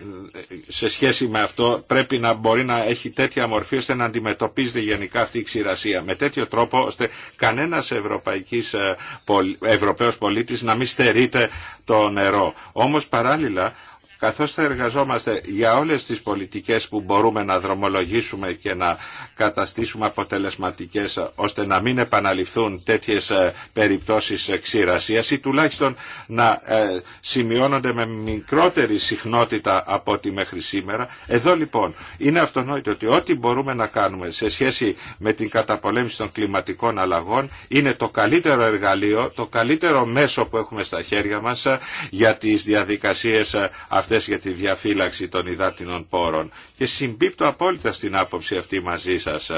σε σχέση με αυτό πρέπει να μπορεί να έχει τέτοια μορφή ώστε να αντιμετωπίζεται γενικά αυτή η ξηρασία με τέτοιο τρόπο ώστε κανένας ευρωπαϊκής, ε, ευρωπαίος πολίτης να μην στερείται το νερό. Όμως παράλληλα καθώς θα εργαζόμαστε για όλες τις πολιτικές που μπορούμε να δρομολογήσουμε και να καταστήσουμε αποτελεσματικές ώστε να μην επαναληφθούν τέτοιες ε, περιπτώσεις ξηρασίας ή τουλάχιστον να ε, σημειώνονται με μικρότερη συχνότητα από ό,τι μέχρι σήμερα. Εδώ λοιπόν είναι αυτονόητο ότι ό,τι μπορούμε να κάνουμε σε σχέση με την καταπολέμηση των κλιματικών αλλαγών είναι το καλύτερο εργαλείο, το καλύτερο μέσο που έχουμε στα χέρια μας ε, για τις διαδικασίες αυτές για τη διαφύλαξη των υδάτινων πόρων. Και συμπίπτω απόλυτα στην άποψη αυτή μαζί σας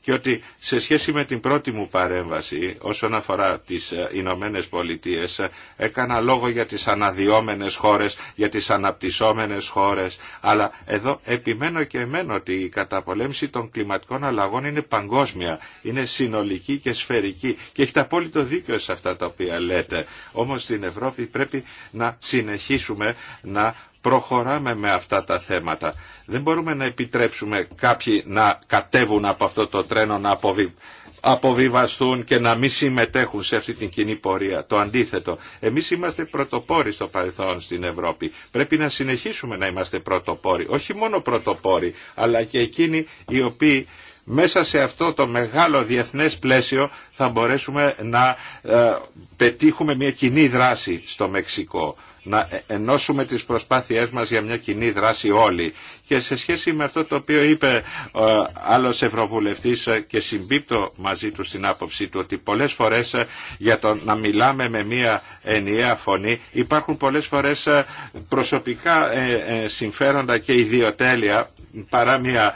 και ότι σε σχέση με την πρώτη μου παρέμβαση όσον αφορά τις ε, Ηνωμένε Πολιτείε, ε, έκανα λόγο για τις αναδυόμενες χώρες, για τις αναπτυσσόμενες χώρες αλλά εδώ επιμένω και εμένω ότι η καταπολέμηση των κλιματικών αλλαγών είναι παγκόσμια, είναι συνολική και σφαιρική και έχετε απόλυτο δίκιο σε αυτά τα οποία λέτε. Όμως στην Ευρώπη πρέπει να συνεχίσουμε να προχωράμε με αυτά τα θέματα. Δεν μπορούμε να επιτρέψουμε κάποιοι να κατέβουν από αυτό το τρένο, να αποβιβαστούν και να μην συμμετέχουν σε αυτή την κοινή πορεία. Το αντίθετο. Εμείς είμαστε πρωτοπόροι στο παρελθόν στην Ευρώπη. Πρέπει να συνεχίσουμε να είμαστε πρωτοπόροι. Όχι μόνο πρωτοπόροι, αλλά και εκείνοι οι οποίοι μέσα σε αυτό το μεγάλο διεθνές πλαίσιο θα μπορέσουμε να ε, πετύχουμε μια κοινή δράση στο Μεξικό να ε, ενώσουμε τις προσπάθειές μας για μια κοινή δράση όλοι και σε σχέση με αυτό το οποίο είπε ο ε, άλλος Ευρωβουλευτής ε, και συμπίπτω μαζί του στην άποψή του ότι πολλές φορές ε, για το να μιλάμε με μία ενιαία φωνή υπάρχουν πολλές φορές προσωπικά συμφέροντα και ιδιοτέλεια παρά μία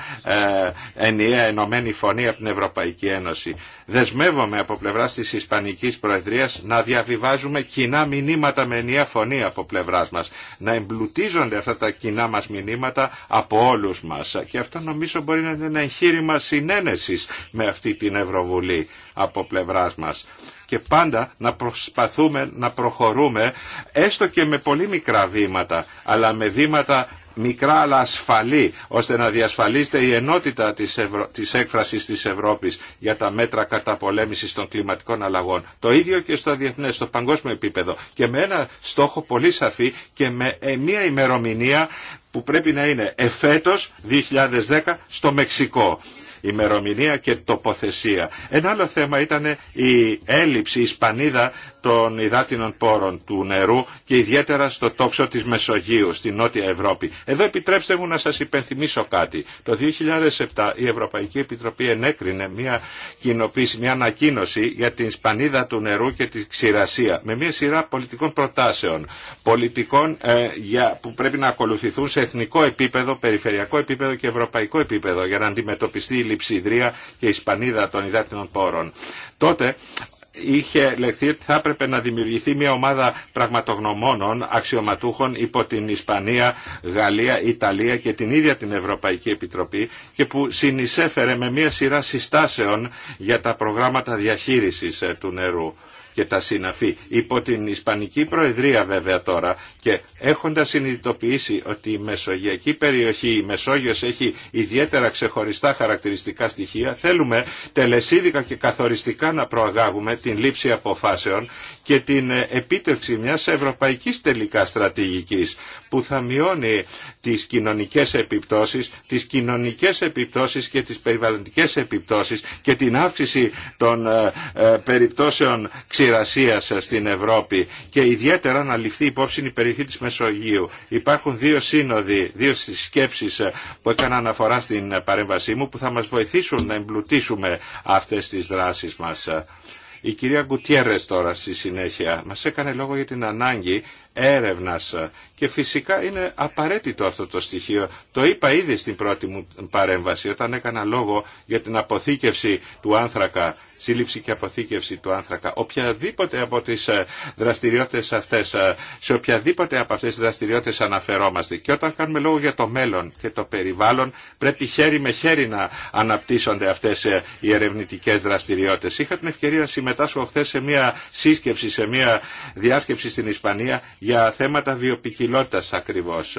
ενιαία ενωμένη φωνή από την Ευρωπαϊκή Ένωση. Δεσμεύομαι από πλευρά τη Ισπανική Προεδρία να διαβιβάζουμε κοινά μηνύματα με ενιαία φωνή από πλευρά μα. Να εμπλουτίζονται αυτά τα κοινά μα μηνύματα από όλους μας και αυτό νομίζω μπορεί να είναι ένα εγχείρημα συνένεσης με αυτή την Ευρωβουλή από πλευράς μας και πάντα να προσπαθούμε να προχωρούμε έστω και με πολύ μικρά βήματα αλλά με βήματα μικρά αλλά ασφαλή ώστε να διασφαλίσετε η ενότητα της, Ευρω... της έκφρασης της Ευρώπης για τα μέτρα καταπολέμησης των κλιματικών αλλαγών. Το ίδιο και στο διεθνές, στο παγκόσμιο επίπεδο και με ένα στόχο πολύ σαφή και με ε, μια ημερομηνία που πρέπει να είναι εφέτος 2010 στο Μεξικό ημερομηνία και τοποθεσία. Ένα άλλο θέμα ήταν η έλλειψη, η Ισπανίδα των υδάτινων πόρων του νερού και ιδιαίτερα στο τόξο της Μεσογείου, στη Νότια Ευρώπη. Εδώ επιτρέψτε μου να σας υπενθυμίσω κάτι. Το 2007 η Ευρωπαϊκή Επιτροπή ενέκρινε μια κοινοποίηση, μια ανακοίνωση για την σπανίδα του νερού και τη ξηρασία με μια σειρά πολιτικών προτάσεων, πολιτικών ε, για, που πρέπει να ακολουθηθούν σε εθνικό επίπεδο, περιφερειακό επίπεδο και ευρωπαϊκό επίπεδο για να αντιμετωπιστεί η λειψιδρία και η σπανίδα των υδάτινων πόρων. Τότε είχε λεχθεί ότι θα έπρεπε να δημιουργηθεί μια ομάδα πραγματογνωμόνων αξιωματούχων υπό την Ισπανία, Γαλλία, Ιταλία και την ίδια την Ευρωπαϊκή Επιτροπή και που συνεισέφερε με μια σειρά συστάσεων για τα προγράμματα διαχείρισης ε, του νερού και τα συναφή. Υπό την Ισπανική Προεδρία βέβαια τώρα και έχοντας συνειδητοποιήσει ότι η Μεσογειακή περιοχή, η Μεσόγειος έχει ιδιαίτερα ξεχωριστά χαρακτηριστικά στοιχεία, θέλουμε τελεσίδικα και καθοριστικά να προαγάγουμε την λήψη αποφάσεων και την επίτευξη μιας ευρωπαϊκής τελικά στρατηγικής που θα μειώνει τις κοινωνικές επιπτώσεις, τις κοινωνικές επιπτώσεις και τις περιβαλλοντικές επιπτώσεις και την αύξηση των ε, ε, περιπτώσεων ξηρασίας στην Ευρώπη και ιδιαίτερα να ληφθεί υπόψη η περιοχή της Μεσογείου. Υπάρχουν δύο σύνοδοι, δύο σκέψεις ε, που έκανα αναφορά στην παρέμβασή μου που θα μας βοηθήσουν να εμπλουτίσουμε αυτές τις δράσεις μας. Η κυρία Γκουτιέρε τώρα στη συνέχεια μα έκανε λόγο για την ανάγκη έρευνας και φυσικά είναι απαραίτητο αυτό το στοιχείο. Το είπα ήδη στην πρώτη μου παρέμβαση όταν έκανα λόγο για την αποθήκευση του άνθρακα, σύλληψη και αποθήκευση του άνθρακα. Οποιαδήποτε από τις ε, δραστηριότητες αυτές, ε, σε οποιαδήποτε από αυτές τις δραστηριότητες αναφερόμαστε και όταν κάνουμε λόγο για το μέλλον και το περιβάλλον πρέπει χέρι με χέρι να αναπτύσσονται αυτές ε, οι ερευνητικές δραστηριότητες. Είχα την ευκαιρία να συμμετάσχω χθε σε μια σύσκεψη, σε μια διάσκεψη στην Ισπανία για θέματα βιοπικιλότητας ακριβώς.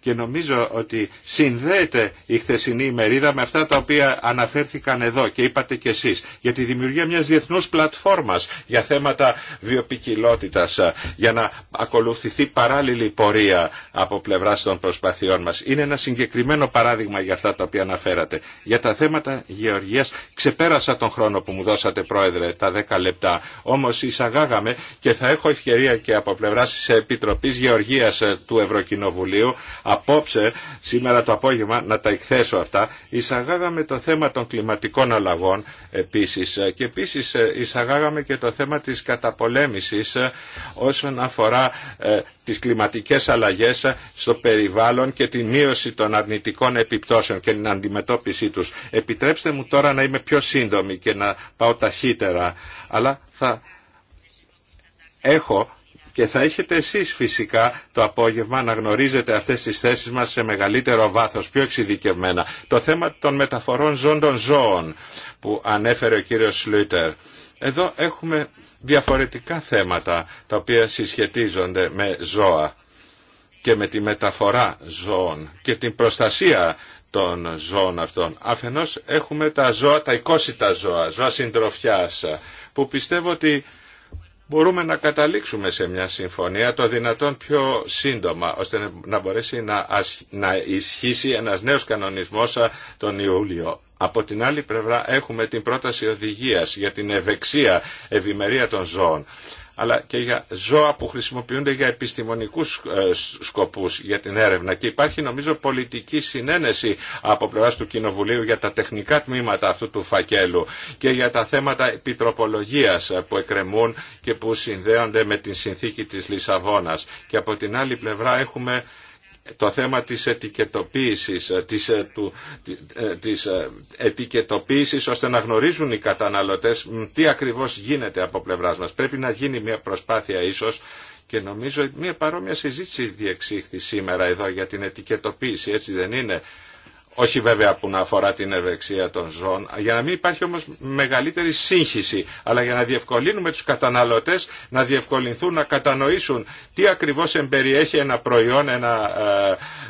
Και νομίζω ότι συνδέεται η χθεσινή ημερίδα με αυτά τα οποία αναφέρθηκαν εδώ και είπατε κι εσείς για τη δημιουργία μιας διεθνούς πλατφόρμας για θέματα βιοπικιλότητας για να ακολουθηθεί παράλληλη πορεία από πλευρά των προσπαθειών μας. Είναι ένα συγκεκριμένο παράδειγμα για αυτά τα οποία αναφέρατε. Για τα θέματα γεωργίας ξεπέρασα τον χρόνο που μου δώσατε πρόεδρε τα 10 λεπτά. Όμως εισαγάγαμε και θα έχω ευκαιρία και από πλευρά Επιτροπής Γεωργίας ε, του Ευρωκοινοβουλίου απόψε σήμερα το απόγευμα να τα εκθέσω αυτά. Εισαγάγαμε το θέμα των κλιματικών αλλαγών επίσης ε, και επίσης ε, εισαγάγαμε και το θέμα της καταπολέμησης όσον αφορά τις κλιματικές αλλαγές στο περιβάλλον και τη μείωση των αρνητικών επιπτώσεων και την αντιμετώπιση τους. Επιτρέψτε μου τώρα να είμαι πιο σύντομη και να πάω ταχύτερα, αλλά θα έχω και θα έχετε εσείς φυσικά το απόγευμα να γνωρίζετε αυτές τις θέσεις μας σε μεγαλύτερο βάθος, πιο εξειδικευμένα. Το θέμα των μεταφορών ζών των ζώων που ανέφερε ο κύριος Σλούτερ. Εδώ έχουμε διαφορετικά θέματα τα οποία συσχετίζονται με ζώα και με τη μεταφορά ζώων και την προστασία των ζώων αυτών. Αφενός έχουμε τα ζώα, τα εικόσιτα ζώα, ζώα συντροφιάς, που πιστεύω ότι μπορούμε να καταλήξουμε σε μια συμφωνία το δυνατόν πιο σύντομα ώστε να μπορέσει να, να ισχύσει ένας νέος κανονισμός τον Ιούλιο. Από την άλλη πλευρά έχουμε την πρόταση οδηγίας για την ευεξία ευημερία των ζώων αλλά και για ζώα που χρησιμοποιούνται για επιστημονικούς ε, σκοπούς για την έρευνα. Και υπάρχει νομίζω πολιτική συνένεση από πλευράς του Κοινοβουλίου για τα τεχνικά τμήματα αυτού του φακέλου και για τα θέματα επιτροπολογίας ε, που εκκρεμούν και που συνδέονται με την συνθήκη της Λισαβόνας. Και από την άλλη πλευρά έχουμε το θέμα της ετικετοποίησης, ε, της, ε, του, ε, της ετικετοποίησης ώστε να γνωρίζουν οι καταναλωτές τι ακριβώς γίνεται από πλευράς μας. Πρέπει να γίνει μια προσπάθεια ίσως και νομίζω μια παρόμοια συζήτηση διεξήχθη σήμερα εδώ για την ετικετοποίηση, έτσι δεν είναι όχι βέβαια που να αφορά την ευεξία των ζώων, για να μην υπάρχει όμως μεγαλύτερη σύγχυση, αλλά για να διευκολύνουμε τους καταναλωτές να διευκολυνθούν, να κατανοήσουν τι ακριβώς εμπεριέχει ένα προϊόν, ένα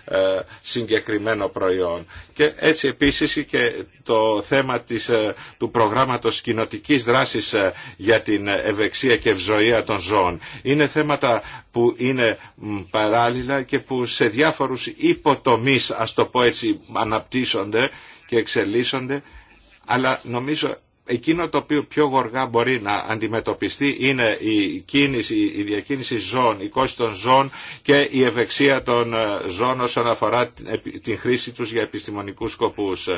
ε, ε, συγκεκριμένο προϊόν. Και έτσι επίσης και το θέμα της, ε, του προγράμματος κοινοτική δράσης για την ευεξία και ευζοία των ζώων. Είναι θέματα που είναι παράλληλα και που σε διάφορους υποτομείς, ας το πω έτσι, αναπτύσσονται και εξελίσσονται, αλλά νομίζω εκείνο το οποίο πιο γοργά μπορεί να αντιμετωπιστεί είναι η, κίνηση, η διακίνηση ζώων, η κόστη των ζώων και η ευεξία των ε, ζώων όσον αφορά την χρήση τους για επιστημονικούς σκοπούς.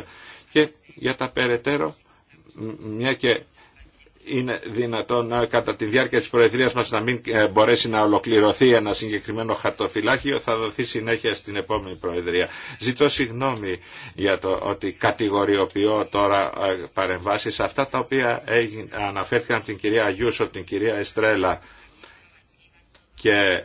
Και για τα περαιτέρω, μια και είναι δυνατόν ε, κατά τη διάρκεια της Προεδρίας μας να μην ε, μπορέσει να ολοκληρωθεί ένα συγκεκριμένο χαρτοφυλάκιο θα δοθεί συνέχεια στην επόμενη Προεδρία. Ζητώ συγγνώμη για το ότι κατηγοριοποιώ τώρα ε, παρεμβάσεις αυτά τα οποία αναφέρθηκαν από την κυρία Αγιούσο, την κυρία Εστρέλα και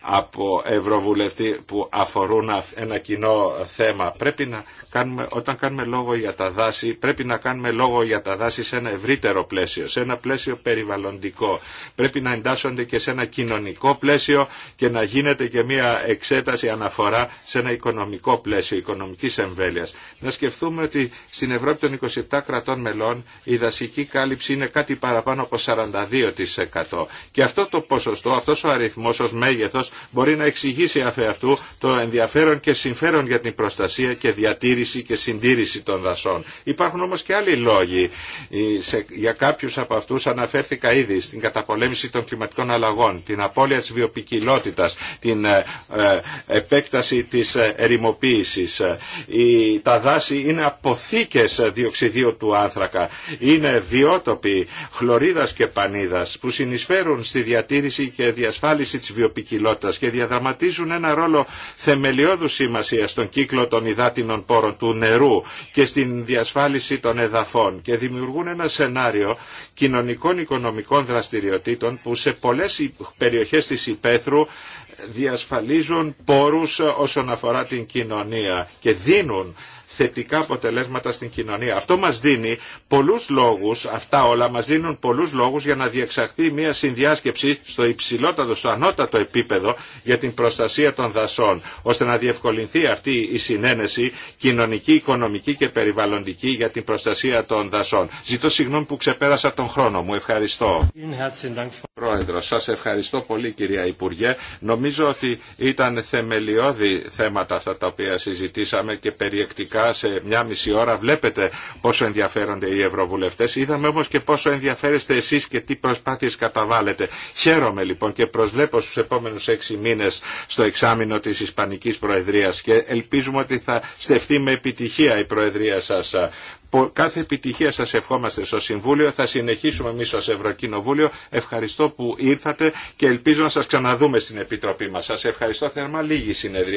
από Ευρωβουλευτή που αφορούν ένα κοινό θέμα. Πρέπει να κάνουμε, όταν κάνουμε λόγο για τα δάση, πρέπει να κάνουμε λόγο για τα δάση σε ένα ευρύτερο πλαίσιο, σε ένα πλαίσιο περιβαλλοντικό. Πρέπει να εντάσσονται και σε ένα κοινωνικό πλαίσιο και να γίνεται και μια εξέταση αναφορά σε ένα οικονομικό πλαίσιο, οικονομική εμβέλεια. Να σκεφτούμε ότι στην Ευρώπη των 27 κρατών μελών η δασική κάλυψη είναι κάτι παραπάνω από 42%. Και αυτό το ποσοστό, αυτό ο αριθμό ω μέγεθο μπορεί να εξηγήσει αφ' το ενδιαφέρον και συμφέρον για την προστασία και διατήρηση διατήρηση και συντήρηση των δασών. Υπάρχουν όμως και άλλοι λόγοι. Για κάποιους από αυτούς αναφέρθηκα ήδη στην καταπολέμηση των κλιματικών αλλαγών, την απώλεια της βιοπικιλότητας, την ε, ε, επέκταση της ε, ερημοποίησης. Τα δάση είναι αποθήκες διοξιδίου του άνθρακα. Είναι βιότοποι χλωρίδας και πανίδας που συνεισφέρουν στη διατήρηση και διασφάλιση της βιοπικιλότητας και διαδραματίζουν ένα ρόλο θεμελιώδου σημασία στον κύκλο των υδάτινων πόρων του νερού και στην διασφάλιση των εδαφών και δημιουργούν ένα σενάριο κοινωνικών οικονομικών δραστηριοτήτων που σε πολλές περιοχές της υπαίθρου διασφαλίζουν πόρους ε, όσον αφορά την κοινωνία και δίνουν θετικά αποτελέσματα στην κοινωνία. Αυτό μας δίνει πολλούς λόγους, αυτά όλα μας δίνουν πολλούς λόγους για να διεξαχθεί μια συνδιάσκεψη στο υψηλότατο, στο ανώτατο επίπεδο για την προστασία των δασών, ώστε να διευκολυνθεί αυτή η συνένεση κοινωνική, οικονομική και περιβαλλοντική για την προστασία των δασών. Ζητώ συγγνώμη που ξεπέρασα τον χρόνο μου. Ευχαριστώ. Πρόεδρο, σας ευχαριστώ πολύ κυρία Υπουργέ. Νομίζω ότι ήταν θεμελιώδη θέματα αυτά τα οποία συζητήσαμε και περιεκτικά σε μια μισή ώρα βλέπετε πόσο ενδιαφέρονται οι ευρωβουλευτές. Είδαμε όμως και πόσο ενδιαφέρεστε εσείς και τι προσπάθειες καταβάλλετε. Χαίρομαι λοιπόν και προσβλέπω στους επόμενους έξι μήνες στο εξάμεινο της Ισπανικής Προεδρίας και ελπίζουμε ότι θα στεφθεί με επιτυχία η Προεδρία σας κάθε επιτυχία σας ευχόμαστε στο Συμβούλιο. Θα συνεχίσουμε εμείς ως Ευρωκοινοβούλιο. Ευχαριστώ που ήρθατε και ελπίζω να σας ξαναδούμε στην Επιτροπή μας. Σας ευχαριστώ θερμά. Λίγη συνεδρία.